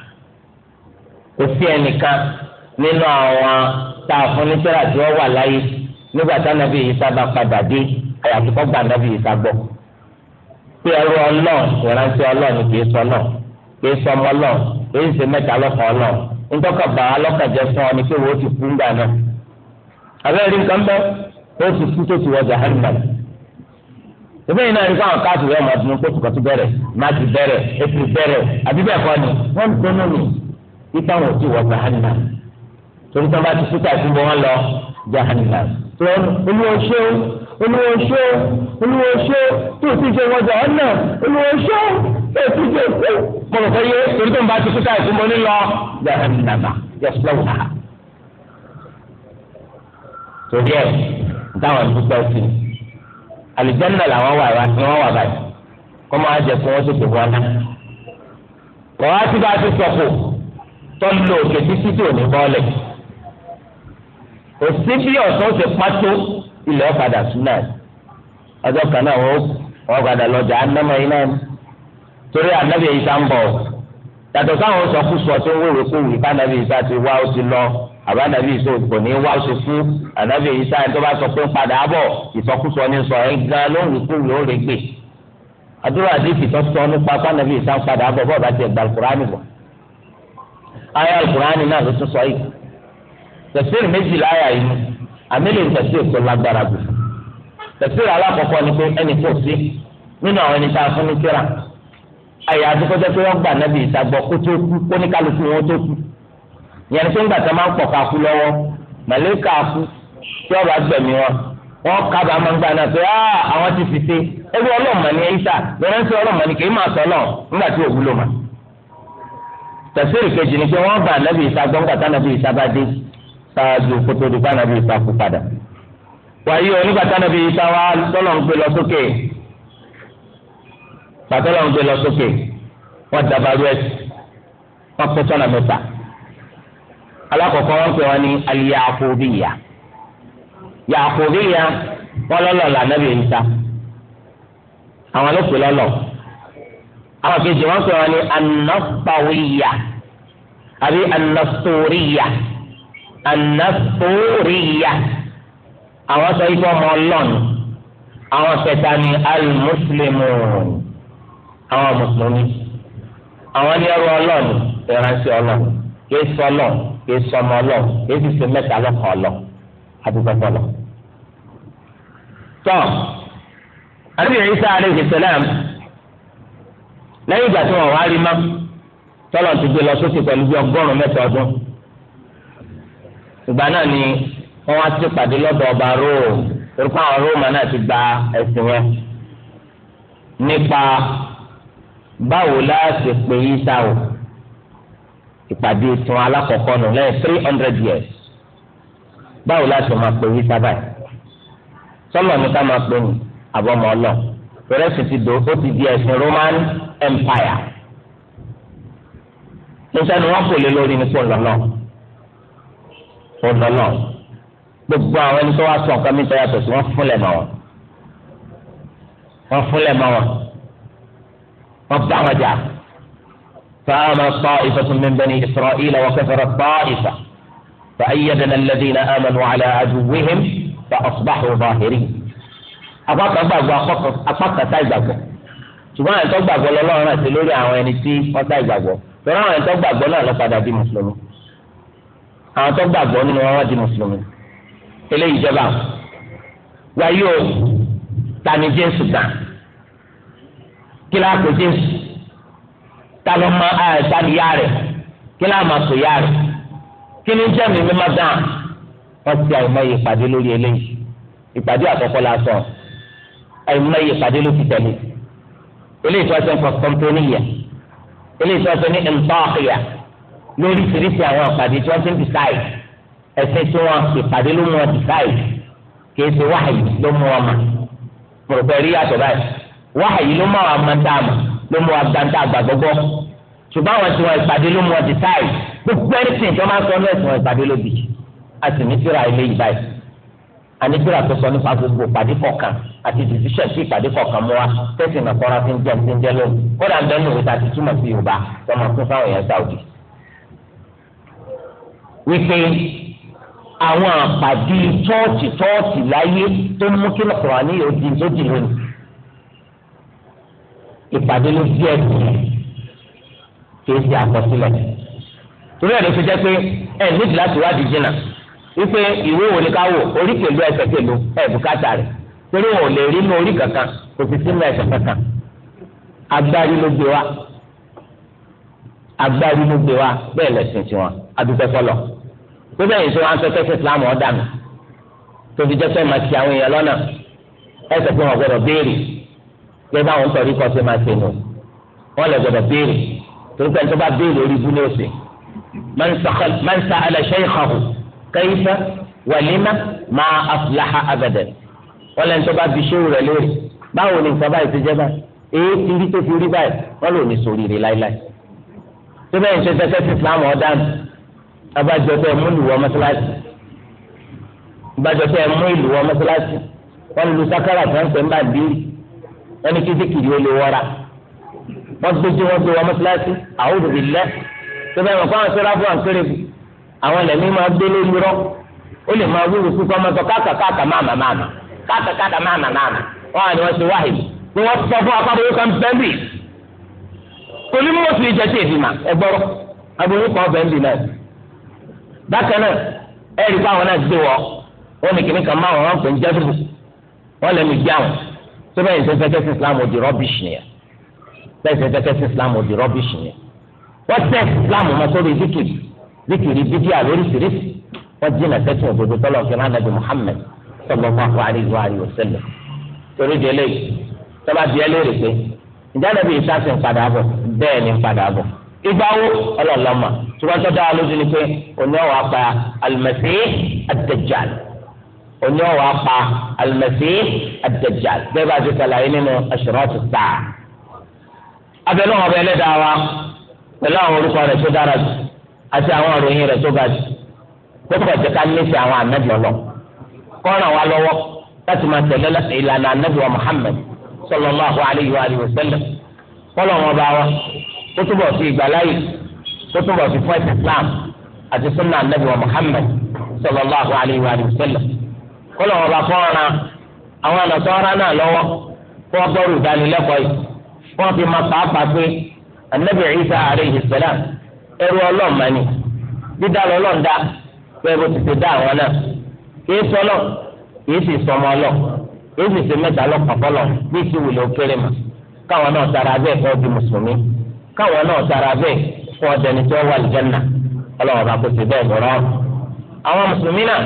kò sí ẹnìkan nínú àwọn tá a fún ní sẹ́ra tí wọ́n wà láyé nígbà tí anabi isa bá padà dé àyàtúkọ́ gba anabi isa gbọ́. pé ẹrú ọlọ́ọ̀ ìrántí ọlọ́ọ̀ kì í sọ náà kì í sọ ọmọ náà kì í ṣe mẹ́ta lọ́kàn náà ńdọ́kà bá a lọ́kàn jẹ fún ọ ní pé wò ti kú ńgbà náà abẹ́rẹ́ nǹkan bẹ́ẹ̀ ó ti kú tó ti wọ jahannam ìbéyìí náà nípa àwọn káàtì rẹ̀ máa dunu pé kòkò bẹ̀rẹ̀ máa ti bẹ̀rẹ̀ ètò bẹ̀rẹ̀ àbí bẹ́ẹ̀ kọ́ ni wọ́n dunu ni ipa wọn ti wọ jahannam torí tí olùwò ṣe olùwò ṣe tó ti ṣe wọjà ọ̀nà olùwò ṣe tó ti ṣe kú. kọ̀ọ̀kọ̀ yé torí tó ń bá ti kú káyọ̀ fún mi nílọ jahannama yaslawha. torí ẹ̀ táwọn ìdúpẹ́ sí i àlùjánnà làwọn wà wá ni wọ́n wà báyìí kọ́ máa jẹ kí wọ́n tó tó wọn náà. wọ́n á ti bá a ti sọ̀kò tó ń lo òkè títí tó ní bọ́ọ̀lẹ̀. òsì bí ọ̀sán ti pàtó ilẹ̀ ọ̀padà súnà ọjọ́ kan náà wọ́n wọ́n padà lọ́jà ánámọ́ iná torí ànábì Ìsá ń bọ̀ yàtọ̀ sáwọn sọkúsọ tó ń wéwèé kó wùí kánábì Ìsá ti wá ó ti lọ àbá ànábì Ìsá kò ní wá oṣù fún ànábì Ìsá tó bá sọ pé ń padà bọ̀ ìsọkúsọ ní sọ ẹ̀ gan ló ń wí kó wùí ó rè gbè àdúrà àdìsí tó sọ nípa kánábì Ìsá ń padà bọ̀ bọ́ọ̀ bá ti ẹ̀gbà alukurani bọ̀ ayé alukurani náà ló tún sọ yìí tẹ̀síìrì méjìlá ayà yìí àmìlẹ̀ ìtẹ̀sí èso lágbára bù tẹ̀sí rẹ̀ alákọ̀ọ́kọ́ ni pé ẹnì kò sí nínú àwọn ẹni tá a fún ní kíra àyà àdúgbòjẹ́ pé wọ́n gbà nábì ìsagbọ́ kó tó kú kó ní kálukú wọn tó kú ìyẹn tó ń gbà tó máa ń pọ̀ ká kú lọ́wọ́ kú tí ọba gbẹ̀mí wọn wọn kábà máa ń ti fi ṣe lọ́rẹ́ ń sọ kì í máa sọ náà nígbà tí òwúlò mà ṣáájú kótó di kánábì Ìsá kú padà. wàyí o nígbà tánábì Ìsá wa tọ́lọ̀ ń gbé lọ sókè pàtọ́lọ̀ ń gbé lọ sókè wọ́n dabaru ẹ̀sì wọ́n pẹ́ sọ́nà mẹ́ta. alákọ̀ọ́kọ́ wọn pè wọ́n ní aliyakobiya yakobiya wọ́n lọ́lọ́ lànàbì Ìsá àwọn ló pè lọ́lọ́ àwọn kejì wọn pè wọ́n ní anapawiya àbí anasoriya anasoriya àwọn sọ yìí fọmọ ọlọ́run àwọn kẹta ni alimuslimu àwọn mùsùlùmí àwọn ní ẹrú ọlọ́run ìránṣẹ́ ọlọ́run kìí sọlọ kìí sọmọ ọlọ́run kìí sì ṣe mẹ́ta lọ́kàn ọlọ adúgbò lọ. tọ́ àbí Ìsá alayhi salam lẹ́yìn ìgbà tí wọ́n wá rí mọ́ tọ́lọ̀ ti gbé lọ sókè pẹ̀lú bí ọgọ́rùn-ún mẹ́ta ọdún ìgbà náà ni wọ́n wá sí pàdé lọ́dọ̀ ọba róòmù orúkọ àwọn róòmù náà ti gba ẹ̀sìn wọn nípa báwo láti pè é sáwò ìpàdé tiwọn alákọ̀ọ́kọ́ nù lẹ́yìn three hundred years báwo láti máa pè é sábà yìí sọlọ ní ká máa pè ní àbọ̀mọ́ ọlọ rẹ̀ ti do ó ti di ẹ̀sìn Roman Empire níṣẹ́ ni wọ́n kò lé lórí nípò lọ́lọ́ ọ̀dọ̀ náà gbogbo àwọn ẹni tó wá sọ nǹkan mìíràn yàtọ̀ sí wọ́n fúnlẹ̀ mọ́ wọn wọ́n fúnlẹ̀ mọ́ wọn wọ́n bá wọn jà fáwọn sọ ìfẹsùnmí bẹni ìsọ̀rọ̀ ilẹ̀ wọ́n fẹ́rẹ́ bá ìfà fàáyédèna lẹ́dínà àmàlù àlẹ́ àdúwìhìm fà ọ̀sùbáhù bàhírì apákan gbàgbọ́ apákan tá ìgbàgbọ́ ṣùgbọ́n àwọn ẹ̀tọ́ gbàgbọ́ lọ́lọ́run àti lórí àwọn ẹni tí wọ́n tá ìgbàgbọ́ lọ́rọ̀ àwọn ẹ̀tọ́ gbàgbọ́ náà lọ́ padà di mùsùlùmí. àwọn tó gbàgbọ́ nínú wọn wọ́n di mùsùlùmí eléyìí jọba wáyé o tani jésù gan kíláàsì jésù tani ma ẹ tani yá rẹ kíláàmàsù yá rẹ kíni jẹ́mi mi má gan wọ́n ti àìmọye ìpàdé lórí eléyìí ìpàdé àkọ́kọ́ la sọ àìmọye ìpàdé ló ti tẹ̀lé eléyìí tó ṣe ń fọ kọ́ńtóníyà eléyìí tó ṣe ní ìntọ́ọ̀kìyà lóríṣiríṣi àwọn àpàdé tí wọ́n ti ń decide ẹsẹ̀ tí wọ́n ìpàdé ló mú wọn decide kìí ṣe wáhàyí ló mú wọn mà pọ̀rọ̀pẹ̀ rí yàtọ̀ báyìí wáhàyí ló mú àwọn amáńtàmù ló mú wọn gbàǹtà àgbàgbọ́gbọ́ ṣùgbọ́n àwọn tí wọ́n ìpàdé ló mú wọn decide gbogbo ẹ̀rísìn tí wọ́n máa ń sọ ní ẹ̀sìn wọn ìpàdé ló bì á sì ní síra ilé yìí báyìí anibira tó sọ nípa gbogbo ìpàdé kọ̀ọ̀kan àti decision tí ìpàdé kọ̀ọ̀kan mú wa tẹ̀sí nàkọ́ra ti ń jẹun ti ń jẹ lóhùn kódà ń bẹ́ẹ̀ ní òwe ta ti túmọ̀ sí Yorùbá tọmọ fún fáwọn èèyàn Saudi wípé àwọn àpàdé tọ́ọ̀tì tọ́ọ̀tì láyé tó mú kí lọ́kùnrin àní yóò di tó dìrò ní. ìpàdé ló bí ẹ̀sìn kìí ṣe àkọsílẹ̀. torí ẹ̀ ló fi jẹ́ pé ẹ̀ nídìí láti wádìí jìnnà wípé ìwé wo ni ká wò orí pẹ̀lú ẹsẹ̀ pẹ̀lú ẹ̀ bùkátà rẹ̀ torí wọn ò lè rí inú orí kankan kò sì sínú ẹsẹ̀ kankan. agbárí ló gbé wa agbárí ló gbé wa bẹ́ẹ̀ lẹ̀sìn tiwọn adúgbẹ́fọ́lọ́ gbogbo ẹ̀yin sọ wọn sọ kẹsì islam ọ̀dà mi tóbi jẹ́ pé màá ti àwọn èèyàn lọ́nà ẹ sọ pé wọn gbọdọ̀ béèrè pé báwọn tọ̀rí kọ́ sí máa ṣe nù wọn lè gbọdọ̀ béèrè torí pé nítorí bá béèrè orí ibú lóòsè man sa'ala shaykhahu kayfa wa lima ma aflaha abadan wọn lè nítorí bá bi ṣéwù rẹ̀ lórí báwo ni nǹkan báyìí ti jẹ́ báyìí èyí ti rí tó fi rí báyìí wọn lò ní sóríire láíláí tó bẹ́ẹ̀ ń ṣe abájọ tẹ mú ìlú wọ mọ́sálásí abájọ tẹ mú ìlú wọ mọ́sálásí wọ́n lu sakara fẹ́ǹfẹ́ ń bá bí wọ́n ní kíndìkìdì ó lè wọ́ra wọ́n gbé tí wọ́n gbé wọ mọ́sálásí àwòrán ìlẹ́ tó bẹ́ẹ̀ mọ̀ fáwọn sọ́ra fún àǹkéré bu àwọn ẹlẹ́mí máa gbé lórí rọ́ ó lè máa wúwo kú kọ́ mọ́tò káàkàkàkà máàmà máàmà káàkàkàkà máàmà máàmà wọ́n á ní wọ́n ṣe wáhìí ni wọ́n sọ fún akọ́bọ̀wé kan bẹ́ńbì kò ní mọ́tò ìjẹ́sí ìdìmà ẹgbọ́rọ́ abọ́wé kan náà bákan náà ẹ̀rí fún àwọn náà gbé wọ wọn ní kíní kan máwọn wọn pè ń jẹ́bùrù wọn lẹ́nu gbé àwọn tó bẹ́ẹ̀ ṣe fẹ́ kẹ́sì islam òdi rọ́bìṣì nìyẹn bẹ́ẹ̀ ṣe fẹ́ kẹ́sì islam òdi rọ́bìṣì nìyẹn wọ́n tẹ́ islam mọ́ sórí zikiri zikiri bídíà lóríṣiríṣi wọ́n jìnnà sẹ́sìn òdodo tọ́lọ̀ fi rán nàbì Muhammad sallallahu alaihi wa alihi wa torí ìgbàwo ọlọlọmọ tubasọ dáa lójú ni pé oní ọwọ apá alimẹsí adajal oní ọwọ apá alimẹsí adajal bẹ́ẹ̀ bá ti sàlàyé nínú aṣọrọtù sáà abẹnú ọbẹ ẹlẹ́dàá wa pẹ̀lú àwọn orúkọ rẹ̀ tó dára jù àti àwọn àròyìn rẹ̀ tó ga jù gbogbo ẹjẹ ká nífẹ̀ẹ́ àwọn anabi ọlọ wa lọ́wọ́ láti máa tẹ̀lé ìlànà anabi wa Muhammad sallallahu alayhi wa sallam kọlọ wọn bá wa kó túbọ̀ fi ìgbàláyè kó túbọ̀ fi fún ẹ̀sìn Islam àti sunna anabi wa Muhammad sallallahu alayhi wa sallam kọ́lá wọn bá fọ́nra àwọn ànàtọ́ra náà lọ́wọ́ kó wọ́n gbọ́rù ìdánilẹ́kọ̀ọ́ yìí kó wọ́n fi máa pàápàá pé anabi Isa alayhi salam ẹrú ọlọ́ọ̀mọ́ni dídá lọ́lọ́ọ̀dá pé bó ti ti dá àwọn náà kìí sọlọ kìí sì sọmọ lọ kìí sì ṣe mẹ́ta lọkàn bí ti ó kéré mà káwọn náà tara abẹ́ di mùsùlùmí káwọn náà tara bẹ́ẹ̀ fún ọdẹni tó wà lìjánà ọlọ́wọ́ bá kó ti bẹ́ẹ̀ lọ́rọ́. àwọn mùsùlùmí náà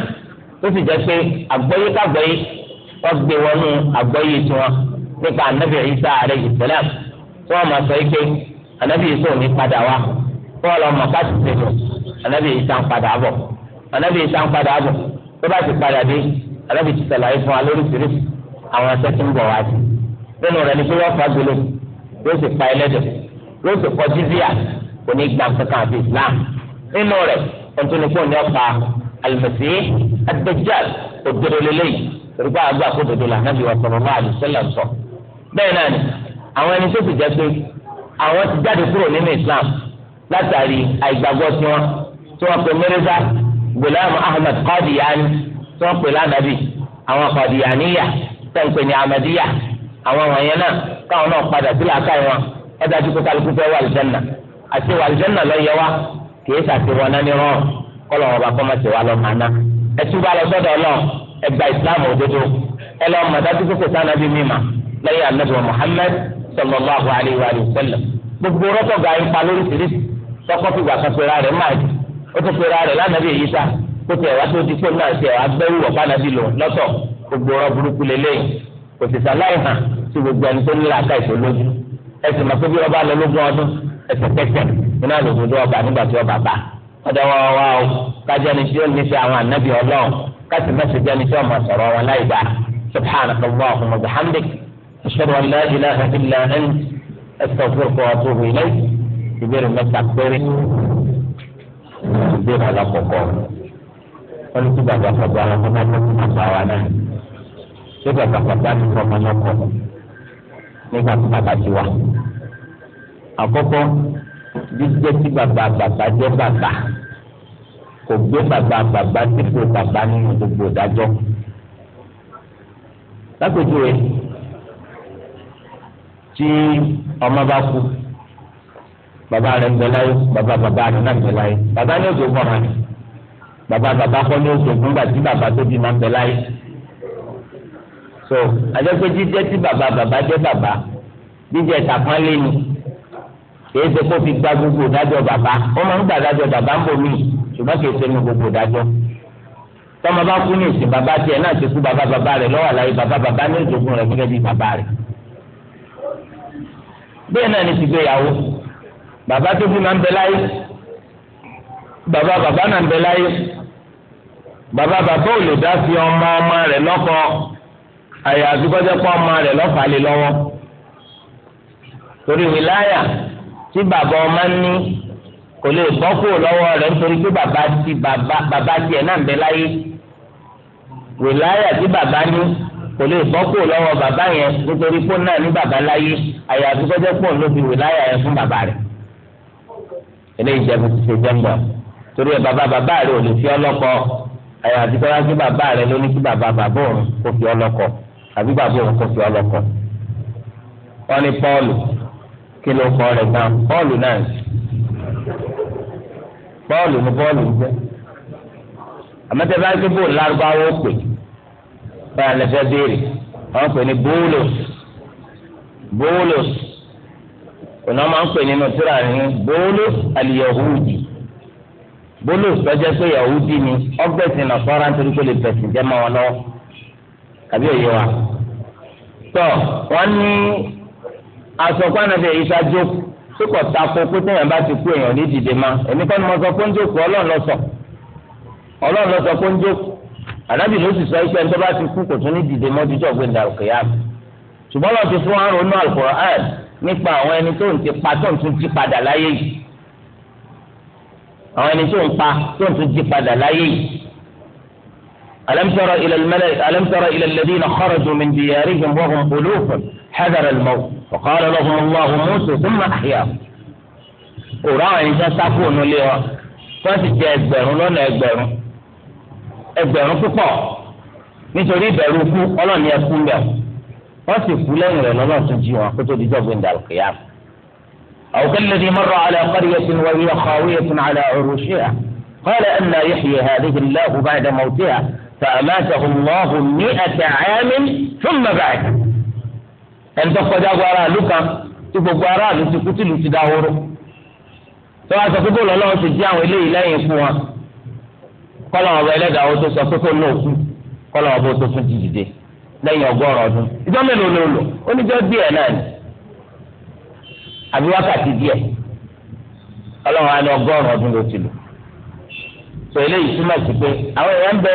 tó sì jẹ́ pé àgbọ́yé kágbọ́yé wọ́n gbé wọnú àgbọ́yé tiwọn nípa anabi isa alayhi salam tí wọ́n máa sọ yìí pé anabi isa ò ní padà wá kó wọ́n lọ mọ̀ káàtì tètè anabi isa ń padà bọ̀ anabi isa ń padà bọ̀ tó bá ti padà dé anabi ti sàlàyé fún wa lóríṣiríṣi àwọn ẹsẹ̀ tí ń bọ̀ wá sí nínú rẹ̀ ni pé wọ́n fa gbolo yóò sì pa ẹlẹ́dẹ̀ẹ́ ló sì kọ jizíà kò ní gbà kankan àti islam nínú rẹ̀ ọ̀tún ní kò ní ọ̀pá alimẹsí adéjàl òdodo lélẹ́yìí torí àgbà kó dodo lànàbí wa sọ̀rọ̀ máa lù sẹ́lẹ̀ sọ. bẹ́ẹ̀ náà ni àwọn ẹni tó ti jẹ́ pé àwọn ti jáde kúrò nínú islam látàrí àìgbàgbọ́ tí wọ́n tí wọ́n pe mẹ́rẹ́sà gbẹ̀lẹ́mù ahmed kọ́dìyàní tí wọ́n pe lánàbí àwọn kọ́dìyàníyà tẹ̀ ń pè ní ahmadiyya àwọn wọ̀nyẹn náà káwọn náà padà sí làákàyè wọn ọjà àdúgbò kálukú fẹ́ wà àlùjẹ́nà àti wà àlùjẹ́nà lọ́yẹ wa kìí sàti wọn náà ní rán kọ́lọ̀ wọn bá kọ́ mọ̀ sí wa lọ́ màá ná ẹtú bá lọ sọ́dọ̀ ọlọ́ ẹgbà ìsìlámù òdodo ẹ lọ mọ̀ dájú kókò sáná bí mímà lẹ́yìn anabi wa Muhammad sallallahu alayhi wa sallam gbogbo rọ́tọ̀ gà ń pa lórí tìrì tọkọ́ fìgbà kan pera rẹ̀ máa jù ó tún pera rẹ̀ lánàbí èyí sá kó tẹ̀ wá tó di pé náà tẹ̀ wá gbẹ́rù wọ̀ fánàbí lò lọ́tọ̀ gbogbo rọ́ burúkú lélẹ́yìn kò sì hàn sí gbogbo ẹni tó ní làákà ìfọlójú ẹsẹ̀ máa tóbi ọba lọ lógún ọdún ẹsẹ̀ tẹ́tẹ́ iná lògùn ló ọba nígbà tí ọba bá ọdọ wa wa o kájọ ni tí ó ní sí àwọn ànábì ọlọ́run káṣí má ṣe jẹ́ ni tí ọmọ sọ̀rọ̀ wọn láì dá subhanaka allahumma wa bihamdik ashhadu an la ilaha illa ant astaghfiruka wa atubu ilayk ìbéèrè mẹ́ta péré ìbéèrè alákọ̀ọ́kọ́ wọn ní kí bàbá bàbá wọn bá bá bàbá wa náà ṣé bàbá bàbá ní nígbà tí bàbá ti wà. àkọ́kọ́ jíjẹ́ tí bàbá bàbá jẹ́ bàbá kò gbé bàbá bàbá dípò bàbá nínú gbogbo ìdájọ́. lápèjúwe tí ọmọ bá kú bàbá rẹ̀ ń bẹ láyé bàbá bàbá rẹ̀ náà ń bẹ láyé bàbá ní oṣù fún ọmọ rẹ̀ bàbá bàbá kọ́ ní oṣù fún gbàtí bàbá tó bí máa ń bẹ láyé so àjẹpẹ́ jíjẹ́ tí bàbá bàbá jẹ́ bàbá jíjẹ́ ìtàkùn lé ni kìí ṣe kó fi gba gbogbo ìdájọ́ bàbá ó máa ń gba ìdájọ́ bàbá ń bò mí ṣùgbọ́n kìí ṣe ní gbogbo ìdájọ́ tọ́mọ bá kú ní ìsìn bàbá tiẹ̀ náà ti kú bàbá bàbá rẹ̀ lọ́wọ́ àlàyé bàbá bàbá ní ìjogún rẹ̀ gẹ́gẹ́ bí bàbá rẹ̀ bẹ́ẹ̀ náà ni ti gbéyàwó bàbá tó fún máa ń bẹ láyé bàbá bàbá náà ń bẹ láyé bàbá bàbá ò lè dá sí ọmọ ọmọ rẹ̀ lọ́kọ̀ọ́ àyàfi kọjá pọ ọmọ rẹ̀ lọfà lé lọ́wọ́ torí wìláyà tí bàbá ọmọ ní kò lè bọ́ kúrò lọ́wọ́ rẹ̀ nítorí pé bàbá ti bàbá bàbá tiẹ̀ náà ń bẹ láyé wìláyà tí bàbá ní kò lè bọ́ kúrò lọ́wọ́ bàbá yẹn nítorí pé náà ní bàbá láyé àyàfi kọjá pọ̀ ló fi wìláyà yẹn fún bàbá rẹ̀ eléyìí jẹ́ bíi ṣe jẹ́ ń torí ẹ̀ bàbá bàbá rẹ̀ ò lè fi ọlọ́kọ àyàfi kọjá sí bàbá rẹ̀ ló ní kí bàbá bàbá òun kó fi ọlọ́kọ àbí bàbá òun kò fi ọlọkọ wọn ní pọ́ọ̀lù kí ló kọ rẹ̀ náà pọ́ọ̀lù náà pọ́ọ̀lù ní pọ́ọ̀lù ń jẹ́ àmọ́tẹ́ bá gbé bóòlù lárúbáwó pè báyà lẹ́fẹ́ béèrè wọ́n pè ní bóòlùs bóòlùs ònà máa ń pè nínú tíra ní bóòlùs àlìyahudi bóòlùs tọ́jẹ́ pé yahudi ni ọgbẹ́sìn nàfọ́rá nítorí pé lè àbí òye wa tọ wọn ní asọpọ anabi ìṣá jókòó sókò tako pé téèyàn bá ti kú èèyàn ní dìde ma èmi kọ́ni mo sọ pé ń jókòó ọlọ́run lọ sọ ọlọ́run lọ sọ pé ń jókòó anabi ló sì sọ iṣẹ́ ẹni tó bá ti kú kò tún ní dìde mọ́ jíjọ́ gbé ndàrú kìyà ṣùgbọ́n lọ́ọ́ ti fún wa ronú Al-Qur'an nípa àwọn ẹni tó ń ti pa tó ń tún jí padà láyé yìí àwọn ẹni tó ń pa tó ń tún jí padà láyé yìí ألم ترى إلى الملأ ألم ترى إلى الذين خرجوا من ديارهم وهم ألوف حذر الموت فقال لهم الله موسى ثم أحيا قراء إن تكون لها فأنت تأكبرون ولا أكبرون أكبرون كفا من تريد أروكو ولا يكون له فأنت فلان لنظر تجيوها فتريد جبن دار القيام أو كالذي مر على قرية وهي خاوية على عروشها قال أن يحيي هذه الله بعد موتها فأماته الله مئة عام ثم بعد ẹni tó kọjá gbọ́ ara ìlú kan tí gbogbo ara ìlú ti kú tìlú ti dáhóró tó wá sọ pé bó lọ́lọ́run ti dí àwọn eléyìí lẹ́yìn fún wọn kọ́lọ̀ ọ̀bọ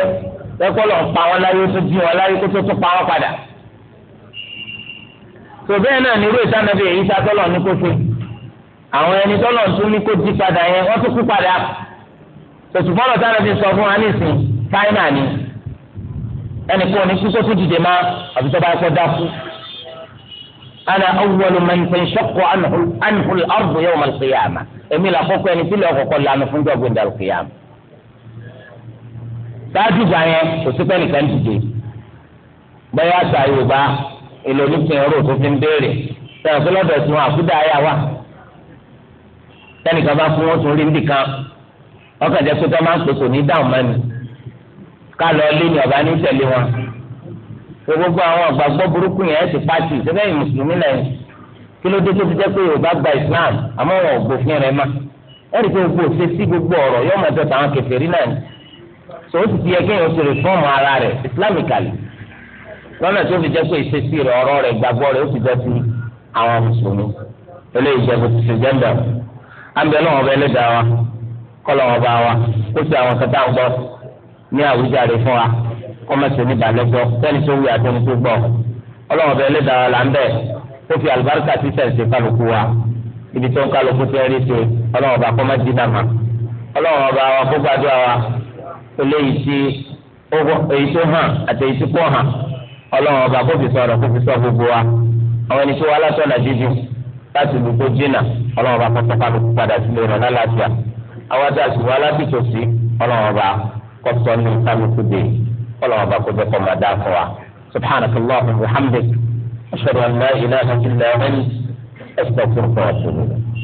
ẹkọ lọ pa wọn láyé tó di wọn láyé kó tó tó pa wọn padà tó bẹ́ẹ̀ náà nírú ìsànàbí èyí tá tọ́lọ̀ ní kó ṣe àwọn ẹni tọ́lọ̀ tún ní kó di padà yẹn wọ́n tún kú padà tòṣùfọ́lọ̀ sànàbí sọ fún wa nísìn káínà ni ẹnì kan ní kú sókú dìde má àbí tó bá kọ́ dákú ana awwalu man tanshaqqu anhu anhu al-ardu yawm al-qiyamah èmi làkọ́kọ́ ẹni tí lè ọkọ̀kọ́ lànà fún jọ́gbìn dàrú kìyàmà sáájú ìgbà yẹn kò sí pẹ́ nìkan dìde bẹ́ẹ̀ àṣà yorùbá èlò onífin ọ̀rọ̀ tó fi ń béèrè sẹ́yìn fún lọ́dọ̀ tún àkúdà ayà wà sẹ́nìkan bá fún wọn tún rí nìkan ọkàn jẹ́ pé tó máa ń pè kò ní dáhùn mọ́ni ká lọ lé ní ọ̀bá ní tẹ̀lé wọn pé gbogbo àwọn àgbàgbọ́ burúkú yẹn ẹ̀sìn pàtì sẹ́fẹ̀yìn mùsùlùmí lẹ́yìn kí ló dé tó ti jẹ́ pé yorùbá gba islam àmọ́ wọn ò gbòfin rẹ̀ mọ́ ẹ̀rí pé gbogbo òṣèṣì gbogbo ọ̀rọ̀ yọ sọ ó sì ti yẹ kéèyàn ṣe rìfọ́ọ̀mù ara rẹ̀ islamically lọ́nà tó fi jẹ́ pé ìṣesí rẹ̀ ọ̀rọ̀ rẹ̀ gbàgbọ́ rẹ̀ ó ti jẹ́ sí àwọn mùsùlùmí eléyìí jẹ́ kó ti ṣe jẹ́ńdà àbẹ̀ lọ́wọ́ bẹ ẹlẹ́dàá wa kọ́lọ̀ wọn bá wa ó sì àwọn kẹta ń gbọ́ ní àwùjáde fún wa kọ́mẹ́sì oníbàlẹ́gbọ́ sẹ́ni tó wí àti ẹni tó gbọ́ ọlọ́wọ́ bẹ ẹlẹ́dàá wa là ń bẹ̀ ó fi àlùbáríkà sí sẹ̀ǹsì kálukú wa ibi tó ń kálukú tẹ́ rí ṣe ọlọ́wọ́ bá kọ́mẹ́sì dàmà ọlọ́wọ́ bá wa kó gbàdúrà wa eléyìí tí èyí tó hàn àti èyí tí kò hàn ọlọ́run ọba kó fi sọ̀rọ̀ kó fi sọ gbogbo wa àwọn ẹni tó wá látọ̀nà jíjù láti lù kó jìnnà ọlọ́run ọba kọ́kọ́ ká ló kó padà sílé rẹ̀ lálàáfíà àwọn àti àsìkò alábìtòsí ọlọ́run ọba kó sọ ní kálukú dé ọlọ́run ọba kó jẹ́ máa dá fún wa subhanaka wa bihamdik wa atubu